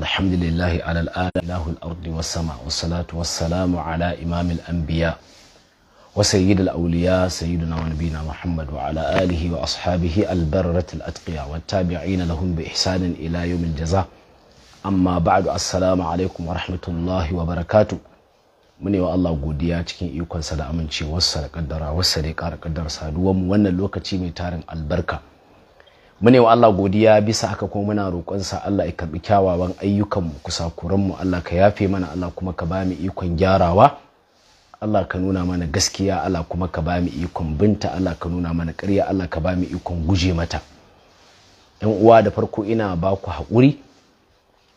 الحمد لله على الآن إله الأرض والسماء والصلاة والسلام على إمام الأنبياء وسيد الأولياء سيدنا ونبينا محمد وعلى آله وأصحابه البررة الأتقياء والتابعين لهم بإحسان إلى يوم الجزاء أما بعد السلام عليكم ورحمة الله وبركاته mune wa Allah godiya cikin ikonsa da amincewarsa da kaddara wasa da ya ƙara kaddara saduwan wannan lokaci mai tarin albarka mune wa Allah godiya bisa aka kuma muna roƙonsa Allah ya karbi kyawawan ayyukan ayyukanmu mu Allah ka yafe mana Allah kuma ka ba mu ikon gyarawa Allah ka nuna mana gaskiya Allah kuma ka ba mu ikon binta Allah ka nuna mana ƙarya Allah ka ba mu ikon guje mata yan uwa da farko ina ba ku haƙuri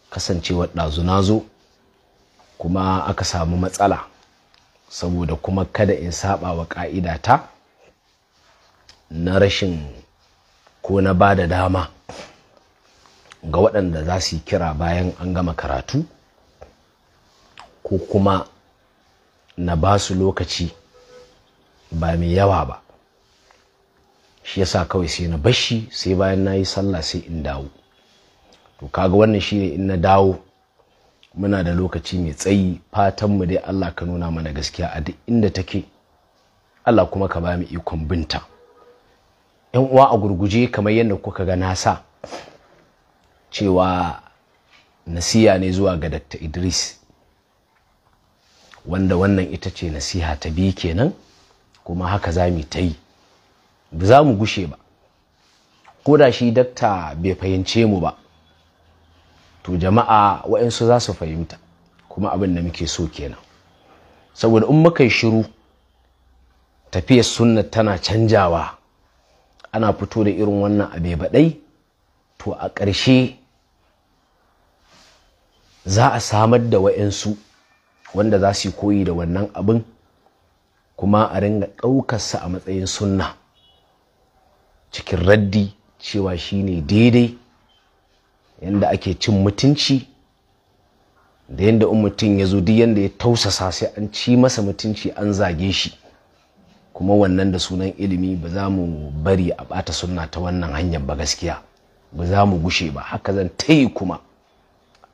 kasancewar ɗazu na zo kuma aka samu matsala saboda kuma kada in saba wa ƙa'idata na rashin ko na ba da dama ga waɗanda za su yi kira bayan an gama karatu ko kuma na ba su lokaci ba mai yawa ba shi yasa kawai sai na bashi sai bayan na yi sallah sai in dawo to kaga wannan shi ne in na dawo muna da lokaci mai tsayi fatanmu dai allah ka nuna mana gaskiya a duk inda take allah kuma ka ba mu ikon binta yan uwa a gurguje kamar yadda kuka ga nasa cewa nasiya ne zuwa ga Dr. Idris wanda wannan ita ce nasiha ta biyu kenan kuma haka za mu ta yi ba za mu gushe ba ko da shi dakta bai fahimce mu ba to jama'a waɗansu za su fahimta kuma abin da muke so kenan saboda in muka yi shiru tafiyar sunna tana canjawa ana fito da irin wannan baɗai to a ƙarshe za a samar da wa'insu wanda za su koyi da wannan abin kuma a ringa ɗaukarsa a matsayin sunna cikin raddi cewa shi ne daidai yadda ake cin mutunci da yadda in mutum ya zo duk yadda ya tausasa sai an ci masa mutunci an zage shi kuma wannan da sunan ilimi ba za mu bari a ɓata sunna ta wannan hanyar ba gaskiya ba za mu gushe ba haka zan ta kuma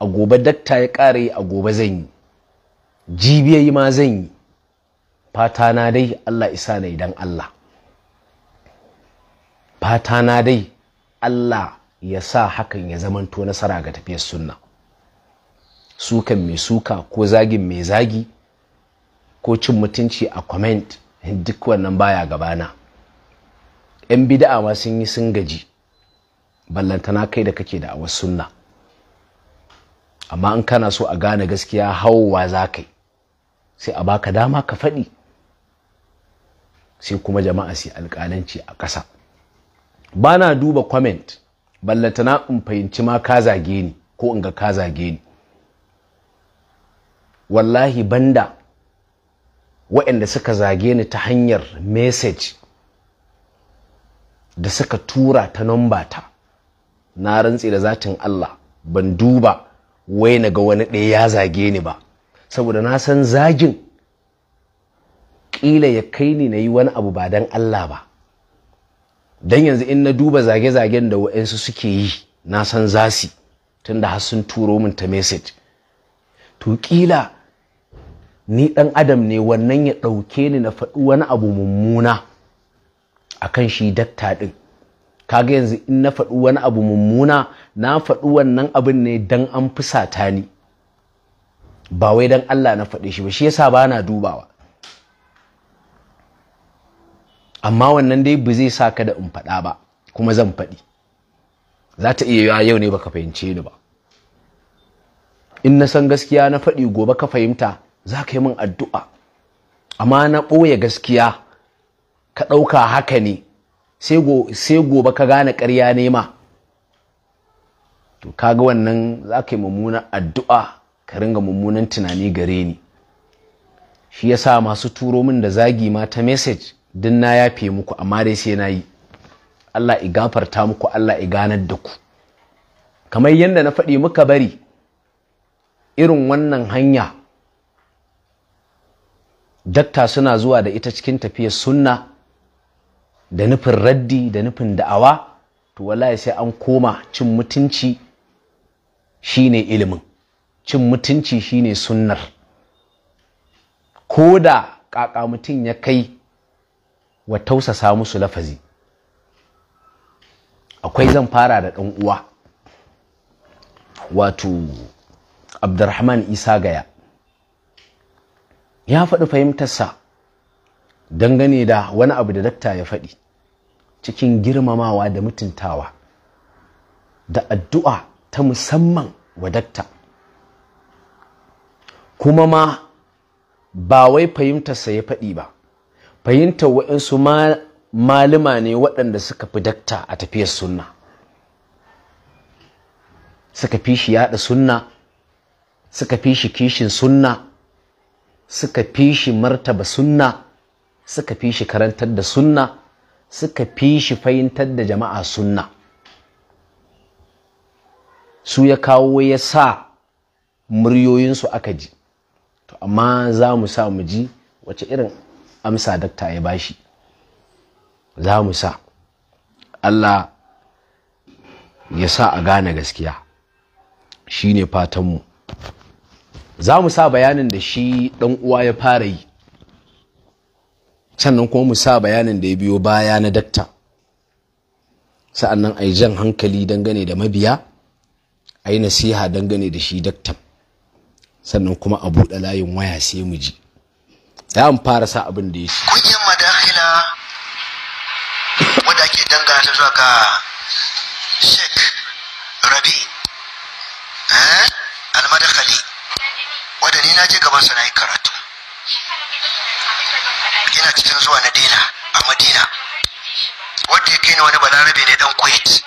a gobe datta ya ƙara yi a gobe zan yi jibiyayi ma zan yi fata na dai allah isa na idan allah fata na dai allah ya sa hakan ya zamanto nasara ga tafiyar sunna sukan mai suka ko zagin mai zagi ko cin mutunci a comment duk wannan baya gabana yan bida'a ma sun yi sun gaji ballantana kai da kake da awar sunna amma in kana so a gane gaskiya hauwa za kai sai a baka dama ka faɗi sai kuma jama'a sai alƙalanci a ƙasa ba na duba comment ballantana in fahimci ma ka zage ni ko in ga ka zage ni wallahi banda waɗanda suka zage ni ta hanyar message da suka tura ta ta na rantse da zatin Allah ban duba wai na ga wani ɗaya ya zage ni ba saboda na san zagin ƙila ya kai ni na yi wani abu ba don Allah ba don yanzu in na duba zage-zagen da waɗansu suke yi na san zasi tunda har sun turo min ta message to ƙila ni ɗan adam ne wannan ya ɗauke ni na faɗi wani abu mummuna a kan shi datta ɗin kaga yanzu in na faɗi wani abu mummuna na faɗi wannan abin ne dan an fusata ni ba wai dan Allah na faɗe shi ba shi yasa ba na dubawa amma wannan dai ba zai sa ka da in faɗa ba kuma zan faɗi za ta iya yawa yau ne baka fahimce ni ba in na san gaskiya na faɗi gobe ka fahimta za ka yi min addu'a amma na ɓoye gaskiya ka ɗauka haka ne sai gobe ka gane ƙarya nema ma to kaga wannan za ka yi mummunan addu'a ka ringa mummunan tunani gare ni shi ya sa masu turo min da zagi ma ta message din na yafe muku amma dai sai na yi Allah i gafarta muku Allah i ganar da ku kamar yadda na faɗi muka bari irin wannan hanya dakta suna zuwa da ita cikin tafiyar sunna da nufin raddi da nufin da'awa to wallahi sai an koma cin mutunci shine ilimin cin mutunci shine sunnar ko da ƙaƙa mutum ya kai wa tausasa musu lafazi akwai zan fara da ɗan uwa wato abdurrahman isa gaya ya faɗi fahimtarsa dangane da wani abu da dakta ya faɗi cikin girmamawa da mutuntawa da addu'a ta musamman wa dakta kuma ma ba wai fahimtarsa ya faɗi ba fahimtar waɗansu malima ne waɗanda suka fi dakta a tafiyar sunna suka fi shi yaɗa sunna suka fi shi kishin sunna suka fi shi martaba sunna suka fi shi karantar da sunna suka fi shi fahimtar da jama'a sunna su ya kawo ya sa muryoyinsu aka ji to amma za mu sa mu ji wace irin amsa dakta ya bashi za mu sa Allah ya sa a gane gaskiya shi ne fatanmu za mu sa bayanin da shi ɗan uwa ya fara yi sannan kuma mu sa bayanin da ya biyo baya na dakta sa'annan a yi jan hankali dangane da mabiya a yi nasiha dangane da shi dakta sannan kuma a buɗe layin waya sai mu ji ya an fara sa abin da ya shi kun madakila wadda ke dangata zuwa ga sheik rabi eh, almadakali wadda ni na je gaban sa na yi karatu yana cikin zuwa na dina a madina wadda ya kai wani balarabe ne dan kuwait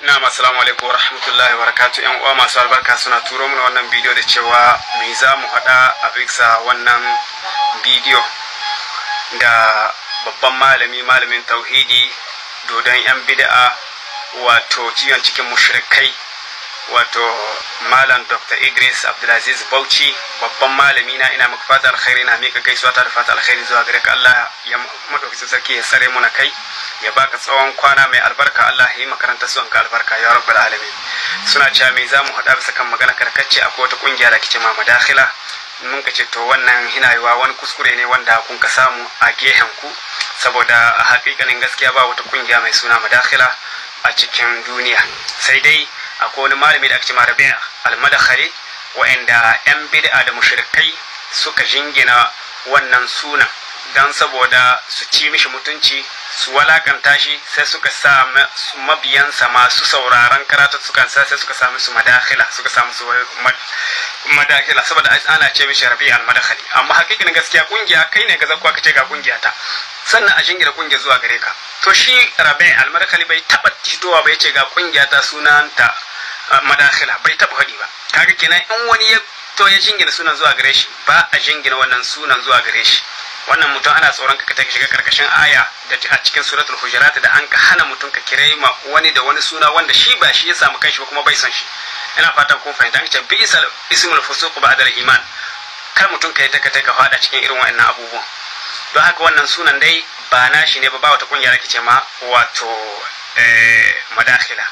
na assalamu alaikum rahmatullahi wa barakatuh yan uwa masu albarka suna turo mana wannan bidiyo da cewa me za mu hada a bisa wannan bidiyo da babban malami malamin tauhidi dodon yan bida'a, wato ciwon cikin mushrikai wato malam dr idris abdulaziz bauchi babban malami na ina maka fata alkhairi na mika gaisuwa ta da fata alkhairi zuwa gare ka allah ya madaukakin sarki ya sare mu na kai ya baka tsawon kwana mai albarka allah ya yi makaranta suwan ka albarka ya rabbal alamin suna cewa me za mu haɗa bisa kan magana karkacce akwai wata kungiya da kice ma madakhila mun ka ce to wannan hinayewa wani kuskure ne wanda kun ka samu a gehen ku saboda a hakikanin gaskiya ba wata kungiya mai suna madakhila a cikin duniya sai dai akwai wani malami da aka ce ma rabi'a al-madakhali wa'anda yan bid'a da mushrikai suka jingina wannan sunan dan saboda su ci mishi mutunci su walakanta shi sai suka sa mabiyansa masu sauraron karatu suka sa sai suka samu su madakhila suka samu su madakhila saboda ana ce mishi rabi al madakhali amma hakikanin gaskiya kungiya kai ne ga zakwa kace ga kungiya ta sannan a jingira kungiya zuwa gare ka to shi rabi al madakhali bai taba fitowa bai ce ga kungiya ta sunanta madakhila bai taba hadi ba kaga kenan in wani ya to ya jingina sunan zuwa gare shi ba a jingina wannan sunan zuwa gare shi wannan mutum ana tsoron ka ta shiga karkashin aya da a cikin suratul hujurat da an ka hana mutum ka kire ma wani da wani suna wanda shi ba shi ya samu kanshi ba kuma bai san shi ina fatan kun fahimta kace bi isal ismul fusuq ba'da al iman kar mutum ka yi ta ka fada cikin irin wa'annan abubuwan don haka wannan sunan dai ba na shi ne ba ba wata kungiya da ce ma wato eh, madakhila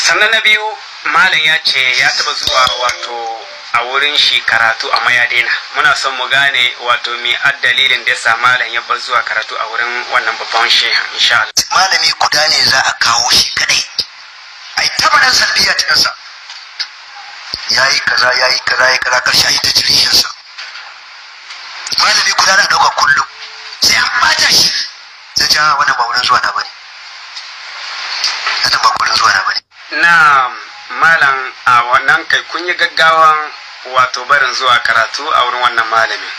sannan na biyu malam ya ce ya taba zuwa wato a wurin shi karatu a ya daina muna son mu gane wato me dalilin da yasa malam ya bar zuwa karatu a wurin wannan babban shehu insha Allah malami guda ne za a kawo shi kadai ai tabarin salbiya ta kansa yayi kaza yayi kaza yayi kaza karshe ai ta jirishin sa malami guda na dauka kullum sai an bata shi sai ja ah, wannan ba wurin zuwa na bane wannan ba wurin zuwa na bane na malam a wannan kai kun yi gaggawan wato barin zuwa karatu a wurin wannan malamin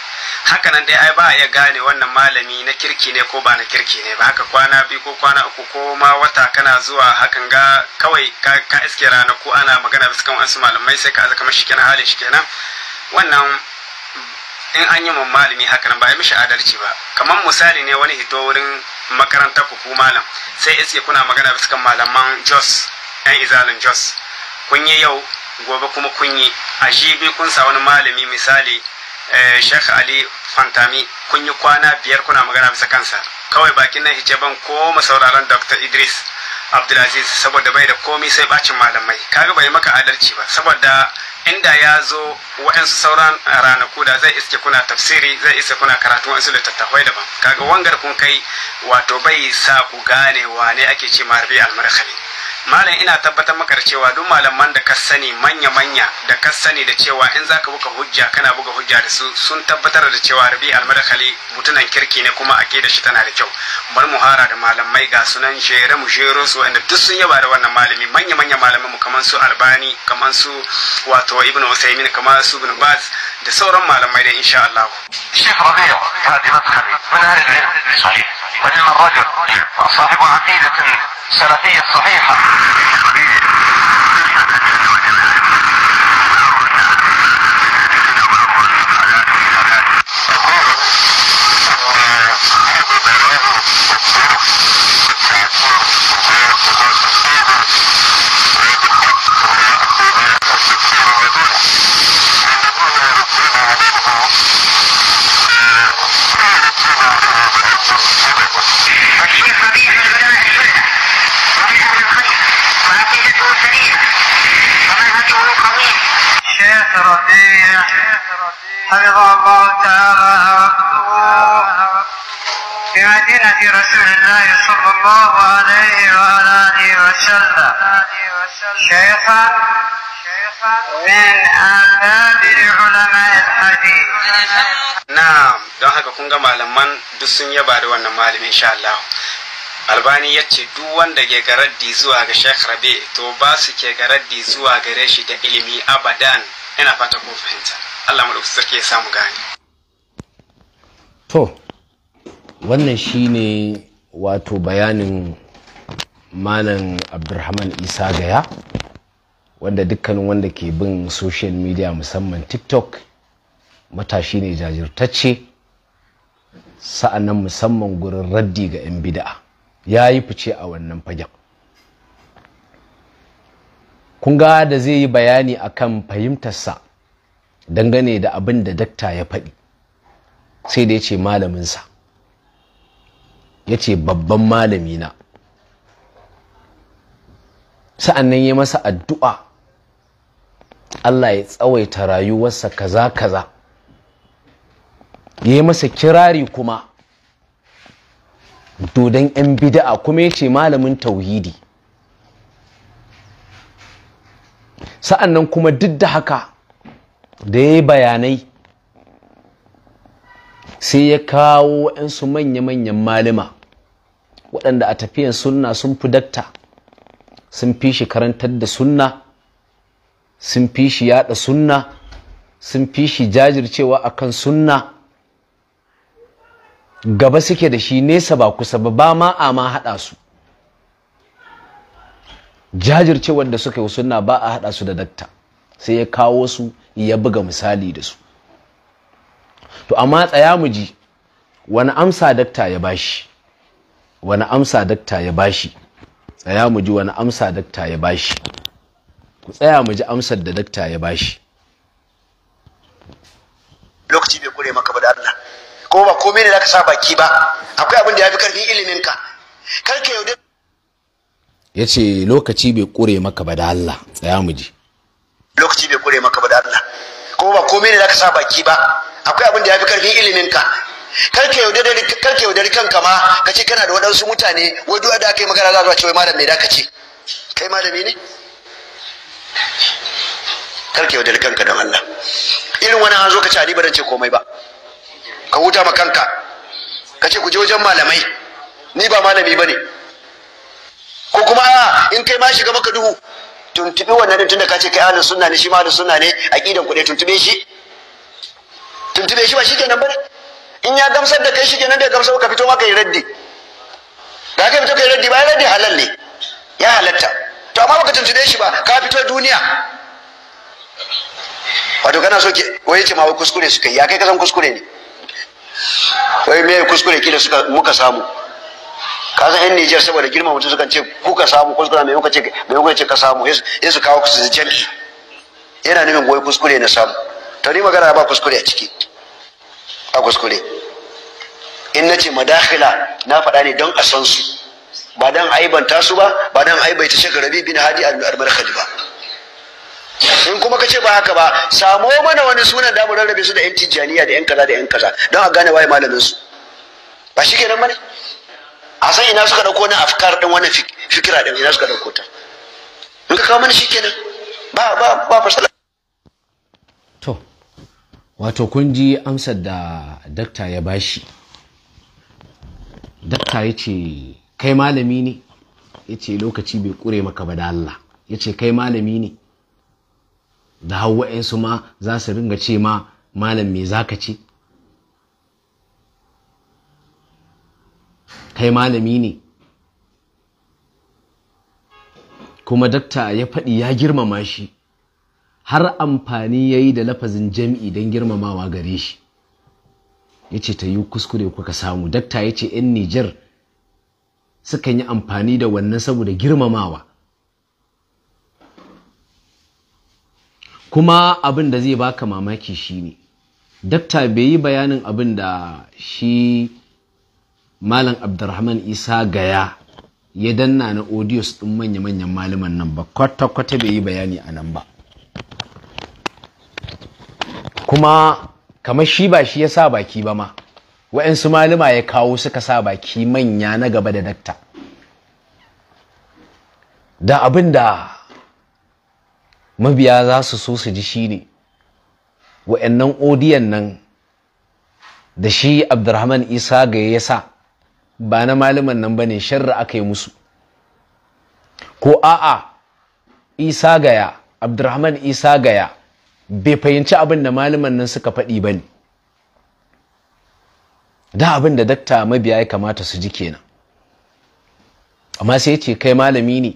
hakanan dai ai ba a iya gane wannan malami na kirki ne ko ba na kirki ne ba haka kwana biyu ko kwana uku ko ma wata kana zuwa hakan ga kawai ka, iske rana ko ana magana bisa kan wasu malamai sai ka kamar shi kenan halin shi kenan wannan in an yi malami hakanan ba ya mishi adalci ba kamar misali ne wani hito wurin makarantar ku malam sai iske kuna magana bisa kan malaman jos 'yan izalin jos kun yi yau gobe kuma kun yi a bi kun sa wani malami misali eh, sheikh ali fantami kun yi kwana biyar kuna magana bisa kansa kawai bakin nan hice ban koma sauraron dr idris abdulaziz saboda bai da komi sai bacin malamai kaga bai maka adalci ba saboda inda ya zo wa'ansu sauran ranaku da zai iske kuna tafsiri zai iske kuna karatu wa'ansu littattafai daban kaga wangar kun kai wato bai sa ku gane wane ake ce marbi almarhali malam ina tabbatar maka da cewa duk malaman da ka sani manya-manya da ka sani da cewa in zaka buga hujja kana buga hujja da su sun tabbatar da cewa rabi almadakali mutunan kirki ne kuma ake da shi tana da kyau bar hara da malamai ga sunan jere mu jero su wanda duk sun yaba da wannan malami manya-manya malaman mu kamar su albani kamar su wato ibnu usaimin kamar su ibnu baz da sauran malamai da insha Allah الشيخ ربيع هذه مدخلي من da shi صحيح وإنما الرجل صاحب عقيدة سلفية صحيحة Thank you. ربيع حفظه الله تعالى رسول الله صلى الله عليه وعلى آله وسلم شيخا من الحديث نعم haka kun ga malaman duk da wannan albani ya ce duk wanda ke garaddi zuwa ga shekh rabe to ba su ke garaddi zuwa gare shi da ilimi abadan ina fata ko fahimta Allah mu sarki ya samu gani to wannan shine wato bayanin malam abdurrahman isa gaya wanda dukkanin wanda ke bin social media musamman tiktok matashi ne jajirtacce sa'annan musamman gurin raddi ga 'yan bida'a ya yi fice a wannan fagen kun ga da zai yi bayani akan fahimtarsa dangane da abin da dakta ya faɗi sai da ya ce malaminsa ya ce babban malamina sa'an nan ya masa addu'a Allah ya tsawaita rayuwarsa kaza kaza ya yi masa kirari kuma dodon 'yan bida'a kuma ya ce malamin tauhidi sa'annan kuma duk da haka da ya yi bayanai sai ya kawo yansu manya-manyan malima waɗanda a tafiyan sunna sun fi dakta sun fi shi karantar da sunna sun fi shi yaɗa sunna sun fi shi jajircewa a kan sunna gaba suke da shi nesa ba kusa ba ba ma a ma haɗa su Jajirce wanda suka yi sunna ba a haɗa su da dakta sai ya kawo su ya buga misali da su to amma tsaya mu ji wani amsa dakta ya bashi wani amsa dakta ya bashi tsaya mu ji wani amsa dakta ya bashi ku tsaya mu ji amsar da dakta ya bashi lokaci bai kure maka ba da Allah ko ba komai ne zaka sa baki ba akwai abin da yafi karfin ilimin ka karka yaudar ya ce lokaci bai kure maka ba da Allah tsaya mu ji lokaci bai kure maka ba da Allah ko ba komai ne zaka sa baki ba akwai abin da ya fi karfin ilimin ka karka yaudari karka yaudari kanka ma ka ce kana da waɗansu mutane wai duk da aka yi magana za zuwa ce wai malam me da ka ce kai malami ne karka yaudari kanka don Allah irin wani an zo ka ce ali ba ce komai ba ka huta ma kanka ka ce ku je wajen malamai ni ba malami ba ne ko kuma in kai ma shiga maka duhu tuntubi wannan din tunda ka ce kai ahlus sunna ne shi ma ahlus sunna ne aqidan ku ne tuntube shi tuntube shi ba shi kenan bane in ya gamsar da kai shi kenan da gamsar ka fito maka yi raddi da kai fito kai raddi ba raddi halal ne ya halatta to amma baka tuntube shi ba ka fito duniya wato kana so ke wai ce ma wai kuskure suka yi ya kai kasan kuskure ne wai me kuskure kila suka muka samu ka san yan Nijar saboda girman mutum suka ce ku ka samu kuskure mai kuka ce mai ce ka samu yesu kawo su jami yana nufin goyi kuskure na samu to ni magana ba kuskure a ciki a kuskure in na ce madakhila na faɗa ne don a san su ba don aibanta su ba ba don aibaita shagarabi bin hadi al-markhali ba in kuma ka ce ba haka ba samo mana wani sunan da mu rarrabe su da yan tijjaniya da yan kaza da yan kaza don a gane waye malamin su ba shi kenan ba ne a san ina suka dauko na afkar din wannan fikira din ina suka dauko ta in ka kawo mana shikenan ba ba ba fasala to wato kun ji amsar da dakta ya bashi dakta ya ce kai malami ne ya ce lokaci bai kure maka ba da Allah ya ce kai malami ne da su ma za su ringa ce ma malam me zaka ce kai malami ne kuma dakta ya faɗi ya girmama shi har amfani ya yi da lafazin jami'i don girmamawa gare shi ya ce ta yi kuskure kuka samu dakta ya ce 'yan nijar sukan yi amfani da wannan saboda girmamawa kuma abin da zai baka mamaki shi ne, dakta bai yi bayanin abin da shi malam abdurrahman isa gaya ya danna na odiyos ɗin manya-manyan malaman nan ba kwata-kwata bai yi bayani a nan ba kuma kamar shi ba shi ya sa baki ba ma wa'yansu malama ya kawo suka sa baki manya na gaba da dakta da abin da mabiya za su so su ji shi ne wa'yannan odiyan nan da shi abdurrahman isa Gaya ya sa ba na malaman nan ba ne sharri aka yi musu ko a'a isa gaya abdurrahman isa gaya bai fahimci abin da malaman nan suka faɗi ba ne da abin da dakta mabiya ya kamata su ji kenan amma sai ce kai malami ne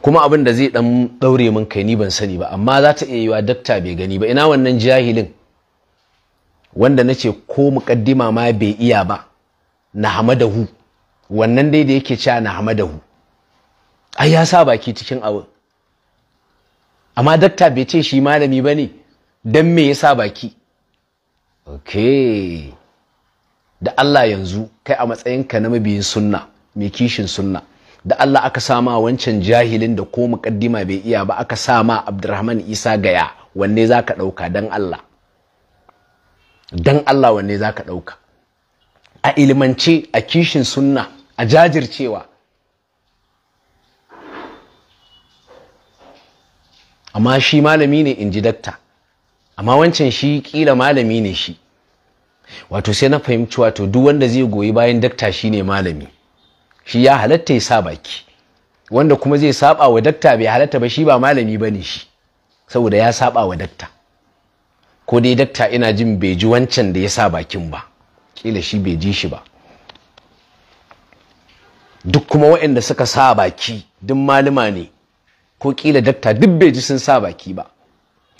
kuma abin da zai dan daure min kai ni ban sani ba amma za ta iya yiwa dakta bai gani ba ina wannan jahilin wanda nace ko mukaddima ma bai iya ba na hamadahu wannan dai da yake cewa na hamadahu ai ya sa baki cikin abin amma dakta bai ce shi malami bane ne don me ya sa baki Okay. da Allah yanzu kai a matsayin ka na mabiyin sunna mai kishin sunna da Allah aka sa sama wancan jahilin da ko muƙaddima bai iya ba aka sa ma Abdurrahman Isa gaya wanne za ka ɗauka Allah don Allah wanne za ka ɗauka a ilimance a kishin sunna a jajircewa amma shi malami ne in ji dakta amma wancan shi kila malami ne shi wato sai na fahimci wato duk wanda zai goyi bayan dakta shi ne malami shi ya halatta ya sa baki wanda kuma zai saba wa dakta bai halatta ba shi ba malami ba ne shi saboda ya saba wa dakta ko dai dakta ina jin bai ji wancan da ya sa bakin ba kila shi bai ji shi ba duk kuma waɗanda suka sa baki duk malama ne ko kila dakta duk bai ji sun sa baki ba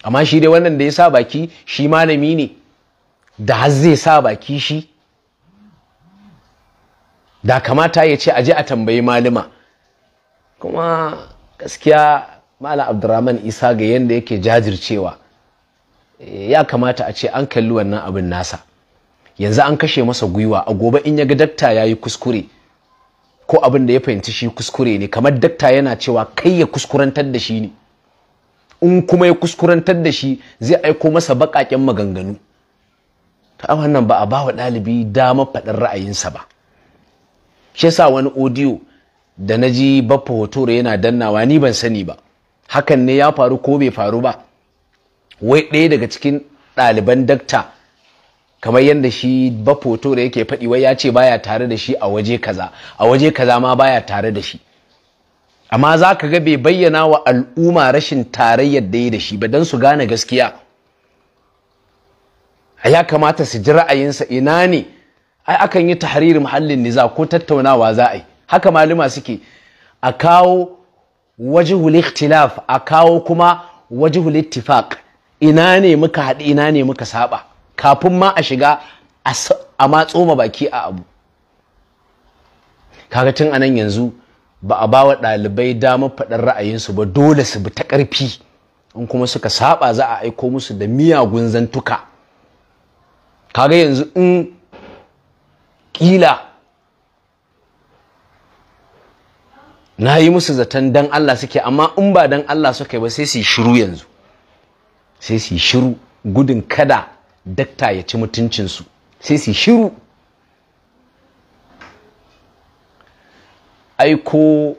amma shi dai wannan da ya sa baki shi malami ne da har zai sa baki shi da kamata ya ce aje a tambayi malama kuma gaskiya mala abdurrahman isa ga yadda yake jajircewa eh, ya kamata a ce an kalli wannan abin nasa yanzu an kashe masa gwiwa a gobe in ya ga dakta ya yi kuskure ko abin da ya fahimci shi kuskure ne kamar dakta yana cewa kai ya kuskurantar da shi ne in kuma ya kuskurantar da shi zai aiko masa baƙaƙen maganganu ta wannan ba a ba wa ɗalibi dama faɗin ra'ayinsa ba shi sa wani odiyo da na ji baffa da yana dannawa ni ban sani ba hakan ne ya faru ko bai faru ba wai ɗaya daga cikin ɗaliban dakta kamar yadda shi bafoto da yake faɗi wai ya ce baya tare da shi a waje kaza a waje kaza ma baya tare da shi amma za ka ga bai bayyana wa al'umma rashin tarayyar da yi da shi ba don su gane gaskiya a ya kamata su ji ra'ayinsa ina ne ai akan yi tahariri muhallin niza ko tattaunawa za a yi haka malama suke a kawo wajihul ikhtilaf a kawo kuma wajihul ittifaq ina ne muka haɗi ina ne muka saba kafin ma a shiga a ma baki a abu kaga tun anan yanzu ba a bawa ɗalibai damar faɗin ra'ayinsu ba dole su bi ta ƙarfi in kuma suka saba za a aiko musu da miyagun zantuka kaga yanzu in kila. na yi musu zaton dan Allah suke amma in ba dan Allah suka yi ba sai su yi shiru yanzu sai su yi shiru gudun kada dakta ya ci mutuncinsu sai su shiru aiko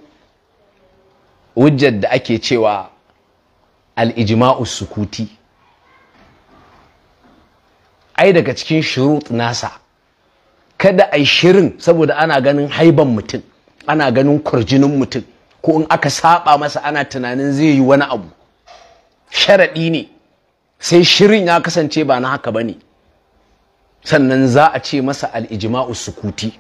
hujjar da ake cewa al'ijima'u sukuti ai daga cikin shirut nasa kada ai shirin saboda ana ganin haiban mutum ana ganin kurjinin mutum ko in aka saba masa ana tunanin zai yi wani abu sharaɗi ne sai shirin ya kasance ba na haka ba ne. sannan za a ce masa al'ijima'u sukuti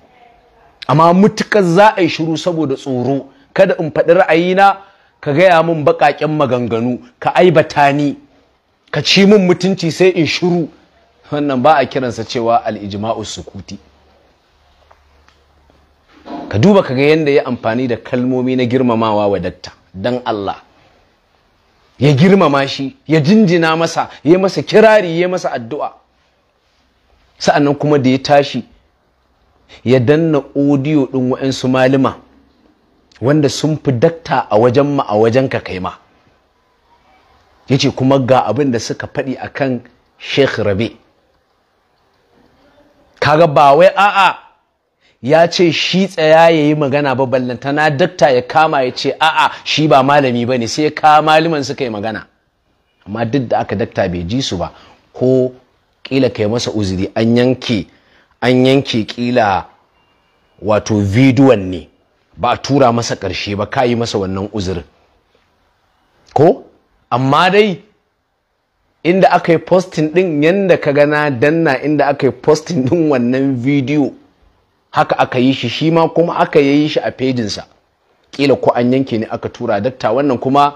amma mutukar za a yi shiru saboda tsoro kada in faɗi ra'ayina ka gaya min baƙaƙen maganganu ka aibata ni ka ci min mutunci sai in shiru wannan ba a kiransa cewa al'ijima'u sukuti ka duba ka ga yadda ya amfani da kalmomi na girmamawa wa datta, don Allah ya girmama shi ya jinjina masa ya masa kirari ya masa addu'a sa'annan kuma da ya tashi ya danna odiyo ɗin wa'yansu malima wanda sun fi dakta a wajen ma a wajen ka kai ma ya ce kuma ga abin da suka faɗi a kan sheikh rabe kaga ba wai a'a ya ce shi tsaya ya yi magana ba tana dakta ya kama ya ce a'a shi ba malami ba ne sai ya kama maliman suka yi magana amma duk da aka dakta bai ji su ba ko kila kai masa uzuri an yanke an yanke kila wato bidiyon ne ba a tura masa ƙarshe ba ka yi masa wannan uzurin ko amma dai inda aka yi postin ɗin yadda ka gana danna inda aka yi postin ɗin wannan vidiyo. haka aka yi shi shi ma kuma aka yi shi a fejinsa kila ko an yanke ne aka tura dakta wannan kuma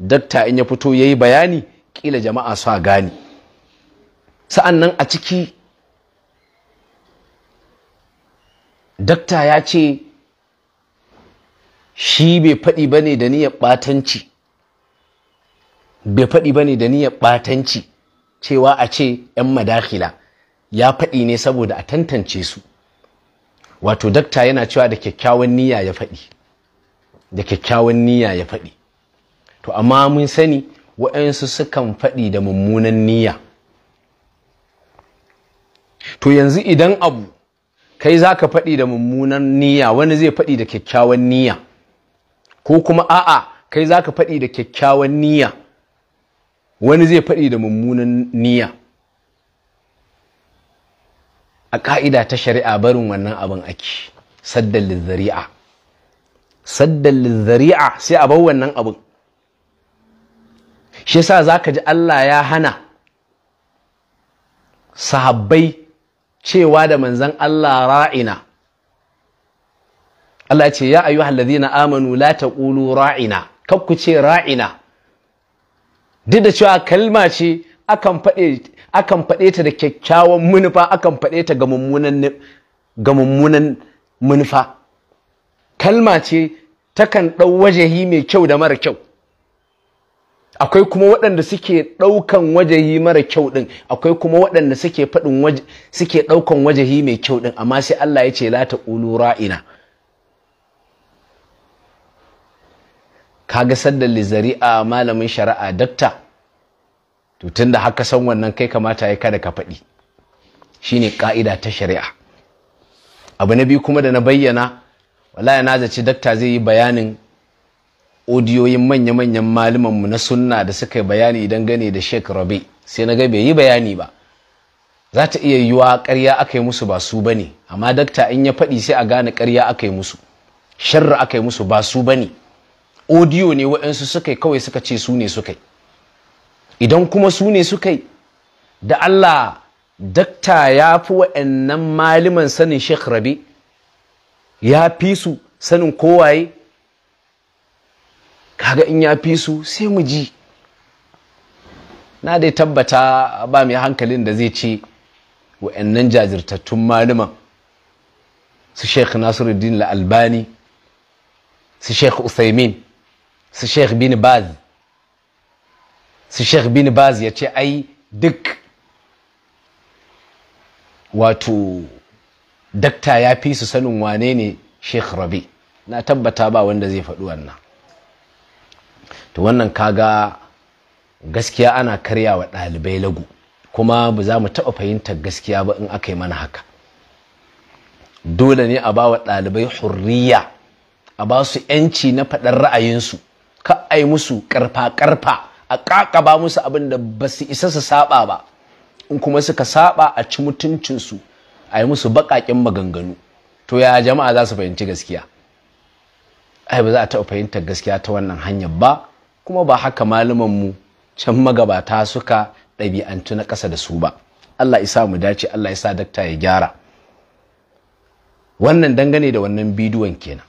dakta in ya fito ya yi bayani kila jama'a sa gani sa'an nan a ciki dakta ya ce shi bai faɗi ba ne da niyyar ɓatanci bai faɗi ba ne da niyyar ɓatanci cewa a ce ‘yan madakila ya faɗi ne saboda a tantance su wato dakta yana cewa da kyakkyawan niyya ya faɗi da kyakkyawan niyya ya faɗi to amma mun sani waɗansu sukan faɗi da mummunan niyya to yanzu idan abu kai za ka faɗi da mummunan niyya wani zai faɗi da kyakkyawan niyya ko kuma a'a kai za ka faɗi da kyakkyawan niyya wani zai faɗi da mummunan niyya a ka'ida ta shari'a barin wannan abin ake saddan lizzari'a saddan lizzari'a sai a bar wannan abin shi sa za ka ji Allah ya hana sahabbai cewa da manzan Allah ra'ina Allah ce ya ayyuhal ladhina amanu la taqulu ra'ina kakku ce ra'ina duk da cewa kalma ce akan faɗe akan faɗe ta da kyakkyawan manufa akan faɗe ta ga mummunan munufa kalma ce takan ɗau wajahi mai kyau da mara kyau akwai kuma waɗanda suke ɗaukan wajahi mara kyau ɗin akwai kuma waɗanda suke faɗin suke ɗaukan wajahi mai kyau ɗin amma sai Allah ya ce la ta ulu ra'ina kaga sadda a malamin shari'a dakta to da haka san wannan kai kamata ya kada ka faɗi shine ƙa'ida ta shari'a abu na biyu kuma da na bayyana wallahi na zaci dakta zai yi bayanin odiyoyin manya-manyan mu na sunna da suka yi bayani idan gane da Sheikh rabe sai na ga bai yi bayani ba za ta iya yiwuwa karya aka yi musu ba su ba ne amma dakta in ya faɗi sai a gane karya aka yi musu sharra aka yi musu ba su ba ne odiyo ne waɗansu suka yi kawai suka ce su ne suka yi idan kuma su ne suka yi da Allah dakta ya fi wa'annan maliman sanin Sheikh Rabi ya fi su sanin kowaye kaga in ya fi su sai mu ji na dai tabbata ba mai hankalin da zai ce wa'annan jajirtattun maliman su Sheikh Nasiruddin Al-Albani su Sheikh Usaimin su Sheikh Bin Baz su sheikh bin baz ya ce ai duk wato dakta ya fi su sanin wane ne sheikh rabi na tabbata ba wanda zai faɗi wannan to wannan kaga gaskiya ana karya wa ɗalibai lagu kuma ba za mu taɓa fahimtar gaskiya ba in aka yi mana haka dole ne a ba wa ɗalibai hurriya a ba su 'yanci na faɗin ra'ayinsu ka ai musu ƙarfa-ƙarfa a ƙaƙaba musu abin da ba su isa su saɓa ba in kuma suka saɓa a ci mutuncinsu a yi musu baƙaƙen maganganu to ya jama'a za su fahimci gaskiya ai ba za a taɓa fahimtar gaskiya ta wannan hanyar ba kuma ba haka malaman mu can magabata suka ɗabi'antu na ƙasa da su ba Allah isa mu dace Allah isa dakta ya gyara wannan dangane da wannan bidiyon kenan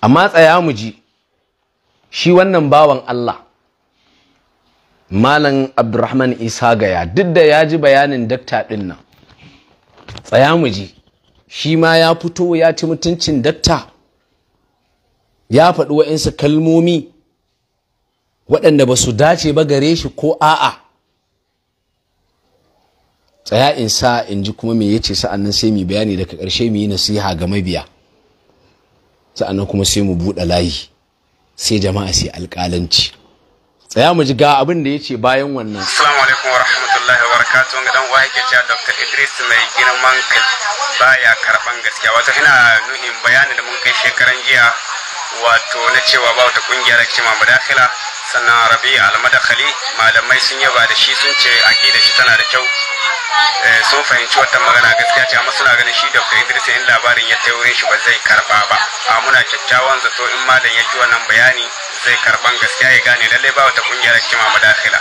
amma tsaya mu ji shi wannan bawan Allah malam abdurrahman isa gaya duk da ya ji bayanin dakta ɗin nan tsaya mu ji shi ma ya fito ya ci mutuncin dakta ya faɗi wa'insu kalmomi waɗanda ba su dace ba gare shi ko a'a tsaya in sa in ji kuma me yace ce sa'annan sai mu bayani daga ƙarshe mu yi nasiha ga mabiya sa'annan kuma sai mu buɗe layi sai jama'a sai alƙalanci tsaya mu ji ga abin da ya ce bayan wannan assalamu alaikum wa rahmatullahi wa barakatuhu ga dan uwa yake cewa dr idris mai girman kai baya karban gaskiya wato ina nuhin bayanin da mun kai shekaran jiya wato na cewa ba wata kungiya da kima mudakila sannan rabi almadakhali malamai sun yaba da shi sun ce aqida shi tana da kyau eh, sun fahimci wata magana gaskiya ce amma suna ganin shi dr idris in labarin ya wurin shi ba zai karba ba a muna kyakkyawan zato in malam ya ji wannan bayani zai karban gaskiya ya gane lallai ba wata kungiyar hikima madakhila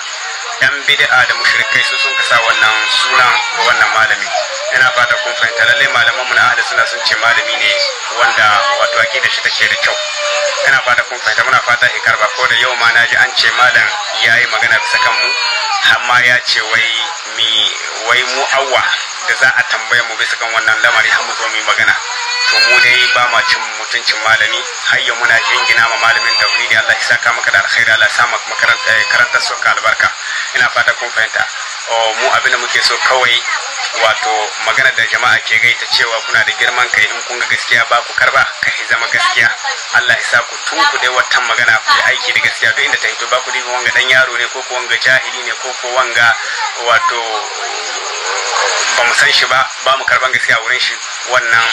yan bid'a da mushirikai su sun kasa wannan sunan ga wannan malami ina fata kun fahimta lallai malaman mu na ahli suna sun ce malami ne wanda wato ake da shi take da kyau ina fata kun fahimta muna fata ya karba ko da yau ma na ji an ce malam yayi magana bisa kan mu amma ya ce wai mi wai mu awwa da za a tambaya mu bisa kan wannan lamari har mu zo mu magana to mu dai ba ma cin mutuncin malami har muna jingina ma malamin tauhidi Allah ya saka maka da alkhairi Allah ya sa maka karanta eh, su albarka ina fata kun fahimta mu abin da muke so kawai wato magana da jama'a ke gaita cewa kuna da girman kai in kun ga gaskiya ba ku karba ka zama gaskiya Allah ya sa ku tun ku dai watan magana ku yi aiki da gaskiya duk inda ta hito ba ku dai wanga dan yaro ne ko ku wanga jahili ne ko ko wanga wato ba mu san shi ba ba mu karban gaskiya wurin shi wannan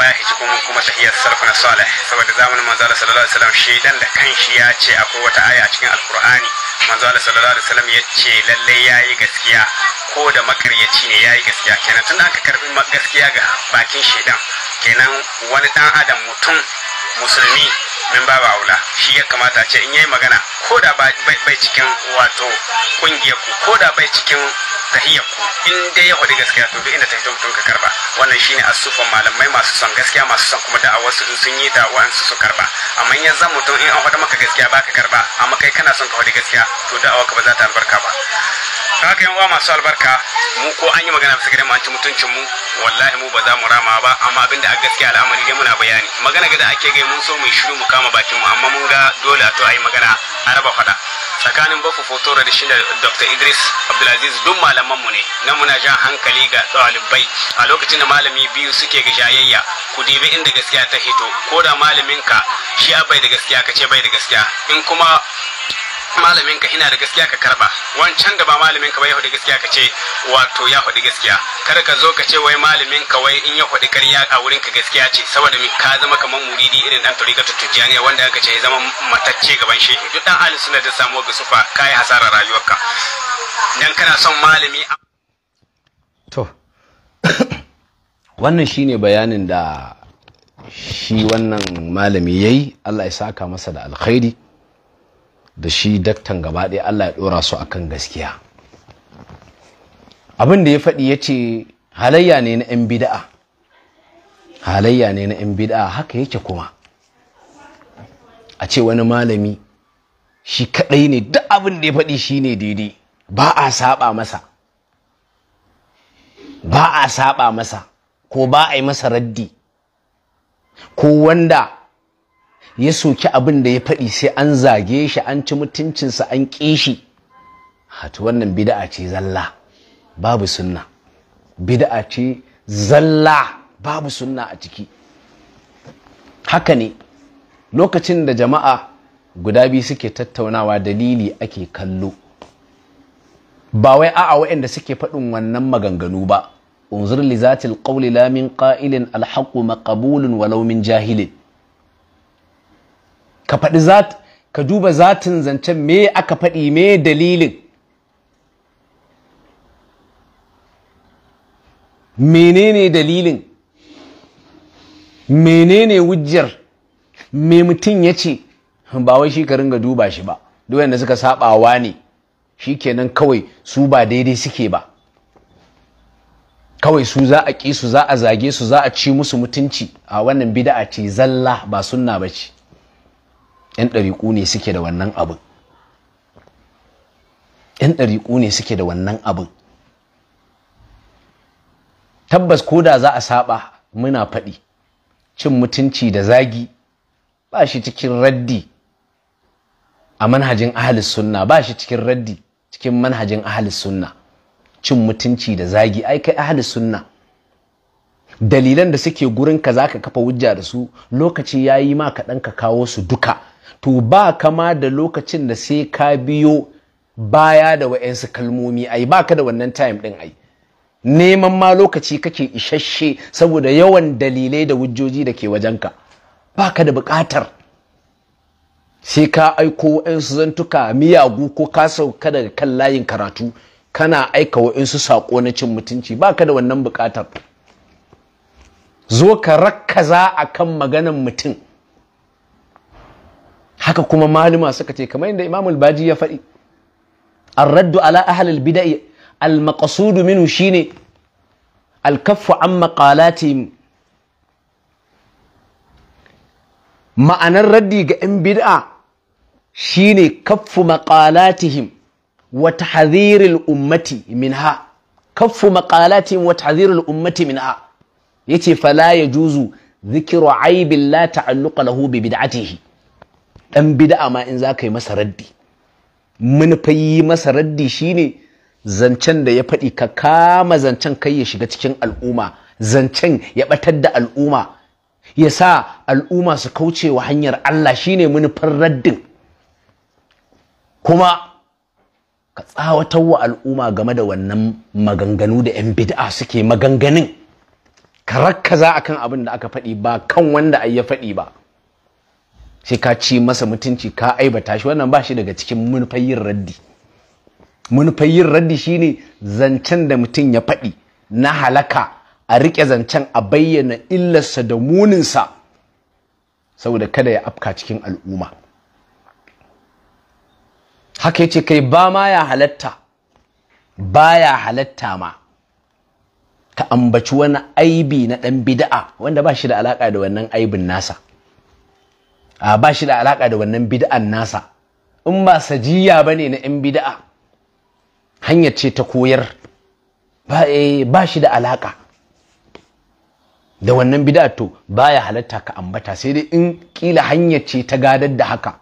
baya hici kuma kuma tahiyar sarfa na salih saboda zamanin manzo Allah sallallahu alaihi wasallam shedan da kanshi ya ce akwai wata aya a cikin alqur'ani manzo Allah sallallahu alaihi wasallam yace lalle yayi gaskiya ko da makaryaci ne yayi gaskiya kenan tun aka karbi gaskiya ga bakin shedan kenan wani dan adam mutum musulmi min ba wula shi ya kamata ce in yayi magana ko da bai cikin wato kungiyar ko da bai cikin tahiyyar ku in dai ya faɗi gaskiya to duk inda ta fito mutum ka karba wannan shine asufan malamai masu son gaskiya masu son kuma da'a su in sun yi da wa'ansu su karba amma ya zama mutum in an faɗa maka gaskiya baka karba amma kai kana son ka faɗi gaskiya to da'a ka ba za ta albarka ba kaka yan uwa masu albarka mu ko an yi magana bisa gare mu an ci mutuncin mu wallahi mu ba za mu rama ba amma abinda a gaskiya al'amari dai muna bayani magana ga da ake gai mun so mu shiru mu kama bakin mu amma mun ga dole a to a yi magana a raba fada tsakanin bafu foto da shi da dr idris abdulaziz duk malaman mu ne na muna jan hankali ga ɗalibai a lokacin da malami biyu suke ga jayayya ku dibi inda gaskiya ta hito ko da malaminka shi bai da gaskiya ka ce bai da gaskiya in kuma malamin ka ina da gaskiya ka karba wancan da ba malamin ka ba ya hudu gaskiya ka ce wato ya hudu gaskiya kar ka zo ka ce wai malamin ka wai in ya faɗi ƙarya a wurin ka gaskiya ce saboda mi ka zama kamar muridi irin dan tariqa tijjaniya wanda aka ce ya zama matacce gaban shi duk dan ahli sunna da samu ga sufa kai hasara rayuwarka dan kana son malami to wannan shine bayanin da shi wannan malami yayi Allah ya saka masa da alkhairi da shi daktan gaba ɗaya Allah ya ɗora su akan gaskiya abin da ya faɗi ya ce halayya ne na 'yan bida'a halayya ne na 'yan bida'a haka yake kuma a ce wani malami shi kaɗai ne duk abin da ya faɗi shi ne daidai ba a saba masa ba a saba masa ko ba a yi masa raddi ko wanda ya soki abin da ya faɗi sai an zage shi an ci mutuncinsa an ƙi shi hatu wannan bida'a ce zalla babu sunna bida'a ce zalla babu sunna a ciki haka ne lokacin da jama'a guda biyu suke tattaunawa dalili ake kallo ba wai a'a waɗanda suke faɗin wannan maganganu ba unzur li zatil qawli la min qa'ilin alhaqu maqbulun walau min jahilin ka faɗi za ka duba zatin zancen me aka faɗi me dalilin menene dalilin menene wujjar me mutum ya ce ba wai shi ka ringa duba shi ba duk da suka sabawa ne shi kenan kawai su ba daidai suke ba kawai su za a ƙi su za a zage su za a ci musu mutunci a wannan bida'a ce zalla ba sunna ba ce 'yan ɗariƙu ne suke da wannan abin ‘yan ɗariƙu ne suke da wannan abin tabbas ko da za a saba muna faɗi cin mutunci da zagi ba shi cikin raddi a manhajin ahalis sunna ba shi cikin raddi cikin manhajin ahalis sunna cin mutunci da zagi ai kai ahalis sunna dalilan da suke gurin ka za ka kafa wujja da su lokaci ya yi ma kaɗan ka kawo su duka to ba kama da lokacin da sai ka biyo baya da wa'yansu kalmomi ai ba ka da wannan time ɗin ai neman ma lokaci kake isasshe saboda yawan dalilai da wujjoji da ke wajenka ba ka da buƙatar sai ka aiko wa'yansu zantuka miyagu ko ka sauka daga kan layin karatu kana aika wa'yansu saƙo na cin mutunci ba ka da wannan buƙatar zo ka rakkaza a kan maganan mutum haka kuma maluma suka ce kamar yadda imamul baji ya faɗi الرد على أهل البدع المقصود منه شيني الكف عن مقالاتهم معنى الرد عن بدع شيني كف مقالاتهم وتحذير الأمة منها كف مقالاتهم وتحذير الأمة منها يتي فلا يجوز ذكر عيب لا تعلق له ببدعته dan bid'a ma in za ka yi masa raddi munfa yi masa raddi shine zancen da ya faɗi ka kama zancen kai ya shiga cikin al'umma zancen ya ɓatar da al'umma ya sa al'umma su kauce wa hanyar Allah shine munufar raddin kuma ka tsawatar wa al'umma game da wannan maganganu da 'yan bid'a suke maganganin ka rakkaza akan abin da aka faɗi ba kan wanda ai ya faɗi ba sai ka ci masa mutunci ka aibata shi wannan ba shi daga cikin munfayin yin raddi manufar yin raddi shine zancen da mutum ya faɗi na halaka a riƙe zancen a bayyana illarsa da muninsa saboda kada ya afka cikin al'umma haka yace kai ba ma ya halatta ba ya halatta ma ka ambaci wani aibi na ɗan bida'a wanda ba shi da alaƙa da wannan aibin nasa ba shi da alaka da wannan bid'an nasa in ba sajiya ba ne na yan bid'a hanyar ce ta koyar ba eh, shi da alaka da wannan bid'a to baya halatta ka ambata sai dai in kila hanyar ce ta gadar da haka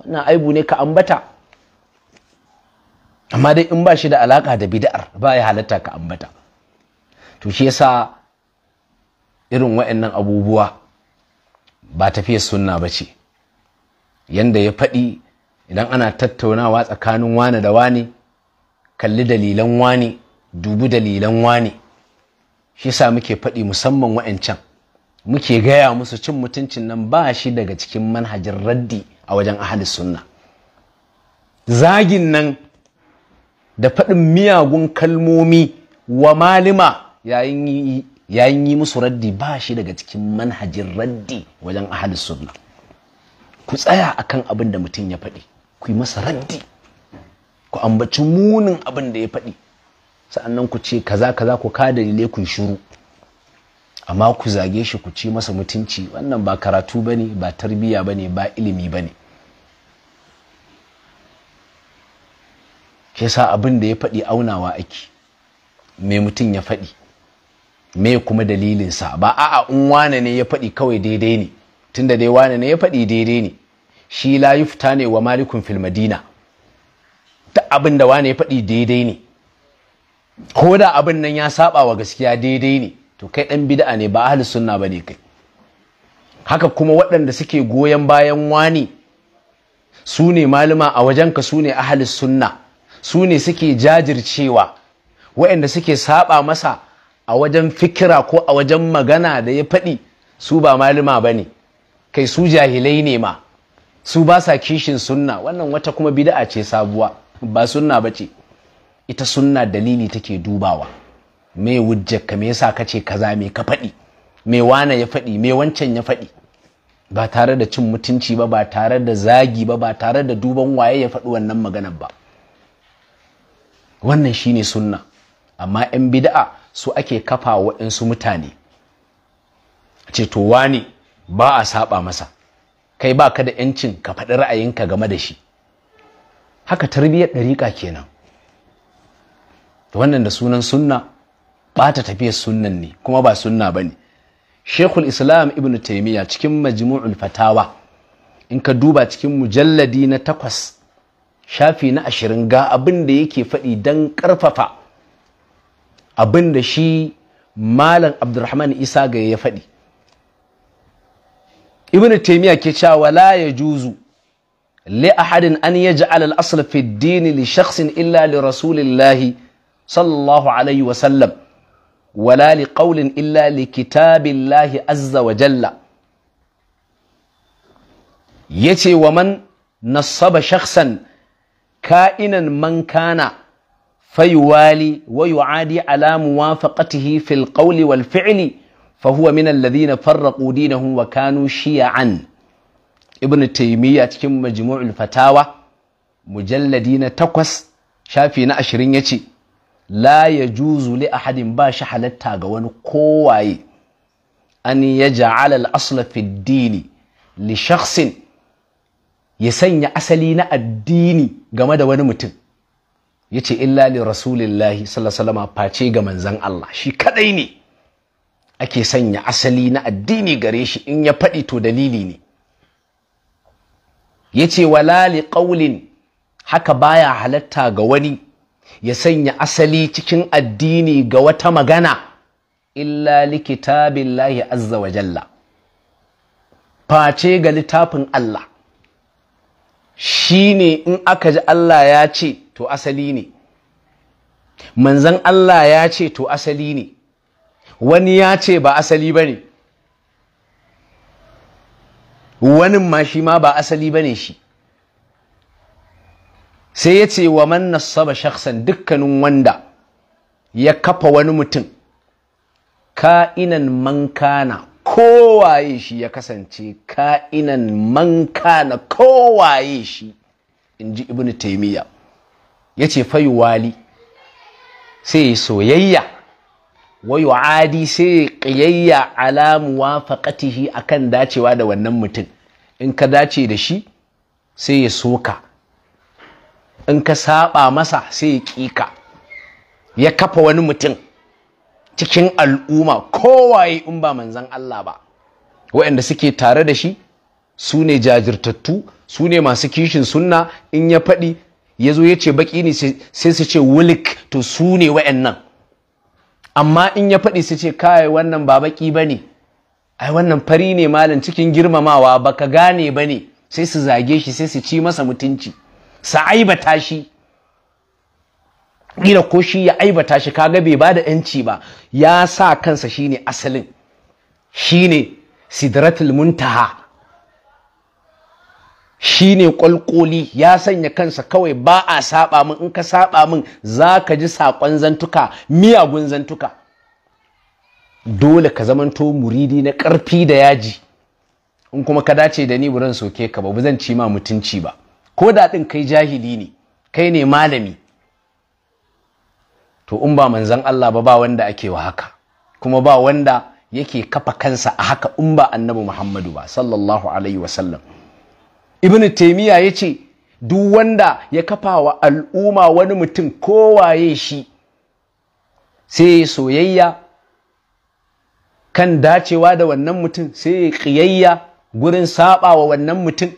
wannan aibu ne ka ambata amma dai in ba shi da alaka da bid'ar baya halatta ka ambata to shi yasa irin wa'annan abubuwa ba tafiyar sunna ba ce yadda ya faɗi idan ana tattaunawa tsakanin wane da wane kalli dalilan wane dubi dalilan wane shi sa muke faɗi musamman wa'ancan muke gaya musu cin mutuncin nan ba shi daga cikin manhajin raddi a wajen ahalis sunna zagin nan da faɗin miyagun kalmomi wa malima yayin ya yi musu raddi ba shi daga cikin manhajin raddi wajen ahadis sunna ku tsaya akan abin da mutum ya faɗi ku yi masa raddi ku ambaci munin abin da ya faɗi sa'annan ku ce kaza kaza ku ka dalilai kun shiru amma ku zage shi ku ce masa mutunci wannan ba karatu ba ne, ba tarbiyya ba ne, ba ilimi ba ne. ke sa abin da ya faɗi aunawa ake me mutum ya faɗi me kuma dalilinsa ba a'a in wane ne ya faɗi kawai daidai ne tun da dai wane ne ya faɗi daidai ne shi la fita ne wa malikun fil madina abin da wane ya faɗi daidai ne ko da abin nan ya saba wa gaskiya daidai ne to kai ɗan bida'a ne ba ahli sunna ne kai haka kuma waɗanda suke goyon bayan wani su ne malama a wajenka su ne ahli sunna su ne suke jajircewa waɗanda suke saba masa a wajen fikira ko a wajen magana da ya faɗi su ba malama ba ne kai su jahilai ne ma su ba sa kishin sunna wannan wata kuma bida'a ce sabuwa ba sunna ba ce ita sunna dalili take dubawa me ka me yasa ka kace kaza me ka faɗi me wane ya faɗi me wancan ya faɗi ba tare da cin mutunci ba ba tare da zagi ba ba tare da duban waye ya faɗi wannan maganar ba wannan shine sunna amma 'yan bida'a su ake kafa waɗansu mutane ce to wani ba a saba masa kai ba ka da yancin ka faɗi ra'ayinka game da shi haka tarbiyyar ɗariƙa kenan wannan da sunan sunna ba ta tafiyar sunnan ne kuma ba sunna ba ne shekul islam ibn taimiyya cikin majmu'ul fatawa in ka duba cikin mujalladi na takwas shafi na ashirin ga abin da yake faɗi don ƙarfafa abin da shi malam Abdulrahman isa ga ya faɗi ibn taimiyya ke cewa wala ya juzu li ahadin an ya al-asl fi ad li shakhsin illa li rasulillahi sallallahu alaihi wa sallam wala li qawlin illa li kitabillahi azza wa jalla ce wa man nasaba shakhsan ka'inan man kana fayuwali wa yu'adi ala muwafaqatihi fil qawli wal fi'li fa huwa min alladhina farraqu dinahum wa kanu shi'an ibnu taymiya cikin majmu'ul fatawa mujalladi na takwas shafi na ashirin ya ce la ya juzu li ahadin ba shi halatta ga wani kowaye an ya ja'ala al'asla fi dini li shakhsin ya sanya asali na addini game da wani mutum yace illa li rasulillahi sallallahu face ga manzon Allah shi kadai ne ake sanya asali na addini gare shi in ya faɗi to dalili ne yace ce, walali ƙaulin haka baya halatta ga wani ya sanya asali cikin addini ga wata magana illa li azza wa jalla face ga littafin Allah shi ne in aka ji Allah ya ce to asali ne manzan Allah ya ce to asali ne wani ya ce ba asali ba ne wanin ma shi ma ba asali ba ne shi sai ya ce wa man nasaba shaksan dukkanin wanda ya kafa wani mutum ka'inan mankana kowaye shi ya kasance ka'inan mankana kowaye shi in ji ibn taimiyya ya ce wali sai yi soyayya wayo adi sai ya ƙiyayya ala a akan dacewa da wannan mutum in ka dace da shi sai ya soka in ka saba masa sai ya ƙika ya kafa wani mutum cikin al'umma kowaye in ba manzan Allah ba waɗanda suke tare da shi su ne jajirtattu su ne masu kishin sunna in ya faɗi ya zo ya ce baki ne sai su ce wulik to su ne wa'annan amma in ya faɗi su ce kawai wannan ba baki ba ne ai wannan fari ne malam cikin girmamawa ba ka gane ba ne sai su zage shi sai su ci masa mutunci su aibata shi ƙila ko shi ya aibata shi kaga bai ba da ‘yanci ba ya sa kansa shine asalin shine sidratul muntaha shi ne kwalkoli ya sanya kansa kawai ba a saba min in ka saɓa min za ka ji saƙon zantuka miyagun zantuka dole ka zamanto muridi na ƙarfi da yaji in kuma ka dace da ni buran soke ka ba zan ci ma mutunci ba ko da ɗin kai jahili ne kai ne malami to in ba manzan Allah ba ba wanda ake wa haka kuma ba wanda yake kafa kansa a haka in ba annabi Muhammadu ba sallallahu alaihi wasallam ibn taimiyya ya ce duk wanda ya kafa wa al'umma wani mutum kowaye shi sai ya soyayya kan dacewa da wannan mutum sai ya ƙiyayya gurin saba wa wannan mutum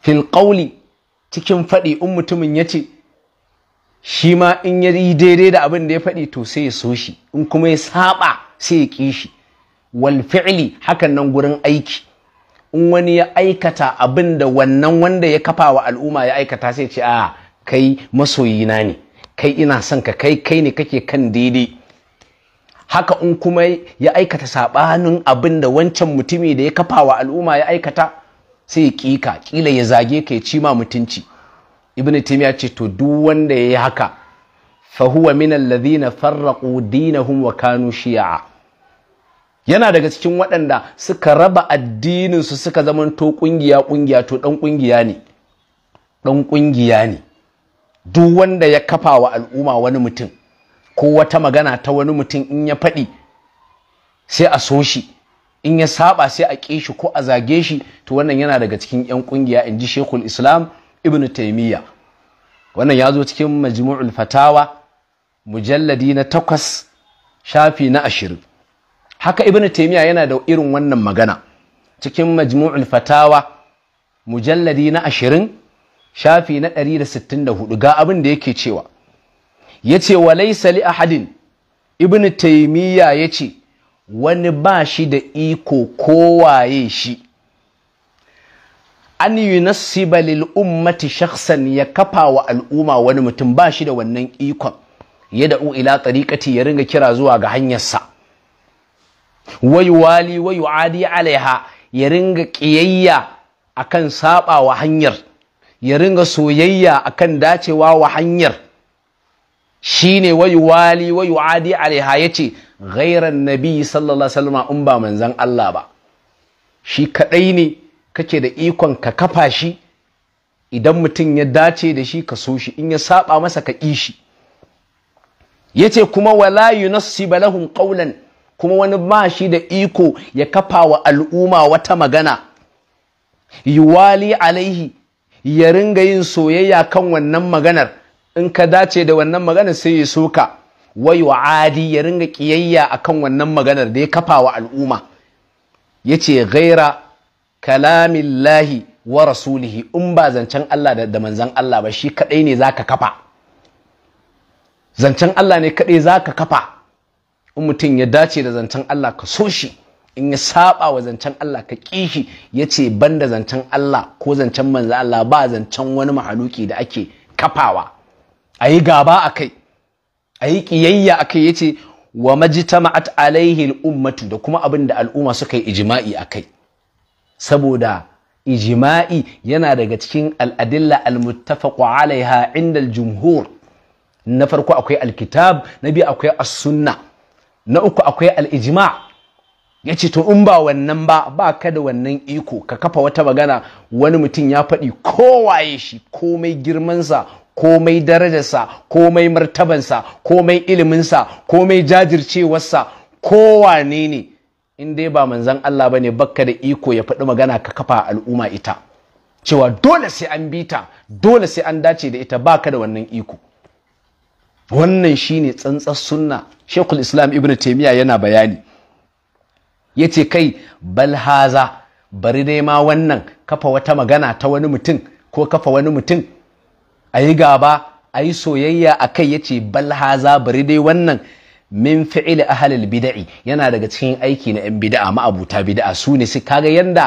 filƙauli cikin faɗi in mutumin ya ce shi ma in ya yi daidai da abin da ya faɗi to sai ya so shi in kuma ya saba sai ya ƙi shi wal hakan nan gurin aiki in wani ya aikata abin da wannan wanda ya kafa wa al'umma ya aikata sai ce a kai masoyina ne kai ina son ka kai kai ne kake kan daidai haka in kuma ya aikata sabanin abin da wancan mutumi da ya kafa wa al'umma ya aikata sai ya kika kila ya zage ka ya cima mutunci ibn taymiya ce to duk wanda yayi haka fa huwa min alladhina farraqu dinahum wa kanu shi'a yana daga cikin waɗanda suka raba addininsu suka to ƙungiya ƙungiya to ɗan ƙungiya ne ɗan ƙungiya ne duk wanda ya kafa wa al'umma wani mutum ko wata magana ta wani mutum in ya faɗi sai a so shi in ya saba sai a ƙe shi ko a zage shi to wannan yana daga cikin 'yan ƙungiya in ji shekul islam ibn taimiyya wannan ya zo cikin majmu'ul fatawa mujalladi na takwas shafi na ashirin haka ibn taymiya yana da irin wannan magana cikin majmu'ul fatawa mujalladi na ashirin, shafi na ɗari da sittin da hudu, ga abin da yake cewa Ya ce, "Wa laisa li ahadin ibn taymiya ce, wani ba shi da iko kowaye shi an yunassiba lil ummati shakhsan ya kafa wa al'umma wani mutum ba shi da wannan ikon ya da'u ila tariqati ya ringa kira zuwa ga hanyarsa wayuwali Adi alaiha ya ringa ƙiyayya akan saba wa hanyar ya ringa soyayya akan dacewa wa hanyar shine wayuwali Adi alaiha yace ghairan nabi sallallahu alaihi wasallam in ba manzon Allah ba shi kaɗai ne kake da ikon ka kafa shi idan mutum ya dace da shi ka so shi in ya saba masa ka ƙi shi yace kuma wala yunassiba balahun qawlan kuma wani ba shi da iko ya kafa wa al'umma wata magana yuwali alaihi ya ringa yin soyayya kan wannan maganar in ka dace da wannan maganar sai ya soka wai wa adi ya ringa kiyayya akan wannan maganar da ya kafa wa al'umma yace Kalamin kalamillahi wa rasulihi in ba zancen Allah da manzan Allah ba shi kaɗai ne za ka kafa zancen Allah ne kaɗai za ka kafa in mutum ya dace da zancen Allah ka so shi in ya saba wa zancen Allah ka ƙi shi ya ce ban da zancen Allah ko zancen manzo Allah ba zancen wani mahaluki da ake kafawa a yi gaba a kai a yi ƙiyayya a kai ya ce wa majtama'at alaihi al'ummatu da kuma abin da al'umma suka yi ijima'i a kai saboda ijima'i yana daga cikin al'adilla al-muttafaqu alaiha inda al-jumhur na farko akwai alkitab na biyu akwai as-sunnah na uku akwai al'ijima ya ce to in ba wannan ba ba ka da wannan iko ka kafa wata magana wani mutum ya faɗi kowaye shi komai girmansa komai darajarsa komai martabansa komai iliminsa komai jajircewarsa kowane ne in dai ba manzan Allah ba ne bakka da iko ya faɗi magana ka kafa al'umma ita cewa dole sai an bi ta dole sai an dace da ita ba ka da wannan iko wannan shine tsantsar sunna shekul islam ibn taimiyya yana bayani ya ce kai balhaza bari dai ma wannan kafa wata magana ta wani mutum ko kafa wani mutum a yi gaba a yi soyayya a kai ya ce balhaza bari dai wannan min fi'il ahalil bida'i yana daga cikin aiki na 'yan bida'a ma'abuta bida'a su ne su kaga yanda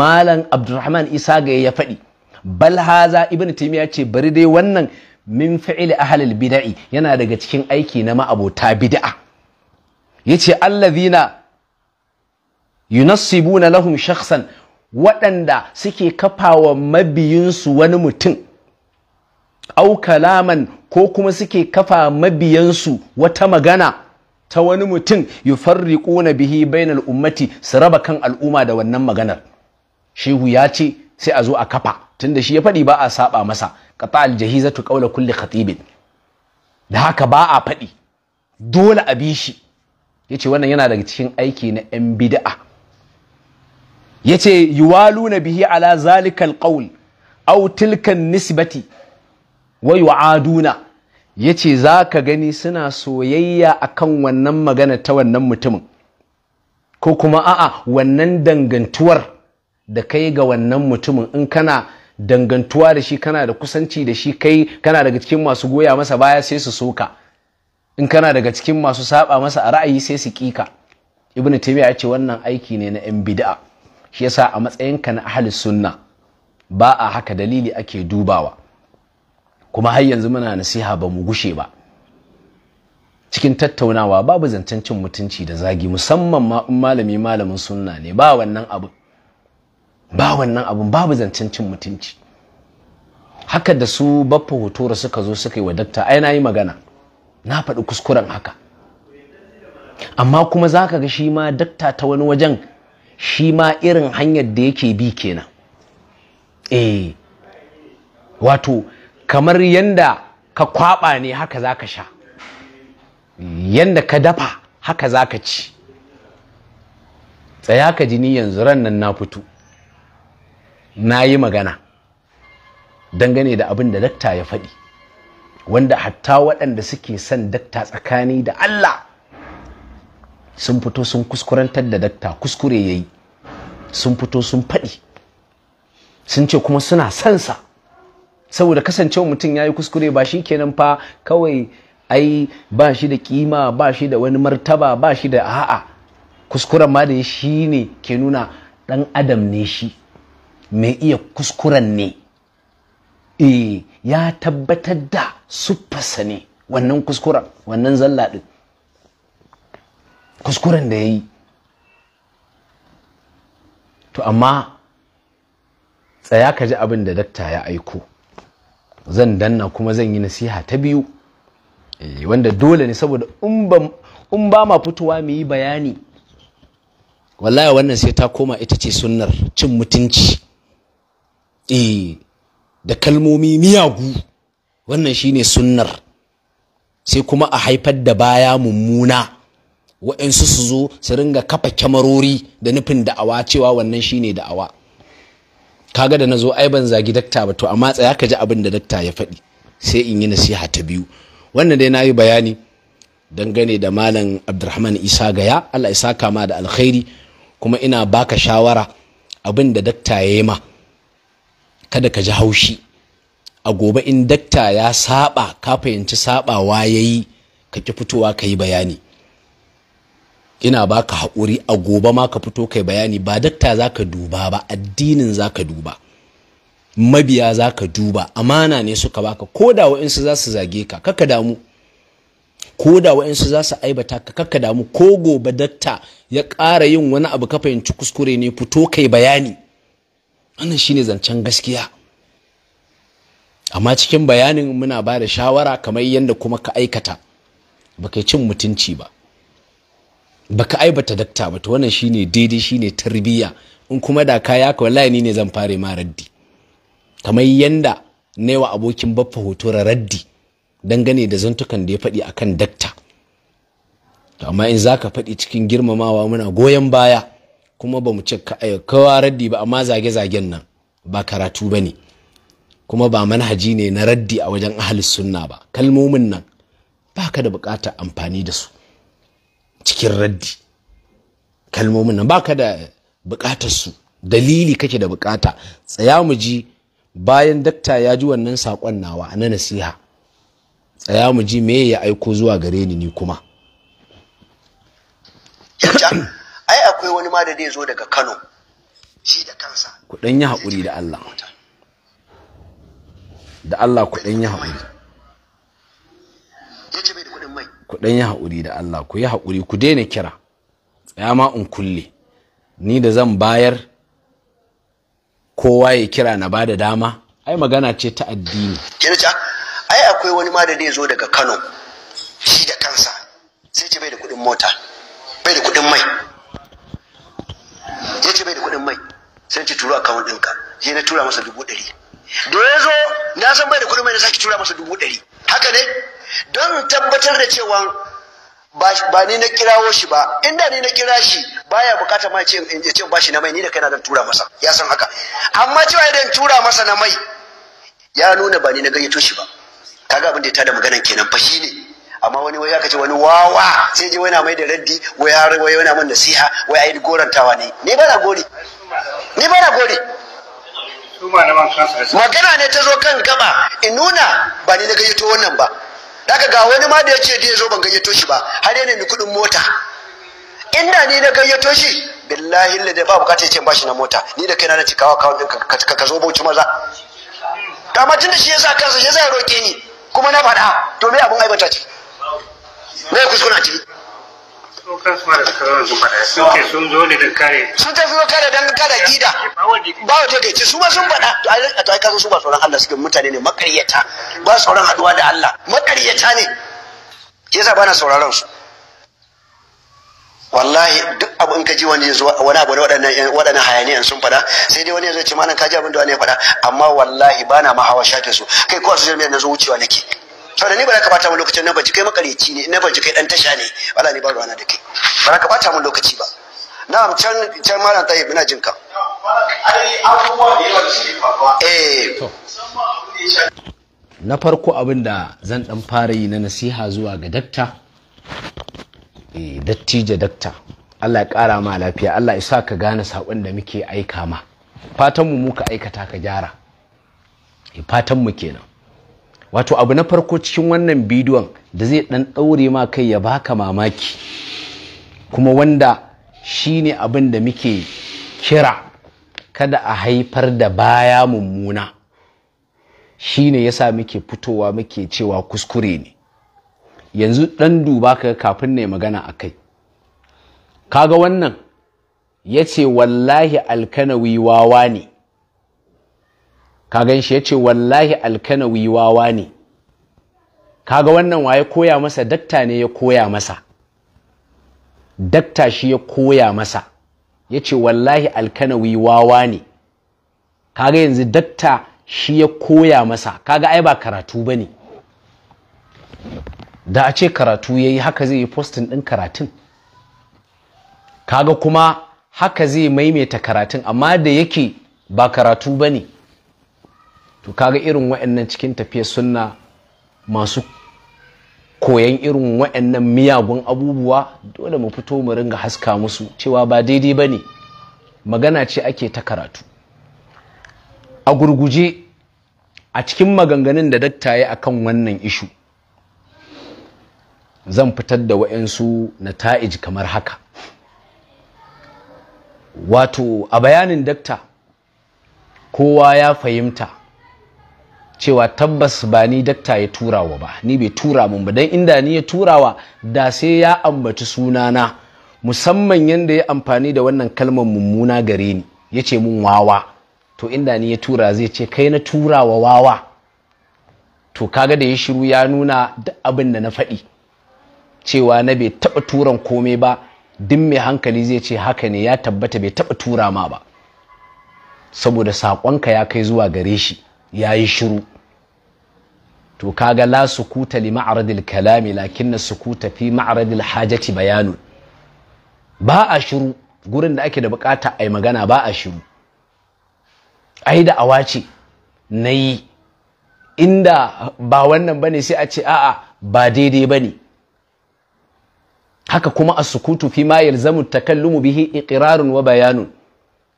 malam abdulrahman isa ga ya faɗi balhaza ibn taimiyya ce bari dai wannan min fi'il ahlil bida'i yana daga cikin aiki na ma'abota bid'a yace allazina yunassibuna lahum shakhsan waɗanda suke kafawa mabiyinsu wani mutum au kalaman ko kuma suke kafa mabiyansu wata magana ta wani mutum yufarriquna bihi bainal ummati su raba kan al'umma da wannan maganar shehu ya ce sai a zo a kafa tunda shi ya faɗi ba a saba masa kata al jahizatu qawla kulli khatibin da haka ba a faɗi dole a bi shi yace wannan yana daga cikin aiki na yan bid'a yace yuwaluna bihi ala zalika al qawl aw tilka nisbati wa yu'aduna yace zaka gani suna soyayya akan wannan magana ta wannan mutumin ko kuma a'a wannan dangantuwar da kai ga wannan mutumin in kana dangantuwa da shi kana da kusanci da shi kai kana daga cikin masu goya masa baya sai su soka in kana daga cikin masu saba masa a ra'ayi sai su kika ibn taymiya ya ce wannan aiki ne na yan bida'a. shi yasa a matsayin ka na ahli sunna ba a haka dalili ake dubawa kuma har yanzu muna nasiha ba mu gushe ba cikin tattaunawa babu zancen cin mutunci da zagi musamman ma in malami malamin sunna ne ba wannan abu ba wannan abun babu zancen cin mutunci haka da su baffa hotora suka zo suka yi wa dakta ai na yi magana na faɗi kuskuren haka amma kuma za ka ga shi ma dakta ta wani wajen shi ma irin hanyar da yake bi kenan eh wato kamar yanda ka kwaba ne haka za ka sha yanda ka dafa haka za ka ci tsaya ka jini yanzu ran nan na fito na yi magana dangane da abin da dakta ya faɗi wanda hatta waɗanda suke son dakta tsakani da Allah sun fito sun kuskurantar da dakta kuskure ya yi sun fito sun faɗi sun ce kuma suna sansa saboda kasancewa mutum ya yi kuskure ba shi kenan fa kawai ai ba shi da kima ba shi da wani martaba ba shi da a'a kuskuren ma da shi ne ke nuna ɗan adam ne shi mai iya kuskuren ne eh ya tabbatar da suffarsa ne wannan kuskuren wannan zalla kuskuren da ya yi to amma tsaya ka ji abin da dakta ya aiko zan danna kuma zan yi nasiha ta biyu eh, wanda dole ne saboda in ba ma fitowa mu yi bayani wallahi wannan sai ta koma ita ce sunnar cin mutunci eh da kalmomi miyagu wannan shine sunnar sai kuma a haifar da baya mummuna waɗansu su zo su ringa kafa kyamarori da nufin da'awa cewa wannan shine da'awa kaga da na zo ai ban zagi dakta ba to amma tsaya ka ji abin da dakta ya faɗi sai in yi nasiha ta biyu wannan dai na yi bayani dangane da malam abdulrahman isa gaya allah isa kama da alkhairi kuma ina baka shawara abin da dakta ya yi ma kada ka ji haushi a gobe in dakta ya saba ka fahimci sabawa yayi ka ki fitowa ka yi bayani ina baka haƙuri a gobe ma ka fito kai bayani ba dakta za ka duba ba addinin za ka duba mabiya za ka duba amana ne suka baka ko da wa'insu za su zage ka kaka damu ko da wa'insu za su aibata ka kaka damu ko gobe dakta ya ƙara yin wani abu ka fahimci kuskure ne fito kai bayani wannan shine zancen gaskiya amma cikin bayanin muna ba da shawara kamar yadda kuma ka aikata baka cin mutunci ba baka aibata dakta ba to wannan shine daidai shine tarbiyya in kuma da ka yaka wallahi ni ne zan fare ma raddi kamar yadda na yi wa abokin baffa hoto raddi dangane da zantukan da ya faɗi akan dakta to amma in zaka faɗi cikin girmamawa muna goyon baya kuma ba mu ce kawa eh, raddi ba amma zage-zagen nan ba karatu ba ne kuma ba manhaji ne na raddi a wajen ahalis sunna ba kalmomin nan ba ka da bukatar amfani da su cikin raddi kalmomin nan ba ka da bukatar su dalili kake da bukata tsaya mu ji bayan dakta ya ji wannan saƙon nawa na nasiha tsaya mu ji me ya aiko zuwa gare ni ni kuma ai akwai wani ma da zai zo daga Kano shi da kansa ku dan yi hakuri da Allah da Allah ku dan yi hakuri da ku dan yi hakuri da Allah ku yi hakuri ku daina kira tsaya ma in kulle ni da zan bayar kowa ya kira na bada dama ai magana ce ta addini ai akwai wani ma da zai zo daga Kano shi da kansa sai ce bai da kudin mota bai da kudin mai sai ki turo akawun ɗinka sai na tura masa dubu ɗari da ya zo na san bai da kuɗin mai na saki tura masa dubu ɗari haka ne don tabbatar da cewa ba ni na kirawo shi ba inda ni na kira shi baya bukata ma ce in ce ba shi na mai ni da kaina dan tura masa ya san haka amma cewa idan tura masa na mai ya nuna ba ni na gayyato shi ba kaga abin da ya tada maganan kenan fa shi ne. amma wani wai aka ce wani wawa sai je wani mai da raddi wai har wai wani mun nasiha wai ai gorantawa ne ni ba na gori ni ba na gori magana ne ta zo kan gaba in nuna ba ni na gayyato wannan ba daga ga wani ma da ya ce da ya zo ban gayyato shi ba har yana ni kudin mota inda ni na gayyato shi billahi da ba bukata ya ce ba shi na mota ni da kaina na ci kawo kawo ɗin ka zo bauchi maza kama tun da shi ya sa kansa shi ya ya roƙe ni kuma na faɗa to me abin aibata ce ne ku a ciki sun zo ne don kare sun tafi zo kare don kare gida ba wa ta gaice su ba sun faɗa a to ai sun su ba sauran Allah suke mutane ne makaryata ba sauran haɗuwa da Allah makaryata ne ke yasa bana sauraron su wallahi duk abu in ka ji wani zuwa wani abu waɗannan waɗannan hayaniyan sun faɗa sai dai wani ya zo ce malam ka ji abin da wani ya faɗa amma wallahi bana ma hawa shafin su kai ko su social na zo wucewa nake saboda da ni ba za ka bata min lokacin na baji kai makareci ne na baji kai dan tasha ne wala ni ba ruwana da kai ba za ka bata min lokaci ba am can can malam tayi ina jin ka ai abubuwa da yawa shi faruwa eh to na farko abin da zan dan fara yi na nasiha zuwa ga dakta eh dattijo dakta Allah ya kara ma lafiya Allah ya sa ka gane sakon da muke aika ma fatan mu muka aikata ka gyara eh, fatan mu kenan wato abu na farko cikin wannan bidiyon da zai ɗan ɗaure ma kai ya baka mamaki kuma wanda shine ne abin da muke kira kada a haifar da baya mummuna shine yasa muke fitowa muke cewa kuskure ne yanzu ɗan duba ka kafin ne magana a kai kaga wannan ya ce wallahi alkanawi wawa ne ka gan shi ya ce wallahi alkana wawa ne kaga wannan wa ya koya masa dakta ne ya koya masa dakta shi ya koya masa ya ce wallahi alkana wawa ne kaga yanzu dakta shi ya koya masa kaga ai ba karatu ba ne da a ce karatu ya yi haka zai yi postin ɗin karatun kaga kuma haka zai maimaita karatun amma da yake ba karatu ba ne to kaga irin wa'annan cikin tafiya sunna masu koyan irin wa'annan miyagun abubuwa dole mu fito mu ringa haska musu cewa ba daidai ba ne magana ce ake ta karatu a gurguje a cikin maganganun da dakta ya akan wannan ishu zan fitar da wa'yansu na ta'ij kamar haka wato a bayanin dakta kowa ya fahimta cewa tabbas ba ni dakta ya turawa ba ni bai tura mun ba dan inda ni ya turawa da sai ya ambaci sunana musamman yanda ya amfani da wannan kalmar mummuna gare ni ya ce mun wawa to inda ni ya tura zai ce kai na turawa wawa to kaga da ya shiru ya nuna duk abin da na faɗi cewa na bai taɓa turan komai ba duk mai hankali zai ce haka ne ya tabbata bai taɓa tura ma ba saboda saƙonka ya kai zuwa gare shi ya yi shiru to kaga la sukuta li ma'aradil kalami lakin sukuta fi ma'aradil hajati bayanu ba a shiru gurin da ake da bukata a yi magana ba a shiru ai da awace nayi inda ba wannan bane sai a ce a'a ba daidai bane haka kuma a sukutu fi ma yalzamu takallumu bihi iqrarun wa bayanun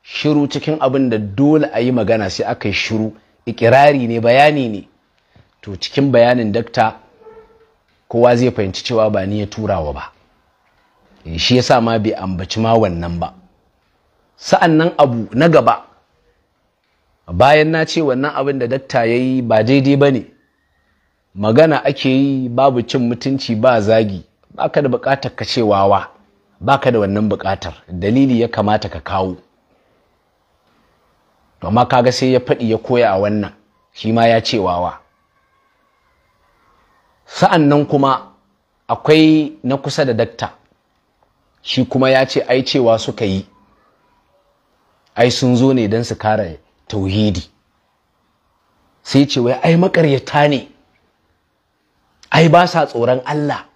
shiru cikin abin da dole a yi magana sai aka yi shiru ikirari ne bayani ne to cikin bayanin dakta kowa zai fahimci cewa ba ni ya turawa ba eh, shi yasa ma bai ambaci ma wannan ba sa'an nan abu na gaba bayan na ce wannan abin da dakta ya yi ba daidai ba ne magana ake yi babu cin mutunci ba zagi ba ka da bukatar ka ce ba ka da wannan bukatar dalili ya kamata ka kawo to amma kaga sai ya faɗi ya koya a wannan shi ma ya ce wawa sa'an nan kuma akwai na kusa da dakta shi kuma ya ce ai cewa suka yi ai sun zo ne don su kara tauhidi sai ce wai ai makaryata ne ai ba sa tsoron Allah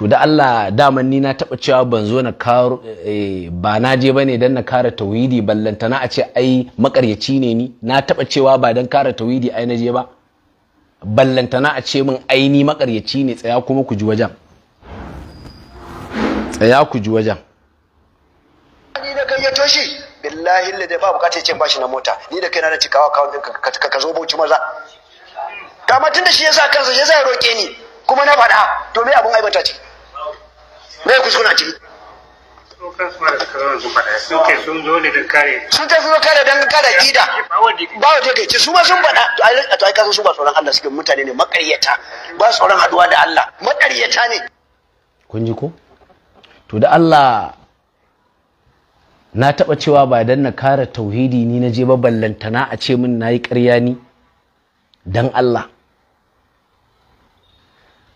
to da Allah daman ni na taɓa cewa ban zo na karo eh, ba na je bane dan na kara tauhidi ballantana a ce ai makaryaci ne ni na taɓa cewa ba dan kara tauhidi ai na je ba ballantana a ce min ai ni makaryaci ne tsaya kuma ku ji wajen tsaya ku ji wajen ni da kai ya toshi billahi da ba bukata ya ce bashi na mota ni da kai na cikawa kawun ɗin ka zo bauchi maza kamar tun da shi yasa kansa shi yasa ya roke ni kuma na faɗa to me abun aibata ce me kuskure a ciki sun zo ne don kare sun tafi zo kare don kare gida ba wa take ce su ma sun faɗa to ai kasu su ba tsoron Allah suke mutane ne makaryata ba tsoron haduwa da Allah makaryata ne kun ji ko to da Allah na taɓa cewa ba dan na kare tauhidi ni na je ba ballantana a ce min na yi ƙarya ni dan Allah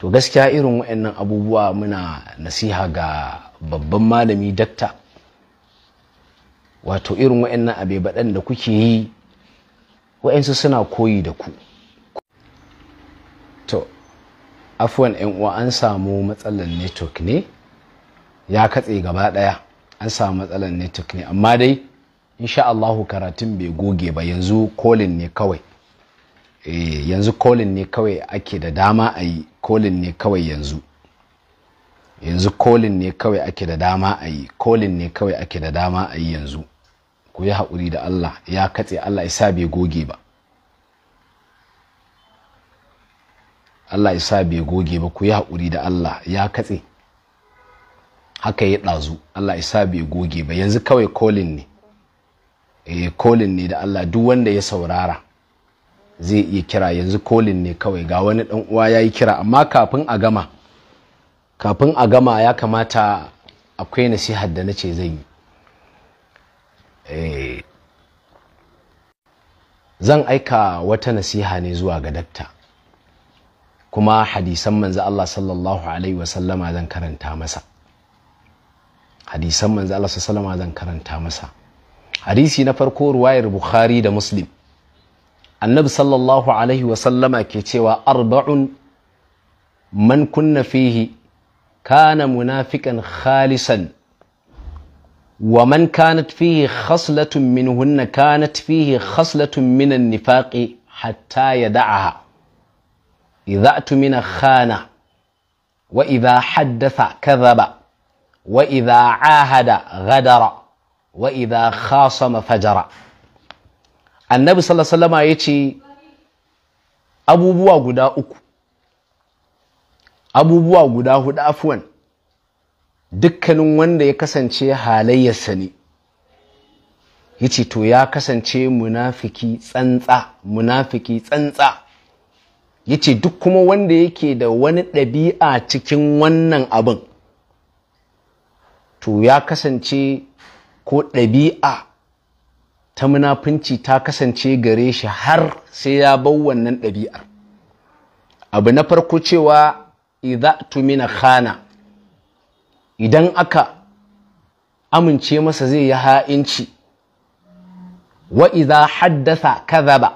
to gaskiya irin waɗannan abubuwa muna nasiha ga babban malami datta wato irin waɗannan abe baɗan da kuke yi waɗansu suna koyi da ku to afuwan yan uwa an samu matsalar network ne ya katse gaba ɗaya an samu matsalar network ne amma dai insha Allahu karatun bai goge ba yanzu kolin ne kawai eh, yanzu kolin ne kawai ake da dama a yi kolin ne kawai yanzu yanzu kolin ne kawai ake da dama a yi kolin ne kawai ake da dama a yi yanzu ku yi haƙuri da Allah ya katse Allah isa bai goge ba Allah isa bai goge ba ku yi haƙuri da Allah ya katse haka ya ɗazu Allah isa bai goge ba yanzu kawai kolin ne eh, kolin ne da Allah duk wanda ya saurara zai iya kira yanzu kolin ne kawai ga wani dan uwa ya yi kira amma kafin a gama kafin a gama ya kamata akwai nasihar da na ce zai yi eh, zan aika wata nasiha ne zuwa ga dakta kuma hadisan manzo Allah sallallahu alaihi wasallama zan karanta masa hadisan manzo Allah sallallahu alaihi wasallama zan karanta masa hadisi na farko ruwayar bukhari da muslim النبي صلى الله عليه وسلم كتوى أربع من كنا فيه كان منافقا خالصا ومن كانت فيه خصلة منهن كانت فيه خصلة من النفاق حتى يدعها إذا أتمن خان وإذا حدث كذب وإذا عاهد غدر وإذا خاصم فجر annabi sallallahu ya ce abubuwa guda uku abubuwa guda hudu afuwan dukkanin wanda ya kasance halayyarsa ne ya ce to ya kasance munafiki tsantsa munafiki tsantsa ya ce duk kuma wanda yake da wani ɗabi'a cikin wannan abin to ya kasance ko ɗabi'a ta munafunci ta kasance gare shi har sai ya bau wannan ɗabi'ar abu na farko cewa idza tumina khana idan aka amince masa zai yi ha'inci wa idza haddasa zaba,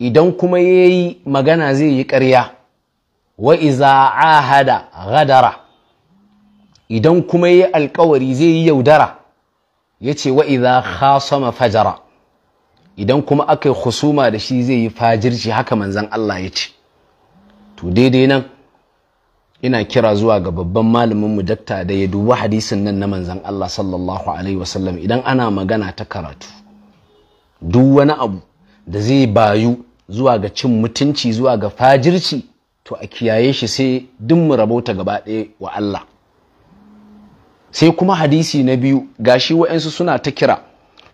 idan kuma ya yi magana zai yi ƙarya wa iza ahada gadara idan kuma ya yi alƙawari zai yi yaudara ya ce wa idha khasama fajara idan kuma aka yi husuma da shi zai yi fajirci haka manzan Allah ya ce to daidai nan ina kira zuwa ga babban malamin mu dakta da ya dubi hadisin nan na manzan Allah sallallahu alaihi wasallam idan ana magana ta karatu duk wani abu da zai bayu zuwa ga cin mutunci zuwa ga fajirci to a kiyaye shi sai duk mu rabota gaba ɗaya wa Allah sai kuma hadisi na biyu gashi wa'yansu suna ta kira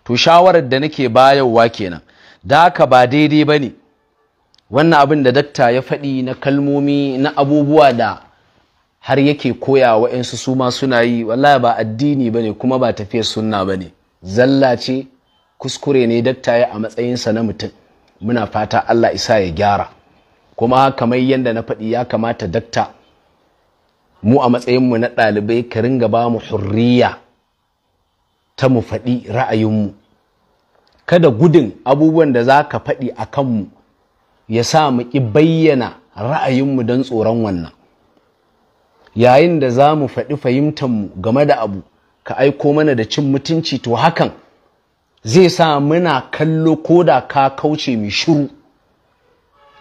to shawarar da nake bayarwa kenan da haka ba daidai ba ne wannan abin da dakta ya faɗi na kalmomi na abubuwa da har yake koya wa'yansu su ma suna yi wallahi ba addini ba ne kuma ba tafiyar sunna ba ne zalla ce kuskure ne dakta ya a matsayinsa na mutum muna fata allah isa ya gyara kuma kamar yadda na faɗi ya kamata dakta mu a matsayinmu na ɗalibai ka ringa ba mu hurriya ta mu faɗi ra'ayinmu kada gudun abubuwan da za ka faɗi a kanmu ya sa mu ƙi bayyana ra'ayinmu don tsoron wannan yayin da za mu faɗi fahimtanmu game da abu ka aiko mana da cin mutunci to hakan zai sa muna kallo ko da ka kauce mai shiru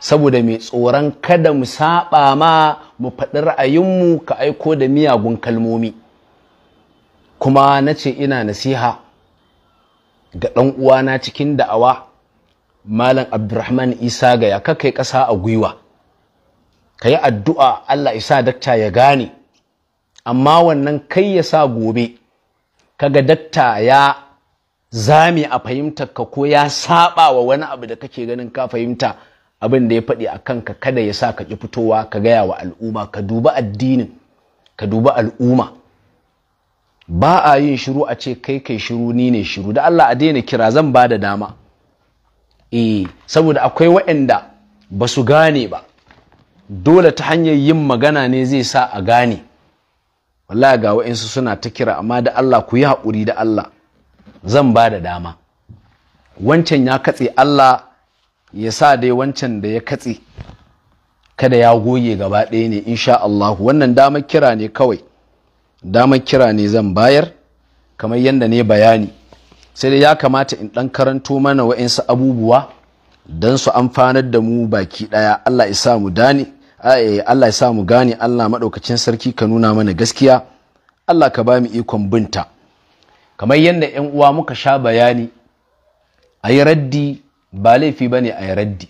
saboda mai tsoron kada mu saɓa ma mu faɗi ra'ayinmu ka aiko da miyagun kalmomi kuma na ce ina nasiha ga ɗan uwana cikin da'awa malam abdurrahman isa ga ya kakai ƙasa a gwiwa ka yi addu'a allah isa dakta ya gane amma wannan kai ya sa gobe kaga dakta ya zame a fahimtar ka ko ya saba wa wani abu da kake ganin ka fahimta abin da ya faɗi a kanka kada ya sa ka ƙi fitowa ka gaya wa al'umma ka duba addinin ka duba al'umma ba a yin shiru a ce kai kai shiru ni ne shiru da Allah a daina kira zan ba da dama eh saboda akwai waɗanda ba su gane ba dole ta hanyar yin magana ne zai sa a gane wallahi ga waɗansu suna ta kira amma da Allah ku yi haƙuri da Allah zan ba da dama wancan ya katse Allah ya sa dai wancan da ya katse kada ya goge gaba ɗaya ne insha Allah wannan damar kira ne kawai damar kira ne zan bayar kamar yadda ne bayani sai dai ya kamata in ɗan karanto mana wa'insu abubuwa don su amfanar da mu baki ɗaya Allah ya sa mu dani eh, Allah ya sa mu gane Allah maɗaukacin sarki ka nuna mana gaskiya Allah ka ba mu ikon binta kamar yadda 'yan uwa muka sha bayani a yi raddi ba laifi bane a yi raddi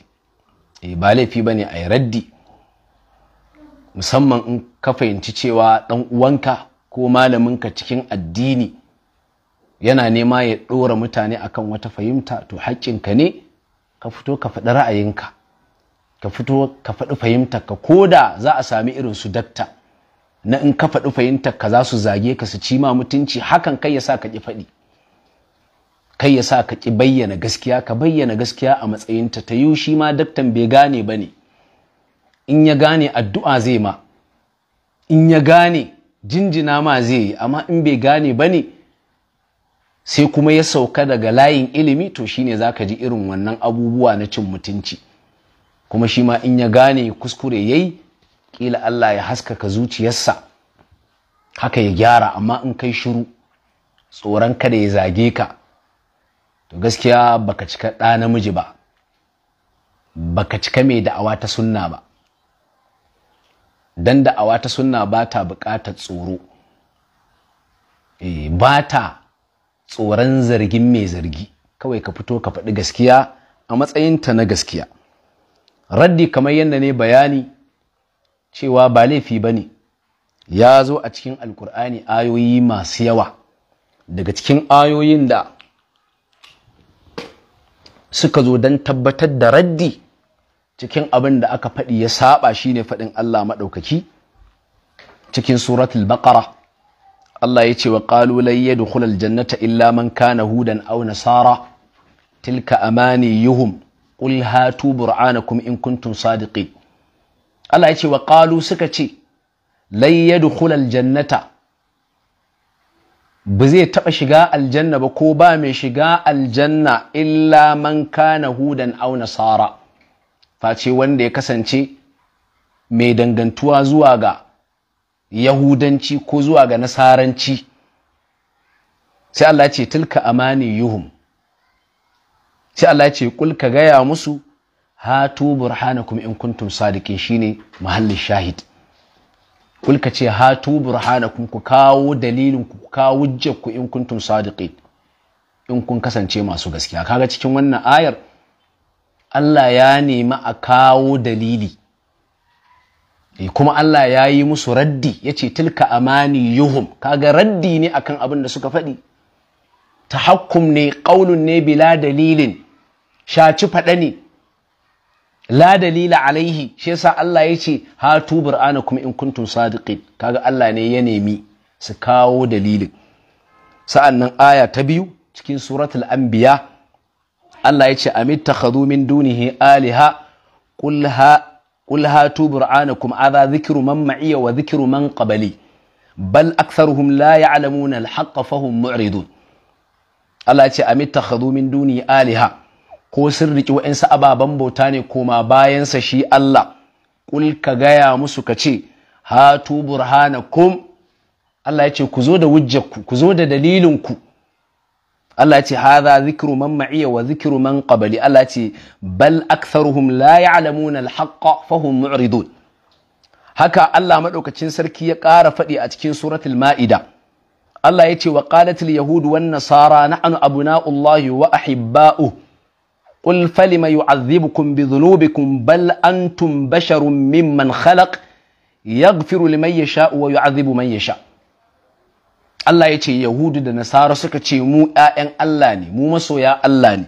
eh, ba laifi bane a yi musamman in ka fahimci cewa dan uwanka ko malaminka cikin addini yana nema ya ɗora mutane akan wata fahimta to haƙƙinka ne ka fito ka faɗi ra'ayinka ka fito ka faɗi ka. ko da za a sami irin su dakta na in ka faɗi ka za su zage ka su cima mutunci hakan kai ya sa ka ƙi faɗi kai ya sa ka ki bayyana gaskiya ka bayyana gaskiya a matsayinta ta yi shi ma daktan bai gane ba ne in ya gane addu'a zai ma in ya gane jinjina ma zai yi amma in bai gane ba ne sai kuma ya sauka daga layin ilimi to shi ne za ka ji irin wannan abubuwa na cin mutunci kuma shi ma in ya gane kuskure ya yi ƙila Allah ya haskaka zuciyarsa haka ya gyara amma in kai shiru tsoron kada ya zage ka to gaskiya baka cika ɗa namiji ba baka cika mai da'awa ta sunna ba dan da'awa ta sunna ba ta buƙatar tsoro eh, ba ta tsoron zargin mai zargi kawai ka fito ka faɗi gaskiya a matsayinta na gaskiya raddi kamar yadda ne bayani cewa ba laifi ba ne ya zo a cikin alkur'ani ayoyi masu yawa daga cikin ayoyin da suka zo don tabbatar da raddi cikin abin da aka faɗi ya saba shine faɗin Allah maɗaukaki cikin suratul baqara Allah ya ce wa qalu lan yadkhul aljannata illa man kana hudan aw nasara tilka amaniyuhum qul hatu bur'anakum in kuntum sadiqin Allah ya ce wa suka ce lan yadkhul jannata. ba zai taɓa shiga aljanna ba ko ba mai shiga aljanna illa man kana hudan au nasara face wanda ya kasance mai dangantuwa zuwa ga yahudanci ko zuwa ga nasaranci sai Allah ce tilka amani yuhum sai Allah ce kulka gaya musu hatu burhanakum in kuntum sadiqin shine mahallin shahid kulka ce hatu burhanakum ku kawo dalilin ku kawo ku in kuntum sadiqin in kun kasance masu gaskiya kaga cikin wannan ayar Allah ya nemi a kawo dalili eh, kuma Allah ya yi musu raddi ya ce tilka amani yuhum kaga raddi ne akan abin da suka faɗi tahakkum ne ƙaunun ne bila dalilin shaci faɗa ne la dalila alaihi shi yasa Allah ya ce hatu bur'anakum in kuntum sadiqin kaga Allah ne ya nemi su kawo dalilin sa'annan aya ta biyu cikin suratul anbiya Allah ya ce amittakhadhu min dunihi aliha qul ha qul hatu bur'anakum adha dhikru man ma'iya wa dhikru man qabli bal aktharuhum la ya'lamuna al-haqqa fahum mu'ridun Allah ya ce amittakhadhu min dunihi aliha ko sun riƙi wa'insu ababen bauta ne koma bayansa shi Allah ƙul ka gaya musu ka ce Burhana, Kum. Allah ya ce ku zo da wujjakku ku zo da dalilinku Allah ya ce haza zikru man ma'iya wa zikru man qabli Allah ya ce bal aktharuhum la ya'lamuna al-haqqa fa hum mu'ridun haka Allah madaukakin sarki ya ƙara faɗi a cikin suratul ma'ida Allah ya ce wa qalatil yahud wan nasara nahnu Allah wa ahibba'uhu قل فلم يعذبكم بذنوبكم بل أنتم بشر ممن خلق يغفر لمن يشاء ويعذب من يشاء Allah ya ce Yahudu da Nasara suka ce mu ‘ya'yan Allah ne, mu masoya Allah ne,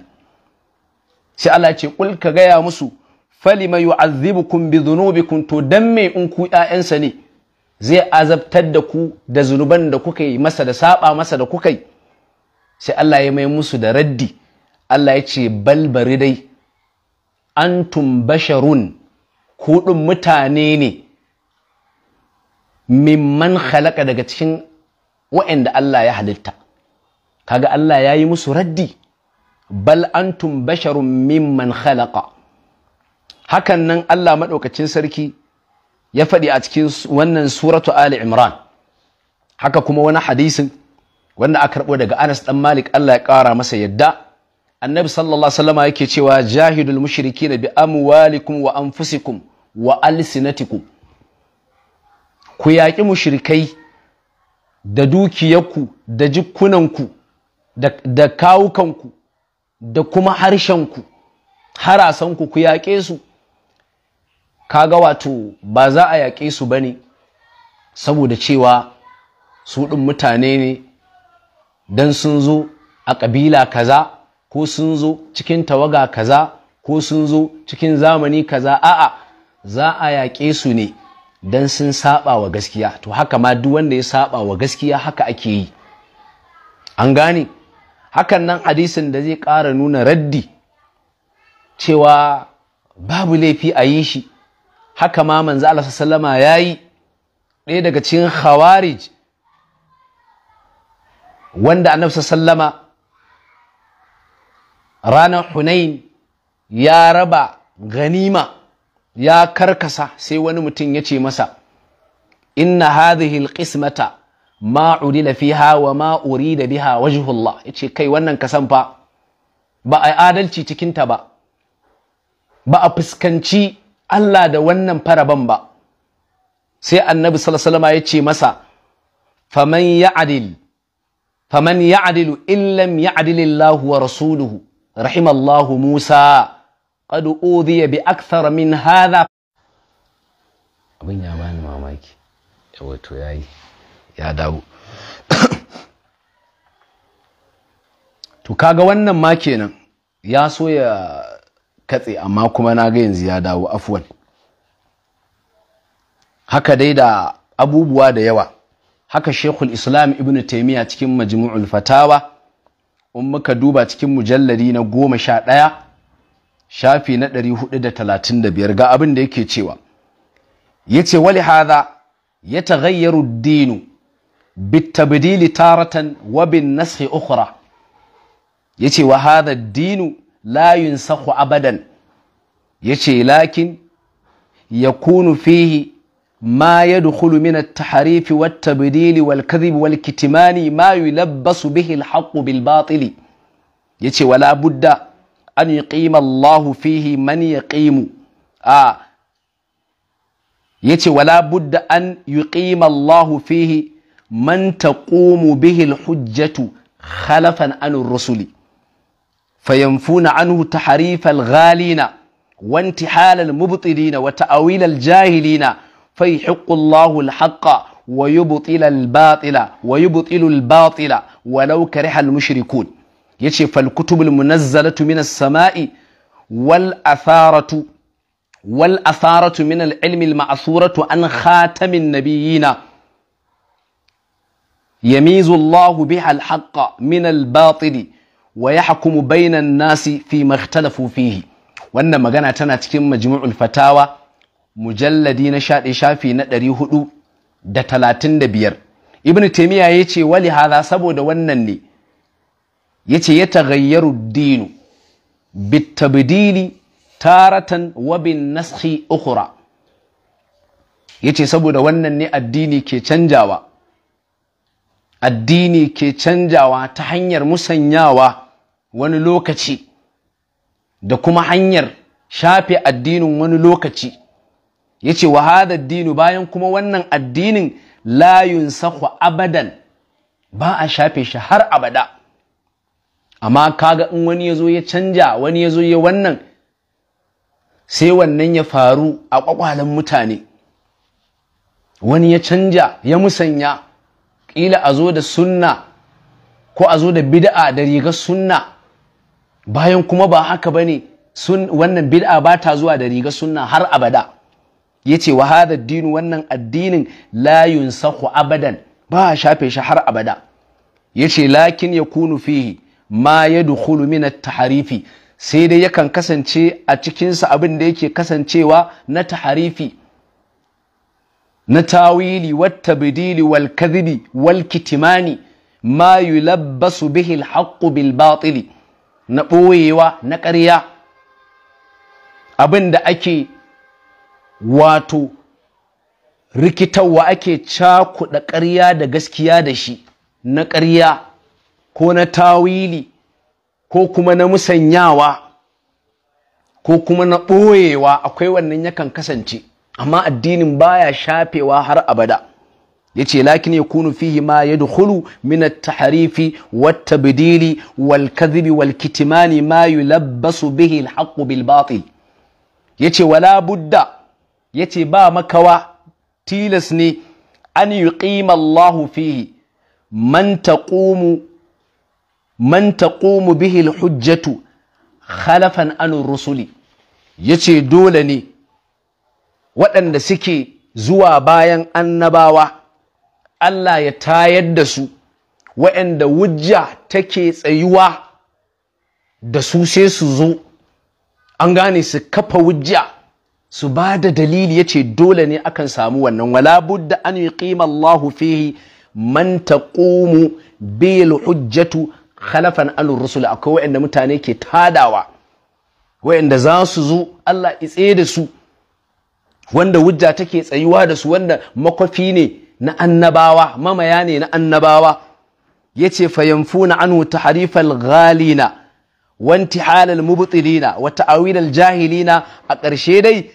sai Allah ce ƙul ka gaya musu, falima yu'azzibukum bi zunubikun to dan me in ku ‘ya'yansa ne zai azabtar da ku da zunuban da kuka yi masa da saba masa da kuka yi, sai Allah ya mai musu da raddi. Allah ya ce balbari dai antum basharun kuɗin mutane ne mimman halaka daga cikin wa'anda Allah ya halitta kaga Allah ya yi musu raddi bal antum basharun mimman halaka hakan nan Allah maɗaukacin sarki ya faɗi a cikin wannan suratu Ali Imran haka kuma wani hadisin wanda aka karɓo daga Anas ɗan Malik Allah ya ƙara masa yadda annabi sallallahu alaihi yake cewa jahidul mushrikin bi amwalikum wa anfusikum wa alsinatikum ku yaƙi mushrikai da dukiyarku da jikunanku da kawukanku da kuma harshenku harasanku ku yaƙe su kaga wato ba za a yaƙe su ba ne saboda cewa su ɗin mutane ne don sun zo a ƙabila kaza ko sun zo cikin tawaga kaza ko sun zo cikin zamani kaza a'a za a yaƙe su ne don sun saba wa gaskiya to haka ma duk wanda ya saba wa gaskiya haka ake yi an gane hakan nan hadisin da zai ƙara nuna raddi cewa babu laifi a yi shi haka ma manzo Allah sallama yayi ɗaya daga cikin khawarij wanda annabi sallama ranar hunain ya raba ganima ya karkasa sai wani mutum ya ce masa inna hadhihi alqismata ma udila fiha wa ma urida biha wajhullah yace kai wannan kasan fa ba a adalci cikin ta ba ba a fuskanci Allah da wannan faraban ba sai annabi sallallahu alaihi wasallam ya ce masa faman ya'dil faman ya'dilu illan lam ya'dilillahu wa rasuluhu rahimallahu Musa qad ya bi akthar min hadha abin ya bani mamaki yawa to yayi ya dawo to kaga wannan ma kenan ya soya katse amma kuma na ga yanzu ya dawo afwan haka dai da abubuwa da yawa haka shekul islam ibn taimiyya cikin majmu'ul fatawa in muka duba cikin mujallari na goma sha ɗaya shafi na ɗari hudu da talatin da biyar ga abin da yake cewa ya ce wali haza ya tagayyaru dinu bitabdili taratan wa bin nashi ya ce wa haza dinu la yunsahu abadan ya ce lakin yakunu fihi ما يدخل من التحريف والتبديل والكذب والكتمان ما يلبس به الحق بالباطل يتي ولا بد أن يقيم الله فيه من يقيم آه يتي ولا بد أن يقيم الله فيه من تقوم به الحجة خلفا عن الرسل فينفون عنه تحريف الغالين وانتحال المبطلين وتأويل الجاهلين فيحق الله الحق ويبطل الباطل ويبطل الباطل ولو كره المشركون يتي فالكتب المنزلة من السماء والأثارة والأثارة من العلم المأثورة عن خاتم النبيين يميز الله بها الحق من الباطل ويحكم بين الناس فيما اختلفوا فيه وأن مغانا تنا تكلم مجموع الفتاوى mujalladi na shaɗi shafi na ɗari hudu da talatin da biyar ibn taimiyya ya ce wali haza saboda wannan ne ya ce ya tagayyaru dinu bitabdili taratan wabin nashi ukura ya ce saboda wannan ne addini ke canjawa addini ke canjawa ta hanyar musanyawa wani lokaci da kuma hanyar shafe addinin wani lokaci Ya ce wa hada dinu bayan kuma wannan addinin layun sakwa abadan ba a shafe shi har abada amma kaga in wani ya zo ya canja wani ya zo ya wannan sai wannan ya faru a kwakwalen mutane wani ya canja ya musanya ƙila a zo da sunna ko a zo da bid'a da rigar sunna bayan kuma ba haka ba ne wannan bid'a ba ta zuwa da rigar sunna har abada yace wa hada dinu wannan addinin la yunsahu abadan ba shafe shi har abada yace lakin ya kunu fihi ma ya dukulu min na tahrifi sai dai yakan kasance a cikinsa abin da yake kasancewa na taharifi na tawili wata bidili wal kadhibi wal kitimani ma yulabbasu bihi al bil batili na ɓoyewa na ƙarya abin da ake wato rikitarwa ake cakuɗa ƙarya da gaskiya da shi na ƙarya ko na tawili ko kuma na musanyawa ko kuma na ɓoyewa akwai wannan yakan kasance amma addinin baya shafewa har abada yace lakin yakunu fihi ma yadkhulu min at-tahrifi wat-tabdili wal-kadhibi wal-kitmani ma yulabbasu bihi al-haqqu bil-batil yace wala budda yace ba makawa tilas ne an yuqima Allahu fihi man ta man hujjatu khalafan an rusuli yace dole ne waɗanda suke zuwa bayan annabawa Allah ya tayar da su waɗanda wujja take tsayuwa da su sai su zo an gane su kafa wujja su ba da dalili yace dole ne akan samu wannan wala budda an yi yuqima Allah fihi man taqumu belu hujjatu khalafan an rusul akwai wa'anda mutane ke tadawa wa'anda za su zo Allah itse da su wanda hujja take tsayuwa da su wanda makwafi ne na annabawa mamaya ne na annabawa yace fayamfuna anhu tahrifal ghalina wanti halal mubutilina wata awilal jahilina a ƙarshe dai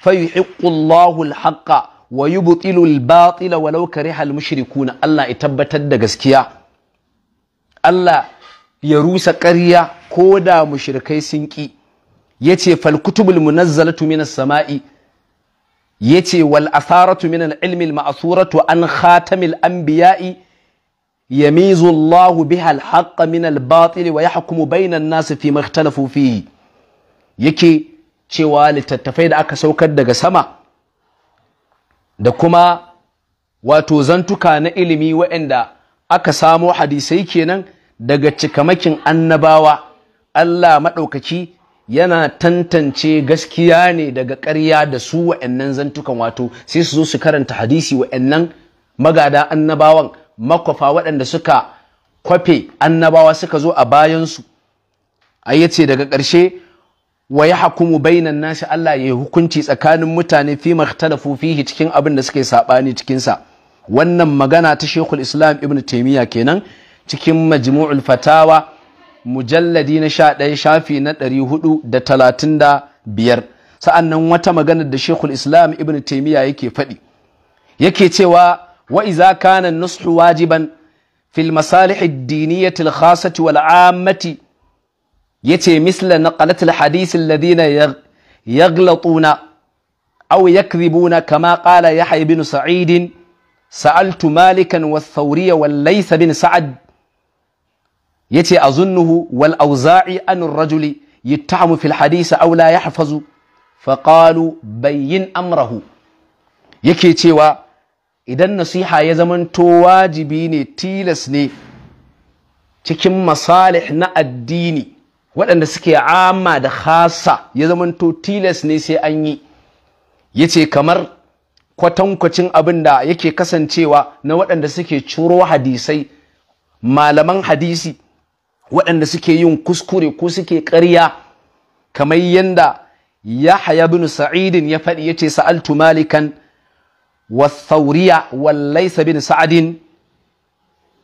Fa ikun lahul haƙa wa yi butilul batila wa laukari halmushiri kuna Allah ya tabbatar da gaskiya Allah ya rusa ƙariya ko da mushirikai sun ƙi ya ce falkutubul munazzalatu minas sama'i ya ce wal'asaratu minal ilmil ma'asuratu an hatamil an biya'i يميز الله بها الحق من الباطل ويحكم بين الناس فيما اختلفوا فيه yake cewa littattafai da aka saukar daga sama da kuma wato zantuka na ilimi waɗanda aka samo hadisai kenan daga cikamakin annabawa Allah maɗaukaki yana tantance gaskiya ne daga ƙarya da su wa'annan zantukan wato sai su zo su karanta hadisi wa'annan magada annabawan makwafa waɗanda suka kwafe annabawa suka zo a bayansu yi ce daga ƙarshe wa ya hakumu bainan nashi Allah ya yi hukunci tsakanin mutane fi makhtalafu fihi cikin abin da suke saɓani cikinsa. cikinsa wannan magana ta shekul Islam Ibn Taimiyya kenan cikin Majmu'ul Fatawa mujalladi na sha ɗaya, shafi na ɗari hudu da da talatin biyar. sa'annan wata maganar da shekul Islam Ibn Taimiyya yake faɗi yake cewa وإذا كان النصح واجبا في المصالح الدينية الخاصة والعامة يتي مثل نقلة الحديث الذين يغلطون أو يكذبون كما قال يحيى بن سعيد سألت مالكا والثورية والليث بن سعد يتي أظنه والأوزاعي أن الرجل يتعم في الحديث أو لا يحفظ فقالوا بين أمره يكي تيوى idan nasiha ya zamanto wajibi ne tilas ne cikin masalih na addini waɗanda suke amma da khasa ya zamanto tilas ne sai an yi ya ce kamar kwatankwacin abin da yake kasancewa na waɗanda suke curo hadisai malaman hadisi waɗanda suke yin kuskure ko suke ƙarya kamar yadda ya haya bin sa'idin ya faɗi ya ce sa'altu malikan والثورية والليث بن سعد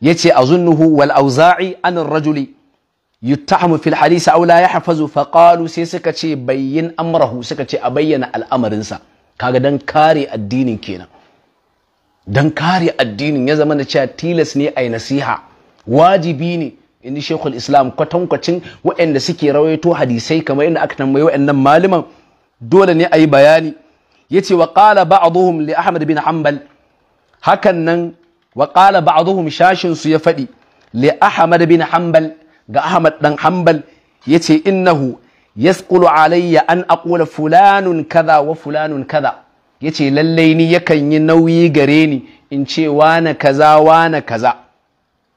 يتي أظنه والأوزاعي عن الرجل يتهم في الحديث أو لا يحفظ فقالوا سيسكتي بين أمره سكتي أبين الأمر إنسا kaga dan kare addinin kenan dan kare addinin ya zama na cewa tilas ne a nasiha wajibi ne inda shekul islam kwatankwacin waɗanda suke rawaito hadisai kamar yadda aka tambayi waɗannan malaman dole ne a yi bayani yace wa qala ba'dhum li ahmad bin hanbal hakan nan wa qala ba'dhum su ya fadi li ahmad bin hanbal ga ahmad dan hanbal yace innahu yasqulu alayya an aqula fulanun kaza wa fulanun kaza yace lallai ni yakan yi nauyi gare ni in ce wane kaza wane kaza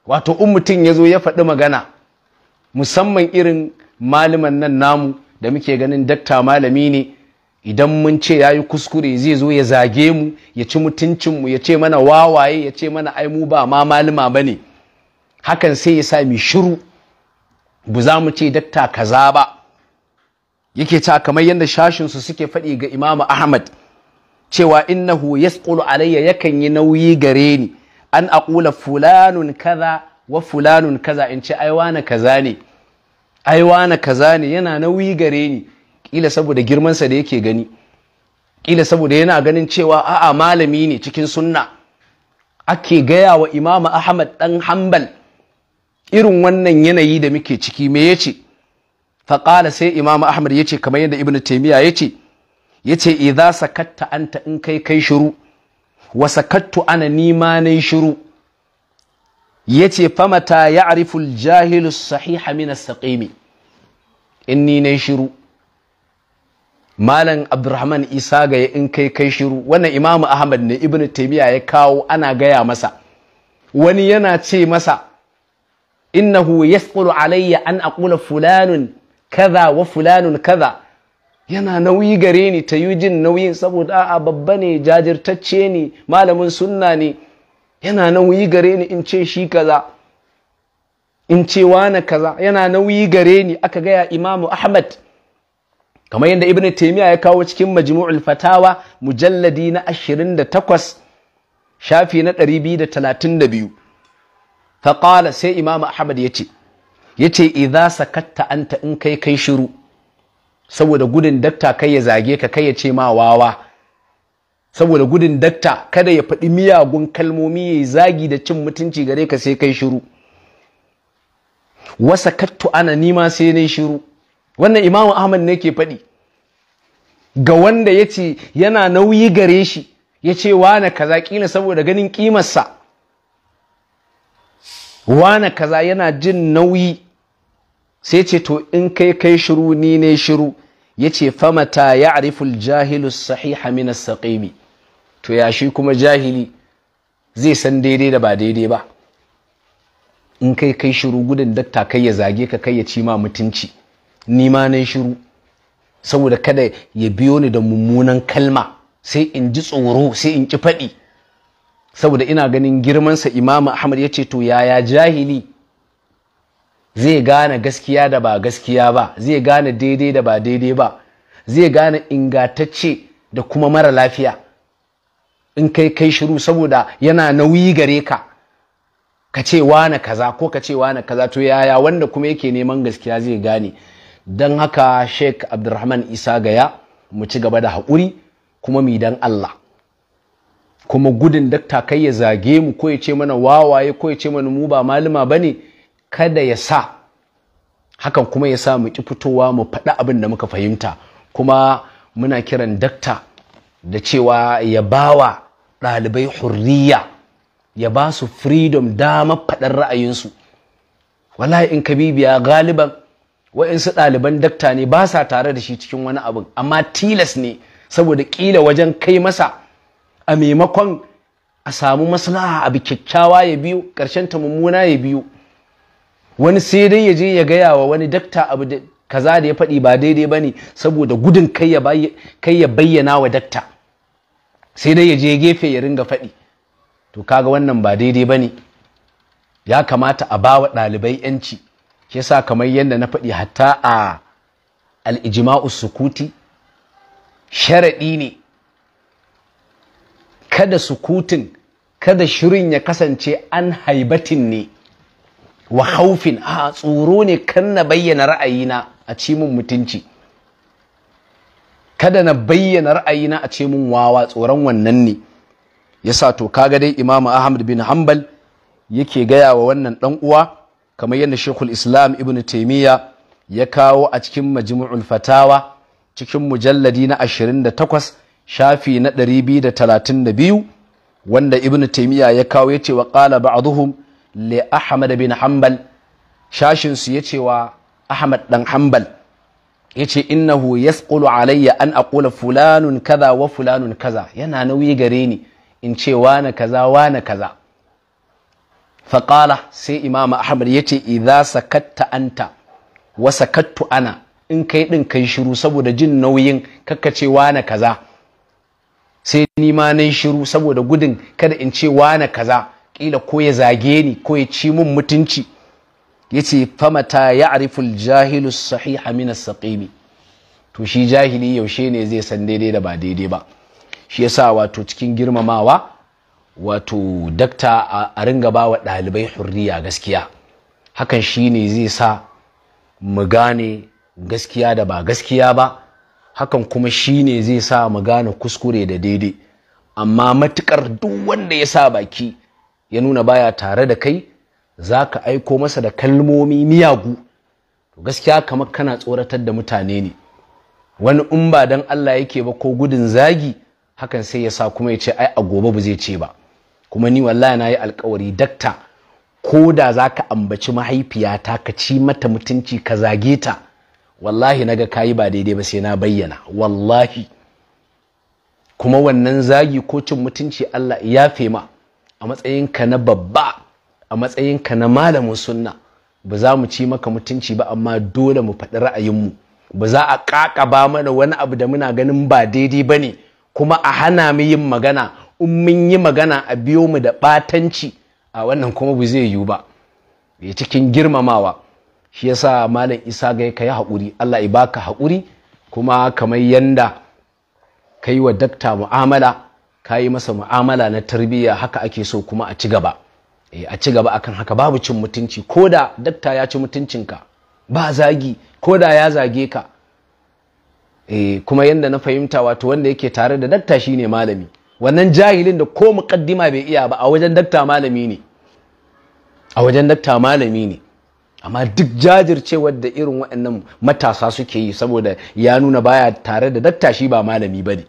wato in mutum ya zo ya faɗi magana musamman irin malaman nan namu da muke ganin dakta malami ne idan mun ce ya yi kuskure zai zo ya zage mu ya ci mutuncinmu ya ce mana wawaye ya ce mana ai mu ba ma malama ba ne hakan sai ya sa mi shiru bu za mu ce dakta kaza ba yake ta kamar yadda shashinsu suke faɗi ga imamu ahmad cewa innahu yasqulu alayya yakan yi nauyi gare ni an aqula fulanun kaza wa fulanun kaza in ce aiwana kaza ne aiwana kaza ne yana nauyi gare ni kila saboda girmansa da yake gani kila saboda yana ganin cewa a'a malami ne cikin sunna ake gaya wa imamu ahmad dan hanbal irin wannan yanayi da muke ciki me yace faƙala sai imamu ahmad yace kamar yadda ibnu taymiya yace yace idza sakatta anta in kai kai shiru wa sakattu ana nima nay shiru yace famata ya'rifu al-jahilu sahiha min as-saqimi inni nay shiru malam abdurrahman isa ga ya in kai kai shiru wannan imamu ahmad ne Ibn taimiyya ya kawo ana gaya masa wani yana ce masa innahu yasqulu alayya an aqula fulanun kaza wa fulanun kaza yana nauyi gare ni ta jin nauyin saboda a babba ne jajirtacce ne malamin sunna ne yana nauyi gare ni in ce shi kaza in ce wane kaza yana nauyi gare ni aka gaya imamu ahmad kamar yadda ibn taymiya ya kawo cikin majmu'ul fatawa mujalladi na 28 shafi na 232 faqala sai imamu ahmad yace yace idza sakatta anta in kai kai shiru saboda gudun dakta kai ya zage ka kai ya ce ma wawa saboda gudun dakta kada ya faɗi miyagun kalmomi ya zagi da cin mutunci gare ka sai kai shiru wasa kattu ana nima sai nayi shiru wannan imamu ahmad ne ke faɗi ga wanda ya ce yana nauyi gare shi ya ce wane kaza kila saboda ganin ƙimarsa. wane kaza yana jin nauyi sai ce to in kai kai shiru ni ne shiru ya ce famata ya ariful jahilu sahiha minas saƙimi to ya shi kuma jahili zai san daidai da ba daidai ba in kai kai shiru gudun dakta kai ya zage ka kai ya ci ma mutunci ni na shiru saboda kada ya biyo ni da mummunan kalma sai in ji tsoro sai in ki faɗi saboda ina ganin girmansa imamu ahmad ya ce to yaya jahili zai gane gaskiya da ba gaskiya ba zai gane daidai da ba daidai ba zai gane ingatacce da kuma mara lafiya in kai kai shiru saboda yana nauyi gare ka ka ce wane kaza ko ka ce wane kaza to yaya wanda kuma yake neman gaskiya zai gane don haka sheik abdulrahman isa gaya mu ci gaba da haƙuri kuma mu dan allah kuma gudun dakta kai ya zage mu ko ya ce mana wawaye ko ya ce mana mu ba malama ba ne kada ya sa hakan kuma ya sa mu ki fitowa mu faɗi abin da muka fahimta kuma muna kiran dakta da cewa ya bawa ɗalibai hurriya ya ba su freedom dama faɗar ra'ayinsu wallahi in ka bibiya galiban waɗansu ɗaliban dakta ne ba sa tare da shi cikin wani abin amma tilas ne saboda ƙila wajen kai masa a maimakon a samu maslaha abu kyakkyawa ya biyu ƙarshen ta mummuna ya biyu wani sai dai ya je ya gaya wa wani dakta abu da kaza da ya faɗi ba daidai ba ne saboda gudun kai ya bayyana wa dakta sai dai ya je gefe ya ringa faɗi to kaga wannan ba daidai ba ne ya kamata a ba wa ɗalibai 'yanci shi yasa kamar yadda na faɗi hatta a al-ijma'u sukuti sharaɗi ne kada sukutin kada shirin ya kasance an haibatin ne wa haufin a tsoro ne kan na bayyana ra'ayina a cimin mutunci kada na bayyana ra'ayina a cimin wawa tsoron wannan ne Ya sa to kaga dai imamu ahmad bin Hambal yake gaya wa wannan dan uwa kamar yadda shekul islam ibn taimiyya ya kawo a cikin majmu'ul fatawa cikin mujalladi na 28 shafi na 232 wanda ibn taimiyya ya kawo ya ce wa qala ba'dhum li ahmad bin Hambal. shashin su ya ce wa ahmad dan Hambal ya ce innahu yasqulu alayya an aqula fulanun kaza wa fulanun kaza yana nauyi gare ni in ce wane kaza wane kaza faƙala sai imama ahmad ya ce idza sakatta anta wa sakattu ana in kai ɗin kai shiru saboda jin nauyin kakkacewa na kaza sai ni ma na shiru saboda gudun kada in ce na kaza kila ko ya zage ni ko ya ci mun mutunci yace famata ya jahilu sahiha min as-saqimi to shi jahili yaushe ne zai san daidai da ba daidai ba shi yasa wato cikin girmamawa wato dakta a ringa ba wa ɗalibai hurriya gaskiya hakan shine zai sa mu gane gaskiya da ba gaskiya ba hakan kuma shi ne zai sa mu gane kuskure da daidai amma matukar duk wanda ya sa baki ya nuna baya tare da kai za ka aiko masa da kalmomi miyagu to gaskiya kamar kana tsoratar da mutane ne wani in ba dan Allah yake ba ko gudun zagi hakan sai ya sa kuma ya ce ai a gobe ba zai ce ba kuma ni wallahi na yi alkawari dakta ko da za ka ambaci mahaifiyata ka ci mata mutunci ka zage ta wallahi naga yi ba daidai ba sai na bayyana wallahi kuma wannan zagi ko cin mutunci Allah ya ma a matsayinka na babba a matsayinka na malamin sunna ba za mu ci maka mutunci ba amma dole mu faɗi ra'ayinmu ba za a ƙaƙaba mana wani abu da muna ganin ba daidai ba ne kuma a hana mu yin magana in mun yi magana a biyo mu da ɓatanci a wannan kuma bu zai yiwu ba ya cikin girmamawa shi yasa malam isa ga ka yi haƙuri allah ya baka haƙuri kuma kamar yanda ka yi wa dakta mu'amala ka yi masa mu'amala na tarbiyya haka ake so kuma a ci gaba eh, a ci gaba akan haka babu cin mutunci ko da dakta ya ci mutuncinka ba zagi ko da ya zage ka eh, kuma yanda na fahimta wato wanda yake tare da dakta shine malami wannan jahilin da ko muƙaddima bai iya ba a wajen dakta malami ne a wajen dakta malami ne amma duk jajircewar da irin waɗannan matasa suke yi saboda ya nuna baya tare da dakta shi ba malami ba ne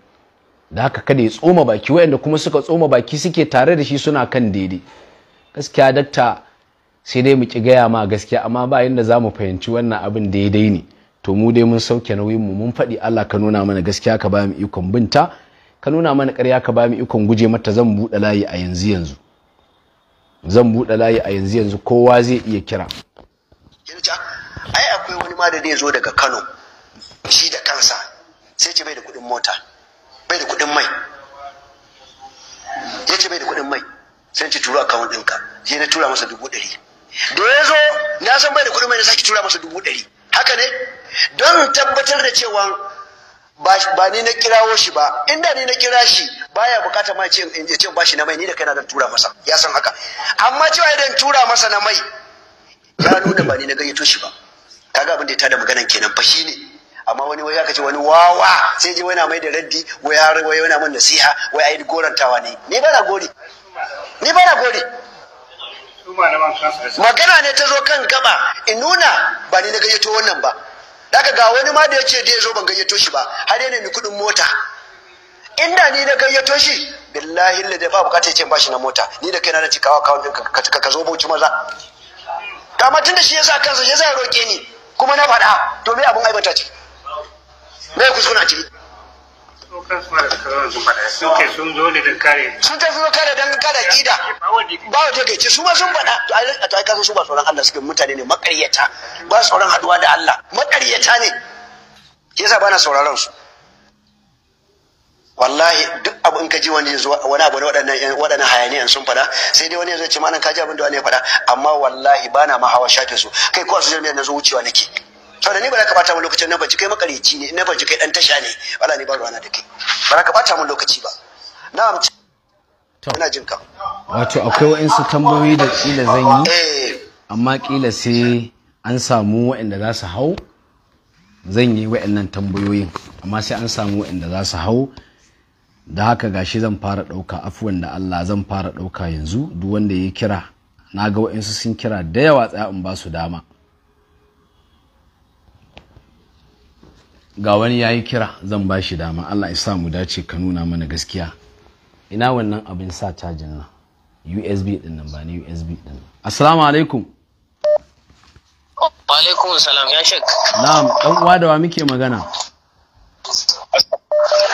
da haka kada ya tsoma baki waɗanda kuma suka tsoma baki suke tare da shi suna kan daidai gaskiya dakta sai dai mu ki gaya ma gaskiya amma ba yadda za mu fahimci wannan abin daidai ne to mu dai mun sauke nauyin mu mun faɗi Allah ka nuna mana gaskiya ka ba mu ikon binta ka nuna mana ƙarya ka ba mu ikon guje mata zan buɗe layi a yanzu yanzu zan buɗe layi a yanzu yanzu kowa zai iya kira ai akwai wani ma da zai zo daga Kano shi da kansa sai ce bai da kuɗin mota bai da kuɗin mai ya ce bai da kuɗin mai sai ce turo akawun ɗinka sai na tura masa dubu ɗari da ya zo na san bai da kuɗin mai na sake tura masa dubu ɗari haka ne don tabbatar da cewa ba ni na kirawo shi ba inda ni na kira shi baya bukata ma ce ce bashi na mai ni da kaina dan tura masa ya san haka amma cewa idan tura masa na mai ya nuna ba ni na gayyato shi ba kaga abin da ya tada maganan kenan fa shine amma wani wai aka ce wani wawa sai je wani mai da raddi wai har wai wani mun nasiha wai ai gorantawa ne ni ba na gori ni ba na gori magana ne ta zo kan gaba in nuna ba ni na gayyato wannan ba daga ga wani ma da ya ce dai zo ban gayyato shi ba har yana mi kudin mota inda ni na gayyato shi billahi da ba bukata ya ba shi na mota ni da kaina na ci kawo kawon ka ka zo bauchi maza kama tunda shi ya sa kansa shi ya ni kuma na faɗa to me abun aibata ce me kuskuna ce suke sun zo ne don kare sun ta sun kare don kare aqida ba wa kai ce su ma sun faɗa to ai to ai kasan su ba tsoron Allah suke mutane ne makaryata ba tsoron haduwa da Allah makaryata ne yasa bana sauraron su wallahi duk abu in ka ji wani zuwa wani abu ne waɗannan waɗannan hayaniyan sun faɗa sai dai wani ya zo ce malam ka ji abin da wani ya faɗa amma wallahi bana ma hawa shafin su kai ko su social media na zo wucewa nake to da ni ba za ka bata min lokacin na banci kai makareci ne na banci kai dan tasha ne wala ni ba ruwana da kai ba za ka bata min lokaci ba na amci ina jin ka wato akwai wa'insu tambayoyi da kila zan yi eh. amma kila sai an samu wa'inda za su hau zan yi wa'annan tambayoyin amma sai an samu wa'inda za su hau da haka gashi zan fara ɗauka afuwan da Allah zan fara ɗauka yanzu duk wanda ya kira na ga wa'insu sun kira da yawa tsaya in ba su dama ga wani ya yi kira zan ba shi dama Allah ya sa mu dace ka nuna mana gaskiya ina wannan abin sa cajin nan USB din nan ba ni USB din nan assalamu alaikum wa alaikum salam ya shek na'am dan uwa da wa muke magana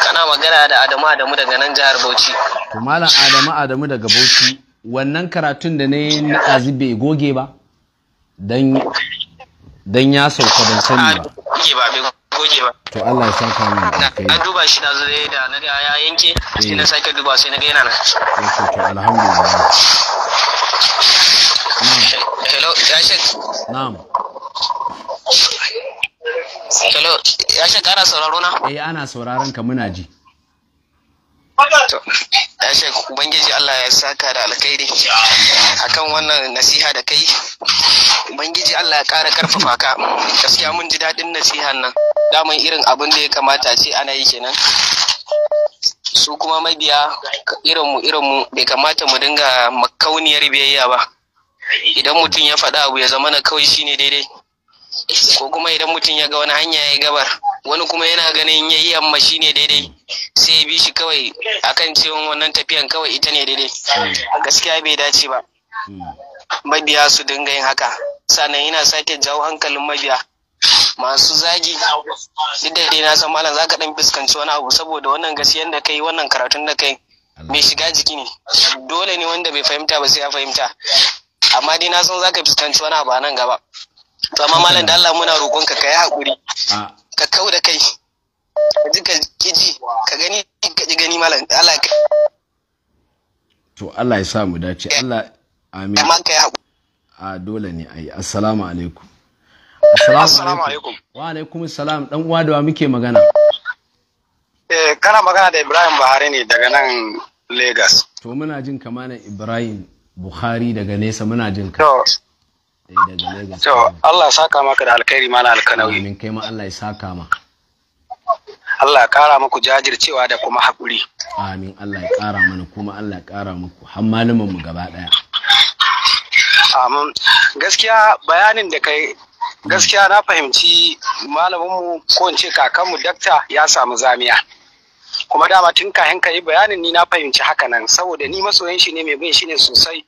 kana magana da Adamu Adamu daga nan jihar Bauchi to malam Adamu Adamu daga Bauchi wannan karatun da ne na azibe goge ba dan dan ya sauka ban sani ba goge ba to Allah ya saka mu na duba shi na zai da na ga ya yanke sai na eh. sake duba sai na ga yana nan to eh, to alhamdulillah hello ya shek na'am hello ya shek kana sauraro na eh ana sauraron ka muna ji ya shek ubangiji Allah ya saka da alkhairi akan wannan nasiha da kai ubangiji Allah ya kara karfafa ka gaskiya mun ji daɗin nasihan nan daman irin abin da ya kamata ce ana yi kenan su kuma mabiya irin mu irin mu bai kamata mu dinga makauniyar biyayya ba idan mutum ya faɗa abu ya zama na kawai shine daidai ko kuma idan mutum ya ga wani hanya ya gabar wani kuma yana ganin ya yi amma shi ne daidai sai ya bi shi kawai akan cewa wannan tafiyan kawai ita ne daidai hmm. gaskiya bai dace ba hmm. mabiya su dinga yin haka sannan yana sake jawo hankalin mabiya masu zagi duk da dai na san malam zaka dan fuskanci wani abu saboda wannan gaskiya da kai wannan karatun da kai mai shiga jiki ne dole ne wanda bai fahimta ba sai ya fahimta amma dai na san zaka fuskanci wani abu a nan gaba to amma malam da Allah muna roƙon ka yi haƙuri ka kau da kai ka ji ka ji ka gani ka ji gani malam da Allah ka to Allah ya sa mu dace eh. Allah amin amma kai a dole ne ai assalamu alaikum assalamu alaikum wa alaikum assalam dan uwa da muke magana eh kana magana da Ibrahim Bahari ne daga nan Lagos to muna jin kamar Ibrahim Bukhari daga nesa muna jin ka Eh, daga Lagos. To Allah ya saka maka da alkhairi mana alkanawi. Amin kai ma Allah ya saka ma. Allah ya kara muku jajircewa da kuma haƙuri. Amin Allah ya kara mana kuma Allah ya kara muku har malaman mu gaba daya. Amin gaskiya bayanin da kai gaskiya na fahimci malamin mu ko in ce kakanmu dakta ya samu zamiya. kuma dama tun kayan ka yi bayanin ni na fahimci haka nan saboda ni masoyan shi ne mai bin shi ne sosai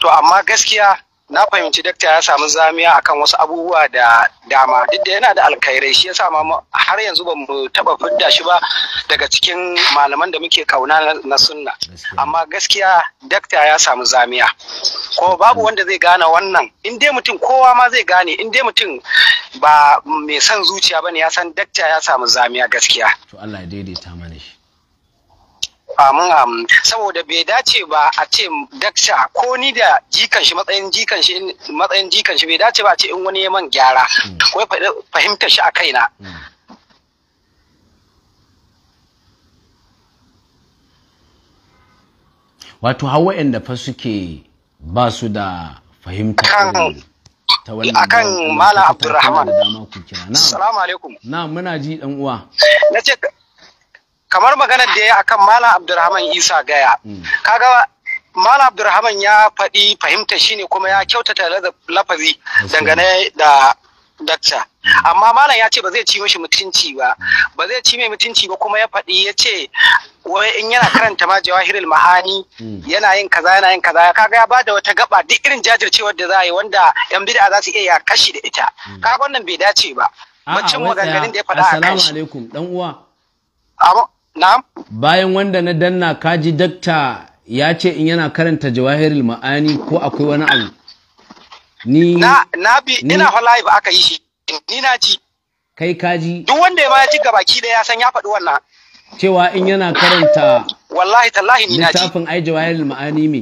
to amma gaskiya na fahimci dakta ya samu zamiya akan wasu abubuwa da dama duk da yana da alkhairai shi yasa ma har yanzu ba mu taba fidda shi ba daga cikin malaman da muke kauna na sunna amma gaskiya dakta ya samu zamiya ko babu wanda zai gane wannan in dai mutum kowa ma zai gane in dai mutum ba mai son zuciya bane ya san dakta ya samu zamiya gaskiya to Allah ya daidaita mana shi Amin amin. Um, saboda bai dace ba a ce daksha ko ni da jikan shi matsayin jikan shi matsayin jikan shi bai dace ba a ce in wani ya man gyara hmm. ko fahimtar shi a kaina. Hmm. Wato hawa da fa suke ba su da fahimtar ta wannan akan mala abdurrahman salamu alaikum. Na muna ji dan uwa. Nace kamar maganar da ya yi akan Malam Abdulrahman Isa Gaya hmm. kaga Malam Abdulrahman ya faɗi fahimta shine kuma ya kyautata lafazi dangane da dakta hmm. amma malam ya ce ba zai ci mashi mutunci ba ba zai ci mai mutunci ba kuma ya faɗi ya ce wai in yana karanta ma jawahirul mahani hmm. yana yin kaza yana yin kaza kaga ya bada wata gaba duk irin jajircewar da za a yi wanda yan bid'a za su iya kashi da ita kaga wannan bai dace ba mutum maganganun da ya faɗa a kanshi Na'am. Bayan wanda na danna kaji dakta ya ce in yana karanta jawahirul ma'ani ko akwai wani abu. Ni na na bi ina live aka yi shi ni na ji. Kai kaji. Duk wanda ya ma ji gabaki da ya san ya faɗi wannan. Cewa in yana karanta. Wallahi tallahi ni na ji. Littafin ai jawahirul ma'ani me?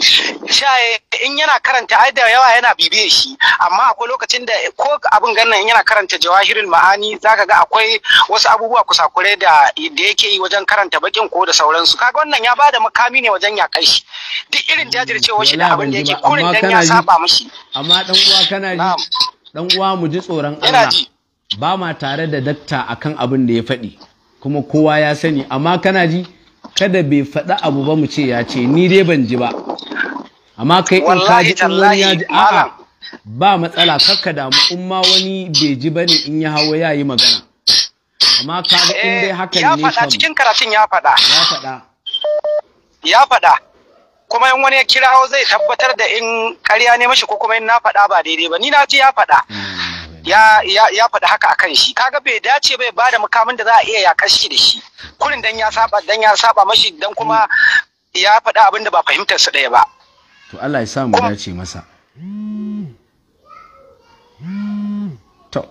shaye in yana karanta ai yawa yana bibiye shi amma akwai lokacin da ko abin gannan in yana karanta jawahirul ma'ani zaka ga akwai wasu abubuwa kusakure da da yake yi wajen karanta bakin ko da sauransu kaga wannan ya bada makami ne wajen ya kai shi duk irin jajircewar shi da abin da yake kurin dan ya saba mishi amma dan uwa kana ji dan uwa mu ji tsoron Allah ba ma tare da dakta akan abin da ya faɗi kuma kowa ya sani amma kana ji kada bai faɗa abu ba mu ce ya ce ni dai ban ji ba amma kai in ka ji in wani ya ji a'a ba matsala kakka damu in ma wani bai ji ba ne in ya hawo ya yi magana amma ka ga in dai eh, hakan ne ya faɗa cikin karatun ya faɗa ya faɗa ya faɗa kuma in wani ya kira zai tabbatar da in ƙarya ne mashi ko kuma in na faɗa ba daidai ba ni na ce ya faɗa hmm. ya ya ya faɗi haka akan shi kaga bai dace bai bada makamin da za a iya ya shi da shi kurin dan ya saba dan ya saba mashi dan kuma ya faɗi abin da ba fahimtar su ɗaya ba to Allah ya sa mu dace masa to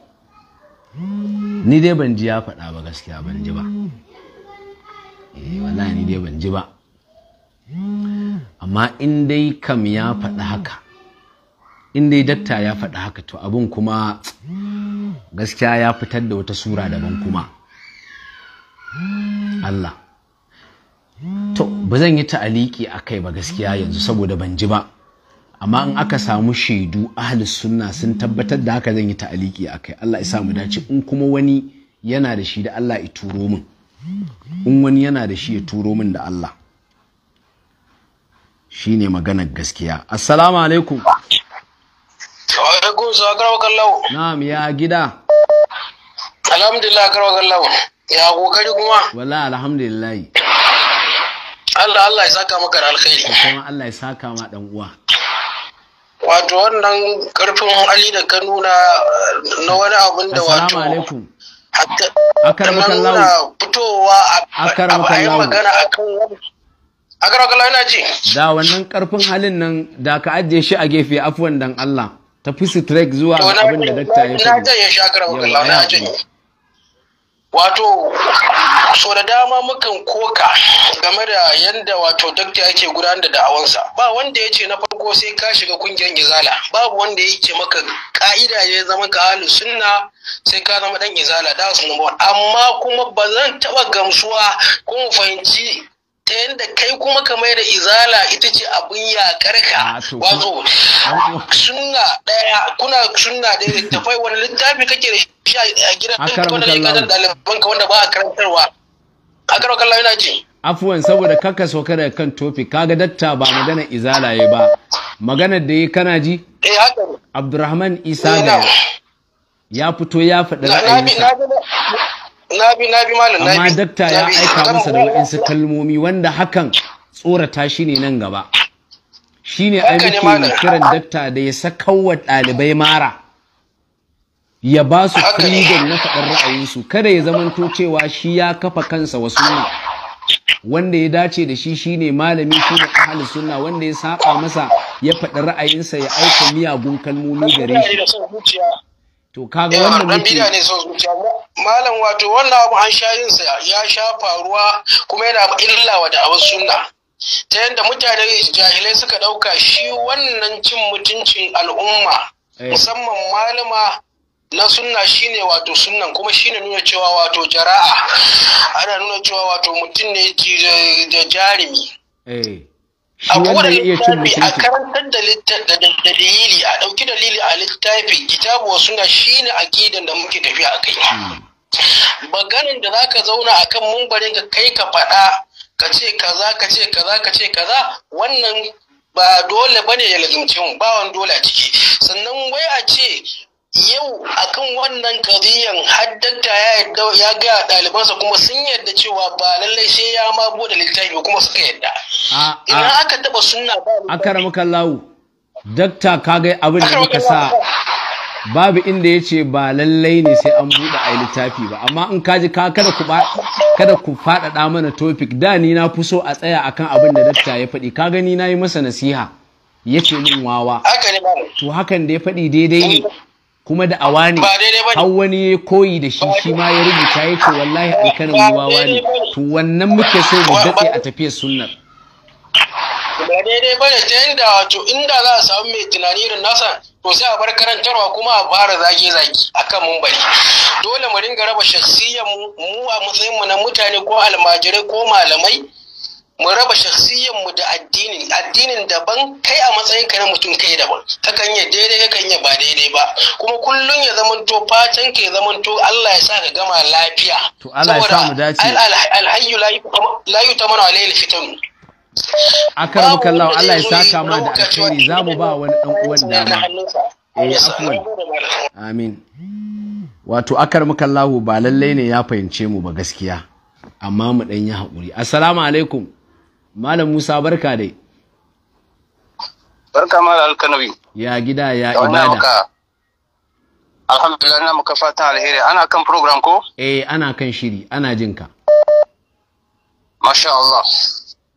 ni dai ban ji ya faɗa ba gaskiya ban ji ba eh wallahi ni dai ban ji ba amma in dai kam ya faɗi haka in dai dakta ya faɗi haka to abin kuma gaskiya ya fitar da wata sura daban kuma Allah to ba zan yi ta'aliki a kai ba gaskiya yanzu saboda ban ji ba amma in aka samu shaidu ahli sunna sun tabbatar da haka zan yi ta'aliki a kai Allah ya mu dace in kuma wani yana da shi da Allah ya turo min in wani yana da shi ya turo min da Allah shine maganar gaskiya assalamu alaikum Alaikum salam karwa kallawo. Na'am ya gida. Alhamdulillah karwa kallawo. Ya kokari kuma? Wala alhamdulillah. Allah Allah ya saka maka da alkhairi. Kuma Allah ya saka ma dan uwa. Wato wannan karfin hali da ka nuna na wani abin da wato. Assalamu alaikum. Akaramakallahu. Fitowa a yi magana akan wani. Akaramakallahu ina ji. Da wannan karfin halin nan da ka ajiye shi a gefe afuwan dan Allah. tafi trek zuwa abin da dakta ya na ya sha karama na janye wato so da dama mukan koka game da yadda wato dakta yake gudanar da da'awansa ba wanda ya ce na farko sai ka shiga kungiyar izala babu wanda ya ce maka ka'ida ya zama ka halu sunna sai ka zama dan izala da su amma kuma ba zan taba gamsuwa kuma fahimci ta yadda kai kuma ka mai da izala ita ce abin yakar ka ah, wato suna daya kuna suna da tafai, wani littafi kake da shi a gidan wanda ya gadar ɗaliban ka wanda ba a karantarwa a karo kallon yana ce afuwan saboda kakka sauka da kan topic kaga datta ba magana izala ya ba magana da ya kana ji eh haka abdurrahman isa ya fito ya faɗi ra'ayinsa na bi malam na amma dakta ya aika masa da waɗansu kalmomi wanda hakan tsorata shi ne nan gaba shi ne ai muke kiran dakta da ya sakawa ɗalibai mara ya ba su freedom na faɗin ra'ayinsu kada ya zamanto cewa shi ya kafa kansa wa ne wanda ya dace da shi shine malami da ahli sunna wanda ya saba masa ya faɗi ra'ayinsa ya aika miyagun kalmomi gare shi to kaga wannan muke malam wato wannan abu an sha yin sa ya sha faruwa kuma yana illa wa da'awar sunna ta yadda mutane jahilai suka dauka shi wannan cin mutuncin al'umma eh. musamman malama na sunna shine wato sunnan kuma shine nuna cewa wato jara'a ana nuna cewa wato mutum ne da jarumi eh. a wurin littafi a karantar da dalili a ɗauki dalili a littafi kitabu wa suna shine akidan da muke tafiya a kai hmm. maganin da zaka zauna akan mumbarin ka kai ka faɗa ka ce kaza ka ce kaza ka ce kaza wannan ba dole bane ya lazimci mu ba wani dole a ciki sannan wai a ce yau akan wannan kadiyan har ya ya ga ɗalibansa kuma sun yadda cewa ba lallai sai ya ma bude littafi kuma suka yadda idan aka taba sunna ba akara muka lawo dakta kaga abin da muka sa babu inda ya ce ba lallai ne sai an buɗe a littafi ba amma in kaji ka kada ku kada ku faɗaɗa mana topic da ni na fi so a tsaya akan abin da dakta ya faɗi ka gani na yi masa nasiha ya min wawa to hakan da ya faɗi daidai ne kuma da awa ne har wani ya koyi da shi shi ma ya rubuta ya ce wallahi alkanin wawa ne to wannan muke so mu datse a tafiyar sunnar ba daidai bane ta yadda wato inda za a samu mai tunani irin nasa to sai a bar karantarwa kuma a fara zage zage akan mun bari dole mu ringa raba shakhsiyyar mu mu a matsayin mu na mutane ko almajirai ko malamai mu raba shakhsiyyar mu da addinin, addinin daban kai a matsayin ka na mutum kai daban kan yi daidai kan yi ba daidai ba kuma kullun ya to fatan ka ya to Allah ya sa ka gama lafiya to Allah ya sa mu dace alhayyu la yutamanu alayhi alfitan akar mukallawa Allah ya saka mu da alheri za mu ba wani dan uwan dama ma eh, amin wato akar Kallahu ba lallai ne ya fahimce mu ba gaskiya amma mu dan yi haƙuri assalamu alaikum Malam Musa barka dai. Barka mara alkanawi. Ya gida ya ibada. Alhamdulillah na muka fatan alheri ana kan program ko? Eh ana kan shiri ana jin ka. Masha Allah.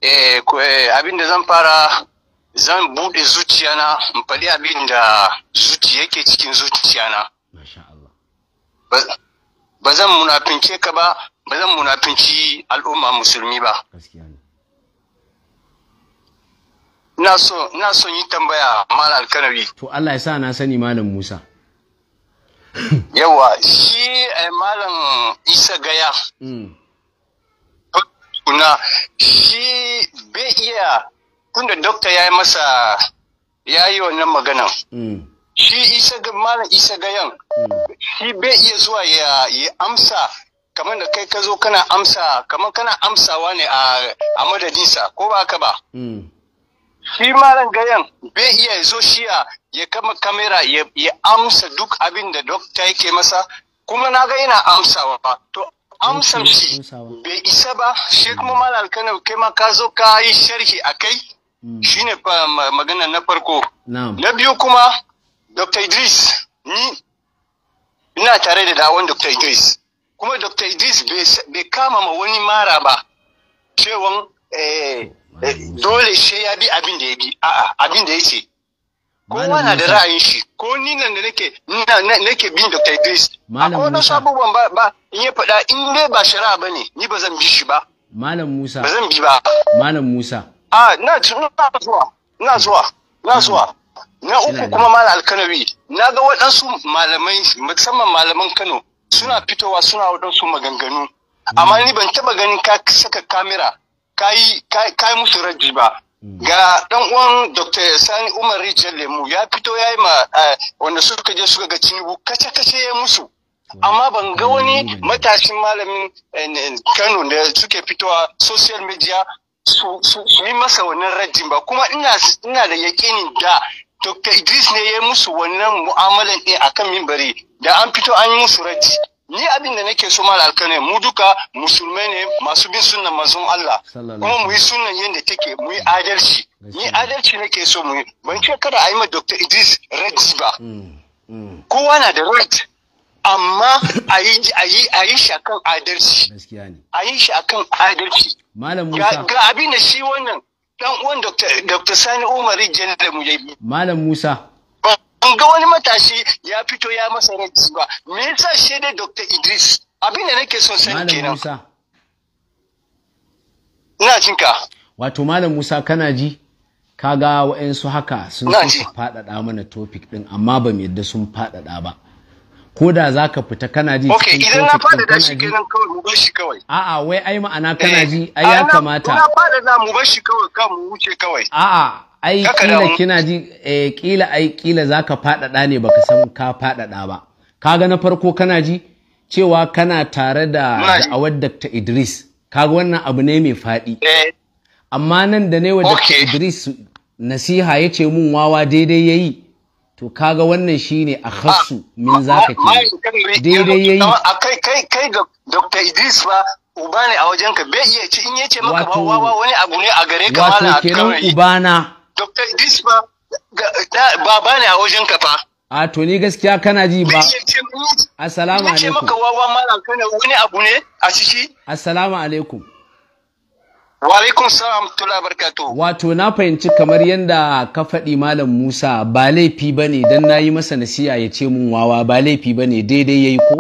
Eh, eh abinda zan fara zan bude zuciyana in faɗi abinda zuci yake cikin zuciyana. Masha Allah. Ba zan munafince ka ba, ba zan munafinci al'umma musulmi ba. Gaskiya ne. ina so son yi tambaya malam Alkanari. to Allah ya sa na sani malam Musa yawa shi eh, malam Isa Gaya mm. kuna shi bai iya kunda dokta ya yi masa ya yi wannan magana mm. shi isa ga malam isa gayan mm. shi bai iya zuwa ya amsa kamar da kai ka zo kana amsa kamar kana amsawa ne a madadinsa ko ba ka ba shi malam gayan bai iya zo shiya ya kama kamera ya amsa duk abin da dokta yake masa kuma na ga yana amsawa to amsar shi bai isa ba shi kuma malam kano kai ma ka zo ka yi sharhi a kai hmm. shine magana na farko na biyu kuma dokta idris ni ina tare da dawon dokta idris kuma dokta idris bai kama ma wani mara ba cewan eh, Eh, dole sai ya bi abin da ya bi a'a abin da ya ce kowa na da ra'ayin shi ko ni nan da nake nake bin kai Idris akwai wani sabu ba ba in ya faɗa in dai ba shari'a bane ni ba zan bi shi ba Malam Musa ba zan bi ba Malam Musa a na zuwa na zuwa na zuwa na hmm. uku kuma malam alkanawi na ga waɗansu malamai musamman malaman kano suna fitowa suna waɗansu maganganu amma ni ban taɓa ganin ka saka kamera kai musu raji ba mm. ga dan uwan dr sani umar rijiyar lemu ya fito ya yi ma eh, wanda suka je suka ga tinubu kace-kace ya musu mm. amma ban ga wani mm. matashin malamin eh, kano da suke fitowa social media su yi masa wannan rajin ba kuma ina da yakinin da dr idris ne ya musu wannan mu'amalan ɗin akan mimbari da an fito an yi musu raji ni abin da nake so mal alkane mu duka musulmai ne masu bin sunnan manzon Allah kuma mu yi sunnan yadda take mu yi adalci ni adalci nake so mu yi ban ce kada a yi ma Dr. Idris Reds ba mm, mm. kowa na da right amma a yi shi akan adalci a yi shi akan adalci Malam Musa. ga abin da shi wannan dan uwan Dr. Sani Umar Jalal mu Malam Musa in ga wani matashi ya fito ya masa rajis ba me yasa shi dai Dr. Idris abin da nake son sani kenan Musa ina jin ka wato malam Musa kana ji kaga wa'ansu haka sun so faɗaɗa mana topic ɗin amma ba mu yadda sun faɗaɗa ba ko da za ka fita kana ji cikin idan na fada da shi kenan kawai mu bar shi kawai a'a wai ai ma'ana kana eh, ji ai ya kamata na fada da mu bar shi kawai kan mu wuce kawai a'a ai kila kina ji eh kila ai kila zaka fadada ne baka san ka fadada ba kaga na farko kana ji cewa kana tare da da'awar Dr. Idris kaga wannan abu ne mai fadi eh. amma nan da ne wa Dr. Idris nasiha ya ce mun wawa daidai yayi to kaga wannan shine a khassu min ah, zaka ke daidai yayi kai kai kai Dr. Idris ba uba ne a wajenka bai iya ci in yace maka wawa wani abu ne a gare ka wato kenan ubana Dr. Idris ba ba ne a wajen ka fa. A to ni gaskiya kana ji ba. Assalamu alaikum. maka wawa malam kana wani abu ne a ciki? Assalamu alaikum. Wa alaikum salam tula barkatu. Wato na fahimci kamar yadda ka faɗi malam Musa ba laifi bane dan nayi masa nasiya ya ce mun wawa ba laifi bane daidai yayi ko?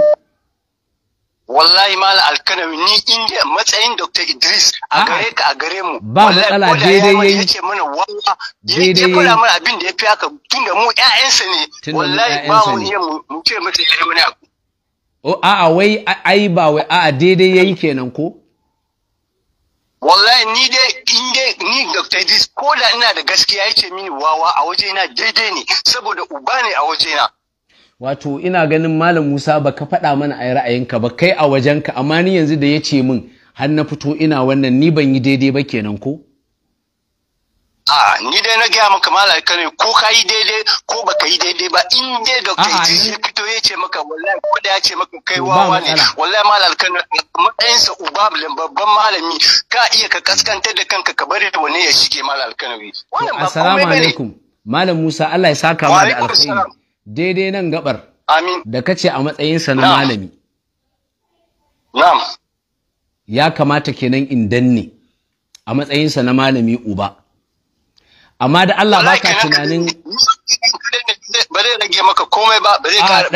wallahi mala alkanawi ni inda matsayin dr idris a ah. gare ka a gare mu ba matsala daidai yayi yake mana wawa daidai yayi mana abin da ya fi haka tunda mu ƴaƴansa ne wallahi ba mu iya mu ce mata yayi wani abu o a'a wai ai ba wai a'a daidai yayi kenan ko wallahi ni dai in dai ni dr idris ko da ina da gaskiya yace mini wawa a waje na daidai ne saboda uba ne a waje na wato ina ganin malam musa ba ka faɗa mana a ra'ayinka ba kai a wajenka amma ni yanzu da ya ce min har na fito ina wannan ni ban yi daidai ba kenan ko a ni dai na gaya maka malam ka ne ko ka yi daidai ko ba ka yi daidai ba in dai dokta ya fito ya ce maka wallahi ko da ya ce maka kai wawa ne wallahi malam ka ne matsayinsa uba babban malami ka iya ka kaskantar da kanka ka bari wani ya shige malam ka ne wannan ba komai bane Malam Musa Allah ya saka mu da alkhairi. daidai nan gabar da kace a matsayinsa na malami na'am ya kamata kenan in danne a matsayinsa na malami uba amma da Allah ka tunanin ba zai rage maka komai ba ba zai ƙara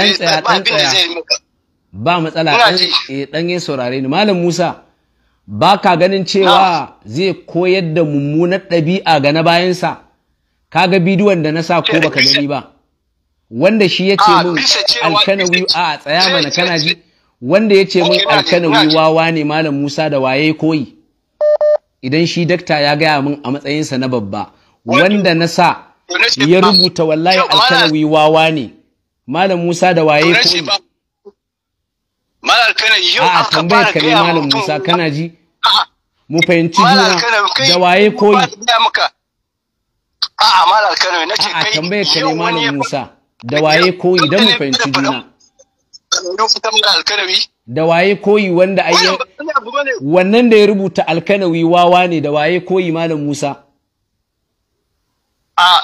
ba abin da maka ba matsala ɗan eh, yin saurare ni malam Musa ba ka ganin cewa zai koyar da mummunar ɗabi'a ga na bayansa Ka ga bidiyon da na sa ko baka gani ba wanda shi ya ce ah, min alkanawi a tsaya mana kana ji wanda ya ce min alkanawi wawa ne malam Musa da waye koyi idan shi dakta ya gaya min a matsayinsa na babba wanda na sa ya rubuta wallahi alkanawi wawa ne malam Musa da waye koyi a tambayar ka ne malam Musa kana ji mu fahimci juna da waye koyi a'a kan bai tambayar ka ne malam Musa da waye koyi don mu fahimci juna da waye koyi wanda ai wannan da ya rubuta alkanawi wawa ne da waye koyi malam Musa a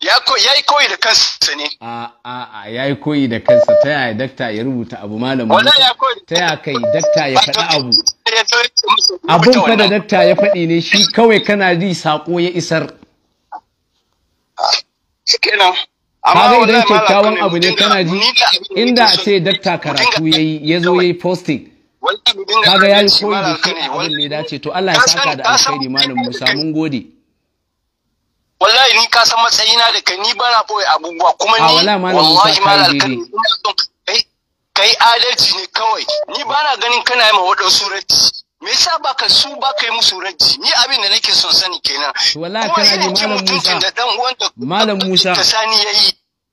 ya yi koyi da kansa ne a a a ya yi koyi da kansa ta yaya dakta ya rubuta abu malam Musa ta yaya kai dakta ya faɗi abu abun fa da dakta ya faɗi ne shi kawai kana ji sako ya isar shikenan kaga idan kyakkyawan abu ne kana ji inda a ce dakta karatu ya yi ya zo yi posting kaga yi koyi da shi abin da ya dace to Allah ya saka da alkhairi malam Musa mun gode wallahi ni ka san matsayina da kai ni bana boye abubuwa kuma ni wallahi malam Musa kai adalci ne kawai ni bana ganin kana yi ma wadansu rati me yasa baka su baka yi musu raji ni abin da nake son sani kenan wallahi kana ne malam Musa malam Musa ta sani yayi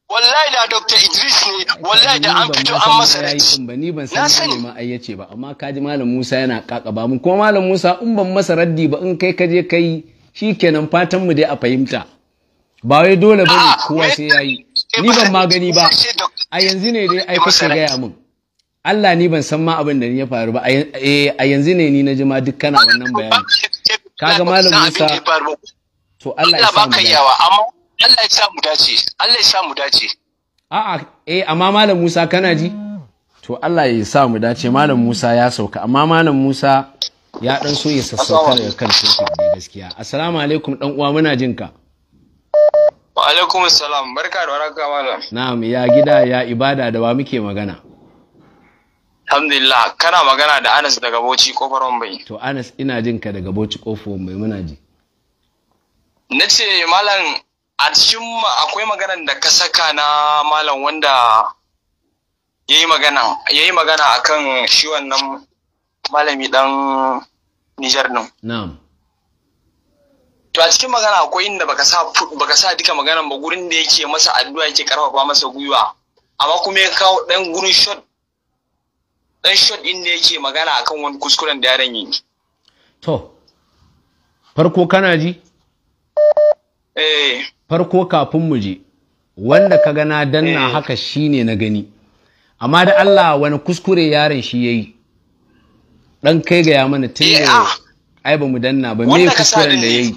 wallahi da Dr. Idris ne wallahi da an fito an masa raji ni ban san ma ai yace ba amma kaji malam Musa yana kakaba mu kuma malam Musa in ban masa raddi ba in kai kaje kai shikenan fatan mu dai a fahimta ba wai dole bane kowa sai yayi ni ban magani ba a yanzu ne dai ai kuka gaya min Allah ni ban san ma abin da ni ya faru ba a eh, yanzu ne ni na ji ma duk kana wannan bayani kaga malam Musa to Allah ya sa mu dace amma Allah ya sa mu dace Allah ya sa mu dace a'a eh amma malam Musa kana ji to Allah ya sa mu dace malam Musa ya sauka amma malam Musa ya dan so ya sassauka daga kan topic ne gaskiya assalamu alaikum dan uwa muna jin ka wa alaikum assalam barka da warhaka malam na'am ya gida ya ibada da wa muke magana Alhamdulillah kana magana da Anas daga Bauchi kofar Mumbai. To Anas ina jin ka daga Bauchi kofar Mumbai muna ji. Na ce malam a cikin akwai maganar da ka saka na malam wanda ya yi magana yayi magana akan shi wannan malami dan Niger din. Na'am. To a cikin magana akwai inda baka sa baka sa duka maganar ba gurin da yake masa addu'a yake karfafa masa gwiwa. Amma kuma ya kawo dan gurin shot dan shot din ne yake magana akan wani kuskuren da yaron yi to farko kana ji eh farko kafin mu je wanda ka gana danna eh. haka shine na gani amma da Allah wani kuskure yaron shi yayi dan kai ga ya mana tun eh, da ah. ai ba mu danna ba me kuskuren da yayi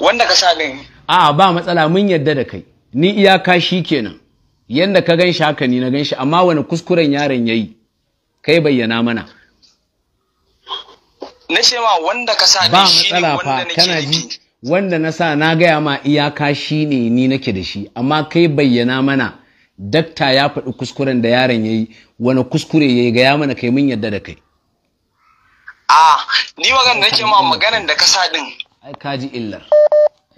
wanda ka sa din a ba matsala mun yadda da kai ni iyaka shi kenan yanda ka gan haka ni na gan shi amma wani kuskuren yaron ya yi kai bayyana mana na ce ma wanda ka sa ba matsala fa kana ji wanda na sa na gaya ma iyaka shi ne ni nake da shi amma kai bayyana mana dakta ya faɗi kuskuren da yaron ya yi wani kuskure ya yi gaya mana kai mun yadda da kai a ah, ni magana nake ma maganan da ka sa din ai ka ji illar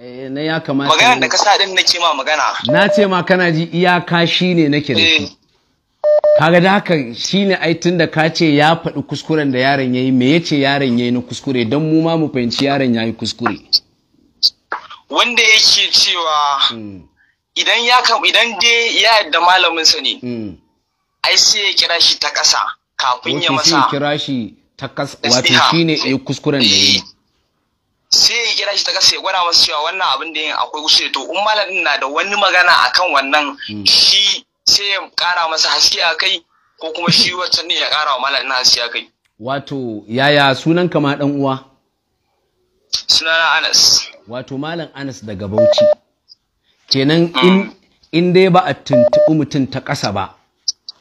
Eh, na ya kamata. Maganar da ka sa din nake ma magana. Na ce ma kana ji iyaka shine nake da shi. Eh. Kaga da haka shine ai tunda ka ce ya faɗi kuskuren da yaron yayi me yace yaron yayi na kuskure dan mu ma mu fahimci yaron yayi kuskure. Wanda yake cewa hmm. idan ya kam idan dai ya yadda malamin sa ne. Hmm. Ai sai ya kira shi ta kasa kafin ya masa. Wato ya kira shi ta ƙasa wato shine kuskuren da yayi. Eh. sai ya kira shi ta kasa ya gwada masa cewa wannan abin da yin akwai ya to in malamin na da wani magana akan wannan hmm. shi sai ya kara masa haske a kai ko kuma shi wata ne ya kara wa malamin haske a kai wato yaya sunan kama dan uwa sunana Anas wato malam Anas daga Bauchi kenan hmm. in in dai ba a tuntuɓi mutum ta ƙasa ba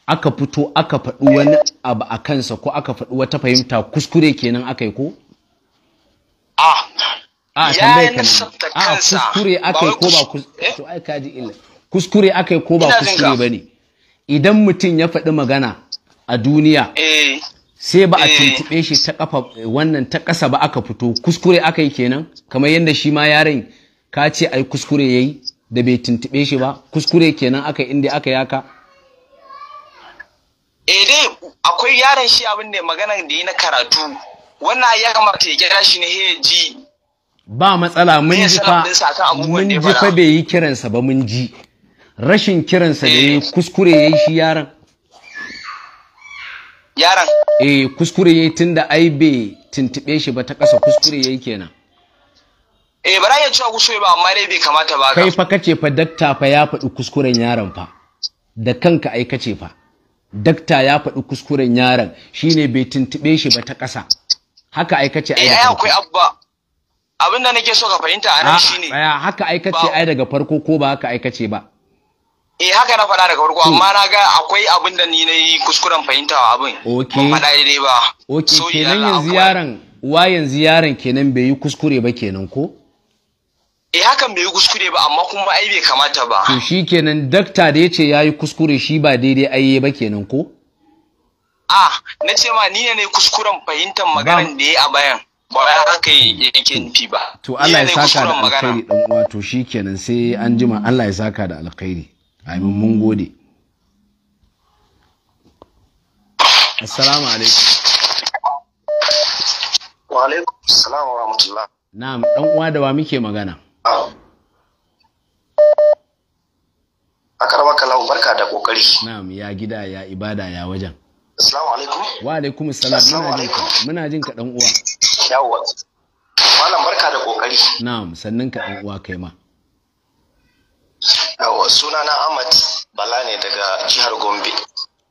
aka fito aka faɗi wani abu a kansa ko aka faɗi wata fahimta kuskure kenan aka yi ko? A ah, Ah, ah, kuskure aka ka ko ba kuskure to ko ba kuskure bane idan mutum ya faɗi magana a duniya eh. sai ba a eh. tuntuɓe shi ta ƙafa wannan ta ƙasa ba aka fito kuskure aka yi kenan kamar yadda shi ma yaren ka ce ai kuskure yayi da bai tuntuɓe shi ba kuskure kenan aka inda aka yaka eh dai akwai yaron shi abin da maganar da yi na karatu wannan ya kamata ya gyara shi ne ya ji ba matsala mun ji fa mun ji fa bai yi kiransa ba mun ji rashin kiransa da yi eh. kuskure ya yi shi yaran yaran eh kuskure ya yi tun da ai bai tuntuɓe shi ba ta ƙasa kuskure ya yi kenan eh ba ya ci kuskure ba amma dai bai kamata ba kai fa kace fa dakta fa ya faɗi kuskuren yaron fa da kanka ai kace fa dakta ya faɗi kuskuren yaron shine bai tuntuɓe shi ba ta ƙasa haka ai kace ai eh, akwai abba abin da nake so ka fahimta a nan shine haka aikace ai daga farko ko ba haka aikace ba eh haka na faɗa daga farko hmm. amma na ga akwai abin da ni nayi kuskuren fahimta abin ban faɗa daidai ba okay kenan yanzu yaron wa yanzu yaron kenan bai yi kuskure ba kenan ko eh hakan bai yi kuskure ba amma kuma ai bai kamata ba to shikenan dakta da yace yayi kuskure shi ba daidai ai ba kenan ko ah na ce ma ni ne kuskuren fahimtar maganar da ya a bayan ba ya haka yake nufi ba to Allah ya saka da alkhairi dan uwa to shikenan sai an jima Allah ya saka da alkhairi amin mun gode assalamu alaikum wa alaikum assalam wa rahmatullah na'am dan uwa da wa muke magana a karbar kalau barka da kokari na'am ya gida ya ibada ya wajen Assalamu alaikum. Wa alaikum assalam. Muna jin ka. Muna jin ka dan uwa. Yawwa. Malam barka da kokari. Na'am, sannan ka dan uwa kai ma. Yawwa, sunana Ahmad Bala ne daga jihar Gombe.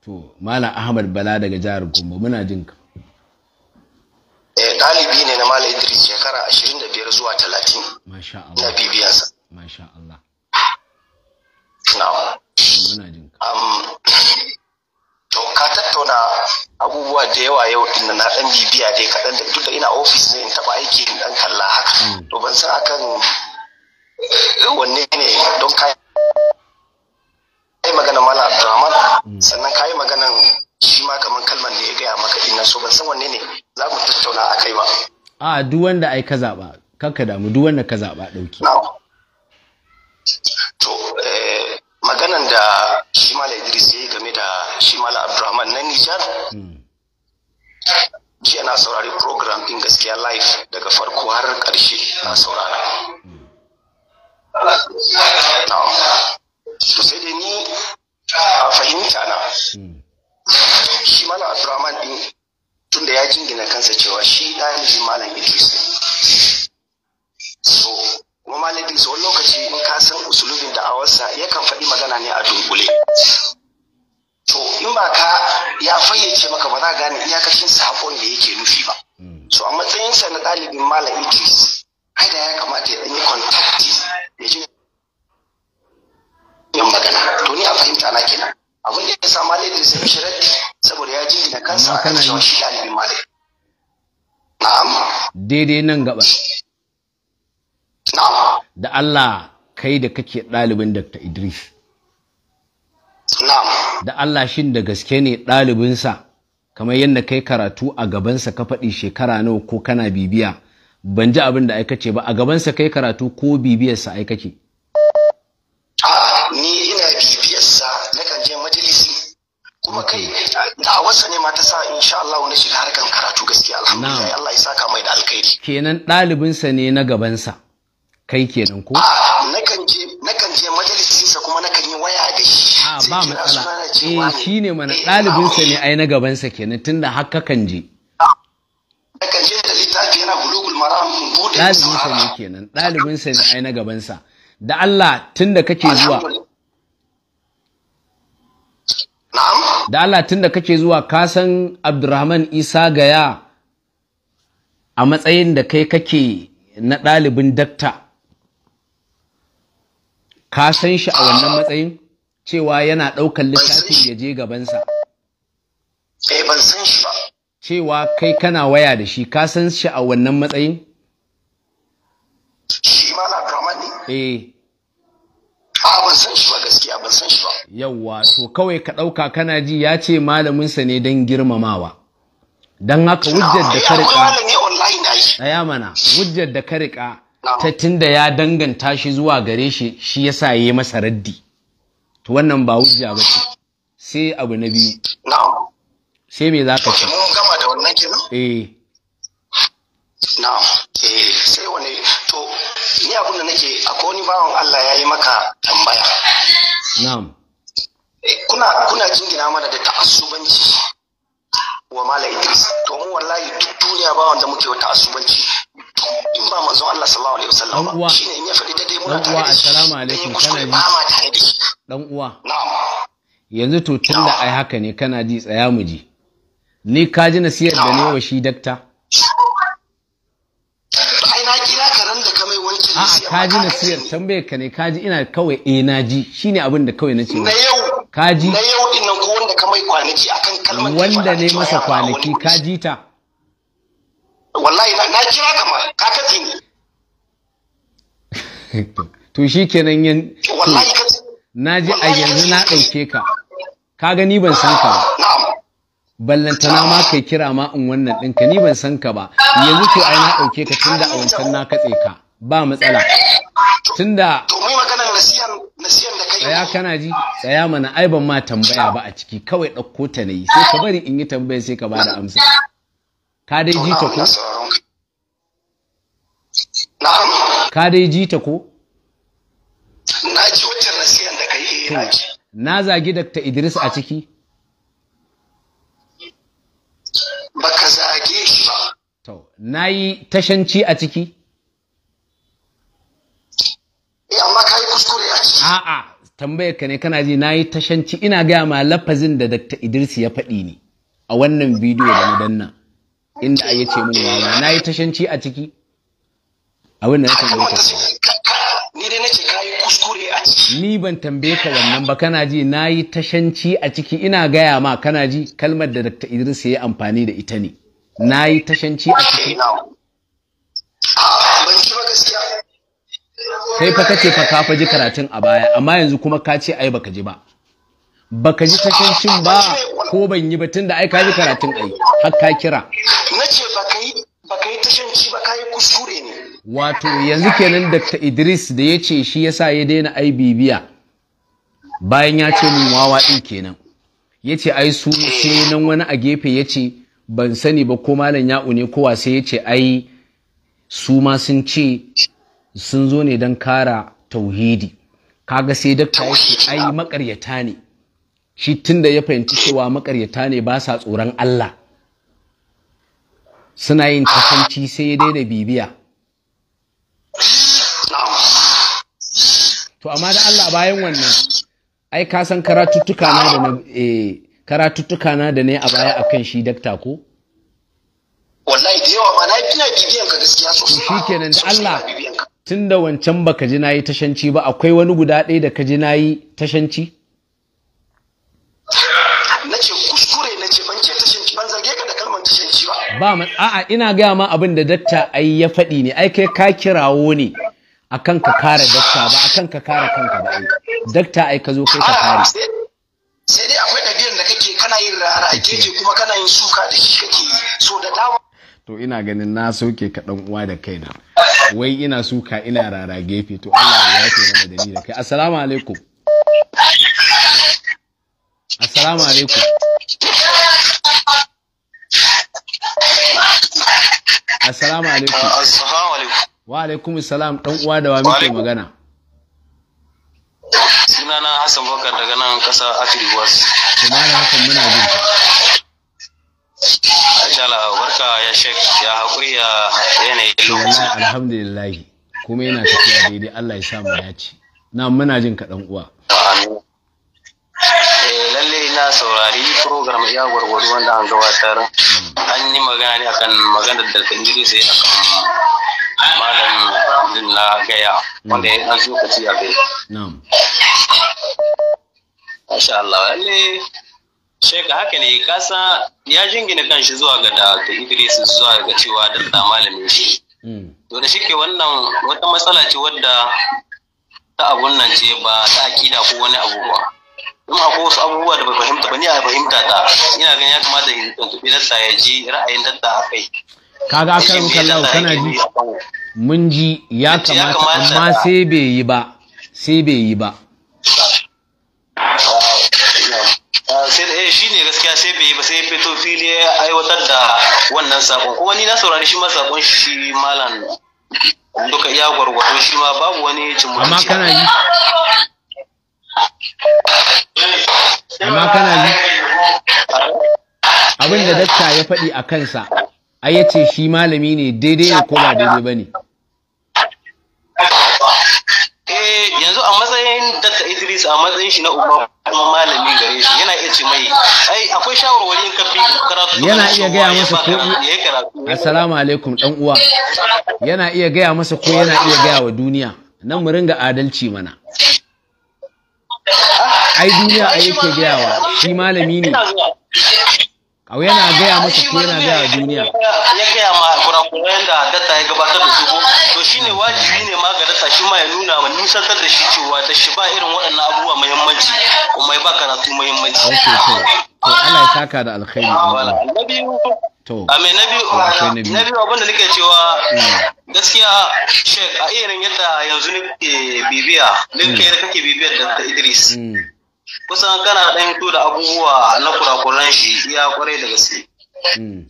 To, Malam Ahmad Bala daga jihar Gombe, muna jin ka. Eh, ɗalibi ne na Malam Idris shekara 25 zuwa 30. Masha Allah. Na bibiyansa. Masha Allah. Na'am. Muna jin ka. to ka tattauna abubuwa da yawa yau din na dan bibiya dai kaɗan da duk da ina ofis ne in taɓa aiki in dan kalla haka hmm. to ban san akan eh, wanne ne don ka yi magana mala abdurrahman hmm. sannan ka yi maganan shi ma kamar kalman da ya gaya maka ina so ban san wanne ne za mu tattauna a kai ba a duk wanda ai ka zaɓa kanka damu duk wanda ka zaɓa ɗauki to eh, maganan da Shimala idris ya yi game da Shimala Abdulrahman na nijar hmm. jiya na saurari program din gaskiya live daga farko har karshe na saurara to sai dai ni a fahimta na hmm. Shimala Abdulrahman din tun tunda ya jingina kansa cewa shi ɗayan malam idris hmm. so kuma malam Idris lokaci in ka san usulubin awarsa, yakan faɗi magana ne a dunkule to in ba ka ya fayyace maka ba za gane iyakacin sakon da yake nufi ba so a matsayinsa na ɗalibin malam Idris ai da ya kamata ya ɗanyi kontakti ya ji yin magana to ni a fahimta na kenan abin da ya sa malam Idris ya fi saboda ya jingina kansa a kan shi ɗalibin malam na'am daidai nan gaba da Allah kai da kake ɗalibin Dr. Idris da Allah shin da gaske ne ɗalibinsa kamar yadda kai karatu a gabansa ka faɗi shekara nawa ko kana bibiya ban ji abin da aikace ba a gabansa kai karatu ko bibiyarsa aikace ni ina bibiyarsa na kan je majalisi kuma kai da wasa ne ma ta sa insha Allah na shiga harkan karatu gaskiya alhamdulillah Allah ya saka mai da alkhairi kenan ɗalibinsa ne na gabansa kai ke nan ko nakan je nakan je majalisinsa kuma nakan yi waya da shi a ah, ba matsala eh ne mana eh, ɗalibinsa eh. ne ai na gabansa kenan tunda har kakan je nakan je da littafi yana bulugul maram bude ɗalibinsa ne kenan ɗalibinsa ne ai na gabansa da Allah tunda kake zuwa da Allah tunda kake zuwa ka san Abdurrahman Isa gaya a matsayin da kai kake na ɗalibin dakta ka san shi a wannan matsayin cewa yana ɗaukar littafi ya je gabansa eh ban san shi ba cewa kai kana waya da shi ka san shi a wannan matsayin shi ma na kama ne eh a ah, ban san shi ba gaskiya ban san shi ba yawwa to kawai ka ɗauka kana ji ya ce malaminsa ne don girmamawa don haka wujjar da ka riƙa ɗaya mana wujjar da ka riƙa ta tunda ya danganta shi zuwa gare shi shi ya sa yi masa raddi to wannan ba hujja ba ce sai abu na biyu sai me zaka ce mun gama da wannan kenan eh na'am eh sai wani to ni abin da nake akwai wani bawan Allah ya yi maka tambaya na'am eh, kuna kuna jingina mana da ta'assubanci wa mala idris domin wallahi duk duniya ba wanda muke wata asubanci in ba manzon Allah sallallahu alaihi wasallam ba ne in ya faɗi daidai muna tare da shi assalamu eh, alaikum kana ji dan uwa yanzu to tunda ai haka ne kana ji tsaya mu ji ni ka ji nasiyar da ne wa shi dakta ai ka mai wanke nasiya ka ji nasiyar tambayar ka ne ka ji ina kawai eh na ji shine abin da kawai na ce na yau ka ji na yau din nan ko ka mai kwanaki akan kalmar wanda ne masa kwanaki ka ji ta wallahi na kira ka ma ka katse ni to shi kenan yan wallahi ka na ji a yanzu na ɗauke ka ka ga ni ban san ka ba ballantana ma kai kira ma in wannan ɗinka ni ban san ka ba yanzu to ai na ɗauke ka tunda a wancan na katse ka ba matsala tunda to mai maganar nasiya tsaya kana ji tsaya mana ai ban ma tambaya ba a ciki kawai ɗauko ta na yi sai ka bari in yi tambayar sai ka ba da amsa ka dai ji ta ko ka dai ji ta ko na ji wacce nasiyan da kai yi na zagi ta Idris a ciki baka zage shi ba to yi tashanci a ciki a'a tambayar ka ne kana ji na yi tashanci ina gaya ma lafazin da Dr. Idris ya faɗi ne a wannan bidiyo da madanna danna inda yi ce min wawa na yi tashanci a ciki abin da na tambaye ka ni dai kuskure a ciki ni ban tambaye ka wannan ba kana ji na yi tashanci a ciki ina gaya ma kana ji kalmar da Dr. Idris ya yi amfani da ita ne na yi tashanci a ciki ban ci ba gaskiya sai fa kace fa ka faji karatun a baya amma yanzu kuma ka ce ai baka ji ba baka ji cin ba ko ban yi ba tunda ai ka ji karatun ai har ka kira nace baka yi baka yi ci ba kai kuskure ne wato yanzu kenan Dr. Idris da ya ce shi yasa ya daina ai bibiya bayan ya ce mun wawa din kenan ya ce ai su sai nan wani a gefe ya ce ban sani ba ko malam ya'u ne kowa sai ya ce ai su ma sun ce sun zo ne don kara tauhidi kaga sai dakta yake ai makaryata ne shi tunda ya fahimci cewa makaryata ne ba sa tsoron Allah suna yin tafanci sai dai da bibiya to amma da Allah bayan wannan ai ka san karatuttuka na da eh, ne a baya akan shi dakta ko wallahi da yawa ma na bibiyan ka gaskiya sosai shikenan da Allah tun da wancan baka ji na yi tashanci ba akwai wani guda ɗaya da ka ji na yi tashanci? Na ce kuskure na ce ban ce tashanci ban zarge ka da kalmar tashanci ba. Ba ma a'a ina gaya ma abin da datta ai ya faɗi ne ai kai ka kirawo ne akan ka kare dakta ba akan ka kare kanka ba ai dakta ai ka zo kai ka kare. Sai dai akwai ɗabi'ar da kake kana yin rara a keje kuma kana yin suka da shi kake so da dama. to ina ganin na sauke ka dan uwa da kaina wai ina suka ina rara gefe to Allah ya yafe mana da ni da kai assalamu alaikum assalamu alaikum assalamu alaikum alaikum wa alaikum assalam dan uwa da wa muke magana sunana Hassan Bakar daga nan kasa Afirwas sunana hakan muna jin ka Inshallah barka ya shek ya haƙuri ya yanayin lokaci. Alhamdulillah kuma yana tafiya daidai Allah ya samu ya ci. Na muna jin ka ɗan uwa. Eh, lalle na saurari program ya gwargwado wanda an gabatar. An yi magana ne akan maganar da Idris sai akan malam na gaya wanda ya ɗan lokaci a bai. Na'am. Masha Allah lalle Sheikh haka ne kasa ya jingina kanshi zuwa ga da Idris zuwa ga cewa da da malamin shi. Hmm. To da shike wannan wata matsala ce wadda ta abun nan ce ba ta akida ko wani abu ba. In akwai wasu abubuwa da ba fahimta ba ni a fahimta ta ina ganin ya kamata in tuntuɓi datta ya ji ra'ayin datta a kai. Kaga akan kallawa kana ji mun ji ya kamata amma sai bai yi ba sai bai yi ba. Ah, sai eh, shi ne gaskiya sai bai yi ba sai fito fili ya aiwatar da wannan sakon kuma ni na saurari shi ma sakon shi malam duka iya gwargwado shi ma babu wani cimma amma kana yi amma kana yi abin da dakta ya faɗi a kansa ai ya ce shi malami ne daidai ne ko ba daidai ba ne eh yanzu a matsayin Dr. Idris a matsayin shi na uba kuma malami gare shi yana iya ce mai ai akwai shawarwari in ka fi karatu yana iya gaya masa ko assalamu alaikum dan uwa yana iya gaya masa ko yana iya gaya wa duniya nan mu ringa adalci mana ai duniya ai yake gaya wa shi malami ne Au yana gaya masa ko yana gaya duniya. Ya gaya ma kurakuran da datta ya gabatar da su ko to shine wajibi ne ma ga data? shi ma ya nuna ma nisantar da shi cewa da shi ba irin waɗannan abubuwa muhimmanci kuma ya ba karatu muhimmanci. Okay to to Allah ya saka da alkhairi. Ah, na to amin ah, na biyu na biyu abinda nake cewa hmm. gaskiya shek a irin yadda yanzu nake bibiya din hmm. kai da kake bibiyar da Idris. Hmm. kusan kana ɗan hito da abubuwa na kurakuran shi ya kwarai da gaske hmm.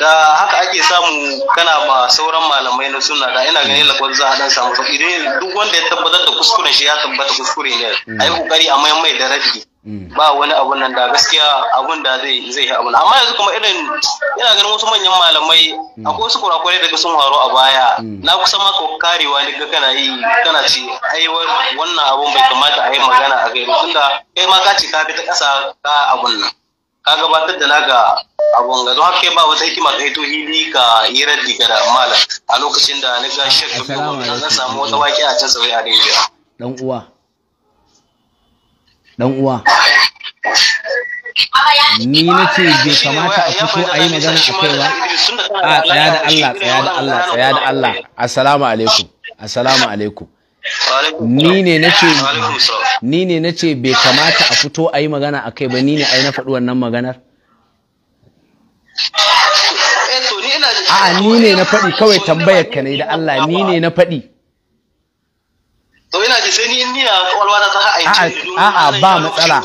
da haka ake samu kana ba sauran malamai na suna da ina ganin lakwar za a ɗan samu sauƙi. duk wanda ya tabbatar da kuskuren shi ya tabbata kuskure ne a yi hmm. ƙoƙari a mai mai da rabi ba wani abun nan da gaskiya abun da zai zai abun amma yanzu kuma irin ina ganin wasu manyan malamai mm. akwai wasu kurakurai daga sun haro a baya mm. na kusa ma karewa ga kana yi kana ce ai wannan abun bai kamata a yi magana a kai tunda kai ma ka ce ka bi ta kasa ka abun nan ka gabatar da naka abun ga don haka ba wata hikima kai to hili ka yi raddi ga malam a lokacin da na ga shakka na samu wata waki a can sauri a dai dan uwa dan uwa ni na ce bai kamata a fito a yi magana a kai ba a tsaya da Allah tsaya da Allah tsaya da Allah assalamu alaikum assalamu alaikum ni ne na ce ni ne na ce bai kamata a fito a yi magana a kai ba ni ne a yi na faɗi wannan maganar a'a ni ne na faɗi kawai tambayar ka ne da Allah ni ne na faɗi to ina ni a'a ba matsala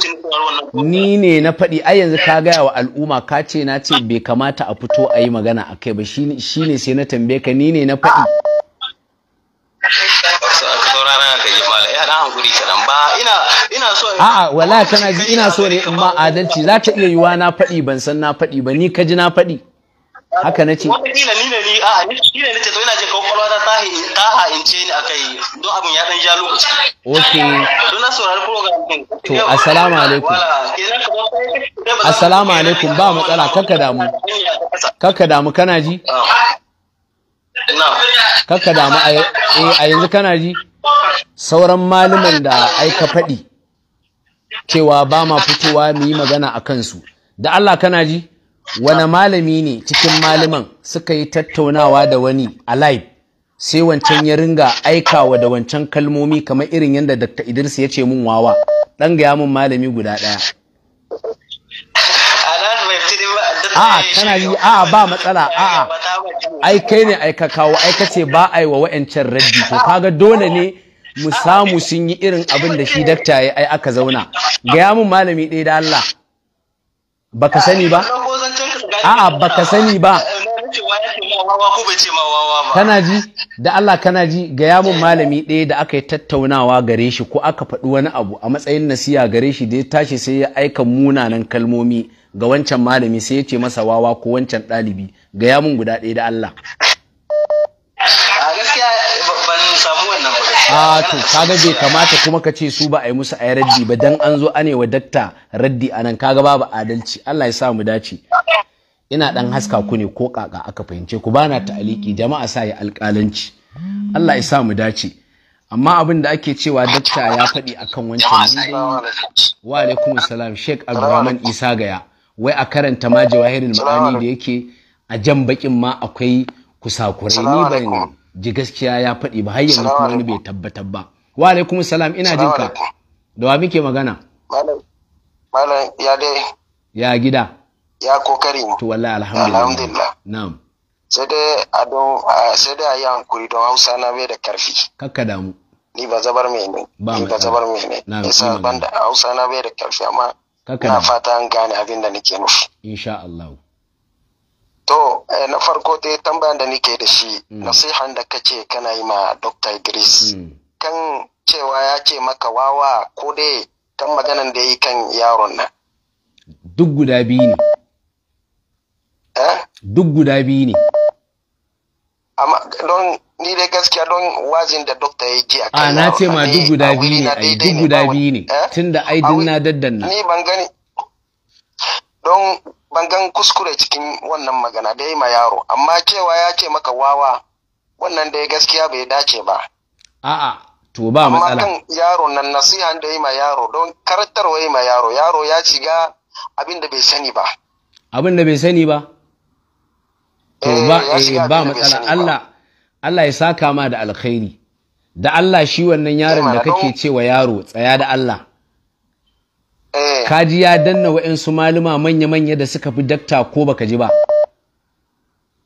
ni ne na faɗi ai yanzu ka gaya wa al'umma ka ce na ce bai kamata a fito a yi magana a kai ba Shi shine sai na tambaye ka ni ne na faɗi A'a wala kana ji ina so ne in ma adalci za ta iya yiwa na faɗi ban san na faɗi ba ni ka ji na faɗi. haka na ce wata ni da ni a ni ne nace to ina jin kwakwalwa ta ta ta ha in ce ni akai don abun ya dan ja lokaci okay don na saurari program din to assalamu alaikum assalamu alaikum ba matsala kaka damu kaka damu kana ji kaka damu a yanzu kana ji sauran maluman da aika faɗi cewa ba ma fitowa mu yi magana a kansu da Allah kana ji wani malami ne cikin malaman suka yi tattaunawa da wani a live sai wancan ya ringa aikawa da wancan kalmomi kamar irin yadda Dr. Idris ya ce mun wawa dan ga mun malami guda daya a'a kana yi a'a ba matsala a'a ai kai ne aika ka kawo ai kace ba ai wa wa'ancan raddi to kaga dole ne mu samu sun yi irin abin da shi dakta ya ai aka zauna ga mun malami ɗaya da Allah baka sani ba a'a baka sani eh, ba kana ji da Allah kana ji ga yamun malami ɗaya da aka yi tattaunawa gare shi ko aka faɗi wani abu a matsayin nasiya gare shi da ya tashi sai ya aika munanan kalmomi ga wancan malami sai ya ce masa wawa ko wancan ɗalibi ga yamun guda ɗaya da Allah a to kaga bai kamata kuma ka ce su ba a yi musu a yi raddi ba dan an zo anewa dakta raddi anan kaga babu adalci Allah ya sa mu dace ina dan haska ku ne ko kaka aka fahimce ku bana ta aliki jama'a sa ya alƙalanci Allah ya sa mu dace amma abin da ake cewa dakta ya faɗi akan wancan wa alaikum salam Sheik Abdulrahman Isa Gaya wai a karanta ma jawahirul ma'ani da yake a jan bakin ma akwai kusakurai ni ban ji gaskiya ya faɗi ba har yanzu kuma wani bai tabbatar ba wa alaikum salam ina jin da wa muke magana malam ya dai ya gida ya kokari to wallahi alhamdulillah alhamdulillah na'am sai dai a don sai dai a yi hankuri don hausa na bai da karfi kakka damu ni ba zabar mai ne ni ba zabar mai ne ban da hausa na bai da karfi amma na fata an gane abin da nake nufi insha Allah to eh, na farko dai tambayan da nake da shi mm. nasihan da kace kana yi ma Dr. Idris mm. kan cewa ya ce maka wawa ko dai kan maganan da yi kan yaron nan duk guda biyu ne Eh? duk guda biyu ne amma don ni dai gaskiya don wazin da dokta ya ji a kai na ce ma duk guda biyu ne ai duk guda biyu ne tunda ai din na daddanna ni ban gani don ban gan kuskure cikin wannan magana da ma yaro amma cewa ya ce maka wawa wannan dai gaskiya bai dace ba a'a to ba matsala amma kan yaro nan nasiha da ma yaro don karantarwa ma yaro yaro ya shiga abin da bai sani ba abin da bai sani ba to eh, ba eh, ba matsala Allah Allah ya saka ma da alkhairi da Allah shi wannan eh, yaron da kake cewa yaro tsaya da Allah kaji ya danna wa'insu maluma manya-manya da suka fi dakta ko baka ji ba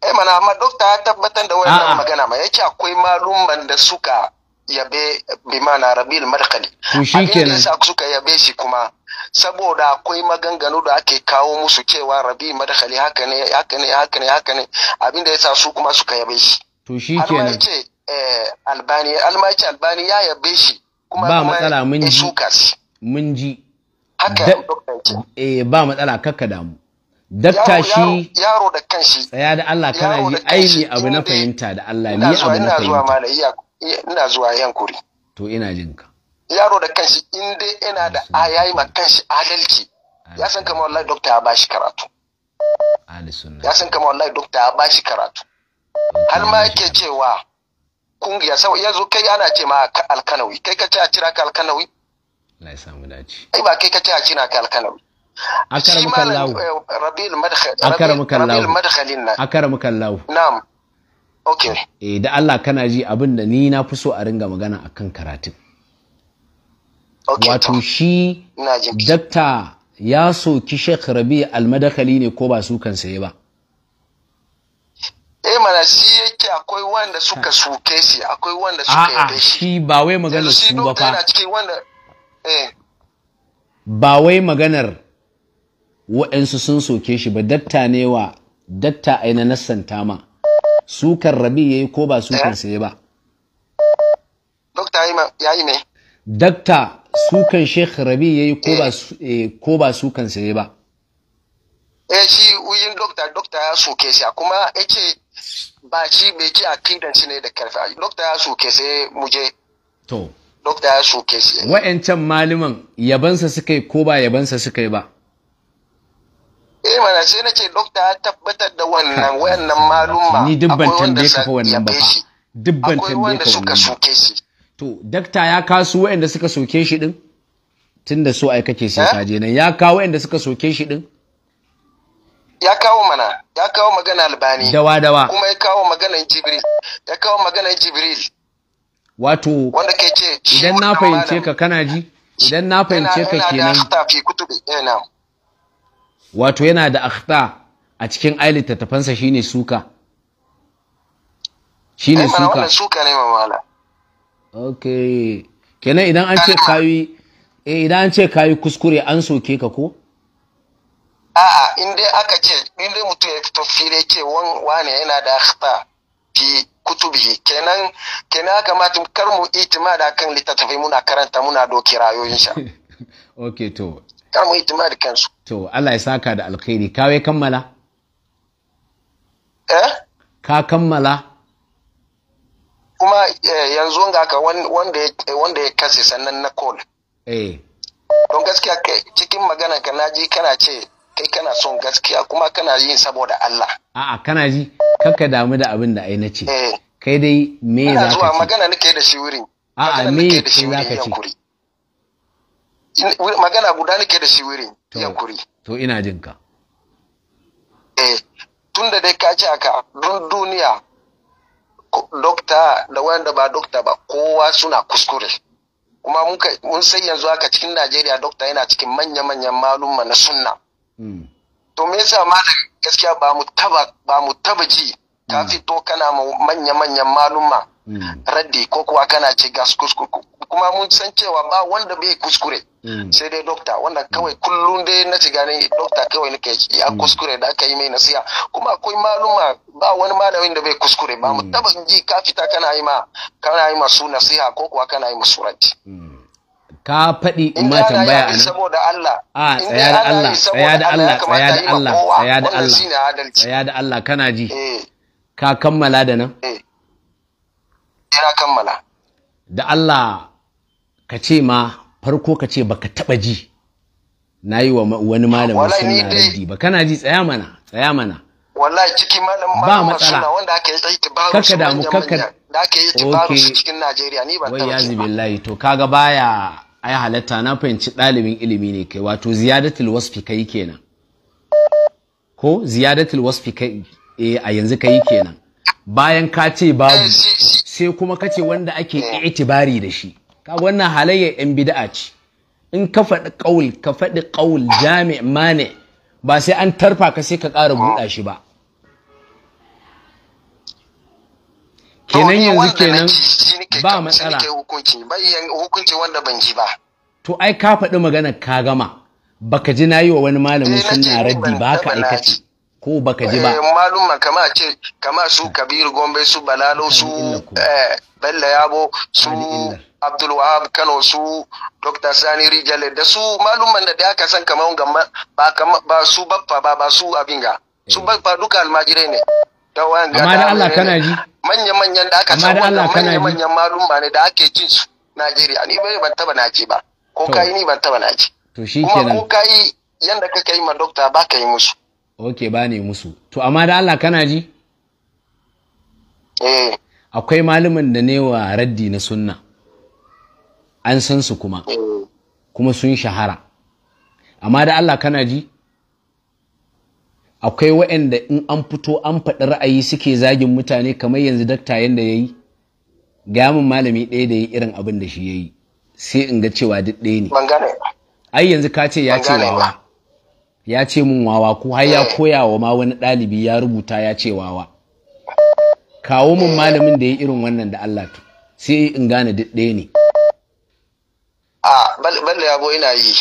eh mana amma dokta ya tabbatar da wannan magana ma yake akwai maluman da suka yabe bi mana rabil markali to shikenan suka yabe shi kuma saboda akwai maganganu da ake kawo musu cewa rabi madakali haka ne haka ne haka ne haka ne abinda yasa su kuma suka yabe shi to shi ke nan ce eh albani almaci albani ya yabe shi kuma ba matsala mun ji mun ji haka eh ba matsala kakka damu dakta shi yaro da kanshi tsaya da Allah kana ji aini abu na fahimta da Allah ni abu na fahimta ina zuwa yankuri. to ina jinka yaro da kanshi in dai yana da a yayi ma kanshi adalci ya san kama, wallahi dokta ya bashi karatu ya san kama, wallahi dokta ya bashi karatu har ma yake cewa kungiya sau yanzu kai ana ce ma alkanawi kai ka ce a cira ka alkanawi na ya samu dace ai ba kai ka ce a cira ka alkanawi akaramu kallahu eh, rabil madkhal akaramu kallahu rabil madkhalin nan akaramu kallahu na'am okay eh da Allah kana ji abin da ni na fi so a ringa magana akan karatun wato shi dakta ya soki Sheikh Rabi Almadakali ne ko ba su kan saye ba eh mana shi yake akwai wanda suka suke shi akwai wanda suka yabe shi shi ba wai maganar su ba fa eh. ba wai maganar waɗansu sun soke shi ba dakta ne wa dakta aina nassanta ma sukan rabi yayi ko ba sukan eh. saye ba dokta ya yi me dakta sukan Sheikh Rabi yayi ko ba eh. Eh, ko ba sukan sai ba eh shi uyin doctor doctor ya soke shi kuma yake ba shi bai ki akidan shi ne da karfi doctor ya soke sai muje to doctor ya soke shi wa'ancan maliman yabansa suka yi ko ba yabansa suka yi ba eh mana sai ce doctor ya tabbatar da wannan wayannan maluma ni dubban tambaye ka wannan ba dubban tambaye ka wannan suka suke shi to dakta ya kasu wa'anda suka soke shi din da so ai kake sai ka eh? je nan ya kawo wa'anda suka soke shi din ya kawo mana ya kawo magana albani dawa dawa kuma ya kawo magana jibril ya kawo magana jibril wato wanda ke ce idan na fahimce ka kana ji idan na fahimce ka kenan eh, wato yana da akhta a cikin ailita, tafansa shine suka shine eh, suka suka ne mamala okay kenan idan an ce kayi eh idan an ce kayi kuskure an soke ka ko a'a in dai aka ce in dai mutum ya fito fili ce wane yana da akhta fi kutubi kenan kenan aka ma kar mu itima da kan littattafai muna karanta muna doki rayoyin sha okay to kar mu itima da kansu to Allah ya saka da alkhairi kawai kammala eh ka kammala kuma eh, yanzu ga haka wanda ya kase sannan na kol eh. don gaskiya cikin magana ka naji kana ce kai kana son gaskiya kuma kana yin saboda Allah a'a kana ji kanka damu da abin da ai na ce eh. kai dai me za ka zuwa magana nake da shi wuri a'a me za ka ce magana guda nake da shi wuri yankuri to ina jin ka eh tunda dai ka ce haka dun duniya dokta da wanda ba dokta ba kowa suna kuskure kuma mun sai yanzu haka cikin Najeriya dokta yana cikin manya-manyan malumma na sunna hmm. to me yasa malam gaskiya ba mu taba ba ji ka hmm. fito kana manya-manyan malumma hmm. raddi ko kuwa kana ce gas kuskure kuma mun san cewa ba wanda bai kuskure Mm. sai dai dokta wanda mm. kawai kullum dai na ci ganin dokta kawai nake ya mm. kuskure da aka yi mai nasiha kuma akwai maluma ba wani malamin da bai kuskure ba mu taba ji ka fita kana yi ma kana yi masu nasiha ko kuwa kana yi masu rati ka faɗi in ma tambaya a nan saboda Allah a tsaya da Allah tsaya da Allah tsaya da Allah tsaya da Allah tsaya da Allah kana ji eh. ka kammala da nan eh. ina kammala da Allah ka ce ma farko ka ce baka taba ji na yi wa wani malamin suna raddi ba kana ji tsaya mana tsaya mana wallahi matsala. malamin malamin wanda yi damu kaka da ake yi tibaru su cikin Najeriya ni ba wai yazi billahi to kaga baya ai halatta na fahimci ɗalibin ilimi ne kai wato ziyadatul wasfi kai kenan ko ziyadatul wasfi kai eh a yanzu kai kenan bayan ka ce babu eh, sai kuma kace wanda ake eh. itibari da shi ka wannan halayyar yan bid'a ce in ka faɗi ƙaul ka faɗi ƙaul jami' mane ba sai an tarfa ka sai ka ƙara buɗa shi ba kenan yanzu kenan ba matsala to ai ka faɗi magana ka gama baka ji na yi wa wani malamin eh, sunna raddi ba ka aikace ko baka ji ba eh malum kama ce kama su ah. kabiru gombe su balalo su eh bella yabo su abdul wahab kano su dr sani rijale da su malumman da aka san kamar ba ba su baffa ba ba su abinga su eh. baffa duka almajire ne da wanga amma da Allah kana ji manyan manyan da aka san wannan manya-manyan malumma ne da ake jin su Najeriya ni bai ban taba naji ba ko kai ni ban taba naji to shikenan kuma ko kai yanda kake yi ma dokta ba ka yi musu oke ba ne musu to amma da Allah kana ji eh. akwai malumin da ne wa raddi na sunna an san su kuma eh. kuma sun shahara amma da Allah kana ji akwai waɗanda in an fito an faɗi ra'ayi suke zagin mutane kamar yanzu dakta yadda ya yi gamin malami ɗaya da ya irin abin da shi ya yi sai in ga cewa duk ɗaya ne ai yanzu ka ce ya ce ya ce mun wawa ko har ya eh. koya wa ma wani ɗalibi ya rubuta ya ce wawa kawo mun malamin da ya irin wannan da Allah to sai in gane duk ɗaya ne a balle yabo ina yi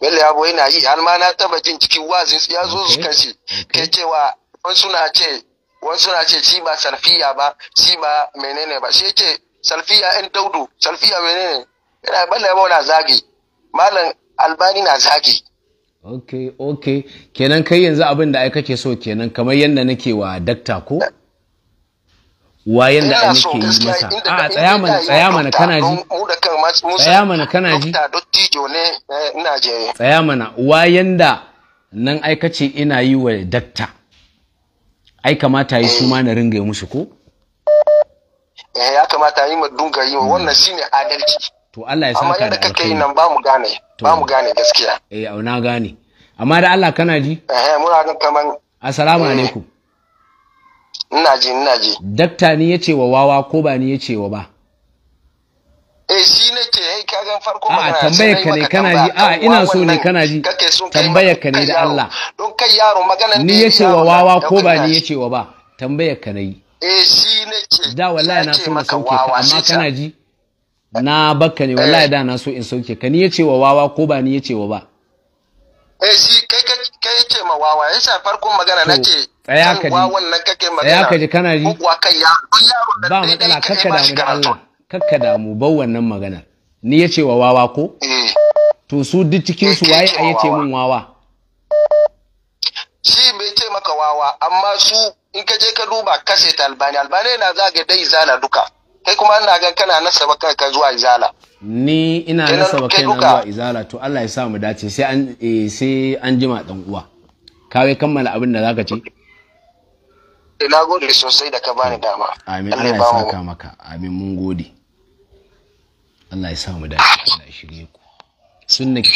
balle yabo ina yi har ma na taba jin cikin wazin ya zo su kashi ke cewa wani suna ce wani suna ce shi ba salfiya ba shi ba menene ba shi yake salfiya ɗan daudu salfiya menene yana balle yabo na zagi malam albani na zagi ok ok kenan kai yanzu abin da ai so kenan kamar yadda nake wa dakta ko wa yadda a nake yi masa a tsaya mana tsaya mana kana ji tsaya mana kana ji tsaya mana wa yanda nan aikace ina yi wa dakta ai kamata yi su ma na ringa musu ko eh, ya kamata yi ma dunga yi wannan shine adalci to Allah ya saka da alkhairi amma kake yin nan ba mu gane ba mu gane gaskiya eh auna gane amma da Allah kana ji eh muna ga kaman assalamu hmm. alaikum ina ji ina ji dakta ni yace wa wawa ko ba ni yace wa ba eh shi nake hai ka gan farko magana a tambaye ka ne kana ji a ina so ne kana ji tambaye ka ne da Allah don kai yaro maganar ni yace wa wawa ko ba ni yace wa ba tambaye ka ne eh shi nake da wallahi na so na sauke ka amma kana ji na bakka ne wallahi eh. da na so in sauke ka ni yace wa wawa ko ba ni yace wa ba eh shi kai kai ce ma wawa yasa farkon magana nake tsaya ka ji wawan nan kake magana tsaya ka ji kana ji ba matsala kakka damu da Allah kakka damu bau wannan magana ni yace wa wawa ko eh. to su duk cikin su eh, waye a yace min wawa shi bai ce maka wawa amma su in ka je ka duba kashe ta albani albani na zaga dai zana duka kai kuma ina ga kana nasaba kanka zuwa izala ni ina nasaba na zuwa izala to Allah ya sa mu dace sai an eh, sai an jima dan uwa kawai kammala abin da zaka ce Ina eh, gode sosai da ka bani dama amin Allah ya saka maka amin mun gode Allah ya sa mu dace Allah ya shirye ku sunna ki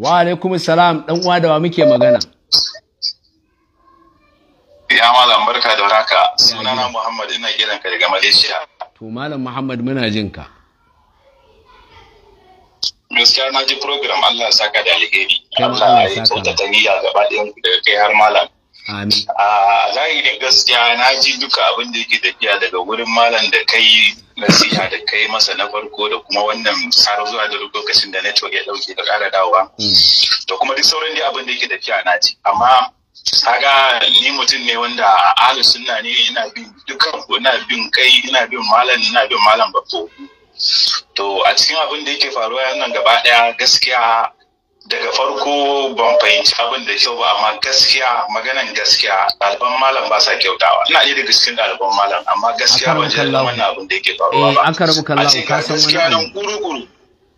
wa alaikum salam dan uwa da wa muke magana Ya malam barka da haka. Sunana Muhammad ina kiran ka daga Malaysia. To malam Muhammad muna jin ka. Gaskiya na ji program Allah saka da alheri. Allah ya ta niyya gaba ɗayan da kai har malam. Amin. A zahiri gaskiya na ji duka abin da yake tafiya daga wurin malam da kai nasiha da kai masa na farko da kuma wannan har zuwa da lokacin da network ya dauke da ƙara dawowa. To mm. kuma duk sauran dai abin da yake tafiya na ji. Amma kaga ni mutum ne wanda ahli sunna ne ina bin dukkan ina bin kai ina bin malam ina bin malam babbo to a cikin abin da yake faruwa yannan gaba daya gaskiya daga farko ban fahimci abin da kyau ba amma gaskiya maganan gaskiya ɗaliban malam ba sa kyautawa ina ji daga cikin ɗaliban malam amma gaskiya ban ji wannan abin da yake faruwa ba eh, a ce gaskiya nan kuru-kuru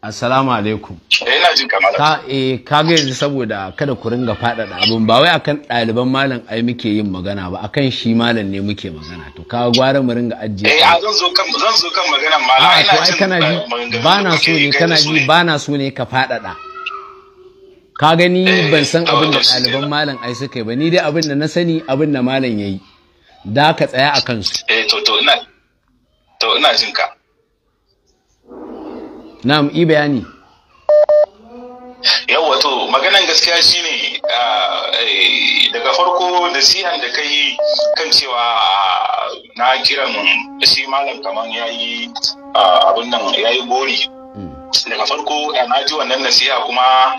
Assalamu alaikum. Eh, ina jin kamar ka eh kaga yanzu saboda kada ku ringa faɗaɗa abin ba wai akan ɗaliban malam ai muke yin magana ba akan shi malam ne muke magana to ka gwara mu ringa ajiye. Eh zan zo kan zan zo kan maganar malam. A to ai kana ji ba na so ne kana ji ba na so ne ka faɗaɗa. Ka gani eh, ban san abin da ɗaliban malam ai suka yi ba ni dai abin da na sani abin da malam ya yi. Da ka tsaya a kansu. Eh to to ina to ina jin ka. na'am i bayani yau wato maganan gaskiya shine eh, daga farko nasihan da kai kan cewa na kiran shi malam kaman yayi abin nan yayi gori hmm. daga farko eh, na ji wannan nasiha kuma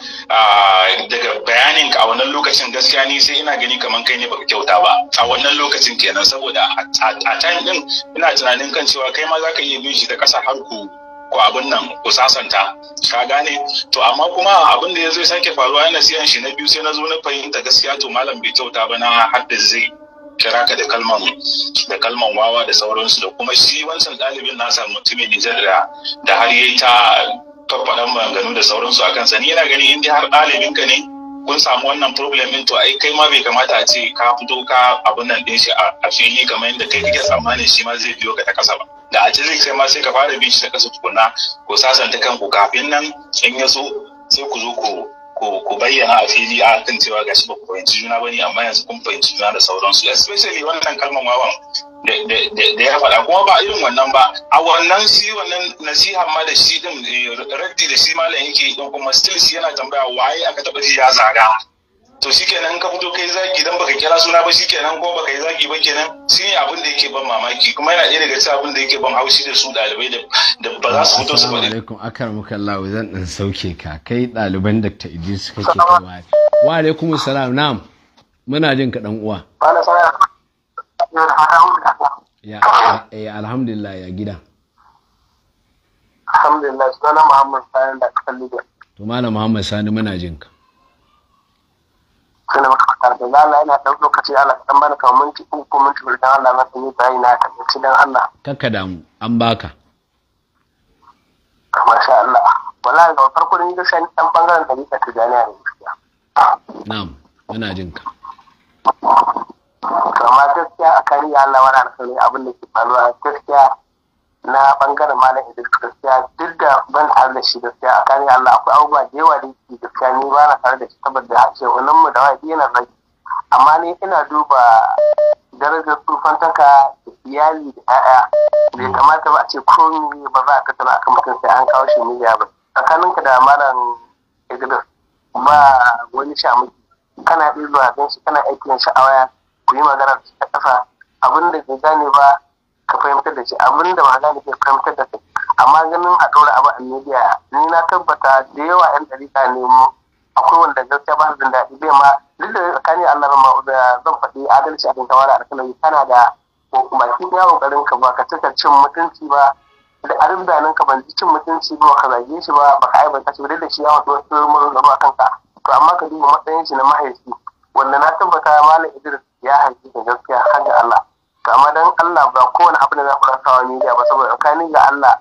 daga bayanin a wannan lokacin gaskiya ni sai ina gani kaman kai ne baka kyauta ba a wannan lokacin kenan saboda a time din ina tunanin kan cewa kai ma zaka iya bin shi ta kasa har ku ku abin nan ku sasanta ka gane to amma kuma abin da ya zai sake faruwa yana siyan shi na biyu sai na zo na fahimta gaskiya to malam bai kyauta ba na haddin zai kira ka da kalman da kalman wawa da sauransu da kuma shi wancan ɗalibin nasa mutumin Nijar da da har yayi ta kafaɗan maganganu da sauransu akan sa ni yana ganin in dai har ɗalibin ka ne kun samu wannan problem din to ai kai ma bai kamata a ce ka fito ka abun nan din shi a fili kamar yadda kai kake tsammanin shi ma zai biyo ka ta kasa ba da a cikin kai ma sai ka fara bin shi da kasa tukuna ko sasanta kanku kafin nan in ya so sai ku zo ku ku bayyana a fili a kan cewa gashi ba ku fahimci juna ba ne amma yanzu kun fahimci juna da sauransu especially wannan kalmar wawan da ya faɗa kuma ba irin wannan ba a wannan shi wannan nasiha ma da shi din eh, raddi da shi malam yake kuma still yana tambaya waye aka taɓa ji ya zaga to shikenan ka fito kai zagi dan baka kira suna ba shikenan ko baka yi zagi ba kenan shi ne abin da yake ban mamaki kuma yana ɗaya daga cikin abin da yake ban haushi da su dalibai da ba za su fito su faɗi. alaikum akar kallahu zan dan sauke ka kai ɗaliban Dr. Idris kake kaiwa. wa alaikum assalam na'am muna jin ka dan uwa. ya eh alhamdulillah ya gida. alhamdulillah sunana Muhammad Sani da Kallido. to malam Muhammad Sani muna jin ka. kana maka fatar da za Allah yana ɗan lokaci Allah ka ɗan bani kamar minti uku ko minti hudu dan Allah zaka yi bayi na ka ci dan Allah kakka damu an baka ah, masha Allah wallahi ga farko ni da sani ɗan bangaren da ni nika tijaniya ne gaskiya na'am muna jin ka amma gaskiya a kariya Allah wani alƙali abin da ke faruwa gaskiya na bangaren malam idris gaskiya duk da ban tare da shi gaskiya a kare allah akwai abubuwa da yawa da yake gaskiya ni ba na tare da shi saboda Wannan mu da wa yana rage amma ni ina duba darajar tufan taka da iyali da 'ya'ya bai kamata ba a ce komi ba za a tattala akan mutum sai an kawo shi miliya ba tsakaninka da malam idris ba wani shamaki kana ɗizuwa don shi kana aikin sha'awa ku yi magana da ƙasa abin da bai gane ba ka fahimtar da shi abin da ba gane ke fahimtar da kai amma ganin a ɗora abu a media ni na tabbata da yawa yan ɗarika ne mu akwai wanda gaskiya ba su jin daɗi bai ma duk da tsakani Allah ma da zan faɗi adalci a kan kawara alkalami kana da baki ɗaya ƙoƙarin ka ba ka cika cin mutunci ba da arzikin ka ban cin mutunci ba ka zage shi ba ba ka aibanta shi ba duk da shi ya wasu wasu murmur zama a kanka to amma ka duba matsayin shi na mahaifi wanda na tabbata malam Idris ya haifi da gaskiya har Allah to dan Allah ba kowane abu da za ku wa media ba saboda kani ga Allah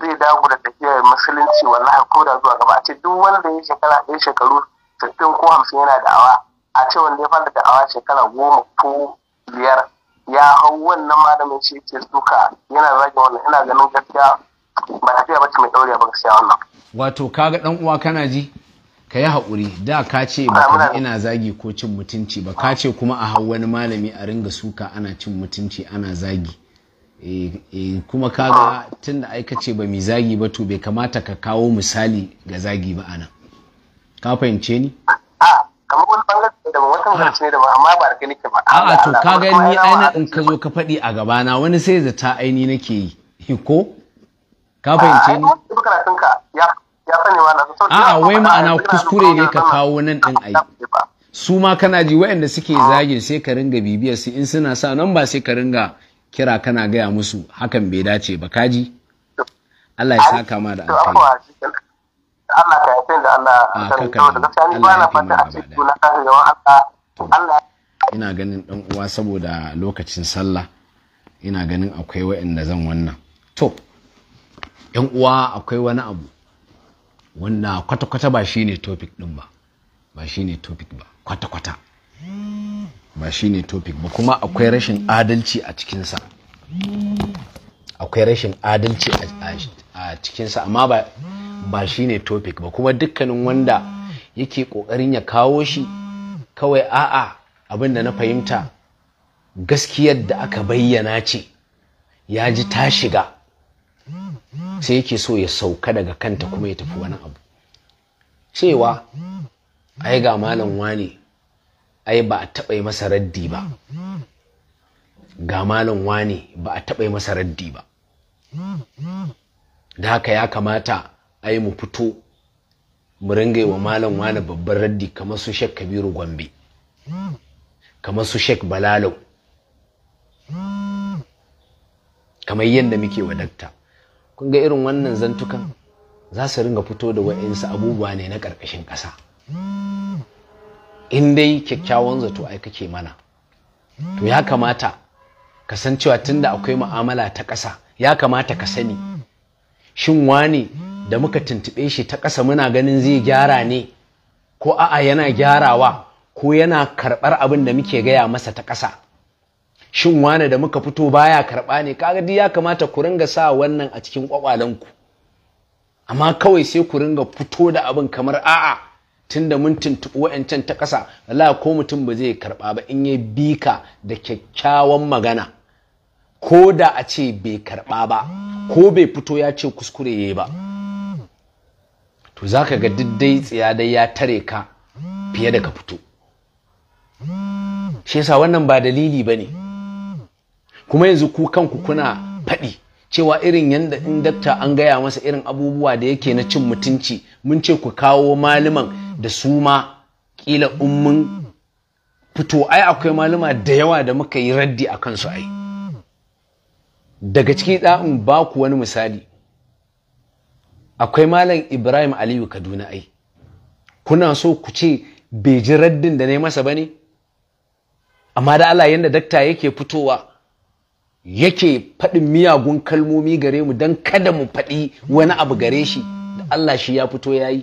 zai dago da tafiyar musulunci wallahi ko da zuwa gaba a ce duk wanda ya shekara ɗaya shekaru sittin ko hamsin yana da'awa a ce wanda ya fara da'awa shekara goma ko biyar ya hau wannan malamin shi ke suka yana zage wannan ina ganin gaskiya ba tafiya bace mai ɗaurewa ba gaskiya wannan. wato kaga ɗan uwa kana ji ka yi haƙuri da ka ce ba ka ina zagi ko cin mutunci ba ka ce kuma a hau wani malami a ringa suka ana cin mutunci ana zagi kuma kaga tun da aika ce ba mi zagi ba to bai kamata ka kawo misali ga zagi ba anan ka fahimce ni kamar wani da ba wata ne da ba amma ba ba a'a to ka gani ni aina in ka zo ka faɗi a gabana, wani sai zata aini nake yi ko ka fahimce ni a'a wai ma'ana kuskure ne ka kawo nan din ai su ma kana ji waɗanda suke ah. zagin sai ka ringa bibiyar su in suna sa nan ba sai ka ringa kira kana gaya musu hakan bai dace ba kaji Allah ya saka ma da alkai Allah ka yafe da Allah a kan da gaskiya ni Allah ina ganin dan uwa saboda lokacin sallah ina ganin akwai waɗanda zan wannan to yan uwa akwai wani abu wannan kwata-kwata ba shi ne topic ɗin ba ba shi ne topic ba kwata-kwata ba shi ne topic ba kuma akwai rashin adalci a cikinsa akwai rashin adalci a cikinsa amma ba ba shi ne topic ba kuma dukkanin wanda yake ƙoƙarin ya kawo shi kawai a'a abin da na fahimta gaskiyar da aka bayyana ce ya ji ta shiga sai yake so ya sauka daga kanta kuma ya tafi wani abu cewa ai ga malam wani ai ba a taɓa yi masa raddi ba ga malam wane ba a taɓa yi masa raddi ba da haka ya kamata ai mu fito mu ringa wa malam wane babban raddi kamar su shek kabiru gombe kamar su shek balalau kamar yadda muke wa dakta. kun ga irin wannan zantukan za su ringa fito da wa'insu abubuwa ne na ƙarƙashin ƙasa in dai kyakkyawan zato ai kake mana to ya kamata ka san cewa tunda akwai mu'amala ta ƙasa ya kamata ka sani shin wani da muka tuntuɓe shi ta ƙasa muna ganin zai gyara ne ko a'a yana gyarawa ko yana karɓar abin da muke gaya masa ta ƙasa shin wane da muka fito baya karɓa ne kaga ya kamata ku ringa sa wannan a cikin kwakwalanku amma kawai sai ku ringa fito da abin kamar a'a tunda mun tuntuɓi wa'ancan ta ƙasa wallahi ko mutum ba zai karba ba in ya bika da kyakkyawan magana ko da a ce bai karɓa ba ko bai fito ya ce kuskure ya ba to za ka ga diddai tsiya dai ya tare ka fiye da ka fito shi yasa wannan ba dalili ba ne kuma yanzu ku kanku kuna faɗi cewa irin yadda in dakta an gaya masa irin abubuwa da yake na cin mutunci mun ce ku kawo maliman da su ma kila ummin fito ai akwai malama da yawa da muka yi raddi a kansu ai daga ciki ɗa'in ba ku wani misali akwai malam ibrahim aliyu kaduna ai kuna so ku ce bai ji raddin da na yi masa ba ne amma da allah yadda dakta yake fitowa yake faɗin miyagun kalmomi gare mu don kada mu faɗi wani abu gare shi da Allah shi ya fito ya yi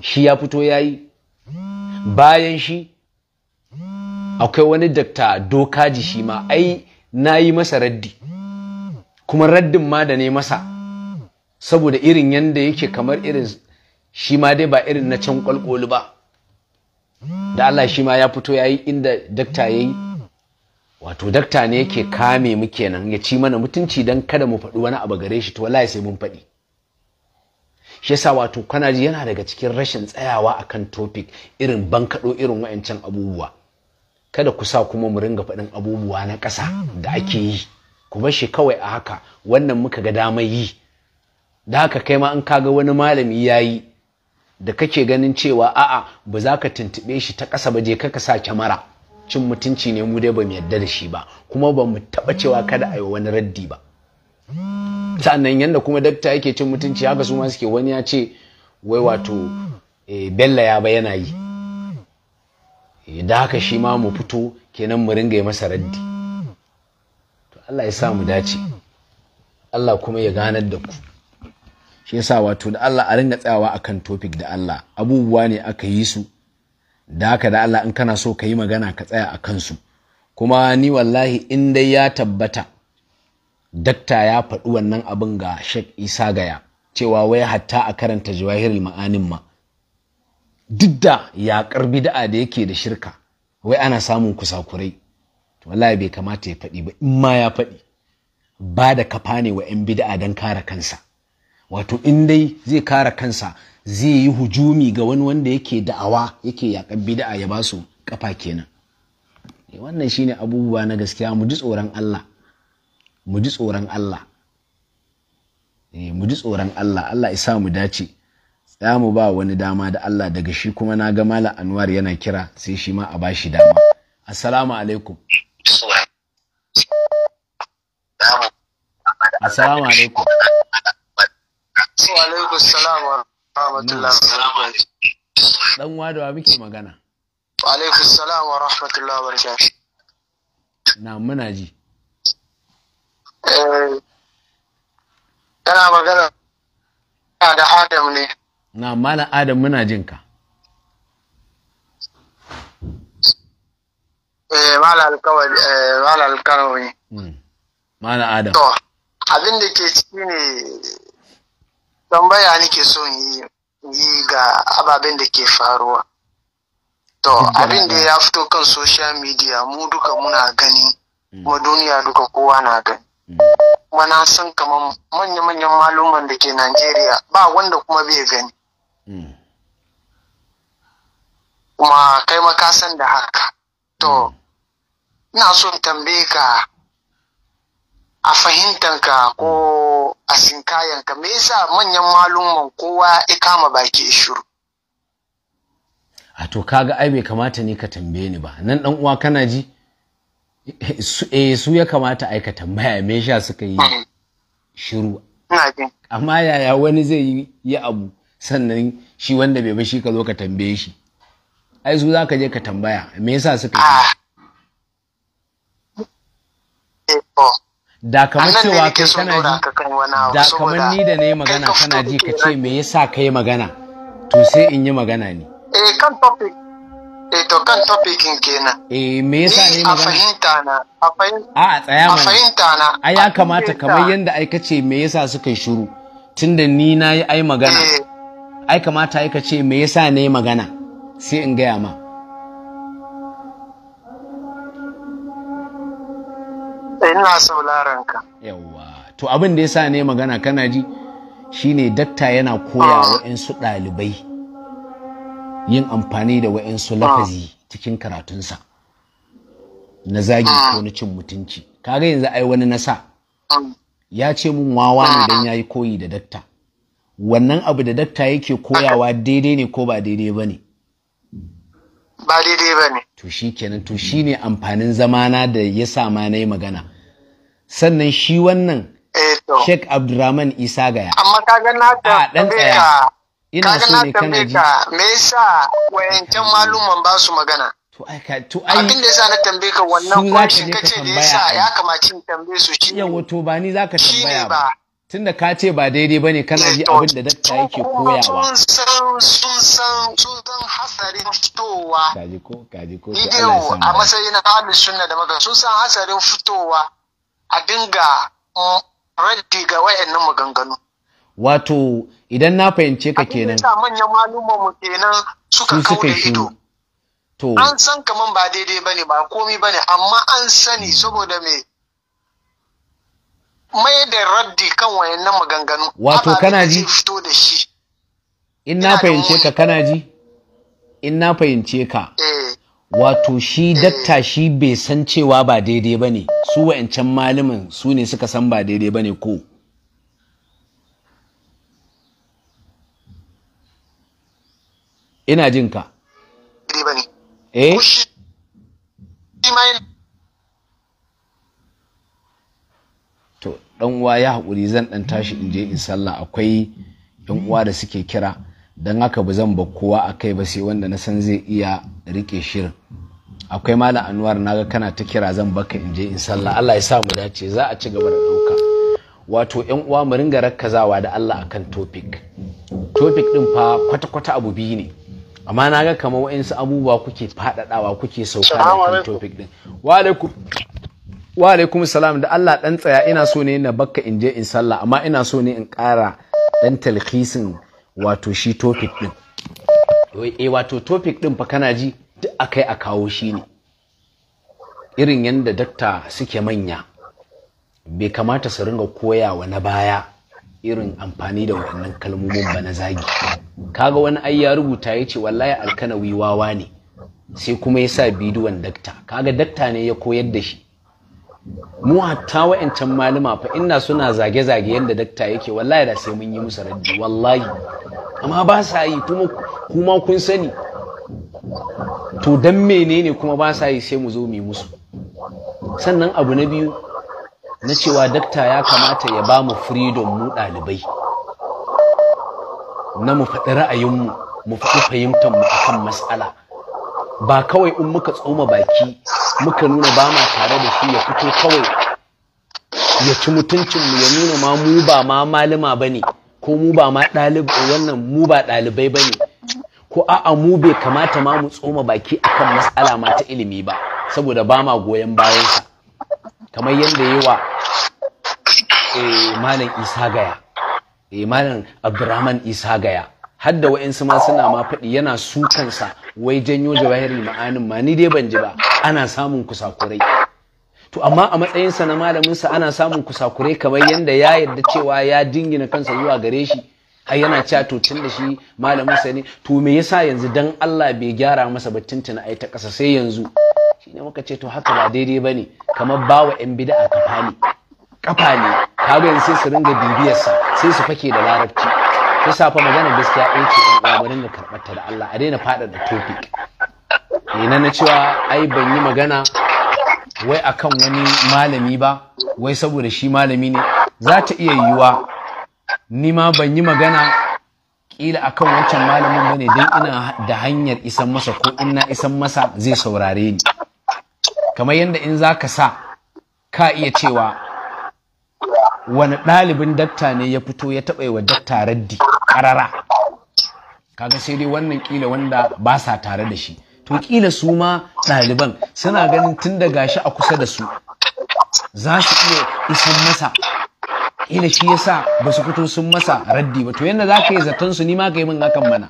shi ya fito ya yi bayan shi akwai wani dakta doka ji shi ma ai na yi masa raddi kuma raddin ma da ne masa saboda irin yadda yake kamar irin shi ma dai ba irin na can kwalkwali ba da Allah shi ma ya fito ya yi inda dakta ya yi wato dakta ne yake kame mu kenan ya ci mana mutunci don kada mu faɗi wani abu gare shi to wallahi sai mun faɗi shi yasa wato kana ji yana daga cikin rashin tsayawa akan topic irin bankaɗo irin wa'ancan abubuwa kada ku sa kuma mu ringa faɗin abubuwa na ƙasa da ake yi ku bar shi kawai a haka wannan muka ga damar yi da haka kai ma in ga wani malami ya yi da kake ganin cewa a'a ba za ka tuntuɓe shi ta ƙasa ba je ka sa kyamara cin mutunci ne mu dai ba mu yarda da shi ba kuma ba mu taɓa cewa kada a yi wani raddi ba Sannan yanda kuma dakta yake cin mutunci haka su ma suke wani ya ce wai wato eh, bella ya ba yana yi eh, da haka shi ma mu fito kenan mu ringa yi masa raddi to Allah ya sa mu dace Allah kuma ya ganar da ku shi yasa wato da Allah a ringa tsayawa akan topic da Allah abubuwa ne aka yi su da haka da Allah in kana so ka yi magana ka tsaya a kansu kuma ni wallahi in dai ya tabbata dakta ya faɗi wannan abin ga shek Isa Gaya cewa wai hatta a karanta jawahirul ma'anin ma duk da ya karbi da'a da yake da shirka wai ana samun kusakurai wallahi bai kamata ya faɗi ba in ma ya faɗi ba da kafa ne wa 'yan bida'a don kare kansa wato in dai zai kare kansa zai yi hujumi ga wani wanda yake da'awa yake yakan bida'a ya ba su kafa kenan eh, wannan shine abubuwa na gaskiya mu ji tsoron Allah mu ji tsoron Allah eh, mu ji tsoron Allah Allah isa mu dace za mu ba wani dama da Allah daga shi kuma na ga Malam Anwar yana kira sai shi ma a ba shi dama assalamu alaikum assalamu alaikum assalamu alaikum Dan wadawa muke magana. Alaikum salam wa rahmatullahi wa barakatuh. Na muna ji. Eh, kana magana da Adam ne. Na malam Adam muna jin ka. Eh malam alkawari eh malam alkawari. Hmm. Malam Adam. To abin da ke ciki ne tambaya nake so yi ga ababen da ke faruwa to abin da ya fito kan social media mu duka muna gani mm. kuma duniya duka kowa na gani mm. kuma na san kamar manya-manyan maluman da ke Najeriya ba wanda kuma bai gani mm. kuma kai makasan da haka to ina so tambaye ka a fahimtanka ko a sinkayanka me yasa manyan malumman kowa ya kama baki shiru a to kaga ai bai kamata ne ka tambaye ni ba nan dan uwa kana ji eh su ya kamata ai ka tambaya me yasa suka yi mm. shiru amma yaya wani zai yi abu sannan shi wanda bai ba shi ka zo ka tambaye shi ai su za ka je ka tambaya me yasa suka yi da kamar cewa kai kana ji da kamar ni da ne magana kana ji ka ce me yasa ka yi magana to sai in yi magana ne eh kan topic eh to kan topikin kenan eh me yasa ne magana a fahimta na a fahimta a tsaya mana a fahimta na a ya kamata kamar yanda ai ka ce me yasa suka yi shiru tunda ni na yi ai magana eh. ai kamata ai ka ce me yasa ne magana sai in gaya ma ina sauraron ka Yawwa. to abin da yasa ne magana kana ji shine dakta yana koya wa su ɗalibai yin amfani da wa'insu ah. lafazi cikin karatunsa na zagi ah. ko na cin mutunci kaga yanzu ai wani nasa ah. ya ce mun wawa ne dan yayi koyi da dakta wannan abu da dakta yake koyawa daidai ne ko ba daidai ba ne ba daidai ba ne to shi kenan to shi ne amfanin zamana da ya sama na yi magana sannan shi wannan eh, Sheikh Abdurrahman Isa gaya. Amma ka ga na ah, ta Ina so ne kana ji. Me yasa wayancan maluman ba su magana? To ai ka to ai abin da yasa na tambaye ka wannan ka kace da yasa ya kamaci in tambaye su shi. Yawa to ba ni zaka tambaya ba. Tunda ka ce ba daidai bane kana eh, ji abin da dakta yake koyawa. Sun san sun san sun san hasarin fitowa. Kaji ko kaji ko. Ni a matsayin halin sunna da maka sun san hasarin fitowa. a dinga mm, raddi ga wayannan maganganu wato idan na fahimce ka kenan abin da manyan malumman mu kenan suka kawo ido to an san kaman ba daidai ba ne ba komi ba ne amma an sani saboda me mai da raddi kan wayannan maganganu wato kana ji fito da shi in na fahimce ka kana ji in na fahimce ka eh wato shi dakta shi bai san cewa ba daidai ba ne su wa'ancan malamin su ne suka san ba daidai ba ne ko ina jin ka eh to dan uwa ya haƙuri zan dan tashi in je in sallah akwai yan uwa da suke kira don haka ba zan ba kowa a kai ba sai wanda na san zai iya rike shirin akwai malam anwar naga kana ta kira zan baka in je in sallah Allah ya sa mu dace za a ci gaba da dauka wato yan uwa mu ringa rakkazawa da Allah akan topic topic din fa kwata-kwata abu biyu ne amma naga kamar wayansu abubuwa kuke faɗaɗawa kuke sauka akan topic din wa alaikum wa alaikum da Allah dan tsaya ina so ne na baka in je in sallah amma ina so ne in ƙara dan talhisin wato shi topic din eh wato topic din fa kana ji duk akai a kawo shi ne irin yadda dakta suke manya bai kamata su ringa koyawa na baya irin amfani da waɗannan kalmomin ba na zagi kaga wani ai ya rubuta ya ce wallahi alkanawi wawa ne sai kuma ya sa bidiyon dakta kaga dakta ne ya koyar da shi mu hatta wa'ancan malama fa inna suna zage-zage yadda dakta yake wallahi da sai mun yi musu raddi wallahi amma ba sa yi kuma kuma kun sani to dan menene kuma ba sa yi sai mu zo mu musu sannan abu na biyu na cewa dakta ya kamata ya ba mu freedom mu ɗalibai na mu faɗi ra'ayinmu mu faɗi fahimtar mu akan mas'ala ba kawai in muka tsoma baki muka nuna ba ma tare da shi ya fito kawai ya ci mutuncinmu ya nuna ma mu ba ma malama ba ne ko mu ba ma ɗalibai wannan mu ba ɗalibai ba ne ko a'a mu bai kamata ma mu tsoma baki akan matsala ma ta ilimi ba saboda ba ma goyon bayansa kamar yadda yi wa eh, malam isa gaya eh, malam abdurrahman isa gaya har da wa'insu ma suna ma faɗi yana su kansa wai janyo jawahirul ma'anin ma ni dai ban ji ba ana samun kusakurai to amma a matsayinsa na sa ana samun kusakurai kamar yadda ya yarda cewa ya dingina kansa zuwa gare shi har yana cewa to tun da shi sa ne to me yasa yanzu dan Allah bai gyara masa ba tuntuna ai ta kasa sai yanzu shine muka ce to haka ba daidai bane kamar bawa yan bid'a kafa ne kafa ne kaga yanzu sai su ringa bibiyarsa sai su fake da larabci yasa fa magana gaskiya ɗaya ce ɗan uwa bari na karɓar ta da Allah a daina faɗa da topic ina na cewa ai ban yi magana wai akan wani malami ba wai saboda shi malami ne za ta iya yiwuwa ni ma ban yi magana kila akan wancan malamin bane don ina da hanyar isan masa ko in na isan masa zai saurare ni kamar yadda in za ka sa ka iya cewa wani ɗalibin dakta ne ya fito ya taɓa wa dakta raddi ƙarara kaga sai dai wannan ƙila wanda ba sa tare da shi to ƙila su ma ɗaliban suna ganin tun da gashi a kusa da su za su iya isan masa ƙila shi ya sa ba su fito sun masa raddi ba to yadda za ka yi zaton su ni ma ka yi min hakan mana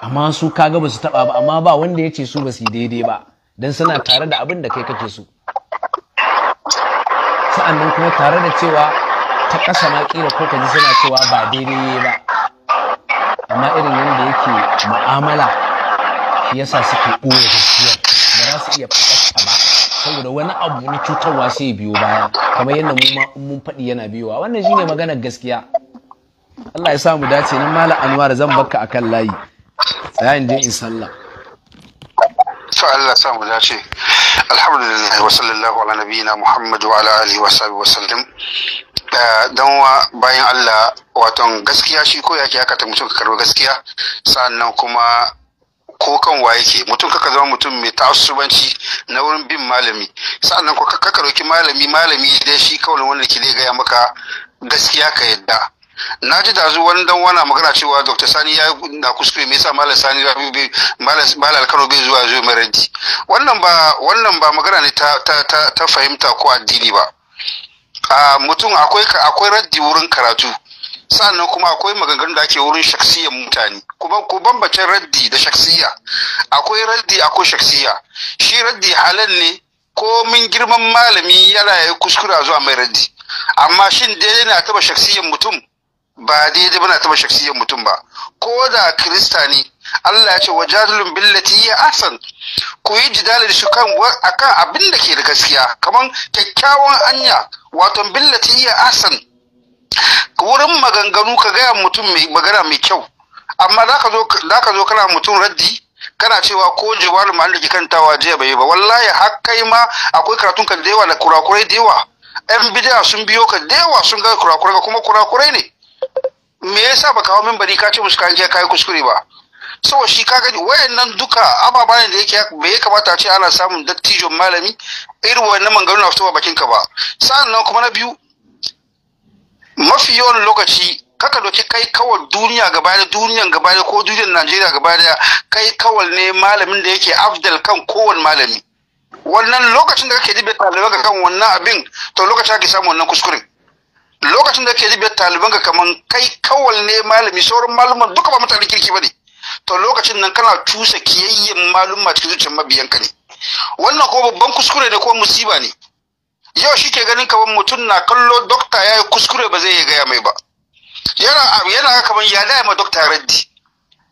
amma su kaga ba su taɓa ba amma ba wanda ya ce su ba su yi daidai ba don suna tare da abin da kai kake so sa'annan kuma tare da cewa ta ƙasa ma ƙila ko ka ji suna cewa ba daidai ba amma irin yadda yake mu'amala shi yasa suke ɓoye gaskiyar ba za su iya faɗarta ba saboda wani abu na cutarwa sai biyo baya kamar yadda mu ma mun faɗi yana biyowa wannan shine maganar gaskiya Allah ya sa mu dace nan malam Anwar zan barka akan layi tsaya in je in sallah to Allah ya sa mu dace alhamdulillah wa sallallahu ala nabiyina muhammadu wa ala alihi wa sahbihi wa sallam dan wa bayan Allah waton gaskiya shi ko yake haka ta mutum ka karbi gaskiya sannan kuma ko kan wa yake mutum kaka zama mutum mai ta'assubanci na wurin bin malami sannan ko kaka roki malami malami dai shi kawai wanda ke zai gaya maka gaskiya ka yadda na ji da wani dan wana magana cewa dr sani ya na kuskure me yasa malam sani rabi bai malam kano bai zuwa zuwa mai wannan ba wannan ba magana ne ta ta ta, ta fahimta ko addini ba a mutum akwai akwai raddi wurin karatu sannan kuma akwai maganganun da ake wurin shaksiyan mutane kuma ku bambacin raddi da shaksiya akwai raddi akwai shaksiya shi raddi halal ne ko min girman malami yana ya kuskura zuwa mai raddi amma shin daidai na taba shaksiyan mutum ba daidai bana taba shaksiyar mutum ba ko da kirista ne Allah ya ce wa jadilun billati ya asan ku yi jidali da shi kan akan abin da ke da gaskiya kamar kyakkyawan anya wato billati ya asan wurin maganganu ka gaya mutum mai magana mai kyau amma za ka zo kana mutum raddi kana cewa ko jiwalu mahal da kantawa jiya bai ba wallahi har kai ma akwai karatun ka da yawa da kurakurai da yawa yan bidiya sun biyo ka da yawa sun ga kurakurai kuma kurakurai ne me yasa ba kawo bari ka ce musu ka kai kuskure ba saboda shi ka gani wayannan duka ababa ne da yake me ya kamata a ce ana samun dattijon malami irin wannan mangaru na fito ba bakin ka ba sa'annan kuma na biyu mafi yawan lokaci kaka doki kai kawal duniya gaba da duniyan gaba da ko duniyan Najeriya gaba da kai kawal ne malamin da yake afdal kan kowane malami wannan lokacin da kake dibe ɗalibai ga kan wannan abin to lokacin ake samu wannan kuskuren lokacin da kake taliban ka kaman kai kawal ne malami sauran malaman duka ba mutane kirki ba ne to lokacin nan kana cusa kiyayyen maluma cikin zuciyar ka ne wannan ko babban kuskure ne ko musiba ne yau shi ke ganin kaman mutum na kallo dokta ya yi kuskure ba zai gaya mai ba yana yana kaman ya gaya ma dokta raddi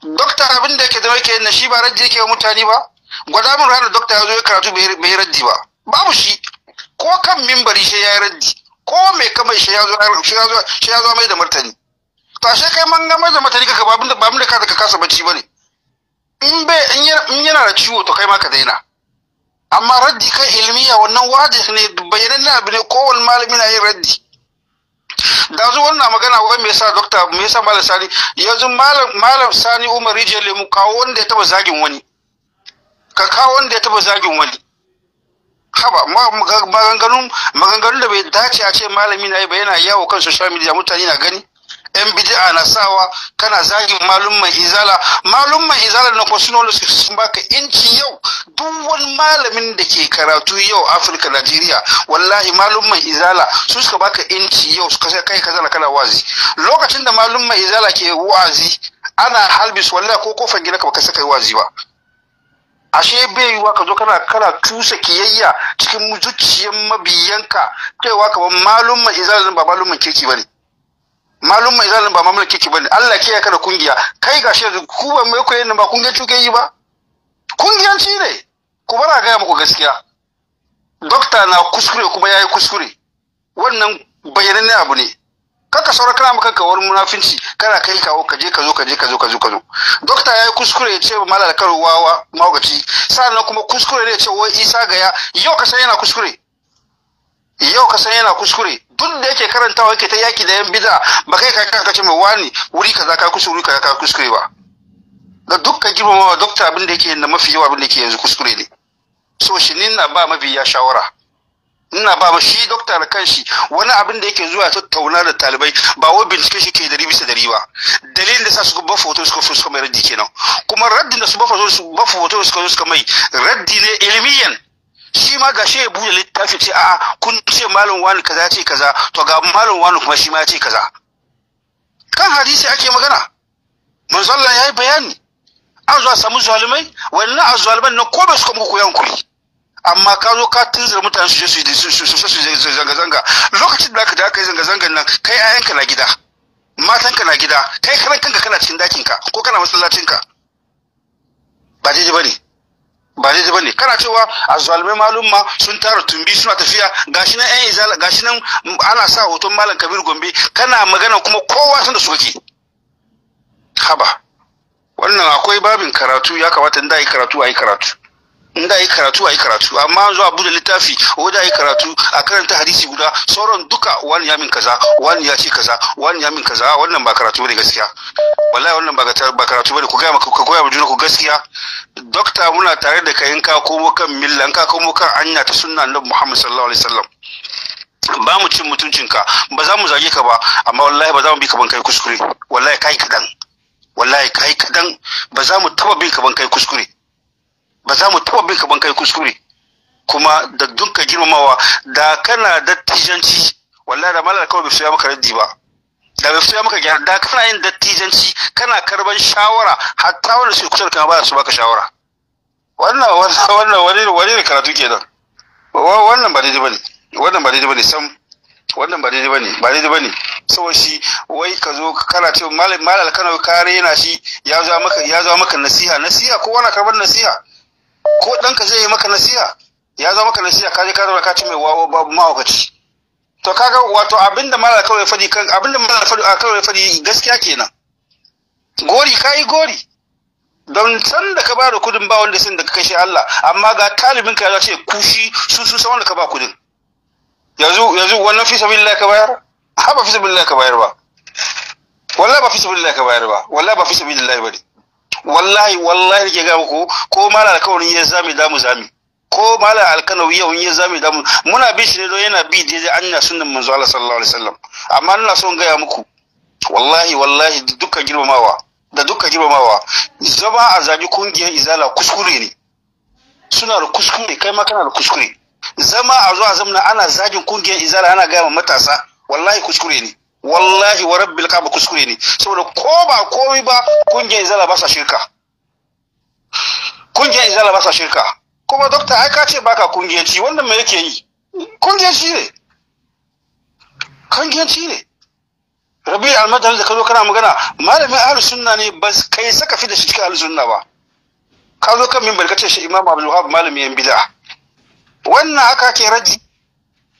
dokta abin da yake da yake na shi ba raddi yake wa mutane ba gwada min ranar dokta ya zo ya karatu bai raddi ba babu shi ko kan mimbari shi ya yi raddi ko me kamar shi ya zo shi ya zo mai da martani to ashe kai man ga mai da martani kaka babin da ka daga ka kasa bacci bane in bai in yana da ciwo to kai ma ka daina amma raddi kai ilmiya wannan wajih ne bayanan abu ne kowane malami na yin raddi da zuwa wannan magana wai me yasa dokta me yasa malam sani yanzu malam malam sani umar rijiyar lemu kawo wanda ya taba zagin wani ka kawo wanda ya taba zagin wani haba maganganun maganganun da bai dace a ce malami na yi ba yana yawo kan social media mutane na gani yan bid'a na sawa kana zagin mai izala mai izala na kwasunolo sun baka inci yau duk wani malamin da ke karatu yau afirka najeriya wallahi mai izala su suka baka inci yau suka sai kai kazala kana wazi lokacin da mai izala ke wazi ana halbis wallahi ko kofar gida ka baka saka wazi ba ashe bai yiwa ka zo kana kana tusa kiyayya cikin zuciyar mabiyanka kaiwa malum malumman izalin ba malumman kirki bane malumman izalin ba malumman kirki bane Allah ke ya da kungiya kai gashi yanzu ku ba mai koyi nan ba kungiyar cuke yi ba kungiyanci ne ku bara ga muku gaskiya dokta na kuskure kuma yayi kuskure wannan bayanan abu ne kaka sauran kana maka kawar munafinci kana kai kawo ka je ka zo ka je ka zo ka zo ka zo dokta yayi kuskure ya ce malal karo wawa magaci sannan kuma kuskure ne ya ce wai Isa gaya yau ka san yana kuskure yau ka san yana kuskure duk da yake karantawa yake ta yaki da yan bid'a ba kai ka ka ce mai wani wuri kaza ka kuskure wuri kaza ka kuskure ba da dukkan ma dokta abin da yake na mafi yawa abin da yake yanzu kuskure ne so shi na ba mabiya shawara ina ba shi dokta da kanshi wani abin da yake zuwa tattauna da talibai ba wai bincike shi ke dari bisa dari ba dalilin da sa su ba foto suka fi suka mai raddi kenan kuma raddin da su ba foto su ba foto su suka mai raddi ne ilmiyan shi ma gashi ya buɗe littafi ce a kun ce malam wani kaza ce kaza to ga malam wani kuma shi ma ya ce kaza kan hadisi ake magana manzo Allah ya yi bayani an zuwa samu zalimai wannan azzaluman na ko ba su kuma koyan kuri amma ka zo ka tunzura mutane su je su su zanga-zanga lokacin da aka da aka yi zanga zanga nan kai ayanka na gida matanka na gida kai karan kanka kana cikin dakinka ko kana masallacinka ba daidai ba ne ba daidai ba ne kana cewa a zalmai malumma sun tara tumbi suna tafiya gashi nan yan izala gashi nan ana sa hoton malam kabir gombe kana magana kuma kowa san da su kake haba wannan akwai babin karatu ya kamata in da yi karatu a yi karatu in da yi karatu a yi karatu amma zuwa zo abu da littafi ko da yi karatu a karanta hadisi guda sauran duka wani ya min kaza wani ya ce kaza wani ya min kaza wannan ba karatu bane gaskiya wallahi wannan ba karatu bane ku ga ku goya mu juna ku gaskiya dokta muna tare da kai in ka komo kan milla in ka komo kan anya ta sunna annabi Muhammad sallallahu alaihi wasallam ba mu cin mutuncinka ba za mu zage ka ba amma wallahi ba za mu bi ka ban kai kuskure wallahi kai kadan wallahi kai kadan ba za mu taba bin ka ban kai kuskure ba za mu taba bai kaban kai kuskure kuma da dunka girmamawa da kana dattijanci wallahi da malala ba bai so ya maka raddi ba da bai so ya maka gyara da kana yin dattijanci kana karban shawara hatta wanda su kusa da kana ba su baka shawara wannan wannan wani wani ne karatu kenan wannan ba daidai bane wannan ba daidai bane sam wannan ba daidai bane ba daidai bane saboda shi wai ka zo kana ce malal kana kare yana shi ya zo maka ya zo maka nasiha nasiha ko wani karban nasiha ko ɗanka zai yi maka nasiha ya zama maka nasiha ka je ka zauna ka ci mai wawo babu mahaukaci to kaga wato abinda mala kawai fadi kan abinda mala fadi a kawai fadi gaskiya kenan gori kai gori don san da ka bada kudin ba wanda sun da ka kashe Allah amma ga talibin ka ya ce kushi su su san wanda ka ba kudin yanzu yanzu wannan fi sabilillah ka bayar haba ba fi sabilillah ka bayar ba wallahi ba fi sabilillah ka bayar ba wallahi ba fi sabilillah bane wallahi wallahi nake ga muku ko malam alkawari yin zami damu zami ko mala alkanawi yau yin zami damu muna bi shi ne don yana bi daidai an na sunan manzo Allah sallallahu alaihi wasallam amma ina son gaya muku wallahi wallahi dukkan girmamawa da dukkan girmamawa zama a zabi kungiyar izala kuskure ne suna da kuskure kai ma kana da kuskure zama a zuwa zamna ana zagin kungiyar izala ana gaya matasa wallahi kuskure ne wallahi wa rabbil kaba kuskure ne saboda ko ba komai ba kungiyar izala ba sa shirka kungiyar izala ba sa shirka kuma dokta ai ka ce baka kungiyanci wannan me yake yi kungiyanci ne kungiyanci ne rabi almadani da ka zo kana magana malami ahlus sunna ne ba kai saka fi da shi cikin ahlus sunna ba ka zo kan minbar ka ce shi imam abdul wahab malamin yan bid'a wannan haka ke raji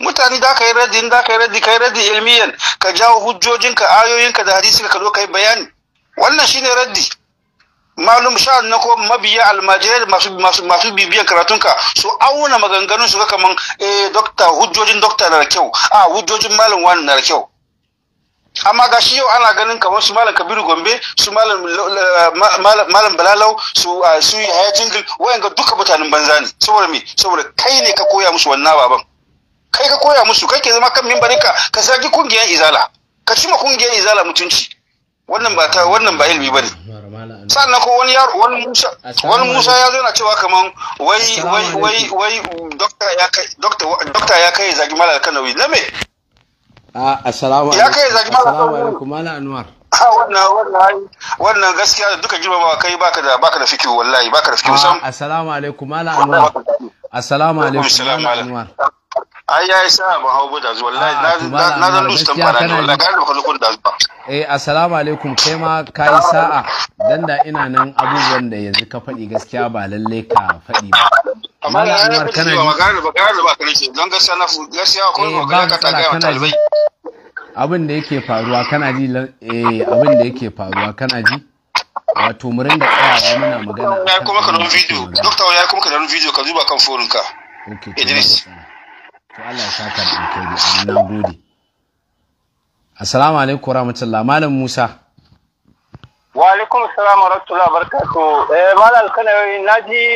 mutane da ka yi raddi da ka yi radi ka yi radi ilmiyan ka jawo hujjojinka ayoyinka da hadisi ka zo ka yi bayani wannan shine raddi malum sha'an na ko mabiya almajirai masu masu masu bibiyan karatunka su auna maganganun su kaman eh dokta hujjojin dokta na da kyau a hujjojin malam wani na da kyau amma ga shi yau ana ganin kamar su malam kabiru gombe su malam balalau su ah, su yaya jingil ga duka mutanen banza ne saboda me saboda kai ne ka koya musu wannan baban kai ka koya musu kai ke zama kan mimbarinka ka saki kungiyar izala ka cima kungiyar izala mutunci wannan ba ta wannan ba ilimi bane sannan ko wani yaro wani Musa wani Musa ya zo yana cewa kaman wai wai wai wai doctor ya kai doctor doctor ya kai zagi malal kanawi na me a assalamu ya kai zagi malal kanawi malal anwar ah, wannan wannan wannan gaskiya da duka ba kai baka da baka da fikihu wallahi baka da fikihu sam assalamu alaikum malal anwar assalamu alaikum malal anwar ai ya yi sa'a ah, ba hau guda zuwa wallahi na zan dusta fara ne wallahi gani ba kun da eh assalamu alaikum kai ma kai sa'a dan da ina nan abubuwan da yanzu ka faɗi gaskiya ba lalle ka faɗi ba amma da Umar kana ba gani ba gani ba kake don gaskiya na fu gaskiya ko eh, ba ka ta ga talibai abin da yake faruwa kana ji eh abin da yake faruwa kana ji wato da rinda tsayawa muna magana ya kuma ka don video doctor ya kuma ka don video ka duba kan forinka okay Idris to Allah ya saka da alkhairi amin nan gode assalamu alaikum warahmatullahi malam Musa wa alaikum assalam warahmatullahi wabarakatuh eh malam kanawi naji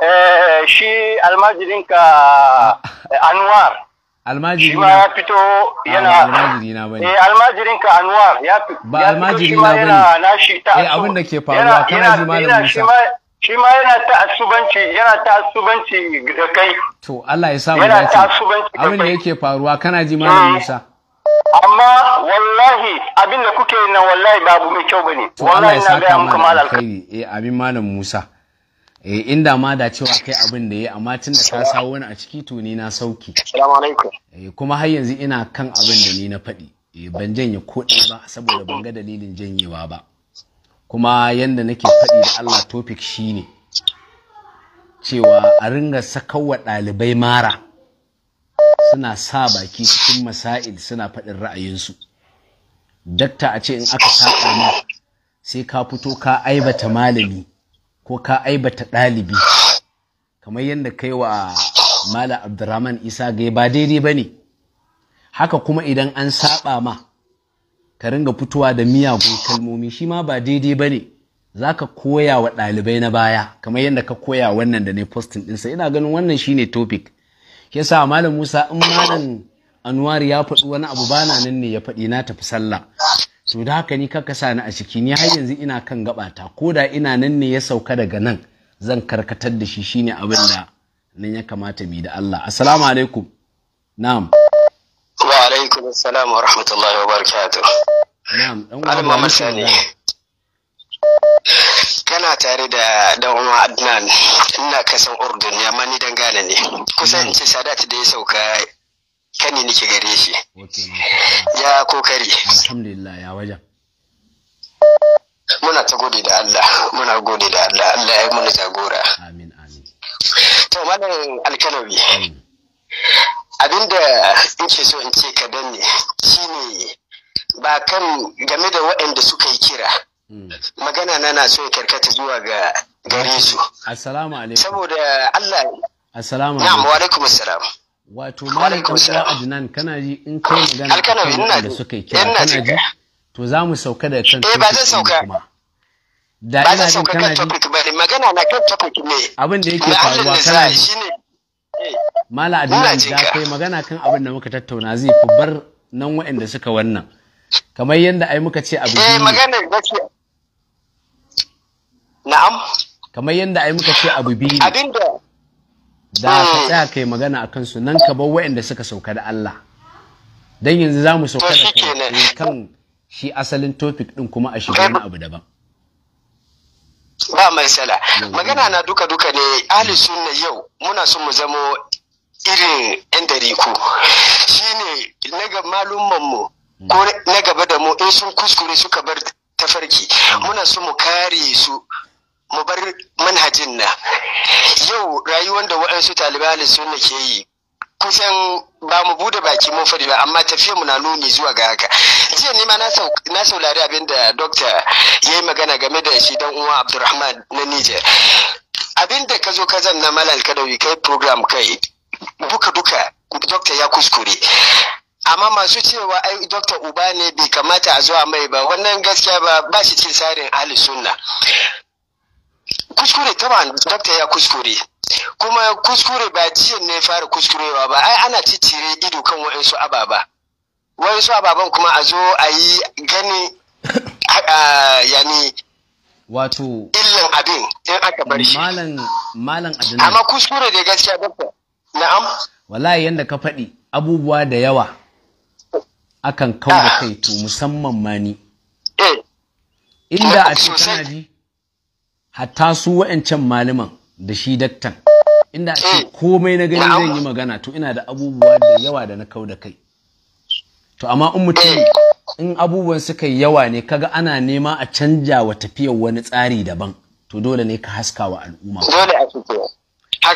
eh shi almajirin ka eh, Anwar almajiri na ya fito ah, yana almajiri na bane eh almajirin ka Anwar ya fito ba almajiri na bane eh, eh abin da ke faruwa kana ji malam Musa shi ma yana asubanci yana asubanci da kai to Allah ya sa mu dace abin da yake faruwa kana ji malam eh. Musa amma wallahi abin da kuke yi na wallahi babu mai kyau bane wallahi na ga muku malam kai. eh abin malam Musa eh inda ma da cewa kai abin da yayi amma tunda ka sawo wani a ciki to ni na sauki assalamu alaikum eh kuma har yanzu ina kan abin da ni na faɗi eh ban janye ko ba saboda ban ga dalilin janyewa ba kuma yadda nake faɗi da Allah topic shine cewa a ringa sakawa ɗalibai mara suna sa baki cikin masail suna faɗin ra'ayinsu dakta a ce in aka saka ma sai ka fito ka aibata malami ko ka aibata ɗalibi kamar yadda kai wa mala abdurrahman isa gai ba daidai ba ne haka kuma idan an saɓa ma ka ringa fitowa da miyagun kalmomi shi ma ba daidai ba ne za ka koya wa ɗalibai na baya kamar yadda ka koya wannan da ne postin ɗinsa ina ganin wannan shi shine topic sa malam musa in malam anwar ya faɗi wani abu bana nan ne ya faɗi na tafi sallah so da haka ni kaka sani a ciki ni har yanzu ina kan gabata ko da ina nan ne ya sauka daga nan zan karkatar da shi shine abin da nan ya kamata mu da Allah assalamu alaikum na'am Wa alaikum assalam wa rahmatullahi wa barakatu alamma dan Kana tare da dan Adnan, ina kasan Urdun, ya ni dan Ghana ne. Kusan ce Sadat da ya sauka kani nake gare shi. Ya kokari. Alhamdulillah ya wajen. Muna ta gode da Allah, muna gode da Allah, Allah ya muna jagora. Amin, amin. To, malam alkalabi. Mm. abinda ce so in ce ka danne shine ba kan game da waɗanda suka yi kira hmm. magana na na so ya karkata zuwa ga gare su assalamu alaikum saboda Allah assalamu alaikum wa alaikum assalam wato malam kamsa adnan kana ji in kai magana alkanawi da suka yi kira kana ji to za mu sauka da kan eh ba zan sauka da ina jin kana ji magana na kan topic ne abin da yake faruwa kana ji eh. mala adinan da kai magana kan abin da muka tattauna zai fi bar nan waɗanda suka wannan kamar yadda ai muka ce abu eh, biyu na'am kamar yadda ai muka ce abu biyu Abin da ka hmm. tsaya kai magana a kansu nan ka bar waɗanda suka sauka da Allah dan yanzu za mu sauka da eh, kan shi asalin topic din kuma a shiga wani abu daban ba mai sala magana na duka duka ne ahli sunna yau muna son mu zamo irin yan dariku shine na ga mu hmm. ko na gaba da mu in sun kuskure suka bar tafarki hmm. muna so mu kare su mu bar manhajin na yau rayuwar da waɗansu talibai sunna ke yi kusan ba mu bude baki mun fadi ba amma tafiyar mu na nuni zuwa ga haka jiya ne ma na saurari abin da dokta ya yi magana game da shi dan uwa abdulrahman na niger abin da ka zo ka zanna malal kadawi kai program kai duka duka doktor ya kuskure amma masu cewa ai doktor uba ne bai kamata a zuwa mai ba wannan gaskiya ba ba shi cin sarin ahli sunna kuskure taban doktor ya kuskure kuma kuskure ba jiya ne fara kuskurewa ba ai ana cicire ido kan wa'insu ababa wa'insu ababan kuma a zo a yi gani yani wato illan abin in aka bar shi malam malam amma kuskure da gaskiya doctor na'am wallahi yanda ka faɗi abubuwa da yawa akan kau da kai to musamman ma ni eh. inda a ce kana ji hatta su wa'ancan malaman da shi daktan inda a ce eh. komai na gani zan yi magana to ina da abubuwa da yawa da na kau da kai to amma in mutum eh. in abubuwan suka yi yawa ne kaga ana nema a canja wa tafiyar wani tsari daban to dole ne ka haska wa al'umma dole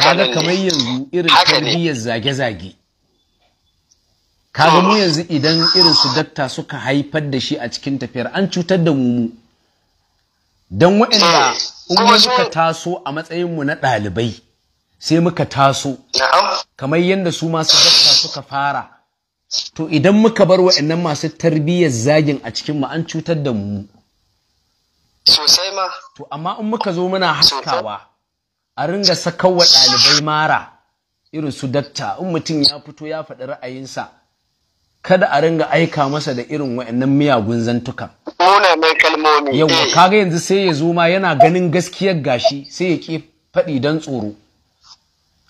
kaga kamar yanzu irin tarbiyyar zage-zage kaga mu yanzu idan irin su datta suka haifar da shi a cikin tafiyar an cutar da mu don waɗanda umar suka taso a matsayinmu na ɗalibai sai muka taso kamar yadda su masu datta suka fara to idan muka bar waɗannan masu tarbiyyar zagin a cikin cikinmu an cutar da mu sosai ma to amma in muka zo muna haskawa a ringa sakawa ɗalibai mara irin su datta, in mutum ya fito ya faɗi ra'ayinsa kada a ringa aika masa da irin wa'annan miyagun zantuka kalmomi yawa eh. kaga yanzu sai ya zo ma yana ganin gaskiyar gashi sai ya ke faɗi don tsoro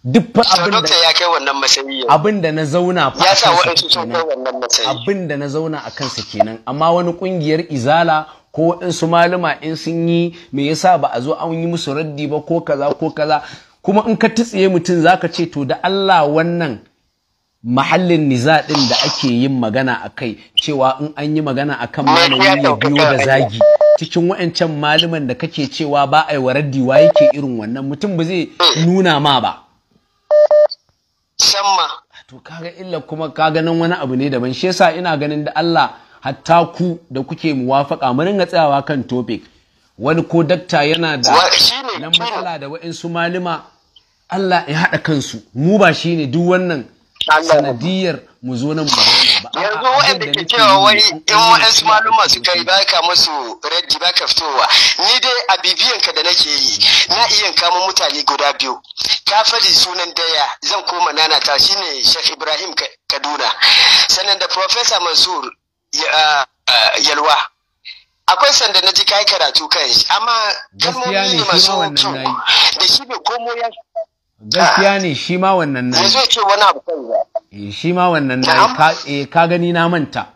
duk fa abin da ya kai wannan masayi abin da na zauna fa ya sa wa'ansu sun kai wannan masayi. abin da na zauna a kansa kenan amma wani ƙungiyar izala ko in su malama in sun yi me yasa ba a zo an yi musu raddi ba ko kaza ko kaza kuma in ka tutsiye mutum zaka ce to da Allah wannan mahallin nizaɗin da ake yin magana a kai cewa in an yi magana a kan malami ya biyo da zagi cikin wa'ancan malaman da kake cewa ba a yi wa raddi wa yake irin wannan mutum ba zai nuna ma ba. To kaga illa kuma kaga nan wani abu ne daban shi yasa ina ganin da Allah hatta ku da kuke muwafaka mu ringa tsayawa kan topic wani ko dakta yana da nan matsala da wa'insu malima Allah ya haɗa kansu mu ba shi ne duk wannan sanadiyar mu zo nan ba yanzu da ke cewa wai in waɗansu maluma suka yi baka musu ba baka fitowa ni dai a bibiyan ka da nake yi na iya kama mutane guda biyu ka fadi sunan daya zan koma nana ta shine Sheikh Ibrahim Kaduna sannan da Professor Mansur Eh, yalwa akwai sanda na ji kai karatu kan shi amma kalmomi ne wannan kyau da shi bai komo ya gaskiya ne shi ma wannan na yanzu ce wani abu kai eh, shi ma wannan na eh, ka gani na manta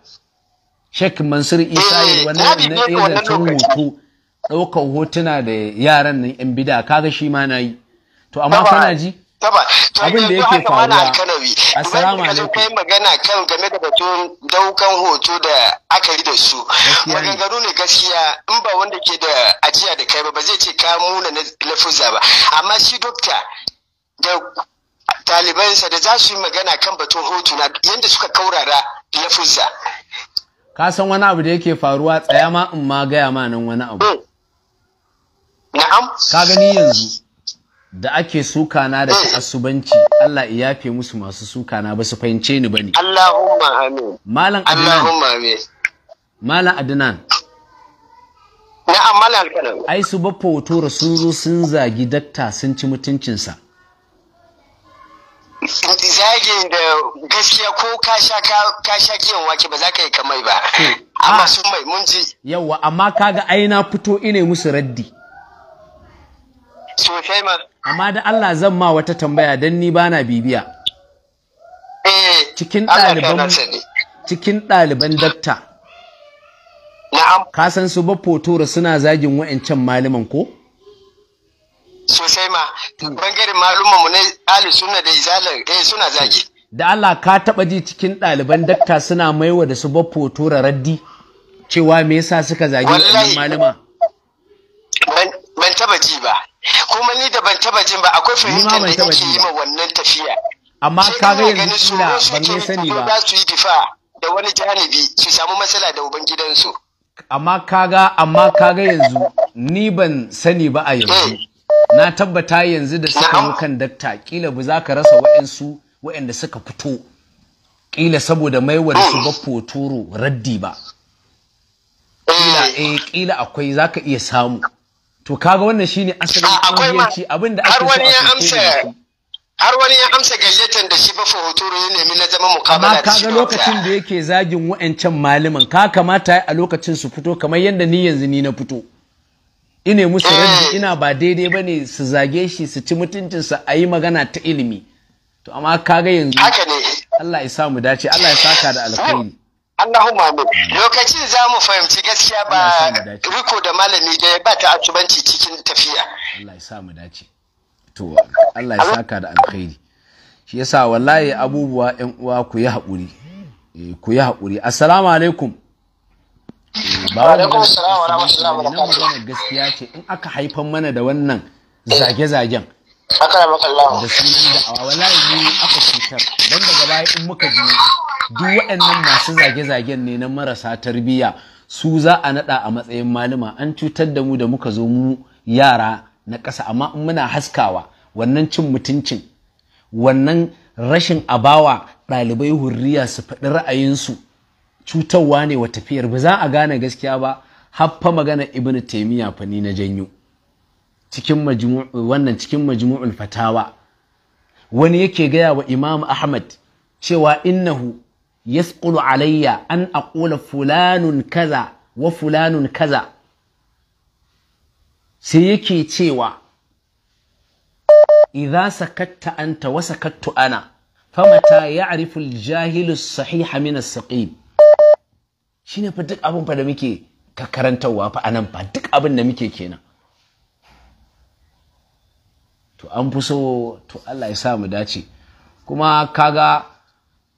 Sheikh Mansur Isa yi wannan ne ɗaya da tun hoto ɗaukar hotuna da yaran nan 'yan bida kaga shi ma nayi to amma kana ji taba abin da yake faruwa assalamu alaikum kai magana kan game da batun daukan hoto da aka yi da su maganganu ne gaskiya in ba wanda ke da ajiya da kai ba ba zai ce ka muna na lafuza ba amma shi dokta da talibansa da za su yi magana kan batun hoto na yadda suka kaurara lafuza ka san wani abu da yake faruwa tsaya ma in ma gaya ma nan wani abu oh. na'am ka gani yanzu da ake na da ta'assubanci Allah ya yafe musu masu sukana ba su fahimce ni bane Allahumma amin Malam Adnan Allahumma amin Malam Adnan Na'am Malam Adnan ai su baffa hoto rasulu sun zagi dakta sun ci mutuncinsa zagi da gaskiya ko ka sha ka sha kiyan wake ba za ka yi kamai ba amma ah. sun mai mun ji yawa amma kaga ai na fito ine musu raddi sosai ma amma da Allah zan ma wata tambaya don ni bana bibiya eh, cikin ɗaliban cikin ɗaliban dakta ka san su ba fotora suna zagin wa'ancan malaman ko sosai ma hmm. bangaren maluman mu na ali suna da izalar eh suna hmm. zagi da Allah ka taba ji cikin ɗaliban dakta suna maiwa da su ba fotora raddi cewa me yasa suka zagi wannan malama ban taba ji ba kuma ni da ban taba jin ba akwai fahimtar da yake yi ma wannan tafiya amma ka ga yanzu suna ban ne sani ba za su yi difa da wani janibi su samu matsala da ubangidansu amma kaga amma kaga yanzu ni ban sani ba a yanzu eh. na tabbata yanzu da suka yi kan dakta kila ba za ka rasa wa'ansu wa'anda suka fito kila saboda maiwar su ba hmm. toro raddi ba kila eh, eh za akwai iya samu To kaga wannan shine asalin kungiyanci abinda ake so a cikin har wani ya amsa gayyatar da shi ba ya nemi na zama mukamala da shi kaga lokacin da yake zagin wa'ancan malaman ka kamata a lokacin su fito kamar yadda ni yanzu ni na fito ina musu raddi eh. ina ba daidai ba ne su zage shi su ci mutuncinsa a yi magana ta ilimi to amma kaga yanzu Allah ya sa mu dace Allah ya saka da alkhairi Eh. Lokacin za mu fahimci gaskiya ba riko da malami da ya ba ta asubanci cikin tafiya. Allah ya sa mu dace. To Allah ya saka da alkhairi. Shi yasa wallahi abubuwa ƴan uwa ku yi haƙuri. Eh, ku yi haƙuri. Assalamu alaikum. Eh, ba wa barakatuh gaskiya ce in aka haifan mana da wannan zage-zagen. Da sunan da awa wallahi ne aka cutar. Don daga baya in muka ji duk waɗannan masu zage-zagen ne na marasa tarbiyya su za a naɗa a matsayin malama an cutar da mu da muka zo mu yara na ƙasa amma in muna haskawa wannan cin mutuncin wannan rashin abawa ɗalibai hurriya su faɗi ra'ayinsu cutarwa ne wa tafiyar ba za a gane gaskiya ba haffa magana ibnu taimiyya fa ni na janyo wannan cikin majmu'ul fatawa wani yake gaya wa imam ahmad cewa innahu yasqulu alayya an aqula fulanun kaza wa fulanun kaza sai yake cewa idza sakatta anta wa sakattu ana famata ya'rifu al-jahilu as-sahiha min as-saqim shine fa duk abin fa da muke ka karantarwa fa anan fa duk abin da muke kenan to an fi so to Allah ya sa mu dace kuma kaga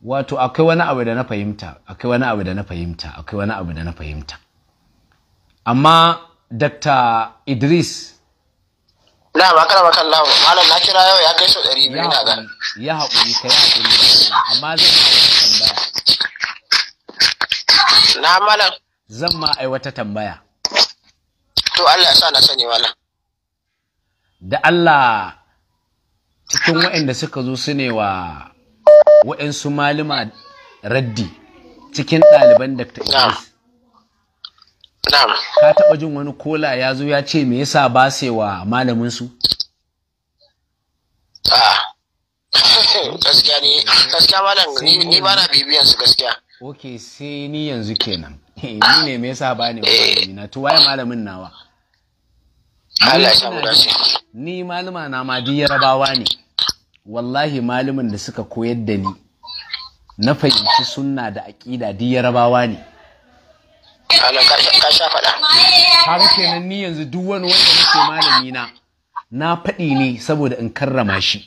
wato akwai wani abu da na fahimta akwai wani abu da na fahimta akwai wani abu da na fahimta amma dr idris na makar makar lawo malam na kira yau ya kai so ɗari biyu na gan ya haƙuri ka ya haƙuri amma zan ma wata tambaya na malam zan ma ai wata tambaya to Allah ya sa na sani malam da Allah cikin waɗanda suka zo su ne wa waɗansu malama raddi cikin ɗaliban Dr. Idris. Ka taɓa jin wani kola ya zo ya ce me yasa ba sai wa malamin su? Ah. gaskiya ni gaskiya malam ni ba na bibiyan su gaskiya. Ok sai ni yanzu kenan. Ni ne me yasa ba ne wa eh. malami na to waye malamin nawa? Allah ya samu dace. Ni malama na ma duk yarabawa ne. wallahi malamin da suka koyar da ni na fahimci sunna da aƙida duk yarabawa ne ka kenan ni yanzu duk wani wanda nake malami na na faɗi ne saboda in karrama shi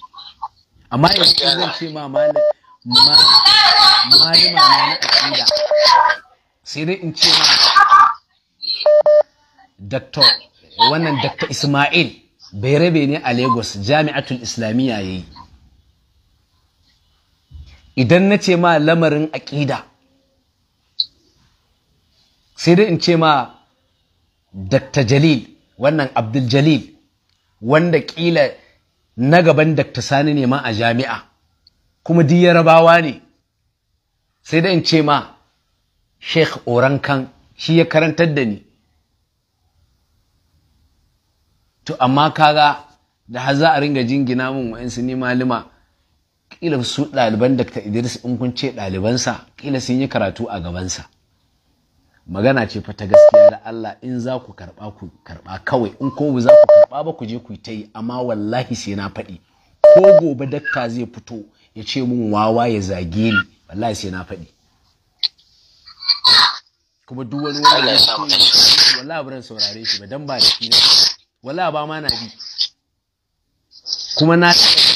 amma yanzu zan ce ma malama na aƙida sai dai in ce ma Dr. wannan Dr. Ismail Berebe ne a Lagos Jami'atul Islamiyya yayi idan na ce ma lamarin aƙida sai dai in ce ma Dr. Jalil wannan Abdul Jalil wanda ƙila na gaban Dr. Sani ne ma a jami'a kuma duk yarabawa ne sai dai in ce ma Sheikh Orankan shi ya karantar da ni to amma kaga da har za a ringa jingina min wa'insu ni malima Kila su ɗaliban Dr. Idris in kun ce ɗalibansa Kila sun yi karatu a gabansa magana ce fa ta gaskiya da Allah in za ku karɓa ku karɓa kawai in ko ba za ku karɓa ba ku je ku ta yi amma wallahi sai na faɗi ko gobe dakta zai fito ya ce mun wawa ya zage ni wallahi sai na faɗi kuma duk wani wani wallahi ba saurare shi ba dan ba da wallahi ba ma na bi kuma na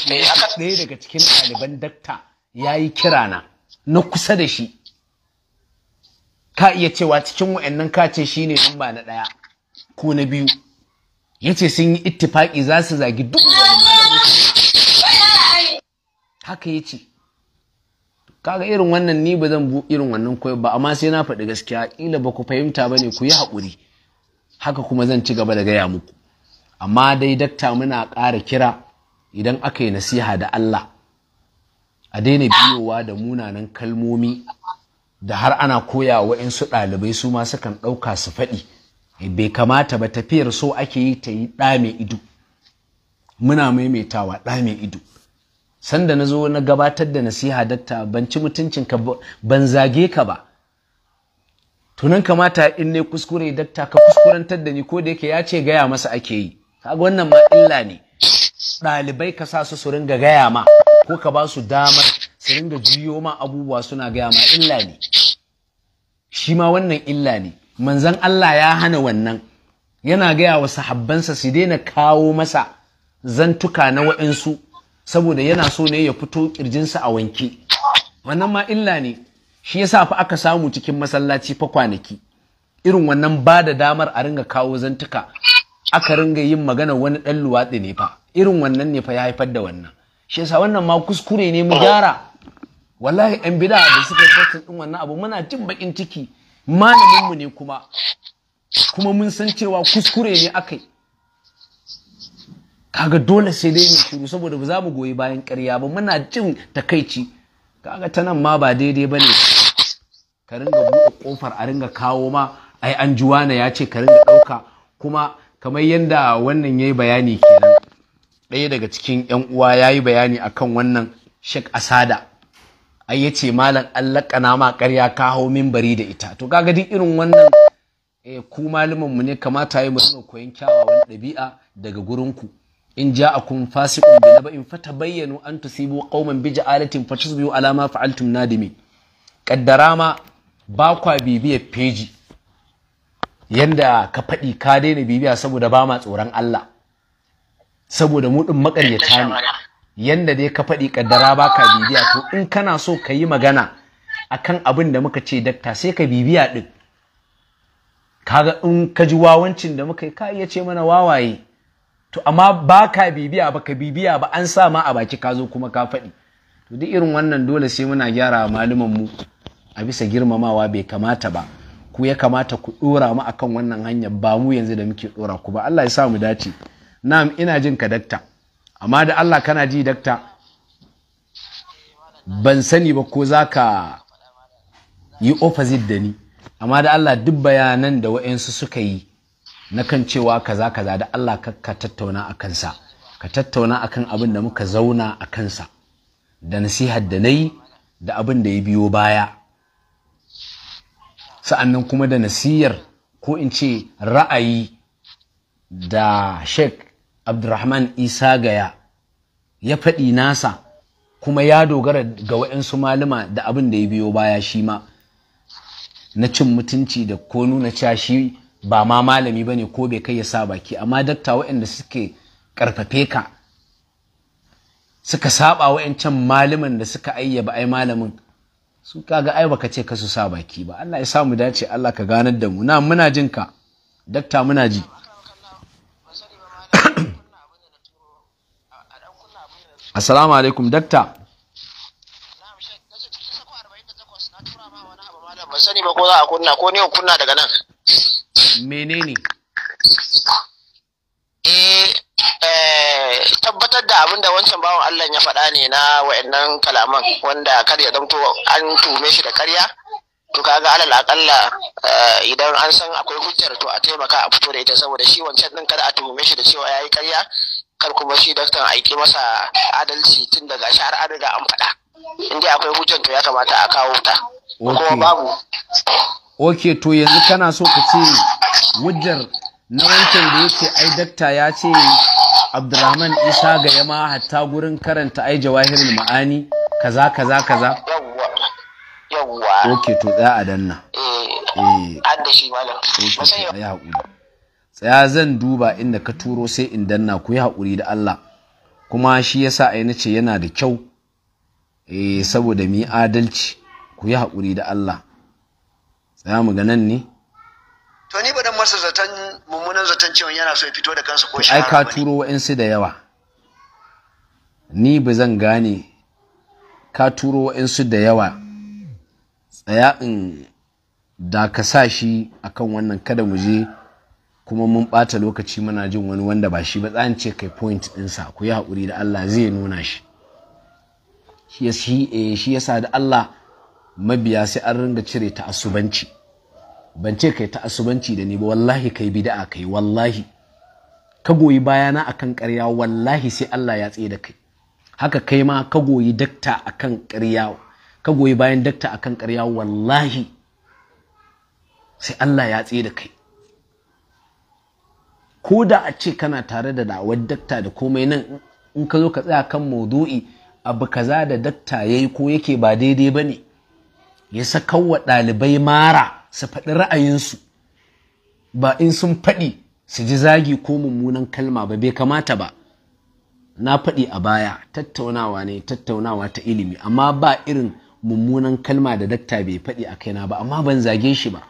ɗaya daga cikin ɗaliban dakta ya yi kirana na kusa da shi ka iya cewa cikin wa'annan kace shi ne ba na ɗaya ko na biyu ya ce sun yi ittifaƙi za su zagi duk haka ya ce kaga irin wannan ni ba zan bu irin wannan koyo ba amma sai na faɗi gaskiya ƙila ba ku fahimta ba ne ku yi haƙuri haka kuma zan ci gaba da gaya muku amma dai dakta muna ƙara kira idan aka yi nasiha da Allah a daina biyowa da munanan kalmomi da har ana koya wa su ɗalibai su ma sukan ɗauka su faɗi eh, bai kamata ba tafiyar so ake yi ta yi ɗa mai ido muna maimaitawa ɗa mai ido sanda na zo na gabatar da nasiha datta ban ci mutuncinka ban zage ka ba tunan kamata in ne kuskure datta ka kuskurantar da ni ko da yake ya ce gaya masa ake yi kaga wannan ma illa ne ɗalibai ka sa su su ringa gaya ma ko ka ba su damar su ringa juyo ma abubuwa suna gaya ma illa ne shi ma wannan illa ne manzan Allah ya hana wannan yana gaya wa sahabbansa su daina kawo masa zantuka na waɗansu saboda yana so ne ya fito kirjinsa a wanke wannan ma illa ne shi yasa fa aka samu cikin masallaci fa kwanaki irin wannan ba da damar a ringa kawo zantuka aka ringa yin magana wani ɗan luwaɗi ne fa irin wannan ne fa ya haifar da wannan shi yasa wannan ma kuskure ne mu gyara wallahi yan bida da suka yi din wannan abu muna jin bakin ciki malamin mu ne kuma kuma mun san cewa kuskure ne akai kaga dole sai dai mu shiru saboda ba za mu goyi bayan ƙarya ba muna jin takaici kaga ta nan ma ba daidai bane ka ringa buɗe kofar a ringa kawo ma ai anjuwana ya ce ka ringa ɗauka kuma kamar yadda wannan yayi bayani kenan ɗaya daga cikin 'yan uwa ya yi bayani a kan wannan shek asada ai ya ce malam an laƙana ma ƙarya ka hau mimbari da ita to kaga duk irin wannan eh ku mu ne kamata ya yi mu koyon kyawawan ɗabi'a daga gurin ku. in ja a kun ja'akum ba in fata bayyana an tusibu qauman bi ja'alatin fatusbihu ala ma fa'altum nadimi kaddara ma ba kwa bibiyar feji yanda ka faɗi ka daina bibiya saboda ba ma tsoron Allah saboda mu din makaryata ne yanda dai ka faɗi kaddara baka bibiya to in kana so ka yi magana akan abin da muka ce dakta sai ka bibiya din kaga in ka ji wawancin da muka yi ka iya ce mana wawaye to amma ba bibiya ba ka bibiya ba an sa ma a baki ka zo kuma ka faɗi to duk irin wannan dole sai muna gyara malaman mu a bisa girmamawa bai kamata ba ku ya kamata ku ɗora mu akan wannan hanyar ba mu yanzu da muke ɗora ku ba Allah ya sa mu dace na'am ina jin ka dakta amma da Allah kana ji dakta ban sani ba ko za ka yi opposite da ni amma da Allah duk bayanan da wa'yansu suka yi na kan cewa kaza kaza da Allah ka tattauna a kansa ka tattauna akan abin da muka zauna a kansa da nasihar da na yi da abin da ya biyo baya sa'annan kuma da nasiyar ko in ce ra'ayi da shek. abdurrahman isa gaya ya faɗi nasa kuma ya dogara ga waɗansu malama da abin da ya biyo baya shi ma na cin mutunci da ko nuna cewa shi ba ma malami ba ne ko bai kai ya sa baki amma dakta waɗanda suke ƙarfafe ka suka saba waɗancan malaman da suka ayyaba ai malamin su kaga ai baka ce ka su sa baki ba Allah ya samu dace Allah ka ganar da mu na muna jinka dakta muna ji assalamu alaikum dakta menene eh, eh tabbatar da abin da wancan bawan Allah ya faɗa ne na wa'annan kalaman wanda kar ya zamto an tume shi da karya to kaga alal akalla eh, idan an san akwai hujjar to a taimaka a fito da ita saboda shi wancan din kada a tume shi da cewa yayi karya kar kuma shi daktan aiki masa adalci tun daga shahar har an riga an faɗa in dai akwai hujjan to ya kamata a kawo ta kuma babu ok to yanzu kana so ka ce hujjar na wancan da yake ai dakta ya ce abdulrahman isa ga yama hatta gurin karanta ai jawahirul ma'ani kaza kaza kaza yawwa ok to za a danna eh, eh an da shi malam sai ya hakuri tsaya zan duba inda ka turo sai in danna ku yi haƙuri da Allah kuma shi ya sa ai ce yana da kyau eh saboda mu yi adalci ku yi haƙuri da Allah tsaya mu ga nan ne to ni ba dan masa zaton mummunan zaton cewa yana so ya fito da kansa ko shi ai ka turo wa'ansu da yawa ni ba zan gane ka turo wa'ansu da yawa tsaya in da ka sa shi akan wannan kada mu je kuma mun bata lokaci muna jin wani wanda ba shi ba tsayin ce kai point ɗinsa ku yi haƙuri da Allah zai nuna shi shi yasa eh, da Allah mabiya sai an ringa cire ta'assubanci ban ce kai ta'assubanci da ni ba wallahi kai bida'a kai wallahi ka goyi bayana akan karya, wallahi sai Allah ya tsaye da kai haka kai ma ka goyi dakta akan ƙarya ka goyi bayan dakta akan ƙarya wallahi sai Allah ya tsaye da kai ko da a ce kana tare da da'awar dakta da komai nan in ka zo ka tsaya kan maudu'i abu kaza da dakta ya yi ko yake ba daidai ba ne ya wa ɗalibai mara su faɗi ra'ayinsu ba in sun faɗi su ji zagi ko mummunan kalma ba bai kamata ba na faɗi a baya tattaunawa ne tattaunawa ta ilimi amma ba irin mummunan kalma da dakta bai faɗi a kaina ba amma ban zage shi ba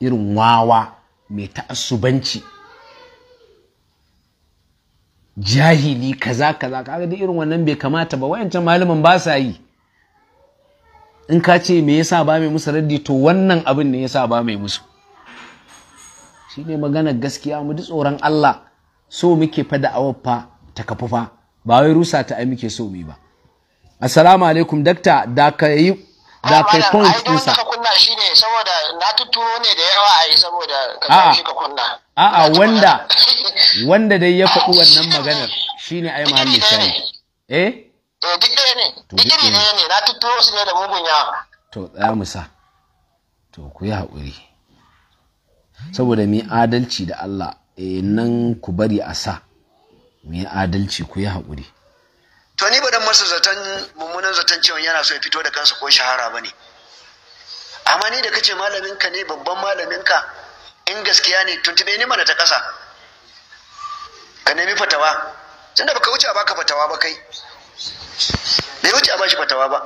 irin wawa mai ta'assubanci jahili kaza kaza kaga da irin wannan bai kamata ba wayancan malaman ba sa yi in ka ce me yasa ba mai musu raddi to wannan abin ne yasa ba mai musu shine maganar gaskiya mu ji tsoron Allah so muke fada awaffa ta kafu ba wai rusa ta ai muke so mu ba assalamu alaikum dakta da kai da kai kun saboda na tutturo ne da yawa a yi saboda ka shi ka kunna a'a wanda wanda dai ya faɗi wannan maganar shine ai mahallin shayi. eh To duk ɗaya ne digiri ne ne na tutturo su ne da mugun yawa to tsaya mu sa to ku yi haƙuri saboda mu adalci da Allah eh nan ku bari a sa mu adalci ku yi haƙuri to ni ba dan masa zaton mummunan zaton cewa yana so ya fito da kansa ko shahara ba ne amma ni da kace malamin ka ne babban malamin ka in gaskiya ne tuntube ni mana ta ƙasa ka nemi fatawa tunda baka wuce a baka fatawa ba kai bai wuce a bashi fatawa ba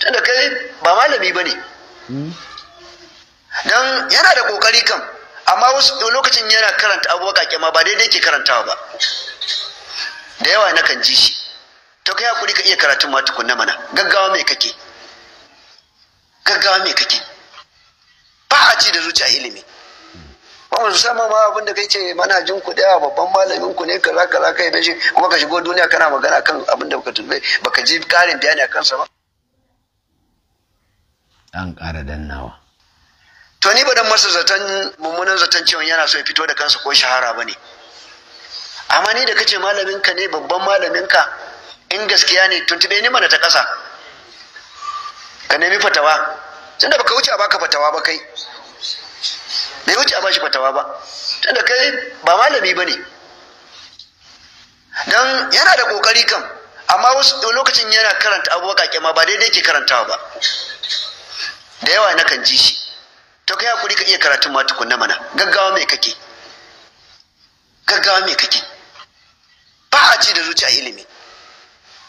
tunda kai ba malami ba ne hmm? don yana da kokari kam amma wasu lokacin yana karanta abubuwa kake ma ba daidai ke karantawa ba da yawa na kan ji shi to kai hakuri ka iya karatun ma tukunna mana gaggawa mai kake gaggawa mai kake a da zuciya ilimi kuma sama ma abin da kai ce jin ku daya babban malamin ku ne kaza kaza kai da shi kuma ka shigo duniya kana magana kan abin da baka tunbe baka ji karin bayani a kansa ba an ƙara dannawa to ni ba dan masa zaton mummunan zaton cewa yana so ya fito da kansa ko shahara ba ne amma ni da kace malamin ka ne babban malamin ka in gaskiya ne tuntube ni mana ta ƙasa ka nemi fatawa tunda baka wuce a baka fatawa ba kai bai wuce a bashi fatawa ba tunda kai ba malami ba ne don yana da kokari kan amma wasu lokacin yana karanta abubuwa ma ba daidai ke karantawa ba da yawa na kan ji shi to kai hakuri ka iya karatun ma na mana gaggawa mai kake gaggawa mai kake ba a ci da zuciya ilimi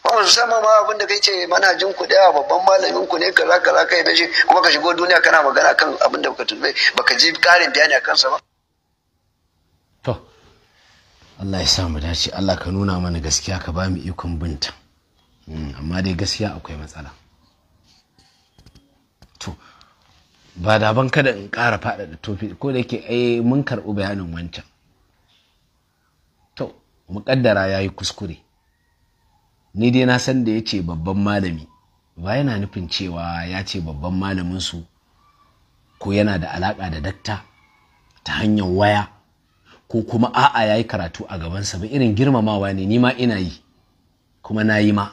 kuma sama ma abin da kai ce mana jin ku da babban malamin ku ne kaza kaza kai da shi kuma ka shigo duniya kana magana kan abin da baka tunbe baka ji karin bayani a kansa ba to Allah ya sa mu dace Allah ka nuna mana gaskiya ka ba ikon binta hmm, amma dai gaskiya akwai matsala to ba da ban kada in ƙara faɗaɗa tofi ko da yake ai eh, mun karɓi bayanin wancan to muƙaddara ya yi kuskure ni dai na san da ya ce babban malami ba yana nufin cewa ya ce babban malaminsu ko yana da alaƙa da dakta ta hanyar waya ko kuma a'a ya yi karatu a gabansa ba irin girmamawa ne ni ma ina yi kuma na yi ma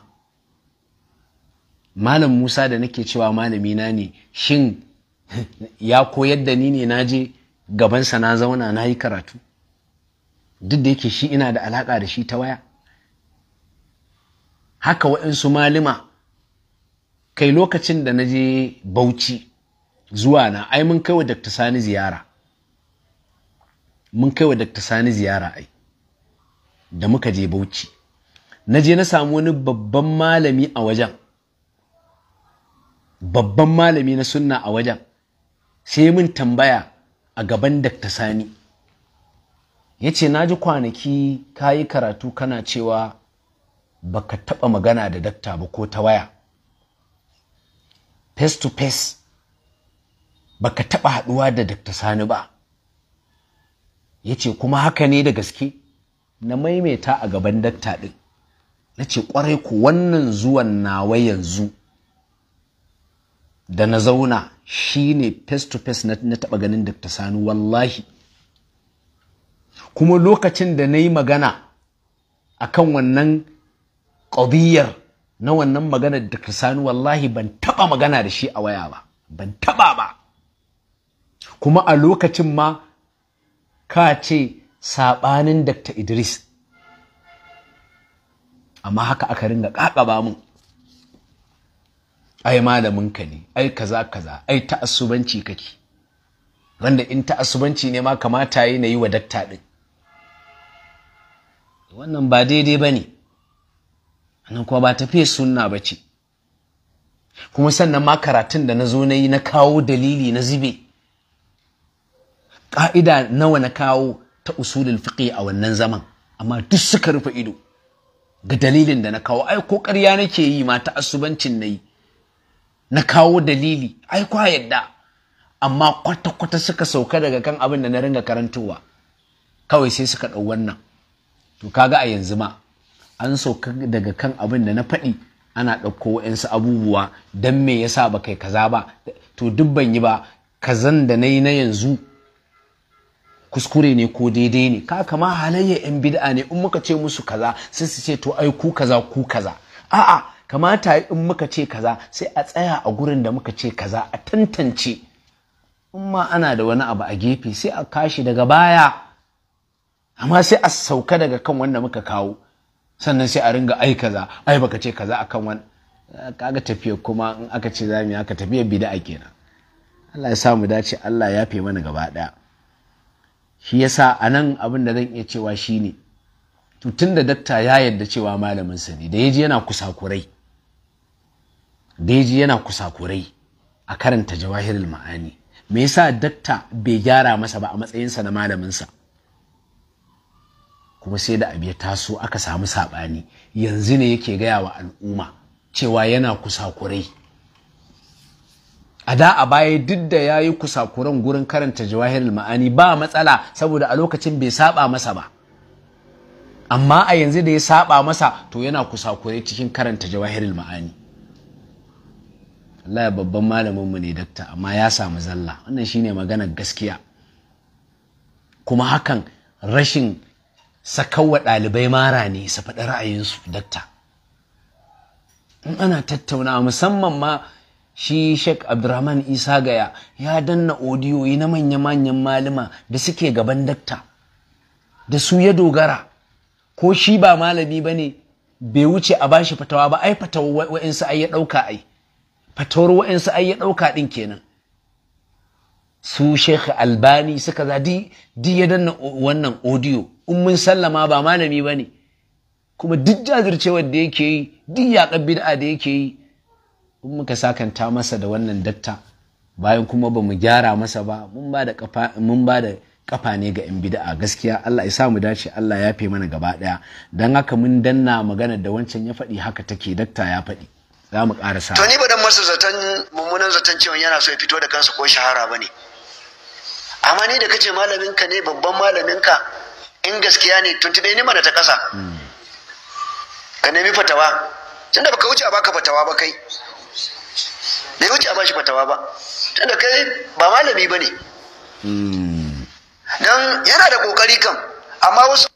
malam musa da nake cewa malamina na ne shin ya koyar da ni ne na je gabansa na zauna na yi karatu duk da yake shi ina da alaƙa da shi ta waya haka waɗansu malima kai lokacin da na je bauchi zuwa na ai mun kai wa Dr. Sani ziyara mun kai wa Dr. Sani ziyara ai da muka je bauchi na je na samu wani babban malami a wajen babban malami na sunna a wajen sai mun tambaya a gaban Dr. Sani ya ce na ji kwanaki ka yi karatu kana cewa baka taɓa magana da dakta ba ko ta waya face to face baka taɓa haduwa da dakta sani ba yace kuma haka ne da gaske na maimaita a gaban dakta din. nace kwarai ku wannan zuwan nawa yanzu da na zauna shine face to face na taɓa ganin dakta sani wallahi kuma lokacin da na yi magana a kan wannan ƙabiyar na wannan maganar da sani wallahi ban taɓa magana da shi a waya ba ban taɓa ba kuma a lokacin ma ka ce saɓanin Dr. Idris amma haka aka ringa ƙaƙaba mun ai malamin ka ne ai kaza kaza ai ta'assubanci kake wanda in ta'assubanci ne ma kamata yi na yi wa dakta ɗin wannan ba daidai ba ne nan kuma ba tafiya sunna ba ce kuma sannan ma karatun da na zo na yi na kawo dalili na zube ƙa'ida nawa na kawo ta usulul fiqi a wannan zaman amma duk suka rufe ido ga dalilin da na kawo ai ko ƙarya nake yi ma ta asubancin na yi na kawo dalili ai kwa yadda amma kwata-kwata suka sauka daga kan abin da na ringa karantowa kawai sai suka ɗau wannan to kaga a yanzu ma an sauka daga kan abin da na faɗi ana ɗauko wa'insu abubuwa don me yasa ba kai kaza ba to duk ban yi ba kazan da na yi na yanzu kuskure ne ko daidai ne ka kama halayya yan bid'a ne in muka ce musu kaza sai su ce to ai ku kaza ku kaza a'a kamata in muka ce kaza sai a tsaya a gurin da muka ce kaza a tantance in ma ana da wani abu a gefe sai a kashi daga baya amma sai a sauka daga kan wanda muka kawo sannan sai a ringa ai kaza ai baka ce kaza akan wani kaga tafiya kuma in aka ce za mu haka tafiyar bid'a kenan Allah ya samu dace Allah ya fi mana gaba daya shi yasa nan abin da zan iya cewa shi ne. to da dakta ya yarda cewa malamin sa ne da yaji yana kusakurai da yaji yana kusakurai a karanta jawahirul ma'ani me yasa dakta bai gyara masa ba a matsayinsa na malamin sa kuma sai da abu ya taso aka samu saɓani yanzu ne yake gaya wa al'umma cewa yana kusakurai a da a baya duk da ya yi kusakuran gurin karanta jawahirul ma'ani ba matsala saboda a lokacin bai saba masa ba amma a yanzu da ya saba masa to yana kusakurai cikin karanta jawahirul ma'ani Allah ya babban malaminmu ne dakta amma ya samu zalla wannan shine maganar gaskiya kuma hakan rashin sakawa ɗalibai mara ne su faɗi ra'ayinsu dakta in ana tattauna musamman ma shi sheikh abdurrahman isa gaya ya danna odiyoyi na manya-manyan malama da suke gaban dakta da su ya dogara ko shi ba malami ba ne bai wuce a bashi fatawa ba ai fatawar wa'insu ai ya ɗauka ai fatawar wa'insu ai ya ɗauka ɗin kenan su sheikh albani suka za di ya danna wannan audio in sallama ba malami ba ne kuma duk jazircewar da yake yi duk yaƙar bid'a da yake yi in muka sakanta masa da wannan datta bayan kuma ba mu gyara masa ba mun ba da kafa mun ba da kafa ne ga yan bid'a gaskiya Allah ya sa mu dace Allah ya fe mana gaba daya dan haka mun danna magana da wancan ya faɗi haka take datta ya faɗi za mu sa. to ni ba dan masa zaton mummunan zaton cewa yana so ya fito da kansa ko shahara bane amma ni da kace malamin ka ne babban malamin ka in gaskiya ne tuntube ni mana ta kasa ka nemi fatawa tunda baka wuce a baka fatawa ba kai bai wuce a bashi fatawa ba tunda kai ba malami ba ne don yana da kokari kan amma wasu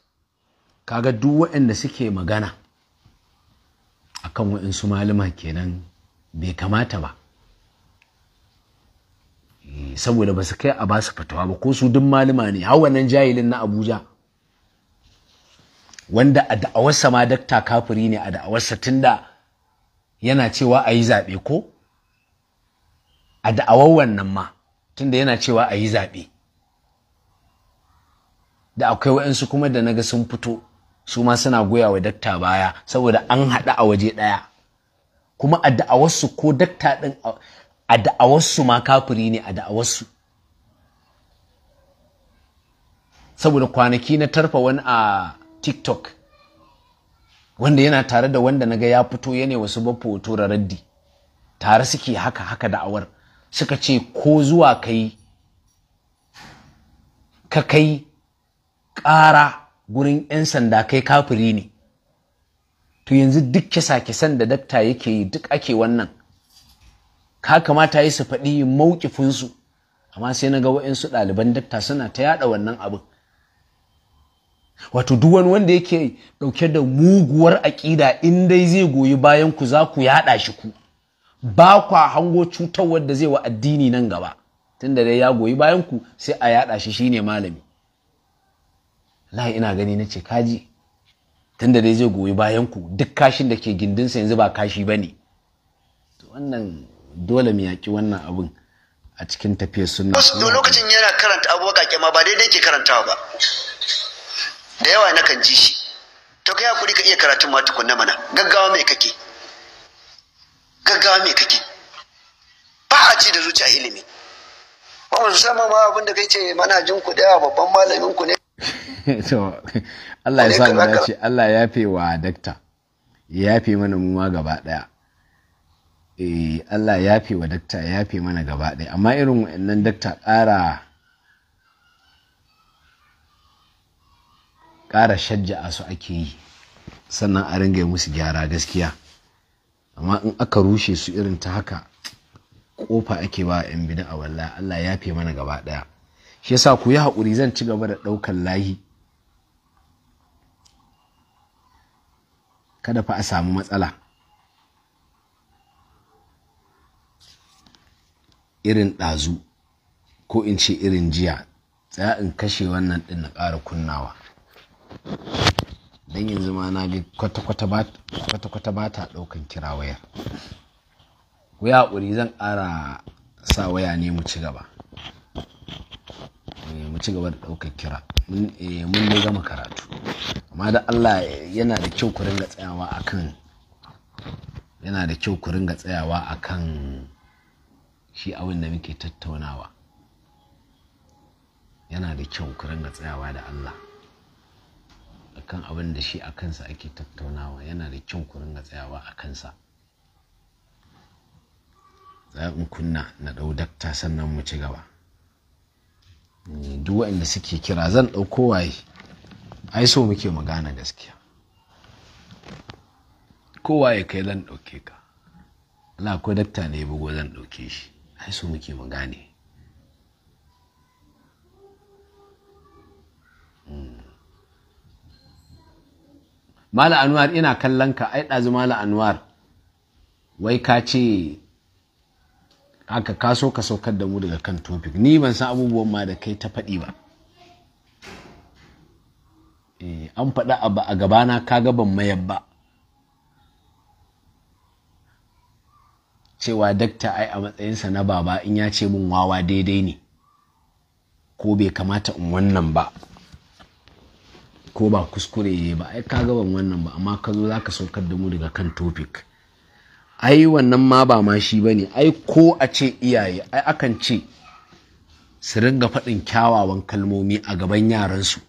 kaga duk waɗanda suke magana akan waɗansu malama kenan bai kamata ba saboda ba su kai a ba su fatawa ba ko su duk malama ne har jahilin na abuja wanda a da'awarsa ma dakta kafiri ne a da'awarsa tunda yana cewa a yi zaɓe ko a da'awar wannan ma tunda yana cewa a yi zaɓe da akwai waɗansu kuma da naga sun fito su ma suna goya wa dakta baya saboda an haɗu a waje ɗaya kuma a da'awarsu ko dakta ɗin a da'awarsu ma kafiri ne a da'awarsu saboda kwanaki na tarfa wani a tiktok wanda yana tare da wanda naga ya fito ya wasu bafo foto raddi tare suke haka haka da'awar suka ce ko zuwa kai ka kai ƙara gurin 'yan sanda kai kafiri ne to yanzu duk kisa kisan da dakta yake yi duk ake wannan ka kamata yi su faɗi maukifinsu. amma sai na ga waɗansu ɗaliban datta suna ta yaɗa wannan abin wato duk wani wanda yake ɗauke da muguwar aƙida in dai zai goyi bayan ku za ku yaɗa shi ku ba kwa hango cutar da zai wa addini nan gaba tunda dai ya goyi bayan ku sai a yaɗa shi shine malami lai ina gani na ce kaji tunda dai zai goyi bayan ku duk kashin da ke gindinsa yanzu ba kashi ba ne dole mu yaƙi wannan abin a cikin tafiya sunna wasu lokacin yana karanta abuwa kake ma ba daidai ke karanta ba da yawa na kan ji shi to kai hakuri ka iya karatun ma tukunna mana gaggawa mai kake gaggawa mai kake ba a ci da zuciya ilimi ba mu sama ma abin da kai ce mana jin ku daya babban malamin ku ne to Allah ya sa mu dace Allah ya fi wa dakta ya fi mana mu ma gaba daya eh Allah ya fi wa dakta ya fi mana gaba ɗaya amma irin wa'annan dakta ƙara ƙara shajja'a su ake yi sannan a ringa musu gyara gaskiya amma in aka rushe su irin ta haka ƙofa ake ba yan bid'a wallahi Allah ya fi mana gaba ɗaya shi yasa ku yi haƙuri zan ci gaba da ɗaukan layi kada fa a samu matsala irin ɗazu ko in ce irin jiya tsaya in kashe wannan ɗin na ƙara kunnawa don yanzu ma na ga kwata-kwata ba ta ɗaukan kira wayar wuya ƙuri zan ƙara sa waya ne mu ci gaba eh, mu ci gaba da ɗaukan kira mun eh, ne gama karatu amma da allah yana da kyau ku ringa tsayawa akan yana da kyau ku ringa tsayawa akan shi abin da muke tattaunawa yana da kyau ringa tsayawa da Allah akan abin da shi a kansa ake tattaunawa yana da kyau ku ringa tsayawa a kansa za in kunna na ɗau dakta sannan mu ci gaba eh, duk waɗanda suke kira zan ɗauko waye ai so muke magana gaskiya kowa ya kai zan ɗauke ka Allah ko dakta ne bugo zan ɗauke shi kai so muke mu gane hmm. Mala Anwar ina kallon ka ai ɗazu Mala Anwar wai ka ce haka ka so ka saukar da mu daga kan topic ni ban san abubuwan ma da kai ta faɗi ba eh, an faɗa a gabana ka ga ban mayar ba cewa dakta ai a matsayinsa na baba in ya ce min wawa daidai ne ko bai kamata in wannan ba ko ba kuskure ne ba ai ka gaban wannan ba amma ka zo za ka saukar da mu daga kan topic ai wannan ma ba ma shi ba ne ai ko a ce iyaye ai akan ce su ringa faɗin kyawawan kalmomi a gaban yaransu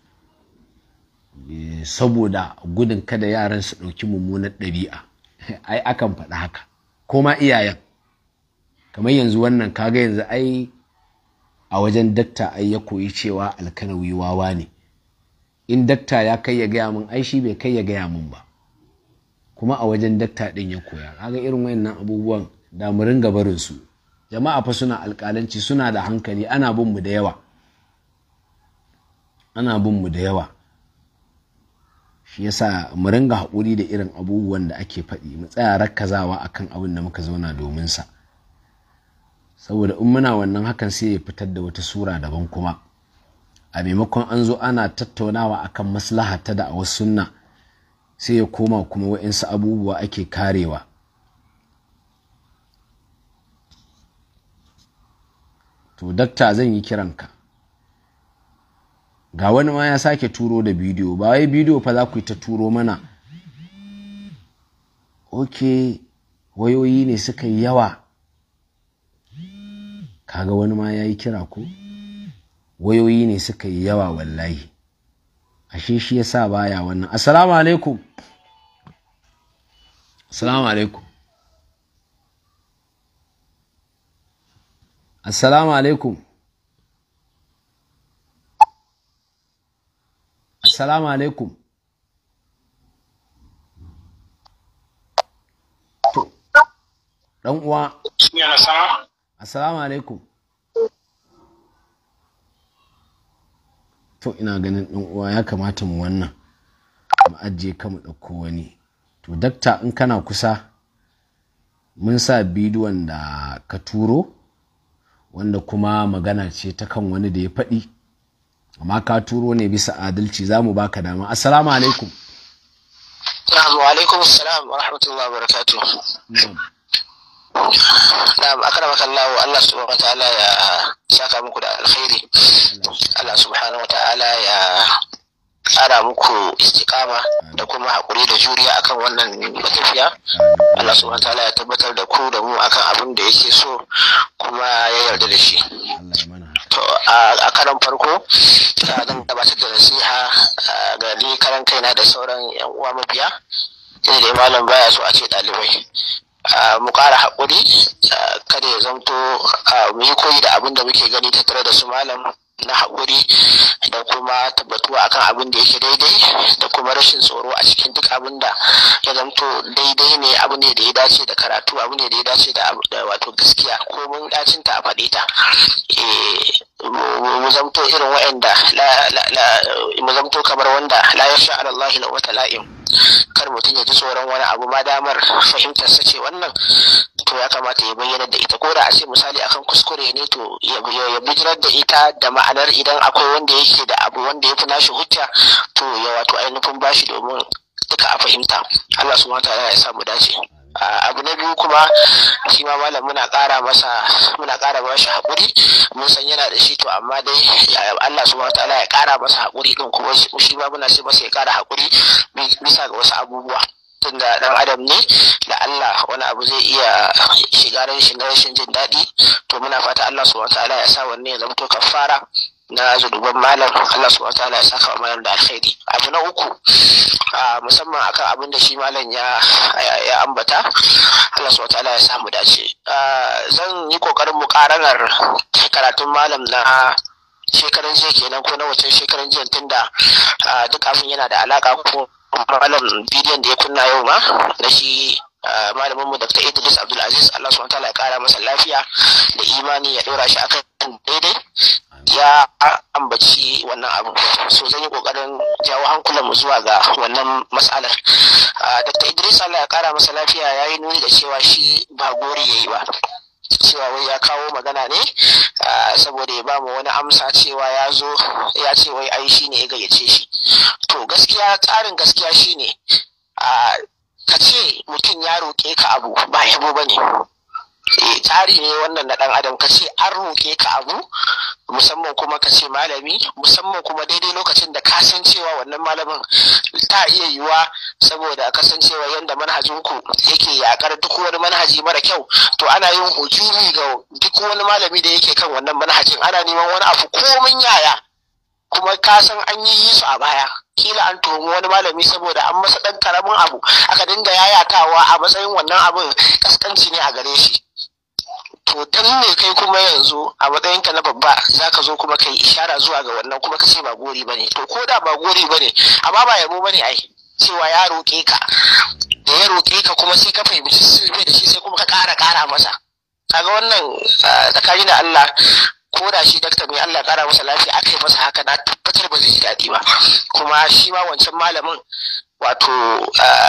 eh, saboda gudun kada yaran su ɗauki mummunar ɗabi'a ai akan faɗi haka Koma iyayen kamar yanzu wannan kaga yanzu ai a wajen dakta ai ya koyi cewa alkanawi wawa ne in dakta ya kai ya gaya min ai shi bai kai ya gaya min ba kuma a wajen dakta din ya koya kaga irin wayannan abubuwan da mu ringa barin su jama'a fa suna alƙalanci suna da hankali ana bin mu da yawa ana bin mu da yawa shi yasa mu ringa haƙuri da irin abubuwan da ake faɗi mu tsaya rakkazawa akan abin da muka zauna domin sa saboda in muna wannan hakan sai ya fitar da wata sura daban kuma a maimakon an zo ana tattaunawa akan maslaha ta da wasu sunna sai ya koma kuma wa'insu abubuwa ake karewa to dakta zan yi kiranka ga wani ma ya sake turo da bidiyo ba wai bidiyo fa za ku yi ta turo mana ok wayoyi ne suka yi yawa kaga wani ma ya yi kira ko wayoyi ne suka yi yawa wallahi ashe shi ya sa baya wannan assalamu alaikum assalamu alaikum assalamu alaikum Assalamu alaikum. uwa. Assalamu To ina ganin ɗan uwa ya kamata mu wannan mu ajiye ka mu ɗauko wani. To dakta in kana kusa mun sa bidiyon da ka turo wanda kuma magana ce ta kan wani da ya faɗi. amma ka turo ne bisa adalci za mu baka dama assalamu alaikum wa alaikum assalam wa rahmatullahi wa barakatuh na'am akrama kallahu Allah subhanahu wa ta'ala ya saka muku da alkhairi Allah subhanahu wa ta'ala ya ara muku istiqama da kuma haƙuri da juriya akan wannan tafiya Allah subhanahu ta'ala ya tabbatar da ku da mu akan abin da yake so kuma ya yarda da shi to a karan farko zan gabatar da nasiha ga ni karan kaina da sauran yan uwa mabiya ina da malam baya so a ce ɗalibai mu ƙara haƙuri kada ya zamto mu yi koyi da abin da muke gani tattare da su malam na haƙuri da kuma tabbatuwa akan abin da yake daidai da kuma rashin tsoro a cikin duk abin da ya zamto daidai ne abu ne da ya dace da karatu abu ne da ya dace da wato gaskiya ko mun dacin ta a faɗe ta eh, mu zamto irin wa'anda mu zamto kamar wanda la yasha Allah la wata la'im kar mutum ya ji tsoron wani abu ma damar fahimtar sa ce wannan to ya kamata ya bayyana da ita ko da a ce misali akan kuskure ne to ya bijirar da ita da ma'anar idan akwai wanda yake da abu wanda ya fi nashi hujja to ya wato ainihin bashi domin duka a fahimta Allah subhanahu wa ta'ala ya samu dace abu na biyu kuma shi ma malam muna ƙara masa muna ƙara masa haƙuri mun san yana da shi to amma dai Allah subhanahu wataala ya ƙara masa haƙuri din kuma shi ma muna sai masa ya ƙara haƙuri bisa ga wasu abubuwa tunda dan adam ne da Allah wani abu zai iya shiga ran shiga rashin jin daɗi to muna fata Allah subhanahu wataala ya sa wannan ya zama to kafara na zuduban malam Allah subhanahu ya saka wa da alkhairi abu na uku musamman akan abin da shi malam ya ambata Allah subhanahu ya samu dace zan yi kokarin mukaranar karatun malam na shekaran jiya kenan ko na wace shekaran jiya tunda duk abin yana da alaka ko malam bidiyon da ya kunna yau ma na shi Ah, malamin mu Dr. Idris Abdul Aziz Allah subhanahu wataala ya kara masa lafiya da imani ya dora shi akan daidai ya ambaci wannan abu so zan yi kokarin jawo hankulan mu zuwa ga wannan mas'alar ah, Dr. Idris Allah ya kara masa lafiya yayi nuni da cewa shi ba gori yayi ba cewa wai ya kawo magana ne ah, saboda ya bamu wani amsa cewa ya zo ya ce wai ai shi ne ya gayyace shi to gaskiya tsarin gaskiya shine ka ce mutum ya roƙe ka abu ba yabo ba ne eh, tsari ne wannan na ɗan adam ka ce an roƙe ka abu musamman kuma ka ce malami musamman kuma daidai lokacin da ka san cewa wannan malamin ta iya yiwuwa saboda kasancewa yadda manhajinku yake yakar duk wani manhaji mara kyau to ana yin hujumi ga duk wani malami da yake kan wannan manhajin ana neman wani abu komin yaya kuma ka san an yi yi su a baya kila an tuhumi wani malami saboda an masa dan karamin abu aka dinga yayatawa a matsayin wannan abin kaskanci ne a gare shi to dan ne kai kuma yanzu a matsayin ka na babba zaka zo kuma kai ishara zuwa ga wannan kuma ka ce ba gori bane to ko da ba gori bane amma ba yabo bane ai cewa ya roƙe ka da ya roƙe ka kuma sai ka fahimci sirri da shi sai kuma ka ƙara ƙara masa kaga wannan ah, tsakani da Allah ko da shi dakta mai Allah kara masa lafiya aka yi masa haka na tabbatar ba zai ji daɗi ba kuma shi ma wancan malamin wato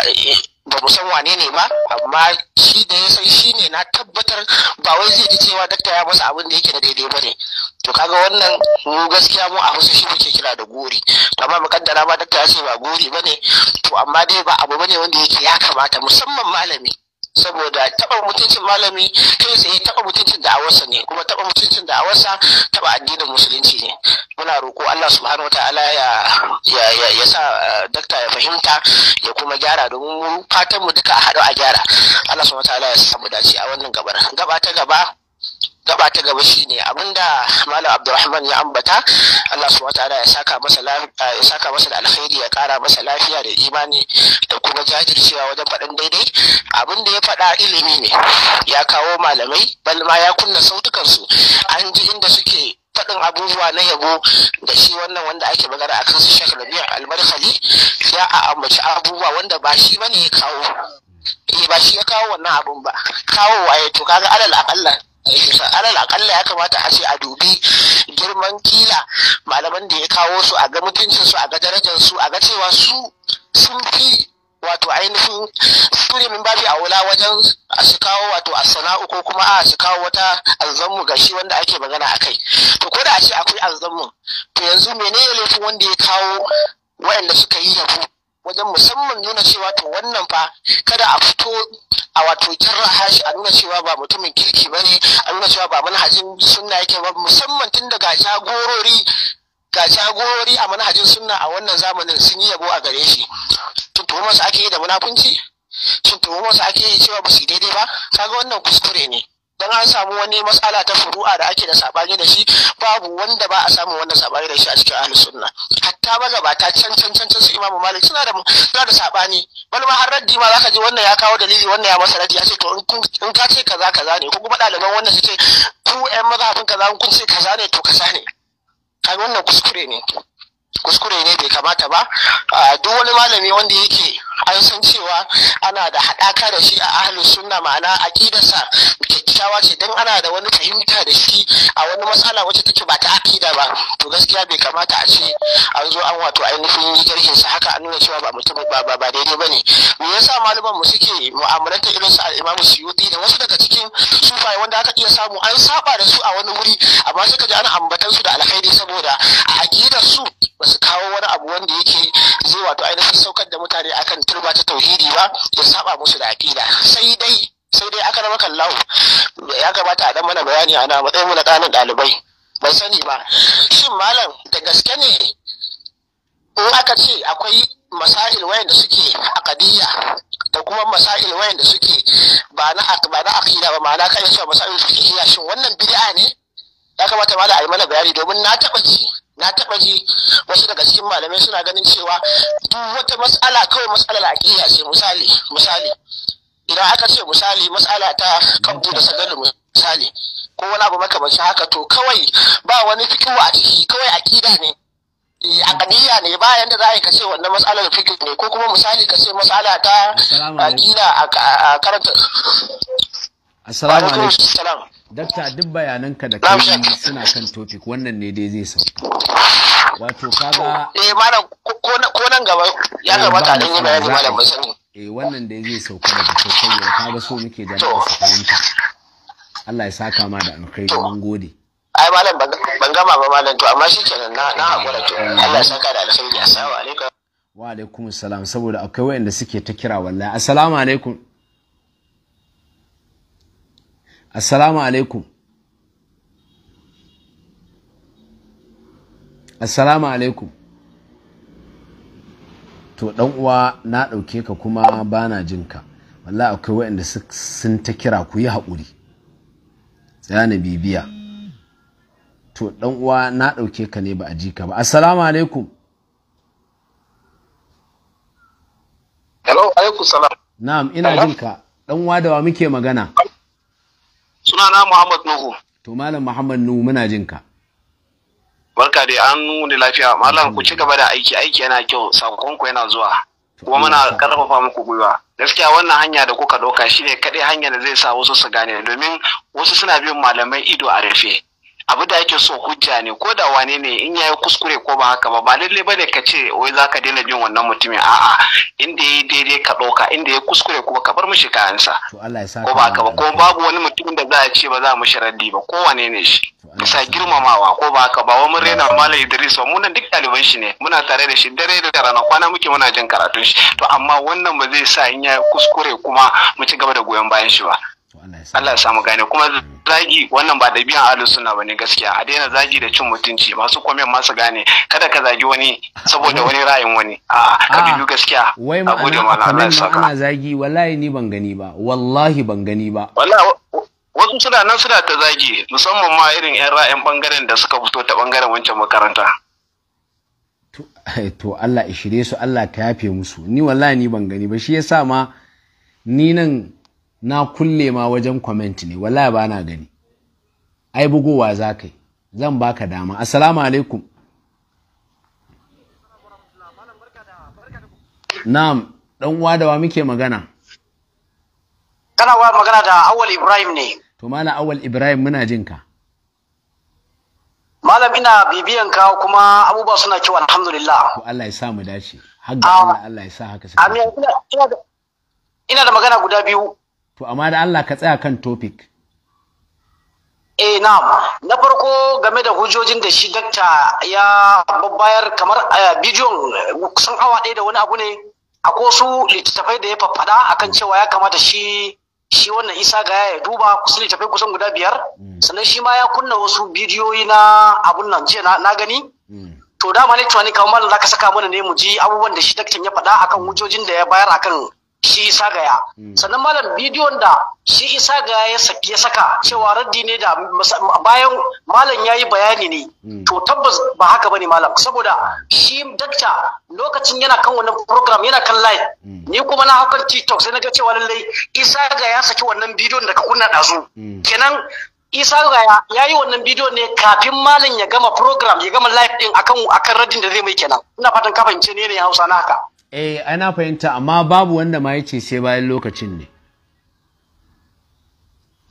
eh, ba mu san wane ne ba amma shi da ya san shi ne na tabbatar ba wai zai ji cewa dakta ya masa abin da yake da daidai bane to kaga wannan mu gaskiya mu a hausa shi muke kira da gori amma mukaddara ma dakta ya ce ba gori bane to amma dai ba abu bane wanda yake ya kamata musamman malami saboda taba mutuncin malami kai tsaye taba mutuncin da'awarsa ne kuma taba mutuncin da'awarsa taba addinin musulunci ne muna roko Allah subhanahu wataala ya ya ya sa eh, dakta ya fahimta ya kuma gyara domin mu fatan mu duka a hadu a gyara Allah subhanahu wataala ya samu dace a wannan gabar gaba ta gaba gaba ta gaba shi ne abinda malam abdulrahman ya ambata allah subhanahu ta'ala ya saka masa eh, ya saka masa da alkhairi ya kara masa lafiya da imani da kuma jajircewa wajen faɗin daidai Abinda ya faɗa ilimi ne ya kawo malamai balma ya kunna sautukansu an ji inda suke faɗin abubuwa na yabo da shi wannan wanda ake magana a kansu shek rabi'u almarhali ya a ambaci abubuwa wanda ba shi bane ya kawo eh ba shi ya kawo wannan abun ba kawowa ya to kaga alal akalla alal akalla ya kamata a ce a dubi girman kila malaman da ya kawo su a ga mutuncin su a ga darajar su a ga cewa su sun fi wato ainihin min a wula wajen su kawo wato sana'u ko kuma a su kawo wata alzammu ga shi wanda ake magana a kai to ko da a ce akwai alzammu to yanzu menene laifin wanda ya kawo waɗanda suka yi yabo wajen musamman nuna cewa to wannan fa kada a fito a wato jarraha shi a nuna cewa ba mutumin kirki ba ne a nuna cewa ba manhajin sunna yake ba musamman tun daga jagorori ga jagorori a manhajin sunna a wannan zamanin sun yi yabo a gare shi tun tuhumar su ake yi da munafunci tun tuhumar su ake yi cewa ba su daidai ba kaga wannan kuskure ne dan an samu wani matsala ta furu'a da ake da sabani da shi babu wanda ba a samu wanda sabani da shi a cikin ahlus sunna hatta magabata can can can can su imamu malik suna da suna da sabani bal ma har raddi ma zaka ji wannan ya kawo dalili wannan ya masa raddi ya ce to in ka ce kaza kaza ne ko kuma ɗaliban wannan su ce ku ƴan mazhabin kaza kun ce kaza ne to kaza ne kan wannan kuskure ne kuskure ne bai kamata ba ah, duk wani malami wanda yake an san cewa ana da haɗaka da shi a ahalin sunna ma'ana aqidarsa kyakkyawa ce dan ana da wani fahimta da shi a wani matsala wacce take ba ta aqida ba to gaskiya bai kamata a ce an zo an wato ainihin yi garhin sa haka an nuna cewa ba mutum ba ba daidai bane me yasa malaman mu suke mu'amalanta irin su al-Imam Suyuti da wasu daga cikin sufaye wanda aka iya samu an saba da su a wani wuri amma suka ji ana ambatan su da alkhairi saboda a aqidar su ba su kawo wani abu wanda yake zai wato ainihin saukar da mutane akan turba ta tauhidi ba ya saba musu da aqida sai dai sai dai aka ramakan lahu ya kamata a dan mana bayani ana matsayin mu na kanin dalibai ban sani ba shin malam da gaske ne in aka ce akwai masail wayanda suke a kadiya da kuma masail wayanda suke ba na ba na aqida ba ma'ana kai cewa masail fiqhiyya shin wannan bid'a ne ya kamata malam a yi mana bayani domin na taba ci na taba ji wasu daga cikin malamai suna ganin cewa duk wata matsala kawai matsalar aqida ce misali misali idan aka ce misali matsala ta kabu da sagalu misali ko wani abu makamancin haka to kawai ba wani fikiwa a ciki kawai aqida ne eh, a kadiyya ne ba da za ka ce wannan matsalar fikir ne ko kuma misali ka ce matsala ta aqida a karanta assalamu alaikum dakta duk bayananka da kai suna kan topic wannan ne dai zai sauka wato kaga eh malam ko nan gaba ya gabata eh, dan yi malam bai sani eh wannan dai zai sauka daga kai Ka kaga so muke da su fahimta Allah ya saka ma da alkhairi mun gode ai malam ban gama ba malam to amma shi kenan na na hakura to eh. Allah ya saka da alkhairi assalamu alaikum wa alaikum saboda akwai wayanda suke ta kira wallahi assalamu alaikum assalamu alaikum assalamu alaikum to ɗan uwa na ɗauke ka kuma bana jin ka Wallah akwai waɗanda sun ta kira ku yi haƙuri tsaya na bibiya to ɗan uwa na ɗauke ka ne ba a ji ka ba assalamu alaikum hello alaikum salam na'am ina jin ka uwa da wa muke magana sunana Muhammad Nuhu. To Malam Muhammad Nuhu muna jin ka. Barka dai an nuni lafiya. Malam ku ci gaba da aiki aiki yana kyau sakonku yana zuwa. Kuma muna karfafa muku gwiwa. Gaskiya wannan hanya da kuka ɗauka shi ne kaɗai hanyar da zai sa wasu su gane domin wasu suna bin malamai ido a rufe. abu da yake so hujja ne ko da wane ne in yayi kuskure ko ba haka ba ba lalle bane ka ce wai zaka daina jin wannan mutumin a'a inda yayi daidai ka ɗauka inda yayi kuskure kuma ka bar mishi kayansa ko ba haka ba ko babu wani mutumin da za a ce ba za mu sharadi ba ko wane ne shi bisa girmamawa ko ba haka ba wai mun rena malam Idris ba mun duk ɗaliban shi ne muna tare da shi dare da rana kwana muke muna jin karatun shi to amma wannan ba zai sa in yayi kuskure kuma mu ci gaba da goyon bayan shi ba Allah ya samu gane kuma mm. zagi wannan ba da biyan ahlus sunna bane gaskiya a daina zagi da cin mutunci masu komen masu gane kada ka zagi wani saboda wani ra'ayin wani a ka biyu gaskiya wai ma ana ana zagi wallahi ni ban gani ba wallahi ban gani ba wallahi wasu suna nan suna ta zagi musamman ma irin yan ra'ayin bangaren da suka fito ta bangaren wancan makaranta eh, to Allah ya shirye su Allah ta yafe musu ni wallahi ni ban gani ba shi yasa ma ni nan na kulle ma wajen comment ne wala ba na gani ai bugowa za ka yi zan baka dama assalamu alaikum na'am dan uwa da wa muke magana kana wa magana da awal ibrahim ne to mana awal ibrahim muna jin ka malam ina bibiyan ka kuma abubuwa suna kyau alhamdulillah ko Allah ya sa mu dace har ah. Allah Allah ya sa haka amin ina da magana guda biyu to amma da Allah ka tsaya kan topic eh na, na farko game da hujojin da shi dakta ya babbayar kamar eh, bidiyon kusan awa ɗaya da wani abu ne akwai su littattafai da ya faffada akan cewa ya kamata shi shi wannan isa gaya ya duba kusan littattafai kusan guda biyar mm. sannan shi ma ya kunna wasu bidiyoyi na abun nan jiya na gani mm. to dama ne tuwani kamar malam ka saka mana ne mu ji abubuwan da shi daktan ya faɗa akan hujojin da ya bayar akan shi isa gaya hmm. sannan malam bidiyon da shi isa gaya ya saki saka cewa raddi ne da bayan malam ya bayani ne hmm. to tabbas ba haka bane malam saboda shi dakta lokacin yana kan wannan program yana kan live hmm. ni kuma na hakan tiktok sai na cewa lallai isa gaya ya saki wannan bidiyon da ka kunna ɗazu kenan Isa Gaya ya yi wannan bidiyon ne kafin Malam ya gama program ya gama live din akan akan raddin da zai mai kenan. Ina fatan ka fahimce ne ne Hausa na haka. eh ana fahimta amma babu wanda ma yace sai bayan lokacin ne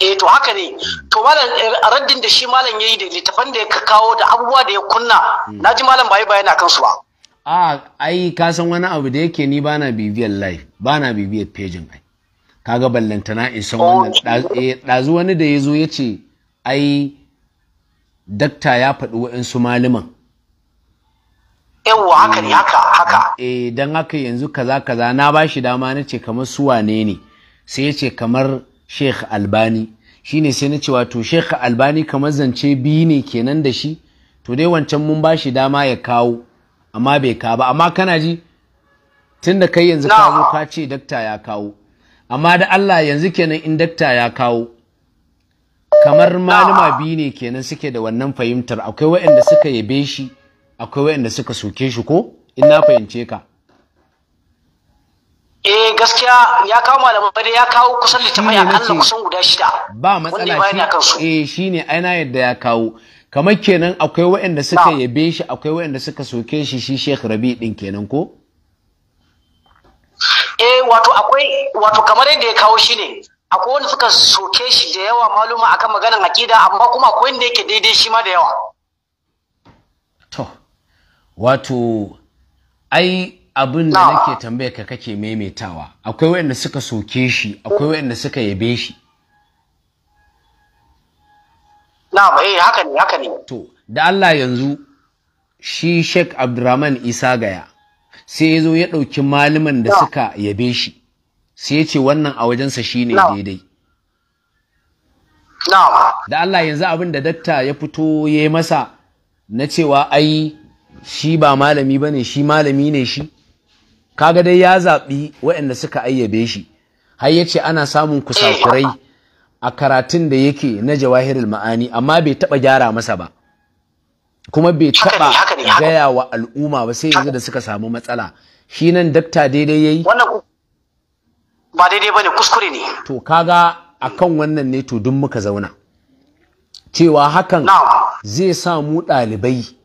eh to haka ne to malam eh, raddin da shi malam yayi da littafan da ya kawo da abubuwa da ya kunna hmm. naji malam bai bayani akan su ba a ai ka san wani abu da yake ni bana bibiyar live bana bibiyar pejin ai kaga ballantana in san oh. wannan dazu eh, wani da yazo yace ai dakta ya faɗi wa'in su maliman yawwa haka ne haka haka eh dan haka yanzu kaza kaza na bashi dama na ce kamar su wane ne sai ya ce kamar Sheikh Albani shine sai na ce wato Sheikh Albani kamar zance biyu ne kenan da shi to dai wancan mun bashi dama ya kawo amma bai ka ba amma kana ji tunda kai yanzu ka zo ka ce dakta ya kawo amma da Allah yanzu kenan in dakta ya kawo kamar malama biyu ne kenan suke da wannan fahimtar akwai waɗanda suka yabe shi akwai wayanda suka soke shi ko in na fahimce ka eh gaskiya ya kawo malamai da ya kawo kusan littafai Allah kusan guda shida ba matsala shi eh shine ai na yadda ya kawo kamar kenan akwai waɗanda suka yabe shi akwai waɗanda suka soke shi shi Sheikh Rabi din kenan ko eh wato akwai wato kamar yadda ya kawo shi ne akwai wanda suka soke shi da yawa maluma akan maganar akida amma kuma akwai wanda yake daidai shi ma da yawa to wato ai abin da nake tambaya ka kake maimaitawa akwai wayanda suka soke shi akwai wayanda suka yabe shi na'am eh haka ne haka ne to da Allah yanzu shi Sheikh Abdulrahman Isa Gaya sai ya zo ya ɗauki malaman da suka yabe shi sai ya ce wannan a wajensa shine daidai da Allah yanzu abin da dakta ya fito ya yi masa na cewa ai shi ba malami ba ne shi malami ne shi kaga dai ya zaɓi waɗanda suka ayyabe shi har ya ce ana samun kusakurai a karatun da yake na jawahirul ma'ani amma bai taɓa gyara masa ba kuma bai taɓa gaya wa al'umma ba sai yanzu da suka samu matsala shi nan dakta daidai ya yi? ba daidai ne, kuskure ne to kaga akan wannan ne to duk muka zauna cewa hakan zai sa mu ɗalibai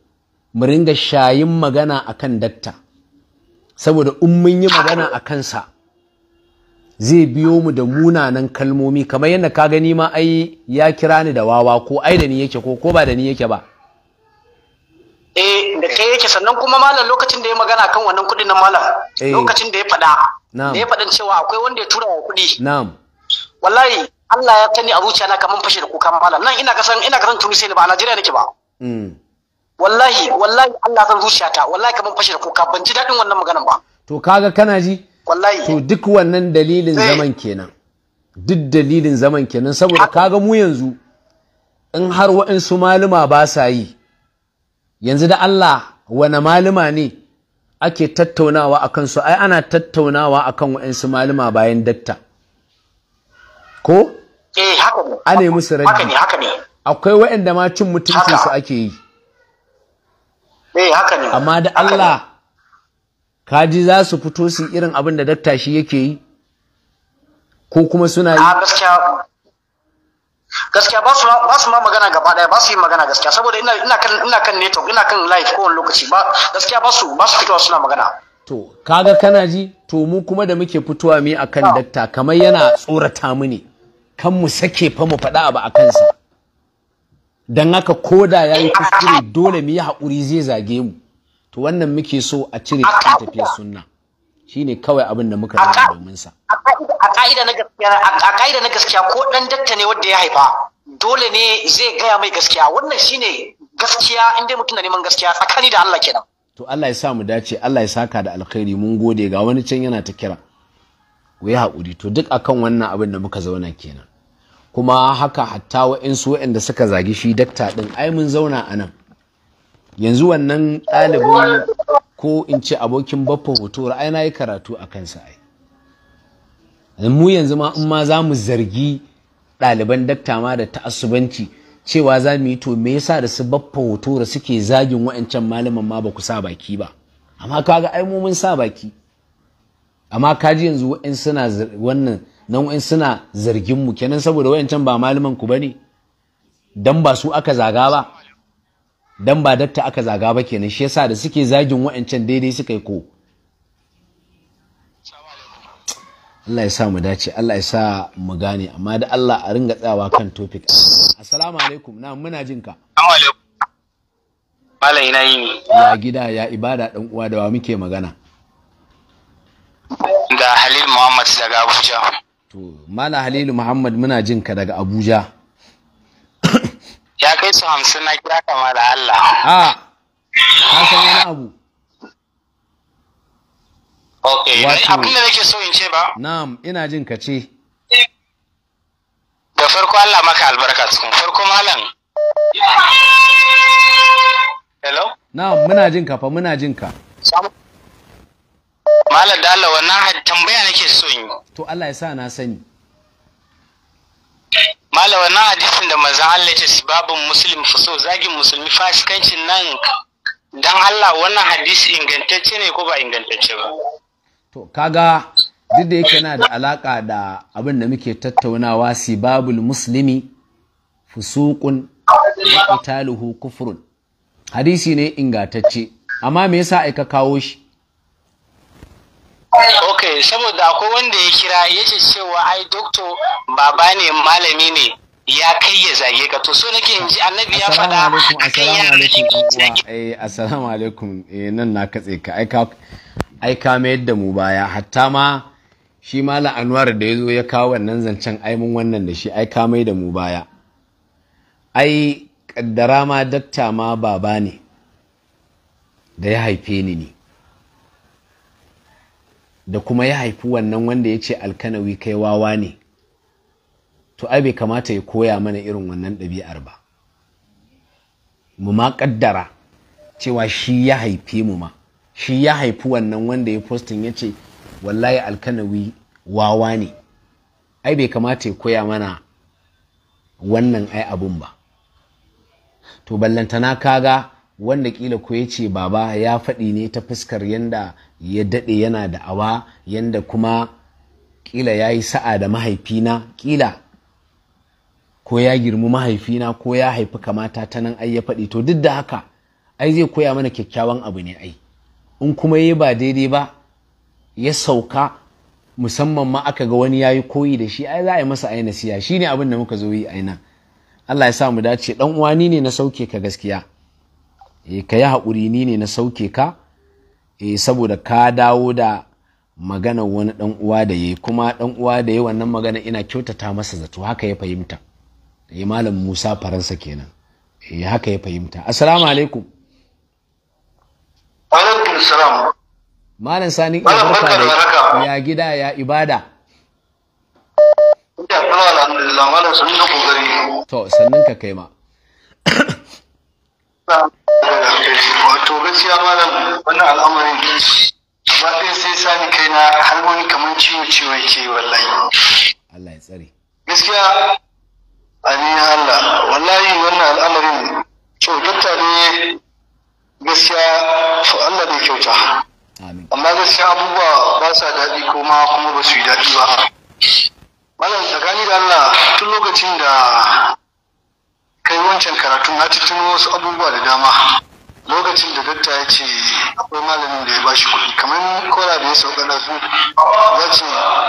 mu ringa shayin magana a kan dakta saboda in mun yi magana a kansa zai biyo mu da munanan kalmomi kamar yadda ka gani ma ai ya kira ni da wawa ko ai da ni yake ko ko ba da ni yake ba eh da kai yake sannan kuma malam lokacin da ya magana kan wannan kuɗin na malam eh. lokacin da ya faɗa da ya fadan cewa akwai wanda ya tura wa kuɗi na'am wallahi Allah ya tani a zuciya na kaman fashe da kuka malam nan ina kasan ina san tuni sai ba a Najeriya nake ba mm. wallahi wallahi Allah san ta, wallahi kaman fashe da kuka ban ji dadin wannan maganan ba to kaga kana ji wallahi to duk wannan dalilin eh. zaman kenan duk dalilin zaman kenan saboda kaga mu yanzu in har waɗansu maluma ba sa yi yanzu da Allah wane maluma ne ake tattaunawa a kansu ai ana tattaunawa a kan waɗansu maluma bayan datta ko? eh haka ne a ne musu ne akwai waɗanda ma cin mutuncinsu ake yi Eh, amma da Allah kaji za su fito su irin abin da dakta shi yake yi ko kuma suna yi gaskiya ba su ba su ma magana gaba daya ba su yi magana gaskiya saboda ina ina kan ina kan network ina kan live kowane lokaci ba gaskiya ba su ba su fitowa suna magana to kaga kana ji to mu kuma da muke fitowa mi akan ah. dakta kamar yana tsorata mu ne kan mu sake fa mu faɗa abu akan sa don haka koda ya yi kuskure dole mu yi haƙuri zai zage mu to wannan muke so a cire cikin tafiyar sunna shine kawai abin da muka rana domin sa a ka'ida na gaskiya a ka'ida na gaskiya ko dan datta ne wanda ya haifa dole ne zai gaya mai gaskiya wannan shine gaskiya in dai mutum na neman gaskiya tsakani da Allah kenan to Allah ya sa mu dace Allah ya saka da alkhairi mun gode ga wani can yana ta kira ku yi haƙuri to duk akan wannan abin da muka zauna kenan kuma haka hatta wa'insu wa'inda suka zagi shi dakta ɗin ai mun zauna a nan yanzu wannan ɗalibin ko in ce abokin baffa hoto ai na yi karatu a kansa ai mu yanzu ma in ma za mu zargi ɗaliban dakta ma da ta'assubanci cewa za mu yi to me yasa da su baffa hoto da suke zagin wa'ancan malaman ma ba ku sa baki ba amma kaga ai mu mun sa baki amma kaji yanzu wa'in suna wannan nan wa'in suna zargin mu kenan saboda wayancan ba malaman ku bane dan ba su aka zaga ba dan ba datta aka zaga ba kenan shi yasa da suke zagin wayancan daidai suka yi ko Allah ya sa mu dace Allah ya sa mu gane amma da Allah a ringa tsayawa kan topic assalamu alaikum na muna jin ka Malam ina yi ni. Ya gida ya ibada dan uwa da wa muke magana. Ga Halil Muhammad daga Abuja. to mala halilu muhammad muna jin ka daga abuja ya kai su hamsin na kira kama da allah a ka san wani abu ok eh, abin da nake so in ce ba na'am ina jin ka ce da farko allah maka albarka cikin farko malam hello na'am muna jin ka fa muna jin ka Malam Dala wannan tambaya nake so yi. To Allah ya sa na sani. Malam wannan hadisin da manzon Allah ya ce babun muslim fuso zagin musulmi fasikancin nan dan Allah wannan hadisi ingantacce ne ko ba ingantacce ba? To kaga duk da yake yana da alaka da abin da muke tattaunawa sibabul muslimi fusuqun wa qitaluhu kufrun hadisi ne ingantacce amma me yasa aika kawo shi ok saboda akwai wanda ya kira ya ce cewa ai doktor baba ne malami ne ya kai ya zage ka to so nake in ji annabi ya faɗa akan yaran eh assalamu alaikum eh nan na katse ka ai ka ai ka mayar da mu baya hatta ma shi mala anwar da ya zo ya kawo wannan zancen ai mun wannan da shi ai ka mai da mu baya ai kaddara ma dakta ma baba ne da ya haife ni ne da kuma ya haifi wannan wanda ya ce alkanawi kai wawa ne to ai bai kamata ya koya mana irin wannan ɗabi'ar ba mu ma ƙaddara cewa shi ya haife mu ma shi ya haifi wannan wanda ya postin ya ce wallahi alkanawi wawa ne ai bai kamata ya koya mana wannan ai abun ba to ballantana kaga wanda kila ko ya ce baba ya faɗi ne ta fuskar yanda ya daɗe yana da awa yanda kuma kila ya yi sa'a da mahaifina kila ko ya girmi mahaifina ko ya haifi kamata ta nan ai ya faɗi to duk da haka ai zai koya mana kyakkyawan abu ne ai in kuma ya ba daidai ba ya sauka musamman ma aka ga wani ya yi koyi da shi ai za a yi masa siya. Shi ne abin da muka zo yi ainihin Allah ya sa mu dace Ɗan uwa ni ne na sauke ka gaskiya Eh, ka yi haƙuri ni ne na sauke ka e saboda ka dawo da maganar wani ɗan uwa da ya kuma ɗan uwa da ya wannan magana ina kyautata masa zato haka ya fahimta ya eh, malam musa faransa kenan haka ya fahimta assalamu alaikum malam sani ya barka da ya gida ya ibada to sannan ka kai ma wato gaskiya malam wannan al'amarin amma ɗin sai sani kaina har wani kamar ciwo ciwo ke wallahi Allah ya tsare gaskiya amin Allah wallahi wannan al'amarin kyautata ne gaskiya to Allah bai kyauta amma gaskiya abubuwa ba sa daɗi kuma kuma ba su yi daɗi ba malam tsakani da Allah tun lokacin da kai wancan karatun na tuno wasu abubuwa da dama lokacin da datta ya ce akwai malamin da ya ba shi kuɗi kamar kora da ya sauka da su ya ce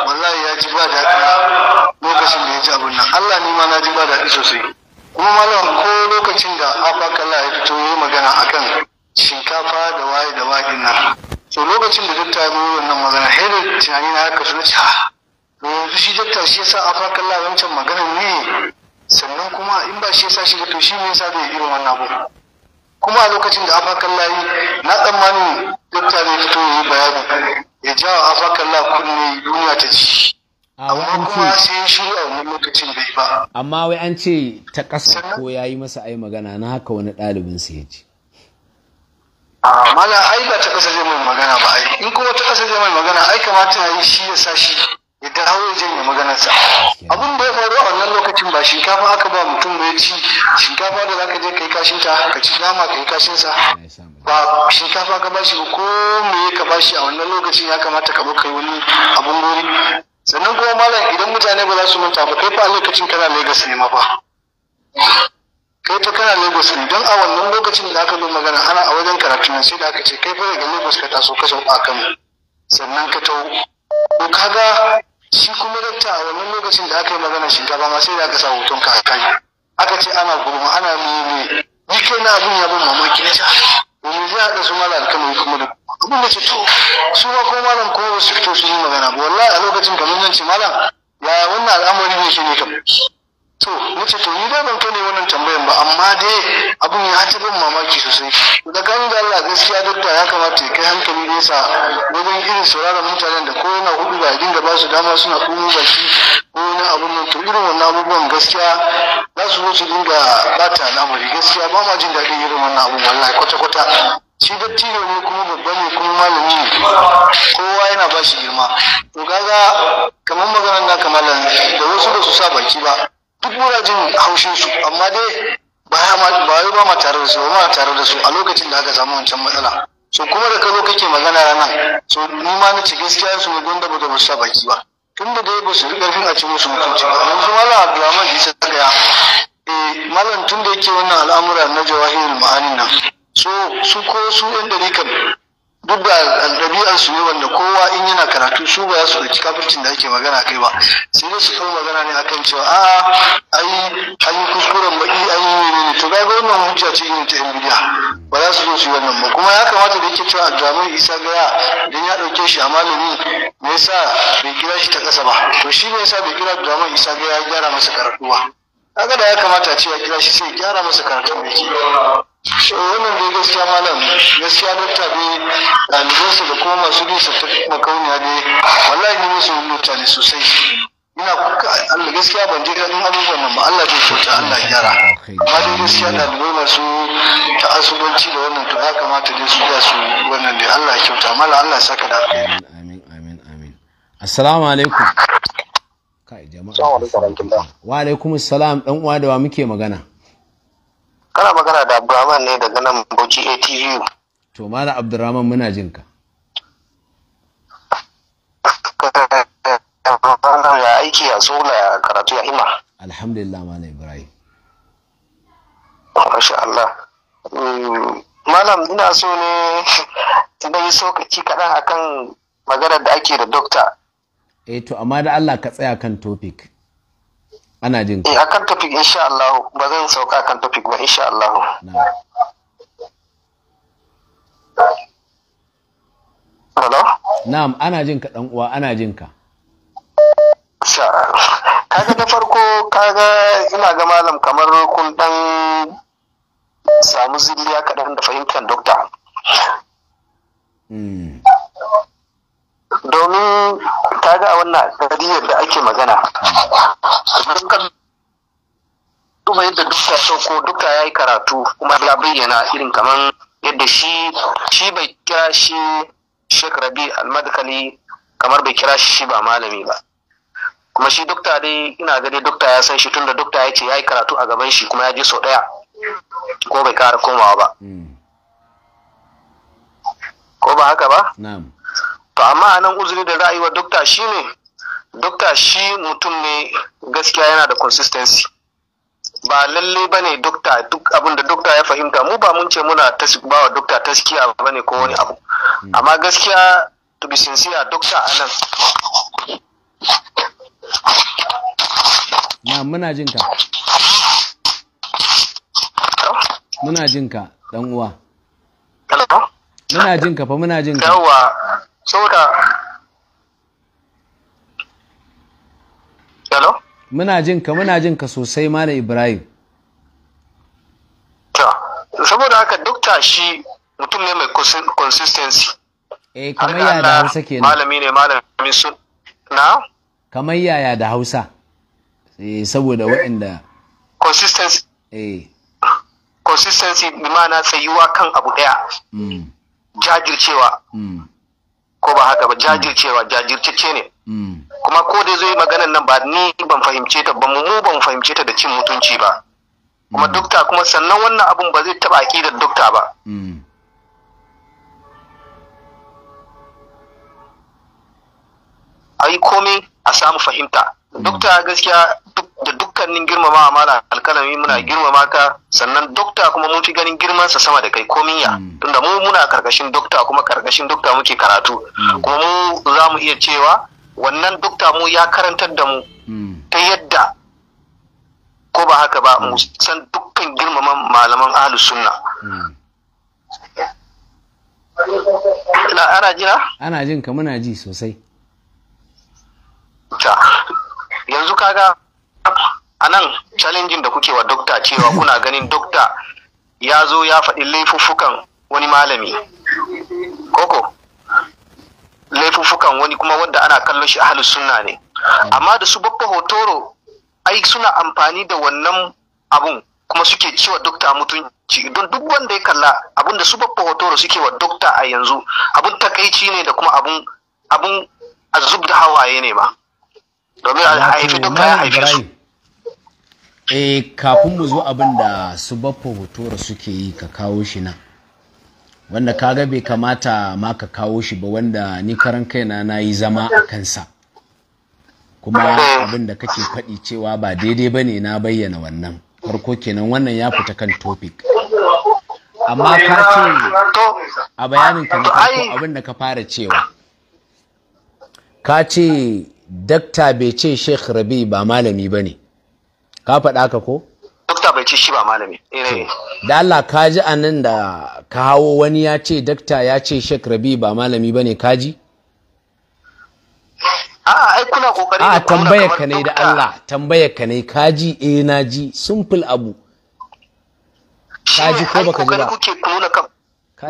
wallahi ya ji ba daɗi lokacin da ya ji abin nan allah ne ma na ji ba daɗi sosai kuma malam ko lokacin da afakala ya fito yi magana akan shinkafa da waye da waɗin nan so lokacin da datta ya zo wannan magana hairar tunani na haka su ce ha yanzu shi datta shi ya sa afakala wancan maganar ne sannan kuma in ba shi yasa shi to shi ne yasa bai irin wannan abu kuma a lokacin da afakan layi na tsammani dokta zai fito yi bayani ya jawo afakan la kunne duniya ta ci amma kuma sai shi a wannan lokacin bai ba amma wai an ce ta ƙasa ko ya yi masa ai magana na haka wani ɗalibin sai ya ce mala ai ba ta ƙasa zai mai magana ba ai in kuma ta ƙasa zai mai magana ai kamata ya yi shi ya sa shi ya dawo ya janye maganarsa abin da ya faru a wannan lokacin ba shinkafa aka ba mutum ba ya ci shinkafa da zaka je kai kashin ta ka ci nama kai kashin sa ba shinkafa ka bashi ba ko me ka bashi a wannan lokacin ya kamata ka kai wani abun gori sannan kuma malam idan mutane ba za su manta ba kai fa a lokacin kana Lagos ne ma ba kai fa kana Lagos ne don a wannan lokacin da aka zo magana ana a wajen karatu ne sai da aka ce kai fa daga Lagos ka taso ka sauka a Kano sannan ka taho ko kaga shi kuma dakta a wannan lokacin da aka yi magana shinkafa ma sai da aka sa hoton kakai aka ce ana gurma ana mimi ni kai na abin ya bin mamaki na sa ah, wani zai haɗa su malam yi kuma da abin da ce to su ma ko malam ko ba su fito su yi magana ba wallahi a lokacin kamar zan ce malam ya wannan al'amari ne shi ne kamar to wuce to ni ba ban ne wannan tambayan ba amma dai abun ya ci ban mamaki sosai da kan da Allah gaskiya da ya kamata ya kai hankali sa wajen irin sauraron mutanen da ko yana hudu ba dinga ba su dama suna ba baki ko wani abun nan to irin wannan abubuwan gaskiya za su zo su dinga bata al'amari gaskiya ba ma jin daɗin irin wannan abun wallahi kwata-kwata shi dattijo ne kuma babba ne kuma malami ne kowa yana ba shi girma to kaga kamar maganar na kamalan da wasu ba su sa baki ba duk muna jin haushin su amma dai ba ya ba ma tare da su ba ma tare da su a lokacin da aka samu wancan matsala so kuma da kazo kake magana nan so ni ma na ci gaskiya su ne gunda ba da ba sa baki ba tun da dai ba su riƙa fin a ci musu mutunci ba yanzu mallam abdulrahman isa zagaya eh malam tun da yake wannan al'amura na jawahirul ma'anin nan so su ko su yan kan. duk da ɗabi'ar su ne wanda kowa in yana karatu su ba za su ɗauki kafircin da ake magana kai ba sai dai su ɗau magana ne akan cewa a ai an yi kuskuren baki an yi ne to gaba wannan hujja ce yin ta bidiya ba za su zo su yi wannan ba kuma ya kamata da yake cewa Abdulrahman Isa Gaya don ya ɗauke shi a malami me yasa bai kira shi ta ƙasa ba to shi me yasa bai kira Abdulrahman Isa Gaya ya gyara masa karatu ba kaga da ya kamata a ce ya kira shi sai gyara masa karatun da ke. so wannan dai gaskiya malam gaskiya dokta dai ɗalibansa da kuma masu nisa ta makauniya dai wallahi ne musu dokta ne sosai ina Allah gaskiya ban je ganin abubuwan nan ba Allah zai kyauta Allah gyara amma dai gaskiya ɗalibai masu ta'asubanci da wannan to ya kamata dai su ga su wannan dai Allah kyauta mala Allah ya saka da alheri amin amin amin assalamu alaikum kai jama'a wa alaikum assalam dan uwa da wa muke magana kana magana da abdurrahman ne daga nan bauchi atvu to mala abdurrahman muna jin ka ya aiki ya sola karatu ya hima alhamdulillah malam ibrahim masha Allah malam ina so ne zai yi sokaci kaɗan akan magana da ake da dokta eh to amma da Allah ka tsaya kan topic ana jin eh akan topic insha Allah ba zan sauka akan topic ba insha Allah Hello? Na'am, ana jin ka dan uwa, ana jin ka. Kaga da farko kaga ina ga malam kamar kun dan samu zilliya kaɗan da fahimtar dokta. Hmm. domin ta ga a wannan kadiyar da ake magana kuma yadda duka sauko duka ya yi karatu kuma ya bayyana irin kamar yadda shi shi bai kira shi Sheikh Rabi Almadkali kamar bai kira shi shi ba malami ba kuma shi dukta dai ina gani dukta ya san shi tunda dukta ya ce ya yi karatu a gaban shi kuma ya je sau ɗaya ko bai kara komawa ba hmm. ko ba haka ba to amma a nan uzuri da ra'ayi wa dokta shi ne dokta shi mutum ne gaskiya yana da consistency ba lalle ba ne dokta duk abin da dokta ya fahimta mu ba mun ce muna ba wa dokta taskiya ba ne ko wani abu hmm. amma gaskiya to be sincere dokta a nan na muna jin ka muna jin ka dan uwa muna jin ka fa muna jin ka yawa saboda hello muna jin ka muna jin ka sosai malam ibrahim ta saboda haka ta shi mutum ne mai consistency eh kamar yaya da hausa kenan malami ne malami sun na kamar yaya da hausa eh saboda waɗanda consistency eh consistency bi ma'ana tsayuwa kan abu ɗaya. Mm. jajircewa mm. ko ba haka ba mm. jajircewa jajirce ne mm. kuma ko dai zai maganan nan ba ni ban fahimce ta ba mu ban fahimce ta da cin mutunci ba kuma mm. dukta kuma sannan wannan abun ba zai taba da dukta ba ai komai a samu fahimta dokta gaskiya da dukkanin girmama mana alkalami muna mm. girmama ka sannan dokta kuma mun fi ganin girmansa sama da kai komin ya mm. tunda mu muna karkashin dokta kuma karkashin dokta muke karatu mm. kuma mu za mu iya cewa wannan dokta mu ya karantar da mu ta yadda ko ba haka ba mu san dukkan girmaman malaman ahlus sunna ana jina ana jin ka muna ji sosai yanzu kaga a nan challenging da kuke wa dokta cewa kuna ganin dokta ya zo ya faɗi laifuffukan wani malami koko laifuffukan wani kuma wanda ana kallon shi ahalus sunna ne amma da su babba hotoro ai suna amfani da wannan abun kuma suke cewa dokta mutunci don duk wanda ya kalla abun da su babba hotoro suke wa dokta a yanzu abun takaici ne da kuma abun abun azub da hawaye ne ma domin haifi duka ya haifi su eh kafin mu zo abin da su baffa hotora suke yi ka kawo shi nan wanda kaga bai kamata ma ka kawo shi ba wanda ni karan kaina na yi zama a kansa kuma eh. abin da kake faɗi cewa ba daidai ba ne na bayyana wannan farko kenan wannan ya fita kan topic amma ka ce a bayanin ka na farko abin da ka fara cewa ka ce dakta bai ce sheikh rabi ba malami ba ne ka faɗa ka ko? dakta bai ce shi ba malami eh, eh. da Allah ka ji a nan da ka hawo wani ya ce dakta ya ce sheikh rabi ba malami ba ne ka ji? Ah, ah, a tambaya ka ne da Allah tambaya ka ne ka ji eh na ji simple abu ka ji ko baka ji ba kuke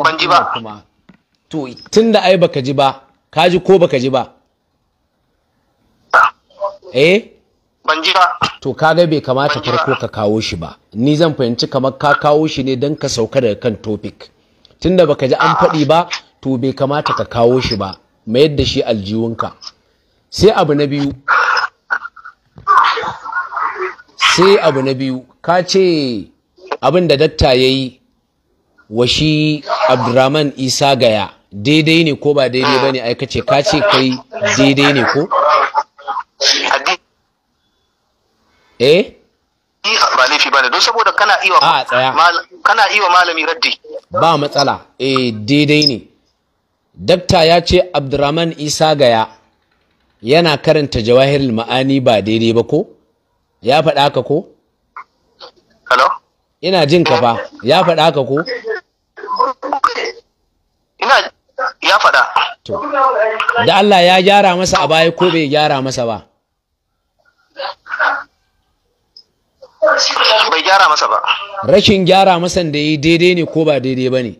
ban ji ba to tunda ai baka ji ba ka ji ko baka ji ba eh ban ji ba to kaga bai kamata farko ka kawo shi ba ni zan fahimci kamar ka kawo shi ne don ka sauka daga kan topic tunda baka ji an faɗi ba to bai kamata ka kawo shi ba mayar da shi aljiwunka sai abu na biyu sai abu na biyu ka ce abin da datta ya yi wa shi abdurrahman isa gaya daidai ne ko ba daidai ba ne aikace ka ce kai daidai ne ko? eh ba laifi bane don saboda kana iya a tsaya kana iya malami raddi ba matsala eh daidai ne dakta ya ce abdurrahman isa gaya yana karanta jawahirul ma'ani ba daidai ba ko ya faɗa haka ko hello ina jin ka fa eh. ya faɗa haka ko ina ya faɗa to da Allah ya gyara masa a baya ko bai gyara masa ba bai gyara masa ba rashin gyara masa da yi daidai ne ko ba daidai ba ne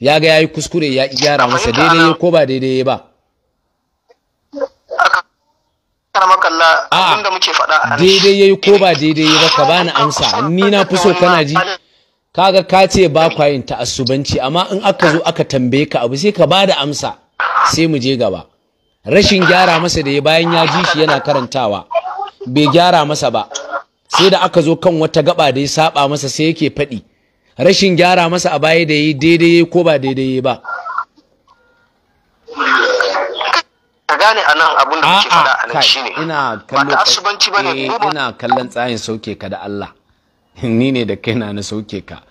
ya ga ya yi kuskure ya gyara masa daidai ko ba daidai ba a daidai ya yi ko ba daidai ba ka bani amsa ni na fi so kana ji kaga ka ce ba kwayin yin ta'assubanci amma in aka zo aka tambaye ka abu sai ka ba da amsa sai mu je gaba rashin gyara masa da ya bayan ya ji shi yana karantawa bai gyara masa ba sai da aka zo kan wata gaba da ya saba masa sai yake faɗi rashin gyara masa a baya da yi daidai ko ba daidai ba ka gane a nan abin da muke faɗa a nan shine ina kallo ba asubanci bane eh, ina kallon tsayin sauke ka da Allah ni ne da kai na sauke ka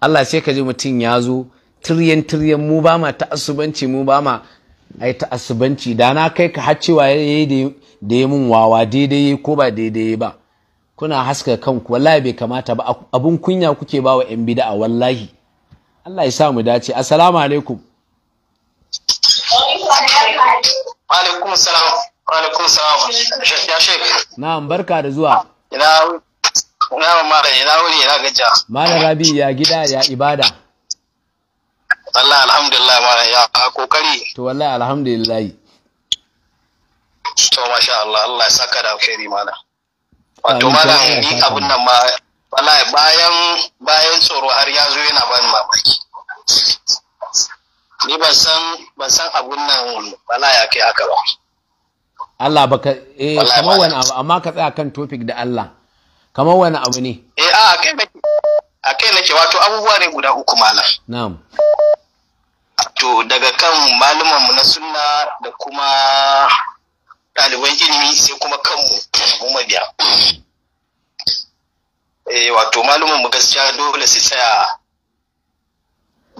Allah sai ka ji mutum ya zo tiryan tiryan mu ba ma ta ta'assubanci mu ba ma ai ta'assubanci da na kai ka har cewa yayi da ya mun wawa daidai ko ba daidai ba kuna haska kanku wallahi bai kamata ba abun kunya kuke ba wa 'yan bida'a wallahi Allah ya sa mu dace assalamu alaikum alaikum salam alaikum salam ya shek na'am barka da zuwa ina ina mara ina wuri ina gaja Malam rabi ya gida ya ibada Allah alhamdulillah mara ya kokari to wallahi alhamdulillah to masha Allah Allah ya saka da alheri malam wato zan yi abin nan ma wallahi bayan bayan tsoro har ya zo yana bani mamaki ni ban san ban san abun nan wallahi ya kai haka ba Allah baka eh kamar wani abu amma ka tsaya kan topic da Allah kamar wani abu ne eh a kai nake a kai nake wato abubuwa ne guda uku malam na'am to daga kan malumanmu na sunna da kuma ɗaliban ilimi sai kuma kanmu mu mabiya eh wato malumin mu gaskiya dole su tsaya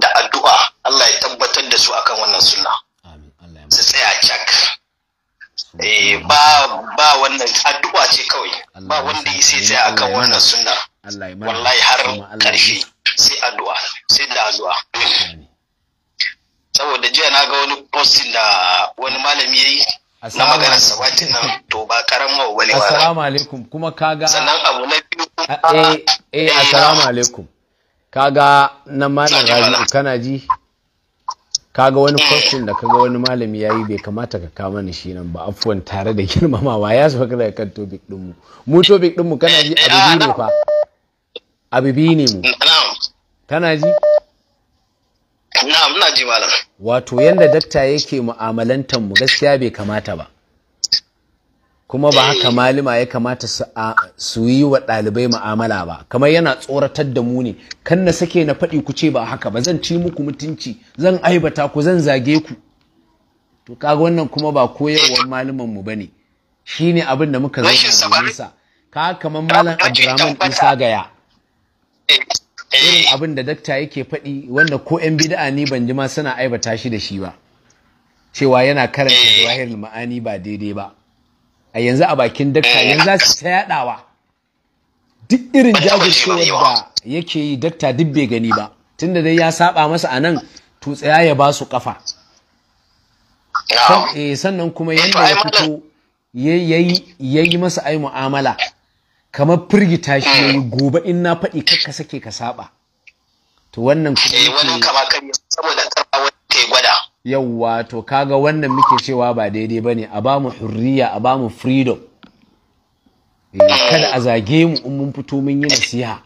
da addu'a Allah ya tabbatar da su akan wannan sunna su tsaya cak eh ba ba wannan addu'a ce kawai ba wanda ya sai tsaya akan wannan sunna wallahi har karshe sai addu'a sai da addu'a saboda jiya na ga wani posting da wani malami yayi na maganar sabatin nan to ba wani wala assalamu alaikum kuma kaga sannan abu na biyu eh, eh eh assalamu alaikum kaga na malam kana ji kaga wani question eh. da kaga wani malami yayi bai kamata ka kama ni shi nan ba afwan tare da girmamawa ya so kada kan topic din mu mu topic din mu kana ji eh, abu ne fa abu ne mu kana ji na'am ina ji malam wato yanda dakta yake mu'amalantar mu gaskiya bai kamata ba kuma ba haka malima ya kamata su yi wa ɗalibai mu'amala ba kamar yana tsoratar da mu ne kan na sake na faɗi ku ce ba haka ba zan ci muku mutunci zan aibata ku zan zage ku to kaga wannan kuma ba koyarwar malaman mu bane shine abin da muka zama da sa ka kamar malam Abdurrahman Isa gaya eh, irin eh. abin da dakta yake faɗi wanda ko 'yan bida'a ni ban ji ma suna aibata shi da shi ba cewa yana karanta eh. jawahirul ma'ani ba daidai ba a yanzu a bakin dakta eh. yanzu su ta yaɗawa duk irin jajircewar da yake yi dakta duk bai gani ba tunda dai ya saba masa anan to tsaya ya ba su kafa sannan kuma yanda ya fito ya yi masa ai mu'amala kamar firgita shi ne eh. gobe in na faɗi kakka sake ka saba to wannan kuma eh wani kama kan saboda karba wata gwada yawwa to kaga wannan muke cewa ba daidai bane a ba mu hurriya a ba mu freedom eh, eh. kada a zage mu in mun fito mun yi nasiha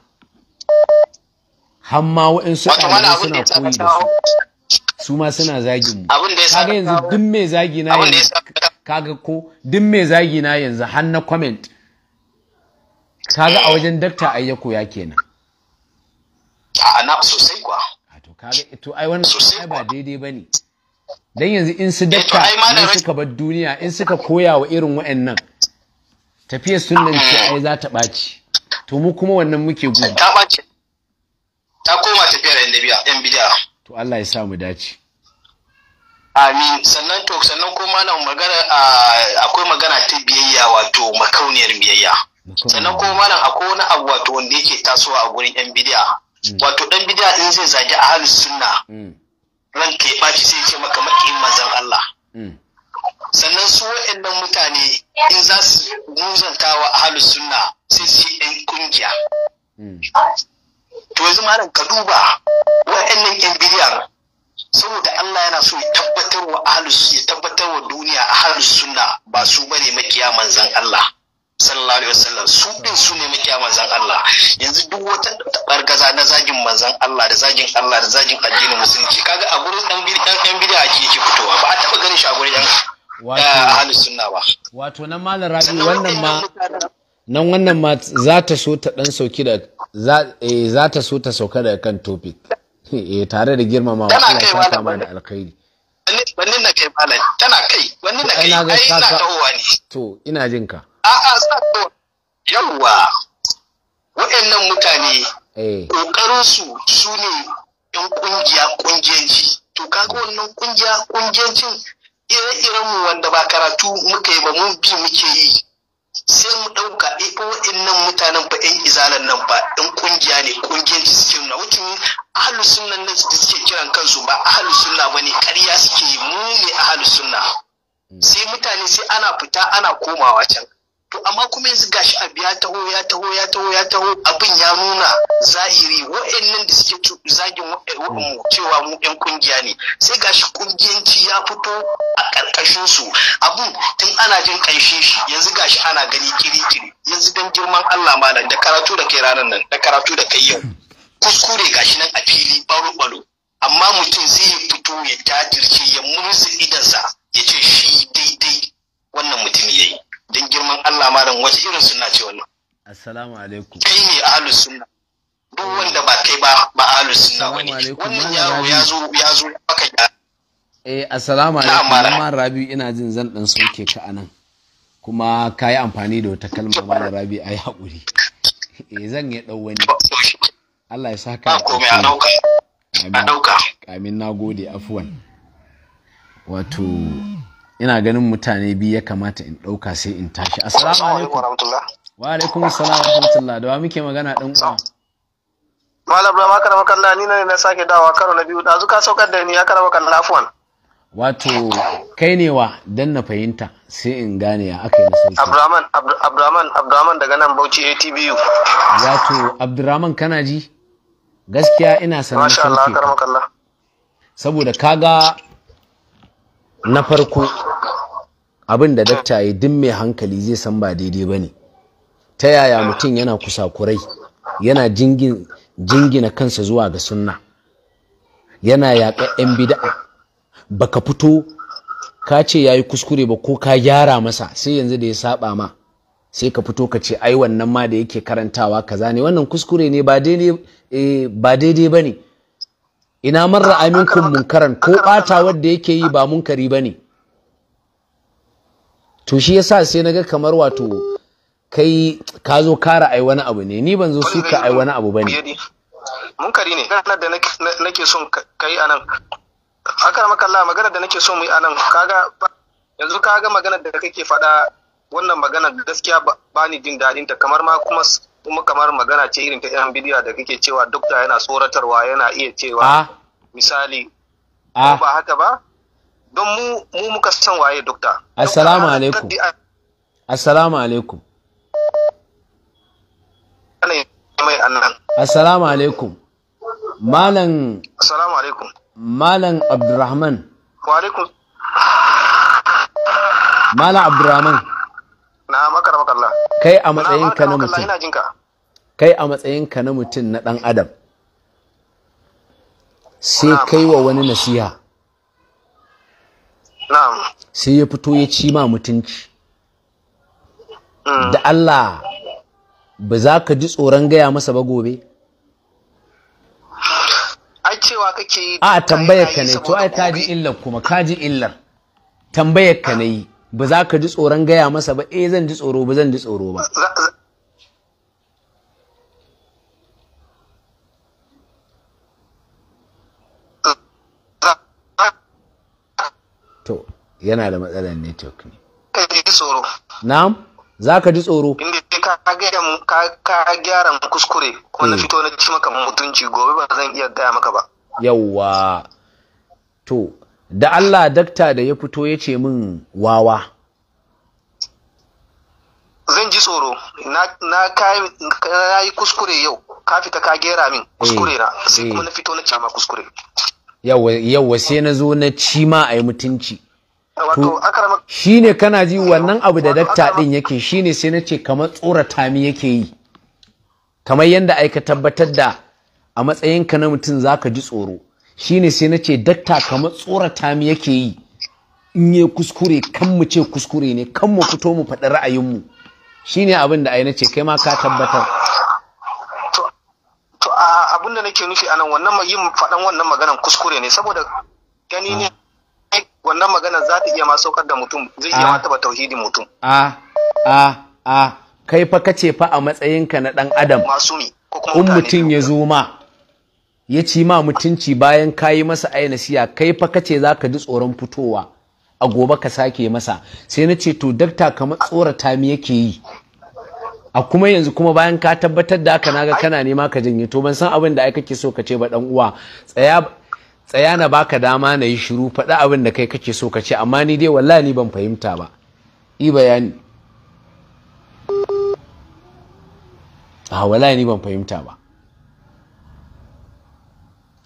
har ma waɗansu ɗalibai suna koyi da su su ma suna zagin mu kaga yanzu duk mai zagi na yanzu kaga ko duk mai zagi na yanzu har na comment kaga a eh. wajen dakta ai ya kenan a na sosai kwa. A to kaga to ai wannan sosai ba daidai bane dan yanzu in su eh, dakta ne suka bar duniya in suka koya wa irin wa'annan tafiyar sunnan ce ai za ta ɓaci to mu kuma wannan muke gudu ta ɓaci ta koma tafiyar yan bidiya to Allah ya sa mu dace Amin. Sannan to sannan ko malam magana akwai magana ta biyayya wato makauniyar biyayya. sannan kuma malam akwai wani abu wato wanda yake tasowa a gurin yan bidiya mm. wato dan bidiya din zai zagi ahlus sunna mm. ranka ya baci sai ce maka makiyin manzon Allah mm. sannan su waɗannan mutane in za su muzanta wa ahlus sunna sai su yi ɗan kungiya to yanzu malam ka duba nan yan bidiya saboda Allah yana so ya tabbatar wa ahlus ya tabbatar wa duniya ahlus sunna ba su bane makiya manzon Allah sallallahu alaihi wasallam su din su ne muke manzon Allah yanzu duk wata bargaza na zagin manzon Allah da zagin Allah da zagin addinin musulunci kaga a gurin dan bidan dan bid'a ke yake fitowa ba a taba ganin shi a gurin yan eh, ahli sunna ba wato nan malam rabi wannan ma nan wannan ma za ta so ta dan sauki da eh, za ta so ta sauka daga kan topic eh tare da girmamawa Allah ta kama da alkhairi wannan na kai malam tana kai wannan na kai ai ina tahowa ne to ina jin ka a'a sako yawwa wa'annan mutane eh. ƙoƙarinsu su su ne yan ƙungiya ƙungiyanci to kaga wannan ƙungiya ƙungiyancin ire irenmu mu wanda ba karatu muka yi ba mun bi muke yi sai mu ɗauka ko eh, waɗannan mutanen ba yan izalan nan ba yan ƙungiya ne ƙungiyanci suke nuna wucin ahalu sunna nan da suke kiran kansu ba ahalu sunna ba ne ƙarya suke yi mu ne ahalu sunna hmm. sai mutane sai ana fita ana komawa can to amma kuma yanzu gashi abu ya taho ya taho ya taho ya taho abin ya nuna zahiri wa'annan da suke zagin mu mm. cewa mu yan kungiya ne sai gashi kungiyanci ya fito a karkashin su abu tun ana jin kanshin shi yanzu gashi ana gani kirikiri yanzu dan girman Allah malam da karatu da kai ranar nan da karatu da kai yau kuskure gashi nan a fili baro baro amma mutum zai fito ya tajirce ya murzi idansa ya ce shi daidai wannan mutum yayi don girman Allah malam wace irin suna ce wannan assalamu alaikum kai ne ahlus sunna duk wanda ba kai ba ba ahlus sunna wani wannan yaro ya zo ya zo baka ya eh assalamu alaikum malam rabi ina jin zan dan soke ka anan kuma ka yi amfani da wata kalma malam rabi ai haƙuri eh zan yi dau wani Allah ya sa ka a dauka a dauka amin nagode afwan wato ina ganin mutane biyu ya kamata in ɗauka sai in tashi assalamu alaikum wa alaikum assalam wa rahmatullah da wa muke magana ɗan uwa malam rama karama kalla ni ne na sake dawa karo na biyu da ka saukar da ni ya karama kalla afwan wato kai ne wa dan na fahimta sai in gane ya aka yi na abdurrahman abdurrahman abdurrahman daga nan bauchi atbu wato abdurrahman kana ji gaskiya ina sanar da sauki saboda kaga na farko abin da dakta ya duk mai hankali zai san ba daidai ba ne ta yaya mutum yana kusa kurai, yana jingina kansa zuwa ga sunna yana yaƙa 'yan bida'a baka fito ka ce ya yi kuskure ba ko ka gyara masa sai yanzu da ya saba ma sai ka fito ka ce ai wannan ma da yake karantawa kaza ne wannan kuskure ne ba daidai eh, ba ne ina marra aminkum munkaran ko bata wanda yake yi ba munkari bane to shi yasa sai naga kamar wato kai ka zo kara ai wani abu ne ni ban zo su ka ai wani abu bane munkari ne na da nake son kai anan haka maka Allah magana da nake son mu yi anan kaga yanzu kaga magana da kake faɗa wannan magana gaskiya ba ni jin daɗin ta kamar ma kuma kuma kamar magana ce irin ta yan bidiyo da kake cewa dokta yana tsoratarwa yana iya cewa ah. misali ah. ba haka ba don mu mu muka san waye dokta assalamu alaikum assalamu alaikum assalamu alaikum malam assalamu alaikum malam abdurrahman wa alaikum malam abdurrahman kai a matsayinka na mutum kai a matsayinka na mutum na dan adam sai kai wa wani nasiha sai ya fito ya ci ma mutunci mm. da Allah ba za ka ji tsoron gaya masa ba gobe a tambayar ka ne to ai ka ji illar kuma ka ji illar tambayar ka ne ba za ka ji tsoron gaya masa ba eh zan ji tsoro ba zan ji tsoro ba to yana da matsalar network ne na'am za ka ji tsoro ka gyara mu kuskure kuma na eh. fito na ci maka mutunci gobe ba zan iya gaya maka ba yawwa to da Allah dakta da ya fito ya ce min wawa zan ji tsoro na yi kuskure yau ka fita ka gera min eh, kuskure na sai kuma eh. na fito na cama kuskure yawwa sai na zo na ci ma a yi mutunci eh, shi ne kana ji wannan abu da dakta ɗin yake shi ne sai na ce kamar tsorata tami yake yi kamar yadda aika tabbatar da a matsayinka na mutum za ka ji tsoro shine sai na ce dakta kamar tsorata mu yake yi in ya kuskure kan mu ce kuskure ne kan mu fito mu faɗi ra'ayinmu shine abin da ai na ce kai ma ka tabbatar to a abin da nake nufi anan wannan yin faɗan wannan maganan kuskure ne saboda gani ne wannan magana za ta iya ma saukar da mutum zai iya ma taɓa tauhidin mutum a a a kai fa kace fa a matsayinka na dan adam masumi ko kuma mutum ya zo ma ya ci ma mutunci bayan ka yi masa ainasiya nasiya kai fa kace za ka ji tsoron fitowa a gobe ka sake masa sai na ce to dakta kamar tsorata mi yake yi a kuma yanzu kuma bayan ka tabbatar da haka naga kana nema ka janye to ban san abin da ai kake so ka ba dan uwa tsaya tsaya na baka dama na yi shiru faɗi abin da kai kake so ka amma ni dai wallahi ni ban fahimta ba yi bayani a ah, wallahi ni ban fahimta ba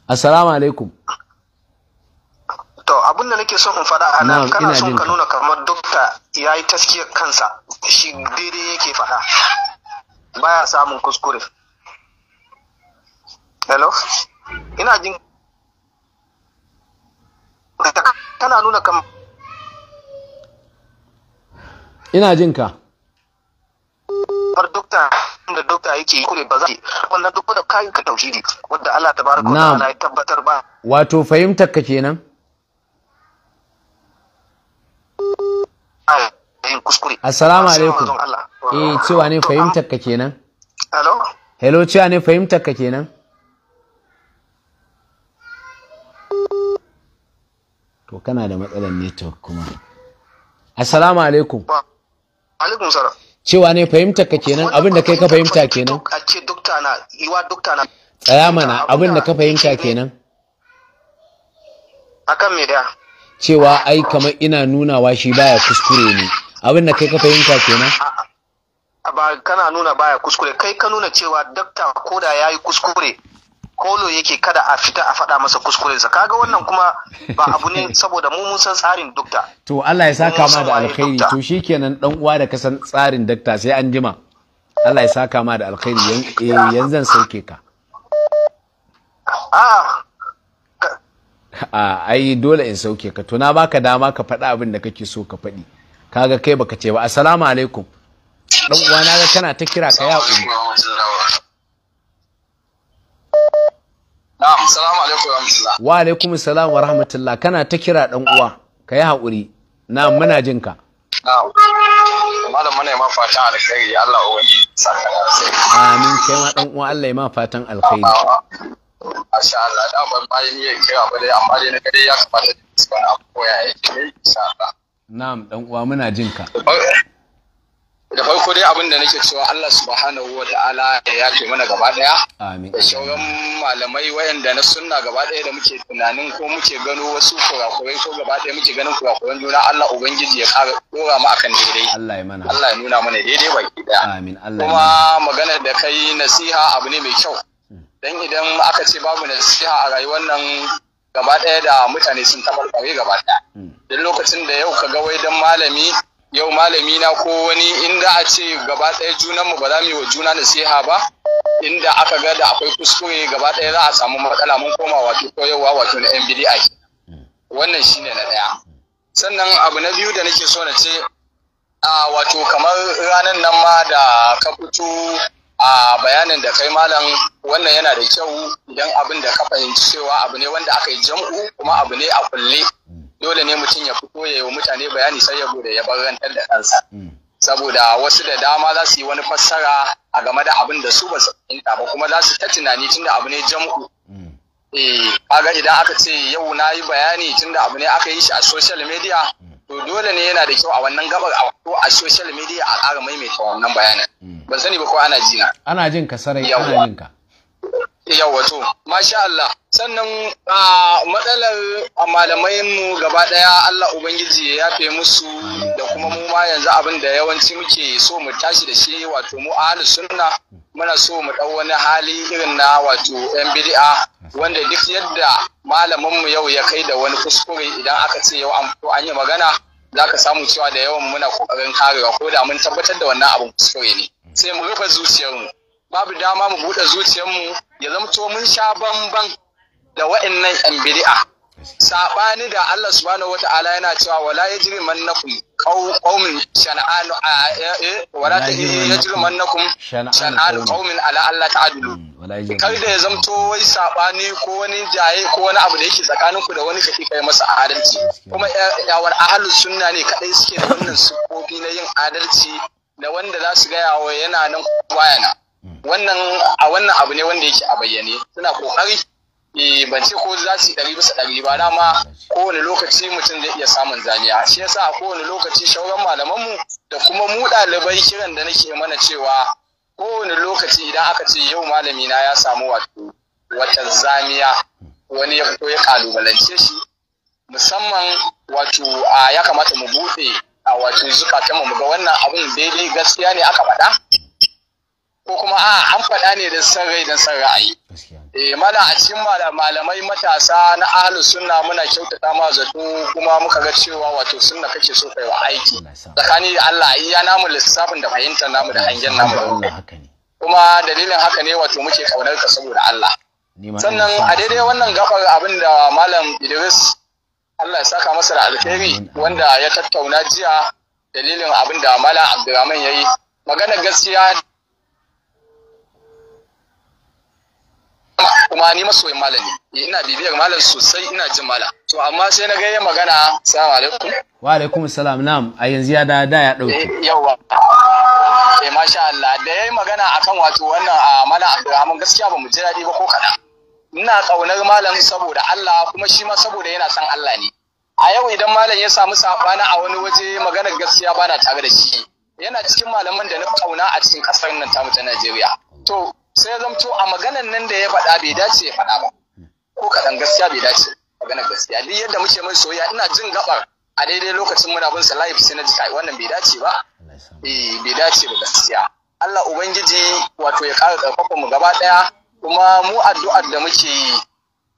assalamu alaikum to abin da nake son in faɗa a nan kana son ka nuna kamar dokta ya yi taskiyar kansa shi daidai yake faɗa baya samun kuskure hello ina jin kana nuna kamar ina jin ka kamar dokta da dokta yake kure ba zai wannan duk da kayan ka tauhidi wanda Allah tabaraka wa ta'ala ya tabbatar ba wato fahimtar ka kenan assalamu alaikum eh cewa ne fahimtar ka kenan hello hello cewa ne fahimtar ka kenan to kana da matsalar network kuma assalamu alaikum wa alaikum salam cewa ne fahimta ka kenan abin da kai ka fahimta kenan tsaya mana abin da ka fahimta kenan akan me da cewa ai kamar ina nuna wa shi baya kuskure ne abin da kai ka fahimta kenan ba kana nuna baya kuskure kai ka nuna cewa dakta koda yayi kuskure kolo yake kada a fita a faɗa masa kuskurensa kaga wannan kuma ba abu ne saboda mu mun san tsarin dokta to Allah ya saka ma da alkhairi to shikenan dan uwa da ka san tsarin dokta sai an jima Allah ya saka ma da alkhairi yanzu eh, sauke ah, ka a ai dole in sauke ka to na baka dama ka faɗa abin da kake so ka faɗi kaga kai baka ce ba assalamu alaikum dan uwa na ga kana ta kira ka ya alaikum Wa alaikum salam wa rahmatullah. Kana ta kira dan uwa. Kai hakuri! Na muna jin ka. Malam mana yi ma fatan alkhairi. Allah uwa saka Amin. Kai ma dan uwa Allah ya ma fatan alkhairi. Masha Allah, da ban bayan iya kira ba dai amma dai na gare ya kamata da su ba abubuwa ya yi. Na'am, dan uwa muna jin ka. Eh, da farko dai abin da nake cewa Allah subhanahu wa ta'ala ya yafe mana gaba daya da shauran malamai wayanda na sunna gaba daya da muke tunanin ko muke gano wasu kurakurai ko gaba daya muke ganin kurakuran juna Allah ubangiji ya kara dora mu akan daidai Allah ya mana Allah ya nuna mana daidai baki daya amin Allah kuma magana da kai nasiha abu ne mai kyau hmm. dan idan aka ce babu nasiha a rayuwar nan gaba daya da mutane sun tabarbare gaba daya hmm. duk lokacin da yau ka ga wai dan malami yau malami na ko wani in a ce gaba ɗaya junan ba za mu yi wa juna nasiha ba inda aka ga da akwai kuskure gaba ɗaya za a samu matsala mun koma wato koyarwa wato na MBDI wannan shine na ɗaya sannan abu na biyu da nake so na ce a wato kamar ranar nan ma da ka fito a bayanin da kai malam wannan yana da kyau idan abin da ka fahimci cewa abu ne wanda aka yi jam'u kuma abu ne a kulle dole ne mutum ya fito ya yi mutane bayani sai ya bude ya barantar da kansa mm. saboda wasu da dama za su yi wani fassara a game da abin da su ba su fahimta ba kuma za su ta tunani tunda abu ne jam'u mm. eh kaga idan aka ce yau na yi bayani tunda abu ne aka yi shi a social media to mm. dole ne yana da kyau a wannan gabar a wato a social media a ƙara maimaita wannan bayanin ban sani ba ko ana jina ana jin ka sarai ana jin ka yawa masha Allah sannan a matsalar malamai mu gaba daya Allah ubangiji ya yafe musu da kuma mu ma yanzu abin da yawanci muke so mu tashi da shi wato mu ahli sunna muna so mu dau wani hali irin na wato yan bid'a wanda duk yadda malamin mu yau ya kai da wani kuskure idan aka ce yau an fito an yi magana zaka samu cewa da yawan muna kokarin karewa ko da mun tabbatar da wannan abin kuskure ne sai mu rufe zuciyarmu babu dama mu buɗe mu. ya zamto mun sha bamban da wa'annan yan bid'a sabani da Allah subhanahu wata'ala yana cewa wala yajri mannakum qaumin shan'an wala yajri mannakum shan'an qaumin ala Allah ta'adulu hmm, kar da ya zamto wai sabani ko wani jaye ko wani abu da yake tsakanin ku da wani kake kai masa adalci kuma yawar ahlus sunna ne kadai suke da wannan sukobi na yin adalci da wanda za su ga yawo yana nan kowa yana wannan a wannan abu ne wanda yake a bayyane suna kokari eh, ban ce ko za su ɗari bisa ɗari ba dama kowane lokaci mutum zai iya samun zaniya shi yasa a kowane lokaci shauran mu da kuma mu ɗalibai kiran da nake mana cewa kowane lokaci idan aka ce yau malami na ya samu wato wata zamiya wani ya fito ya kalubalance shi musamman wato ya kamata mu buɗe a wato zukatanmu mu ga wannan abin daidai gaskiya ne aka faɗa ko kuma a an faɗa ne da san rai da san ra'ayi eh mala a cikin malamai matasa na ahlus suna muna kyautata ma zato kuma muka ga cewa wato sunna kake so kai wa aiki tsakani da Allah iya namu lissafin da fahimtar namu da hangen namu kuma dalilin haka ne wato muke kaunar ka saboda Allah sannan a daidai wannan gafar abin da malam Idris Allah ya saka masa da alkhairi wanda ya tattauna jiya dalilin abin da malam Abdulrahman yayi Maganar gaskiya kuma ni masoyin malami ina bibiyar malam sosai ina jin mala. to amma sai na ga yin magana assalamu alaikum wa alaikum salam na'am a yanzu ya da da ya dauke eh, yawa eh masha Allah da yayi magana akan wato wannan a ah, malam Abdulrahman gaskiya ba mu ji dadi ba ko kada ina kaunar malam saboda Allah kuma shi ma saboda yana son Allah ne a yau idan malam ya samu sabana a wani waje maganar gaskiya bana tare da shi yana cikin malaman da na kauna a cikin kasar nan tamu ta Najeriya to sai ya zamto a maganan nan da ya faɗa bai dace ya faɗa ba ko kaɗan gaskiya bai dace maganar gaskiya ni yadda muke mai soyayya ina jin gabar a daidai lokacin muna bin sa live sai na ji kai wannan bai dace ba eh bai dace ba gaskiya Allah ubangiji wato ya ƙara ƙarfafa mu gaba ɗaya kuma mu addu'ar da muke yi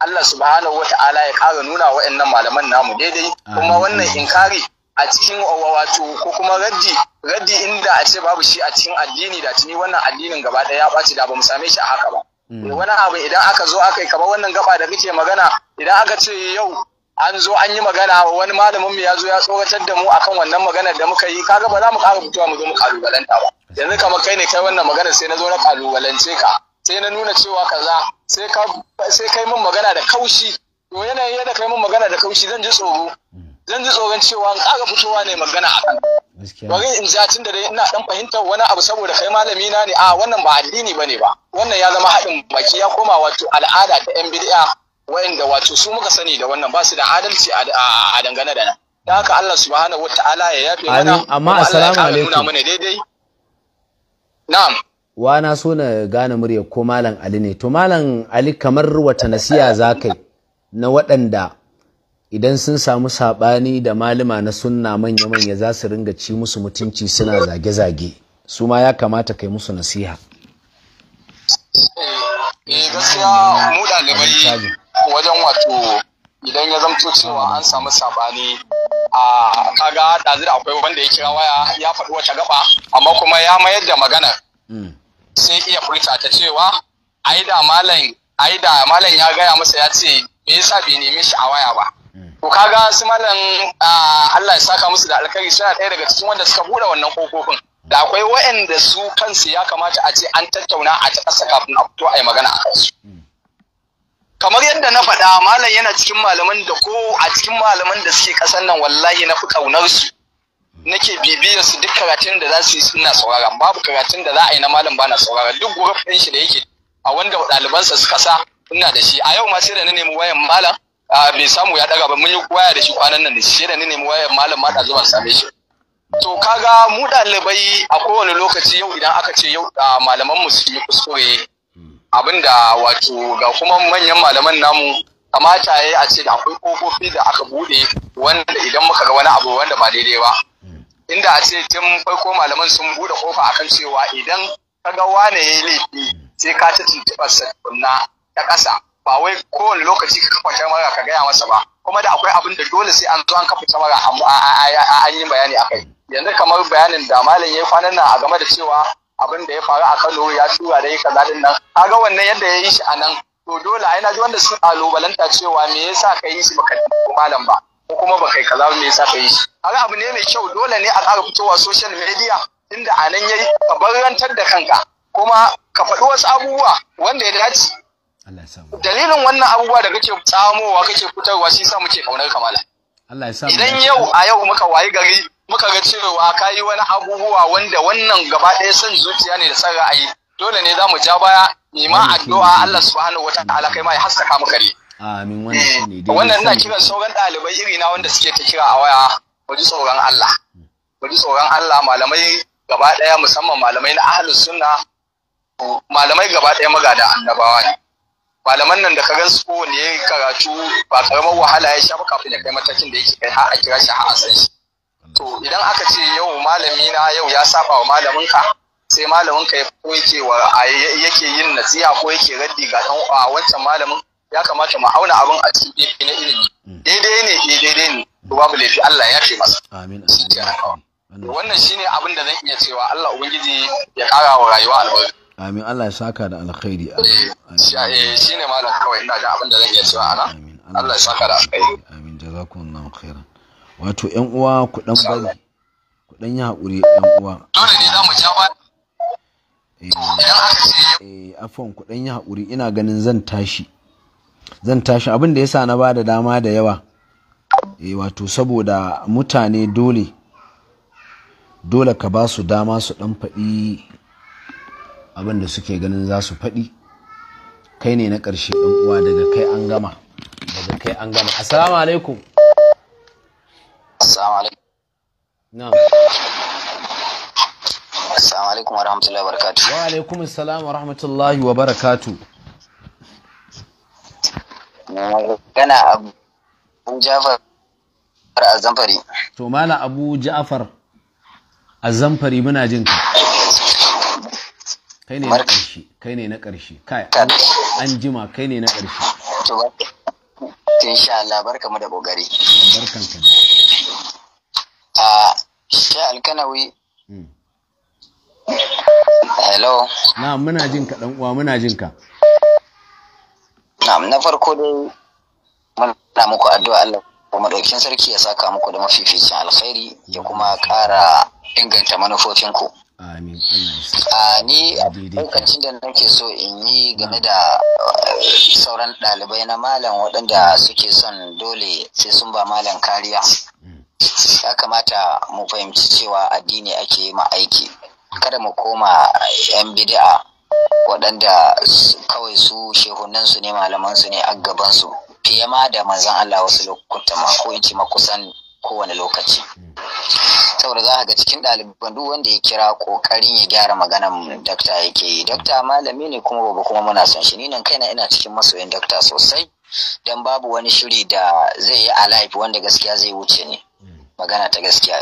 Allah subhanahu wata'ala ya ƙara nuna wa'annan malaman namu daidai kuma wannan inkari a cikin wato ko kuma raddi raddi inda a ce babu shi a cikin addini da tuni wannan addinin gaba ɗaya ya ɓaci da ba mu same shi a haka ba mm. wani abu idan aka zo aka yi kamar wannan gaba da kake magana idan aka ce yau an zo an yi magana wani malamin mu ya zo ya tsoratar da mu akan wannan maganar da muka yi kaga ba za mu ƙara fitowa mu zo mu kalubalanta ba yanzu kamar kai ne kai wannan magana sai na zo na kalubalance ka sai na nuna cewa kaza sai ka sai kai min magana da kaushi to yanayin yadda kai min magana da kaushi zan ji tsoro mm. zan ji tsoron cewa in ƙara fitowa ne magana akan wani in ja tun da dai ina dan fahimtar wani abu saboda kai malami na ne a wannan ba addini bane ba wannan ya zama haɗin baki ya koma wato al'ada ta yan bid'a wa'inda wato su muka sani da wannan ba su da adalci a dangane da nan da haka Allah subhanahu wata'ala ya yafe mana amma assalamu alaikum mana daidai na'am wa na so na gane murya ko malam Ali ne to malam Ali kamar wata nasiya zakai na waɗanda idan sun samu saɓani da malama na sunna manya-manya za su ringa ci musu mutunci suna zage-zage su ma ya kamata kai musu nasiha eh, eh, mu ɗalibai wajen wato idan ya zamto cewa an samu saɓani a kaga ɗazu da akwai wanda ya kira waya ya faɗi wata gaba amma kuma ya mayar da magana hmm. sai iya furta ta cewa ai da malam ya gaya masa ya ce me yasa bai neme shi a waya ba To kaga su malam Allah ya saka musu da alkhairi suna ɗaya daga cikin wanda suka buɗe wannan kofofin. Da akwai waɗanda su kansu ya kamata a ce an tattauna a ta ƙasa kafin a fito a yi magana a kansu. Kamar yadda na faɗa malam yana cikin malaman da ko a cikin malaman da suke ƙasan nan wallahi na fi ƙaunar su. Nake bibiyar su duk karatun da za su yi suna sauraron babu karatun da za a yi na malam bana sauraron duk guruf shi da yake a wanda ɗalibansa suka sa ina da shi a yau ma sai da na nemi wayan malam a ah, bai samu ya daga ba mun yi waya da shi kwanan nan da shi da ni nemi wayar malam ma da zuwa same shi to kaga mu ɗalibai a kowane lokaci yau idan aka ce yau ah, malaman mu sun yi kuskure abinda wato ga kuma manyan malaman namu kamata ya a ce da akwai kofofi da aka bude wanda idan muka ga wani abu wanda ba daidai ba inda a ce tun farko malaman sun bude kofa akan cewa idan ka ga wane ya laifi sai ka ta tuntuɓar sa ta ƙasa ba wai kowane lokaci ka kafa kyamara ka gaya masa ba kuma da akwai abin da dole sai an zo an kafa kyamara an yi bayani a kai yanzu kamar bayanin da malam ya yi kwanan nan a game da cewa abin da ya faru a Kano ya tura da yi kaza din nan kaga wannan yadda ya yi shi a nan to dole ai na ji wanda sun kalubalanta cewa me yasa ka yi shi baka malam ba ko kuma baka yi kaza me yasa ka yi shi kaga abu ne mai kyau dole ne a ƙara fitowa social media inda a nan yi, ka barantar da kanka kuma ka faɗi wasu abubuwa wanda ya dace dalilin wannan abubuwa da kake tsamowa kake fitarwa shi sa muke kaunar kamala idan yau a yau muka wayi gari muka ga cewa ka yi wani abubuwa wanda wannan gaba ɗaya son zuciya ne da son ra'ayi dole ne za mu ja baya ma addu'a Allah subhanahu wa ta'ala kai ma ya haskaka maka ne amin wannan ne wannan ina kiran sauran ɗalibai iri na wanda suke ta kira a waya Wajen ji tsoron Allah mu ji tsoron Allah malamai gaba ɗaya musamman malamai na ahlus sunna malamai gaba ɗaya magada annabawa ne malaman nan da ka gan su ne karatu ba karamar wahala ya sha ba kafin ya kai matakin da yake kai har a kira shi har a san shi to idan aka ce yau malami na yau ya saba wa malamin ka sai malamin ka ko yake wa yake yin nasiha ko yake raddi ga dan wancan malamin ya kamata mu auna abin a cikin daidai na ilimi mm. daidai ne eh daidai ne to babu laifi Allah ya ce masa amin wannan shine abin da zan iya cewa Allah ubangiji ya kara wa rayuwa albarka Amin Allah ya saka da alkhairi. Eh, Shi ne malam kawai ina da abin da zan iya cewa ana. Allah ya saka da alkhairi. Amin jazakumullahu khairan. Wato ƴan uwa ku dan bari. Ku dan yi haƙuri ƴan uwa. Dole ne za mu ja ba. Eh, eh afwan ku dan yi haƙuri ina ganin zan tashi. Zan tashi abin da yasa na ba da dama da yawa. Eh wato saboda mutane dole dole ka ba su dama su dan faɗi abin da suke ganin za su faɗi kai ne na ƙarshe ɗan uwa daga kai an gama daga kai an gama assalamu alaikum assalamu alaikum na'am assalamu alaikum wa rahmatullahi wa barakatu. wa alaikum assalam wa rahmatullahi wa barakatu. gana abu jafar a zamfari to mana abu jafar a zamfari muna jin ka kai ne na ƙarshe kai ne na ƙarshe kai an jima kai ne na ƙarshe tun sha Allah mu da kokari ka da a shi alkanawi hmm. hello na muna jin ka dan uwa muna jin ka na farko dai muna muku addu'a Allah kuma madaukin sarki ya saka muku da mafificin alkhairi ya kuma ƙara inganta manufofinku Amin ni lokacin da nake so in yi game mm. da eh, sauran ɗalibai na malam waɗanda suke son dole sai sun ba malam kariya. Mm. Ya kamata mu fahimci cewa addini ake yi ma aiki. Kada mu koma 'yan bid'a waɗanda kawai su shehunansu ne malamansu ne a gabansu. Fiye ma da manzan Allah wasu lokuta ma ko in ce ma kusan kowane lokaci saboda za a ga cikin ɗaliban duk wanda ya kira ƙoƙarin ya gyara maganan dakta yake yi dakta malami ne kuma babu kuma muna son shi ni nan kaina ina cikin masoyin dakta sosai don babu wani shiri da zai yi a wanda gaskiya zai wuce ne magana ta gaskiya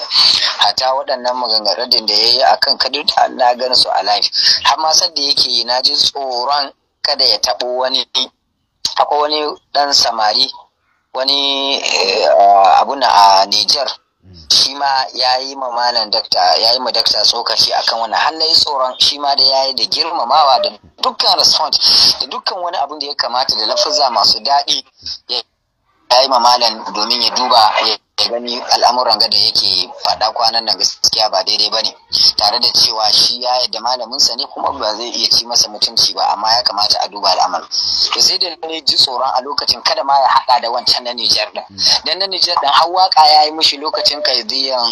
hata waɗannan maganganun da ya yi a kan kadir na gan su a live har ma sadda yake yi na ji tsoron kada ya taɓo wani akwai wani ɗan samari wani eh, abun a Nijar shi ma ya yi ma malam dakta ya yi ma dakta tsokaci akan wani har tsoron shi ma da ya yi da girmamawa da dukkan response da dukkan wani abun da ya kamata da lafaza masu daɗi ya yi mamalan domin ya duba ya gani al'amuran da yake faɗa kwanan nan gaskiya ba daidai ba ne tare da cewa shi ya yadda malaminsa ne kuma ba zai iya ci masa mutunci ba amma ya kamata a duba al'amar to sai da ne ji tsoron a lokacin kada ma ya haɗa da wancan na Nijar din dan na Nijar din har waka ya yi mishi lokacin kaidiyan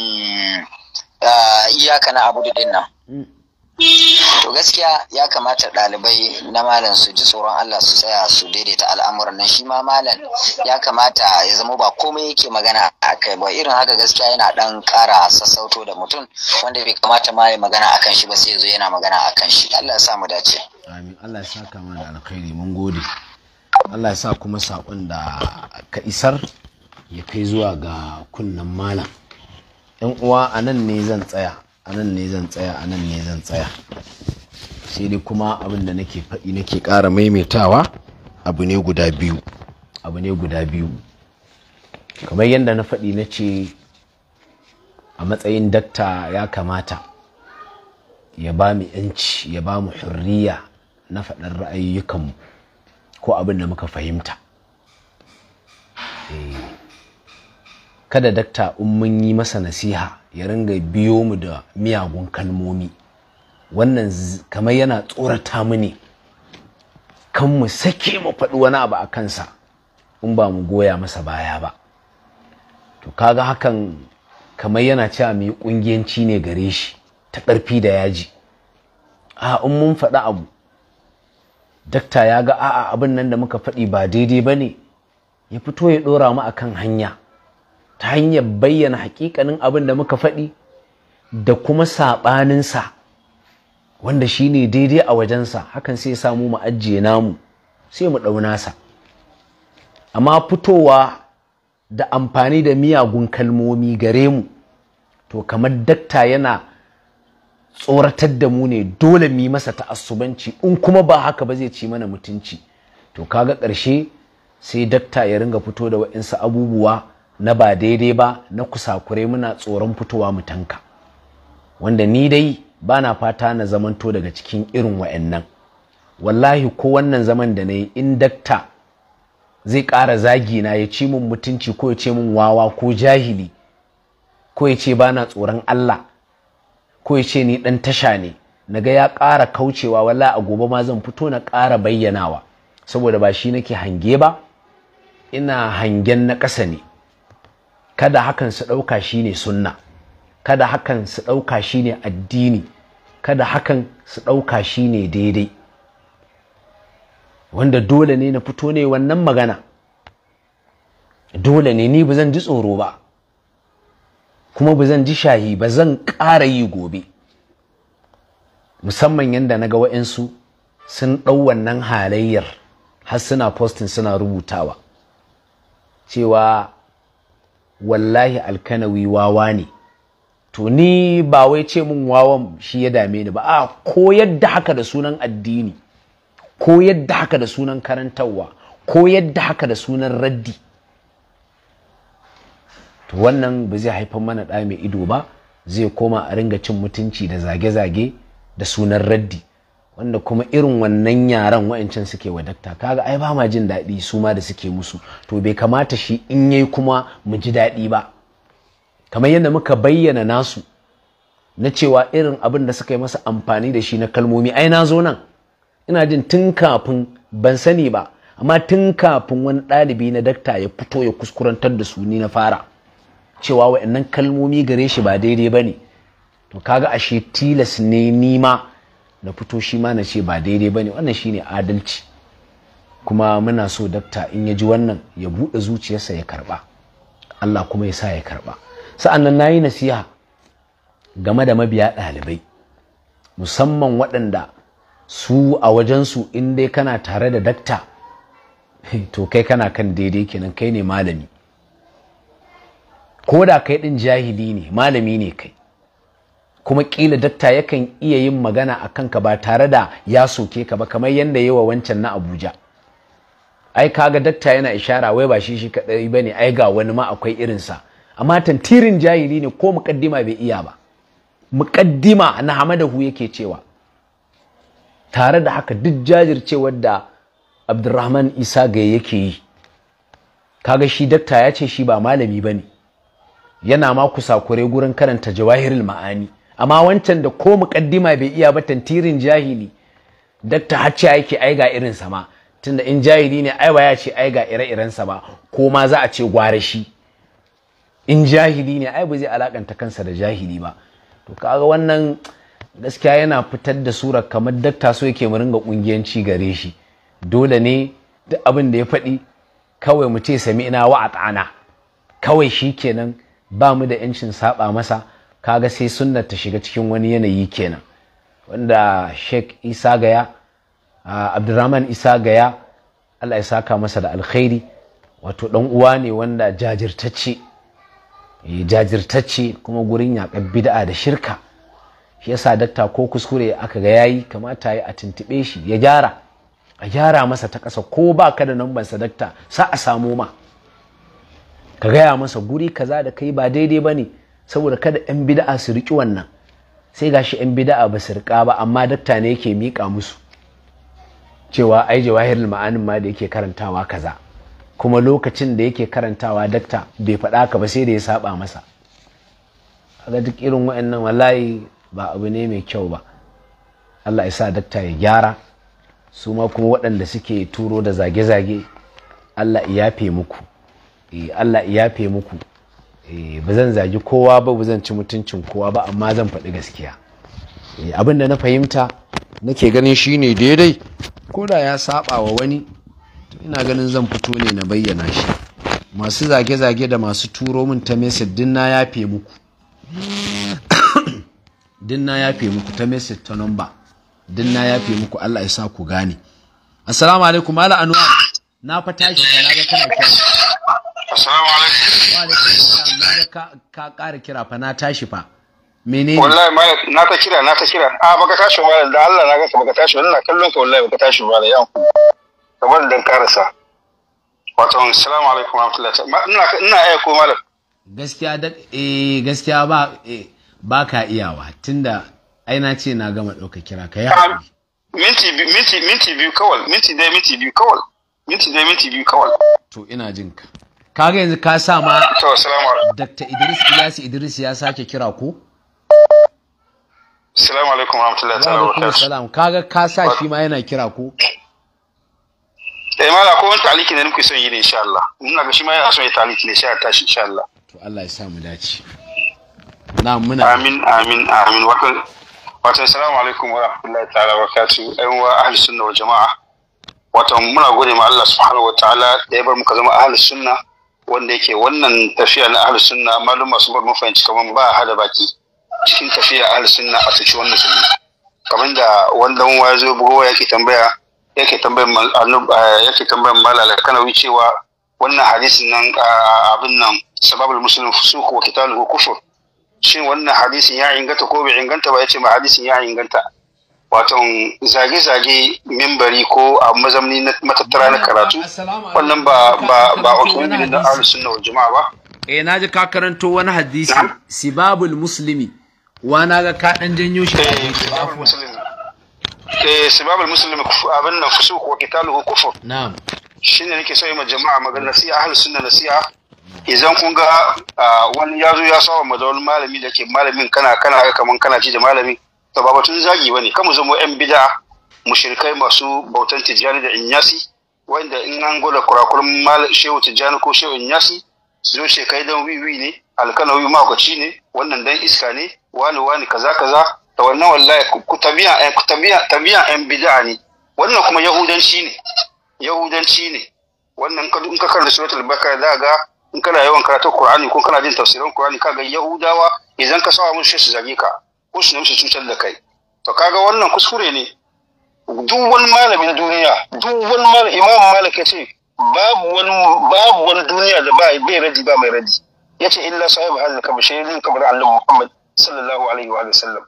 ah, iyaka na abu da nan mm. To gaskiya ya kamata ɗalibai na malam su ji tsoron Allah su tsaya su daidaita al'amuran nan shi ma malam ya kamata ya zama ba komai yake magana a kai ba irin haka gaskiya yana ɗan ƙara sassauto da mutum wanda bai kamata ma ya magana a kan shi ba sai ya zo yana magana a kan shi Allah ya sa mu dace. Amin Allah ya sa kama da alkhairi mun gode. Allah ya sa kuma saƙon da ka isar ya kai zuwa ga kunnen malam. 'Yan uwa a nan ne zan tsaya a ne zan tsaya Anan ne zan tsaya sai dai kuma abin da nake faɗi nake ƙara maimaitawa abu ne guda biyu abu ne guda biyu kamar yadda na faɗi na ce a matsayin dakta ya kamata ya ba mu yanci ya ba mu hurriya na faɗin ra'ayyukanmu ko abin da muka fahimta eh. kada dakta in mun yi masa nasiha ya ringa biyo mu da miyagun kalmomi wannan kamar yana tsorata mu ne kan mu sake mu faɗi wani abu a kansa in ba mu goya masa baya ba to kaga hakan kamar yana cewa mai ƙungiyanci ne gare shi ta ƙarfi da yaji a in mun faɗi abu dakta ya ga a'a abin nan da muka faɗi ba daidai ba ne ya fito ya ɗora mu a kan hanya ta hanyar bayyana hakikanin abin da muka faɗi da kuma saɓaninsa wanda shi ne daidai a wajensa hakan sai samu mu ajiye namu sai mu ɗauna sa amma fitowa da amfani da miyagun kalmomi gare mu to kamar dakta yana tsoratar da mu ne dole mu yi masa ta'assubanci in kuma ba haka ba zai ci mana mutunci to kaga ƙarshe sai dakta ya ringa fito da waɗansu abubuwa na ba daidai ba na kusakurai muna tsoron fitowa mutanka wanda ni dai ba na fata na zamanto daga cikin irin wa'annan wallahi ko wannan zaman da na yi in dakta zai ƙara zagi na ya ci min mutunci ko ya ce min wawa ko jahili ko ya ce ba na tsoron Allah ko ya ce ni ɗan tasha ne na ga ya ƙara kaucewa wallahi a gobe ma zan fito na ƙara bayyanawa saboda ba shi nake hange ba ina hangen na ƙasa ne kada hakan su ɗauka shine sunna kada hakan su ɗauka shine addini kada hakan su ɗauka shine daidai wanda dole ne na fito ne wannan magana dole ne ni ba zan ji tsoro ba kuma ba zan ji shahi ba zan ƙara yi gobe musamman yadda na ga wa'insu sun ɗau wannan halayyar har suna postin suna rubutawa cewa wallahi alkanawi wawa ne to ni ba wai ce mun wawan shi ya dame ni ba a koyar da haka da sunan addini koyar da haka da sunan karantarwa Ko yadda haka da sunan raddi to wannan ba zai haifar mana ɗa mai ido ba zai koma a ringa cin mutunci da zage-zage da sunan raddi wanda kuma irin wannan yaran wa'ancan suke wadakta kaga ai ba ma jin daɗi su ma da suke musu to bai kamata shi in yayi kuma mu ji daɗi ba kamar yadda muka bayyana nasu na cewa irin abin da suka yi masa amfani da shi na kalmomi ai na zo nan ina jin tun kafin ban sani ba amma tun kafin wani ɗalibi na dakta ya fito ya kuskurantar da su ni na fara cewa wa'annan kalmomi gare shi ba daidai ba ne to kaga ashe tilas ne nima na fito shi ma na ce ba daidai ba ne wannan ne adalci kuma muna so dakta in ya ji wannan ya buɗe zuciyarsa ya karɓa Allah kuma ya sa ya karɓa sa'annan na yi nasiha game da mabiya ɗalibai musamman waɗanda su a wajen su in dai kana tare da dakta to kai kana kan daidai kenan kai ne malami ko da kai ɗin jahili ne malami ne kai kuma kila datta yakan iya yin magana a kanka ba tare da ya soke ka ba kamar yadda yawa wancan na abuja ai kaga datta yana ishara wai ba shi shi kadai bane ai ga wani ma akwai irinsa amma tantirin jahili ne ko mukaddima bai iya ba muƙaddima na hamadahu yake cewa tare da haka duk jajircewar da abdurrahman isa ga yake yi kaga shi dakta ya ce shi ba malami bane yana ma kusa kure gurin karanta jawahirul ma'ani amma wancan da ko muƙaddima bai iya ba tantirin jahili dakta hacci yake ai ga irin ma. tunda in jahili ne ai ya ce ai ga ire-iren ba. ko ma za a ce gware shi in jahili ne ai ba zai alakanta kansa da jahili ba to kaga wannan gaskiya yana fitar da surar kamar dakta so yake mu ringa kungiyanci gare shi dole ne duk abin da ya faɗi kawai mu ce sami ina wa kawai shi kenan ba mu da 'yancin saba masa kaga sai sunnar ta shiga cikin wani yanayi kenan wanda Sheik isa gaya abdurrahman isa gaya allah ya saka masa da alkhairi wato dan uwa ne wanda jajirtacce eh, jajirtacce kuma gurin yakar bid'a da shirka shi yasa datta ko kuskure aka ga yayi kamata ya a tuntube shi ya gyara a gyara masa ta ƙasa ko ba ka da namban sadakta sa a samo ma ka gaya masa guri kaza da kai ba daidai ba ne saboda kada 'yan bida'a su riƙi wannan sai gashi 'yan bida'a ba su riƙa ba amma dakta ne yake miƙa musu cewa ai jawahirul ma'anin ma da yake karantawa kaza kuma lokacin da yake karantawa dakta bai faɗa ka ba sai da ya saba masa kaga duk irin wa'annan wallahi ba abu ne mai kyau ba Allah ya sa dakta ya gyara su ma kuma waɗanda suke turo da zage-zage Allah ya yafe muku eh, Allah ya yafe muku Eh, ba zan zagi kowa ba ba zan ci mutuncin kowa ba amma zan faɗi gaskiya eh, abin da na fahimta nake ganin shine daidai ko da ya saba wa wani ina ganin zan fito ne na bayyana shi masu zage-zage da masu turo min ta mesir dinna ya yafe muku dinna ya yafe muku ta mesir ta namba dinna ya fe muku Allah ya sa ku gane assalamu alaikum mala anwar na fata shi na ga kana kira Assalamu alaikum. Wa alaikum salam. Ka ka kira fa kira na ta kira. A ah, baka tashi da Allah na baka tashi kallon ka wallahi baka tashi Kamar dan karasa. Wato assalamu alaikum wa rahmatullahi. Ina ina Gaskiya da eh gaskiya ba eh, ba ka iyawa tunda ai na ce na kaga yanzu ka sa ma Dr. Idris Ilyasu Idris ya sake kira ku salamu alaikum warahmatullahi ta'ala wabarakatuh Salam kaga ka sa shi ma yana kira ku Emala eh, ko wani taliki ne muke son yi ne insha Allah ina ga shi ma yana son yi taliki ne sai tashi insha Allah to Allah ya sa mu dace na muna amin amin amin wato wato assalamu alaikum warahmatullahi ta'ala wabarakatuh ayyuhan wa ahli sunna wa jamaa wato muna gode ma Allah subhanahu wa ta'ala da ya bar muka zama ahli sunna wanda yake wannan tafiya na ahlus sunna malum masu bar mun fahimci kaman ba hada baki cikin tafiya ahlus sunna a tuci wannan sunna kaman da wannan waya zo bugo yake tambaya yake tambayan eh, yake tambayan malala kanawi cewa wannan hadisin nan abin nan sababul muslim fusuq wa qitaluhu kufur shin wannan hadisin ya inganta ko bai inganta ba yace ma hadisin ya inganta waton zage-zage membari ko a mazamni na matattara na karatu wannan ba ba ba wani da ahlus sunna wal jama'a ba eh naji ka karanto wani hadisi sibabul muslimi wa na ga ka dan janyo shi eh sibabul muslimi eh, abin nan fusuq wa qitaluhu Na. na'am shine nake so yi ma jama'a magana nasiha ahlus sunna nasiha idan kun ga ah, wani ya zo ya sawa madawar malami da ke malamin kana kana kaman kana ci da malamin ta ba batun zagi ne kan mu zama yan bid'a mushrikai masu bautan tijjani da inyasi wanda in an gwada kurakurin malam shehu tijjani ko shehu inyasi su zo shekai don wiwi ne wiwi makwaci ne wannan dan iska ne wani wani kaza kaza ta wannan wallahi ku tabiya ku tabiya eh, tabiya yan bid'a ne wannan kuma yahudanci ne yahudanci ne wannan in ka karanta suratul bakara za ga in kana yawan karatun qur'ani ko kana jin tafsirin qur'ani kaga yahudawa idan ka sawa mun shi su zage ka ko su nemi su cutar da kai to kaga wannan kuskure ne duk wani malamin duniya duk wani imam malik ce babu wani babu wani duniya da ba bai raji ba mai raji yace illa sahibu hadal shi ne kamar annabi muhammad sallallahu alaihi wa sallam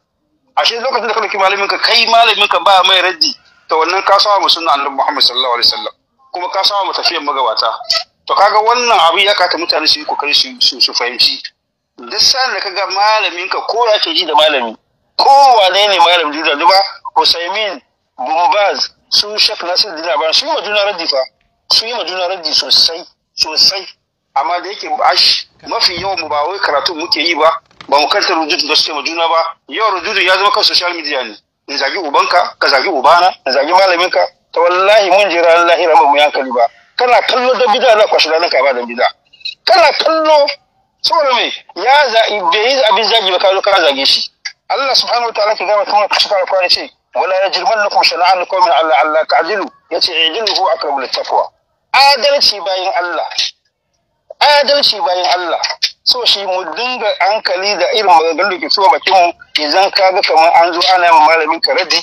shi lokacin da ka dauki malamin ka kai malamin ka ba mai raji to wannan ka sawa mu sunna annabi muhammad sallallahu alaihi wa sallam kuma ka sawa mu tafiyar magabata to kaga wannan abu ya kata mutane su yi kokari su su fahimci duk sa'an da kaga malamin ka ko ce ji da malami ko wane ne malam juna duba Usaimin Bumbaz su Sheikh Nasir Dina ba su yi wa juna raddi fa su yi wa juna raddi sosai sosai amma da yake ash mafi yawan mu ba wai karatu muke yi ba ba mu karanta rujudu da suke ma juna ba yau rujudu ya zama kan social media ne in zagi ubanka ka zagi ubana in zagi malaminka ta wallahi mun jira Allah ya mu yankali ba kana kallo da bid'a na kwashi ranar ka ba da bid'a kana kallo saboda mai ya bai yi abin zagi ba kazo ka zage shi Allah subhanahu wataala ke gama kuma ka shekara kwana ce wala yajrimannakum shana'an qaumin alla alla ta'dilu yace ko hu aqrabu littaqwa adalci bayan Allah adalci bayan Allah so shi mu dinga hankali da irin maganganun da ke so bakin mu idan ka ga kamar an zo ana yin malamin ka raddi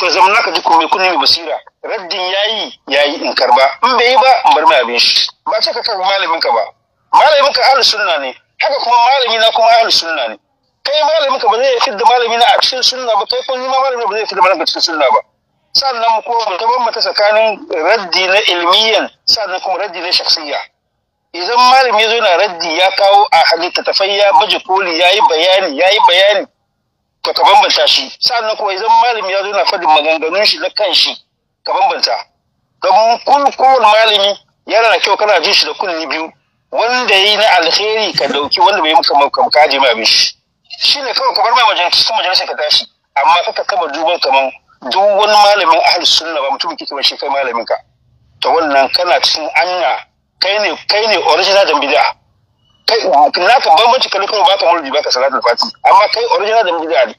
to zamana ka ji komai kunne mai basira raddin yayi yayi in karba in bai yi ba in bar mai abin shi ba ce ka karba malamin ka ba malamin ka ahlus sunna ne haka kuma malami na kuma ahlus sunna ne kai malamin ka ba zai fidda malami na a cikin sunna ba kai kuma malami ba zai fidda malami a cikin sunna ba sannan ta ban bambanta tsakanin raddi na ilmiyan sannan kuma raddi na shakhsiyya idan malami ya zo na raddi ya kawo a littattafai ya baje koli ya yi bayani ya yi bayani to ka bambanta shi sannan kuma idan malami ya zo na fadin maganganun shi na kan shi ka bambanta don kun kowane malami yana da kyau kana jin shi da kunni biyu wanda yi na alheri ka dauki wanda bai maka maka kaje ma bishi shi ne kawai ka bar mai majalisar majalisar ka tashi amma ka kama duban kaman duk wani malamin ahli sunna ba mutum ke ba shi kai malamin ka to wannan kana cikin anya kai ne kai ne original dan bid'a kai ka bambanci kai kuma baka ba ka salatul fati amma kai original dan bid'a ne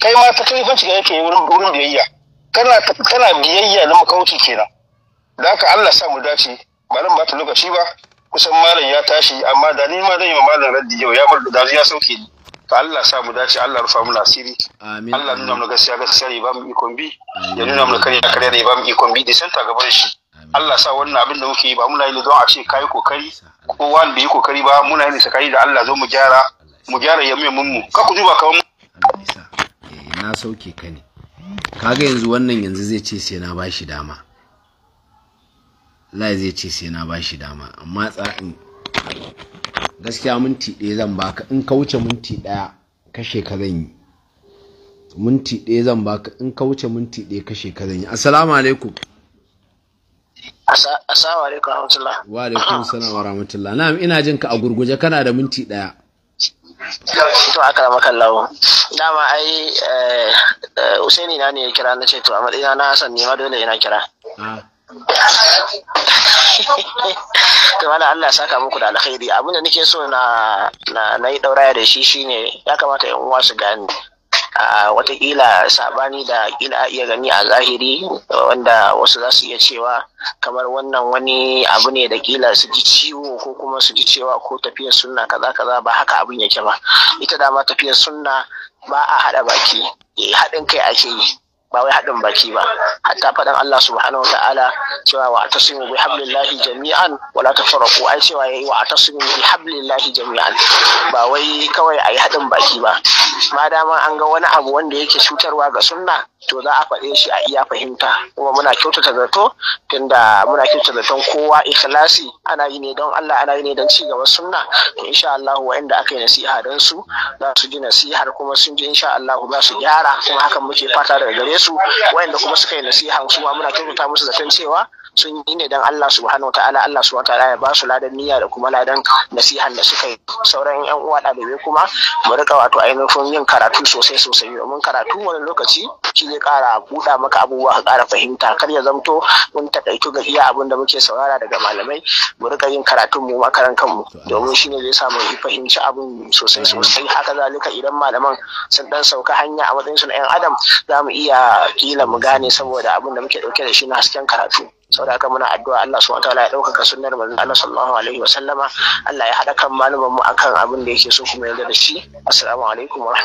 kai ma ta kai fanci yake wurin wurin biyayya kana kana biyayya na makauci kenan da haka Allah sa mu dace ba nan ba ta lokaci ba kusan malam ya tashi amma da ni ma zan yi malam raddi yau ya bar da ya sauke ni to Allah sa mu dace Allah rufa mu asiri amin Allah nuna mu gaskiya gaskiya ne ba mu ikon bi ya nuna mu kare kare ne ba mu ikon bi da santa gaban shi Allah sa wannan abin da muke yi ba muna yi don a ce kai kokari ko wani bai kokari ba muna yi sakari da Allah zo mu gyara mu gyara mun mu ka ku duba kaman eh, na sauke ka ne kaga yanzu wannan yanzu zai ce sai na bashi dama Allah zai ce sai na ba shi dama amma tsa'in gaskiya minti ɗaya zan baka in ka wuce minti ɗaya kashe ka zan yi minti ɗaya zan baka in ka wuce minti ɗaya kashe ka zan yi assalamu alaikum assalamu alaikum rahmatullah wa alaikum assalam wa rahmatullah na'am ina jin ka a gurguje kana da minti ɗaya to aka maka lawo dama ai eh, eh, usaini na ne ya kira na ce to amma ina na san ne ma dole ina kira ah. to Allah ya saka muku da alkhairi abinda nake so na na yi dauraya da shi shine ya kamata yan uwa su gani. a watakila sabani da kila a iya gani a zahiri wanda wasu za su iya cewa kamar wannan wani abu ne da kila su ji ciwo ko kuma su ji cewa ko tafiyar sunna kaza kaza ba haka abin yake ba ita dama tafiyar sunna ba a haɗa baki eh, haɗin kai ake yi ba wai haɗin baki ba hatta faɗin Allah subhanahu ta'ala cewa wa atasimu bi hablillahi jami'an wala tafarraqu ai cewa yayi wa atasimu bi hablillahi jami'an ba wai kawai a yi haɗin baki ba ma dama an ga wani abu wanda yake cutarwa ga sunna to za a faɗe shi a iya fahimta kuma muna kyautata zato tunda muna kyautata zaton kowa ikhlasi ana yi ne don Allah ana yi ne don ci gaba sunna to insha Allah wa'anda aka yi nasiha don su za su ji nasihar kuma sun ji insha Allah za su gyara kuma hakan muke fata daga gare su wa'anda kuma suka yi nasiha su ma muna kyautata musu zaton cewa sun yi ne dan Allah subhanahu wataala Allah subhanahu wataala ya ba su ladan niyya da kuma ladan nasihan da suka yi sauran yan uwa bai kuma mu rika wato ainihin yin karatu sosai sosai domin karatu wani lokaci shi zai kara buɗa maka abubuwa ka kara fahimta kar ya zamto mun takaitu ga iya abin da muke saurara daga malamai mu rika yin karatun mu karan kanmu domin shine zai sa mu fahimci abin sosai sosai haka zalika idan malaman sun dan sauka hanya a matsayin su na yan adam za mu iya kila mu gane saboda abin da muke dauke da shi na hasken karatu saboda haka muna addu'a Allah subhanahu wataala ya ɗaukaka sunnar manzon Allah sallallahu alaihi wa sallama Allah ya haɗa kan malaman mu akan abin da yake so kuma yarda da shi assalamu alaikum wa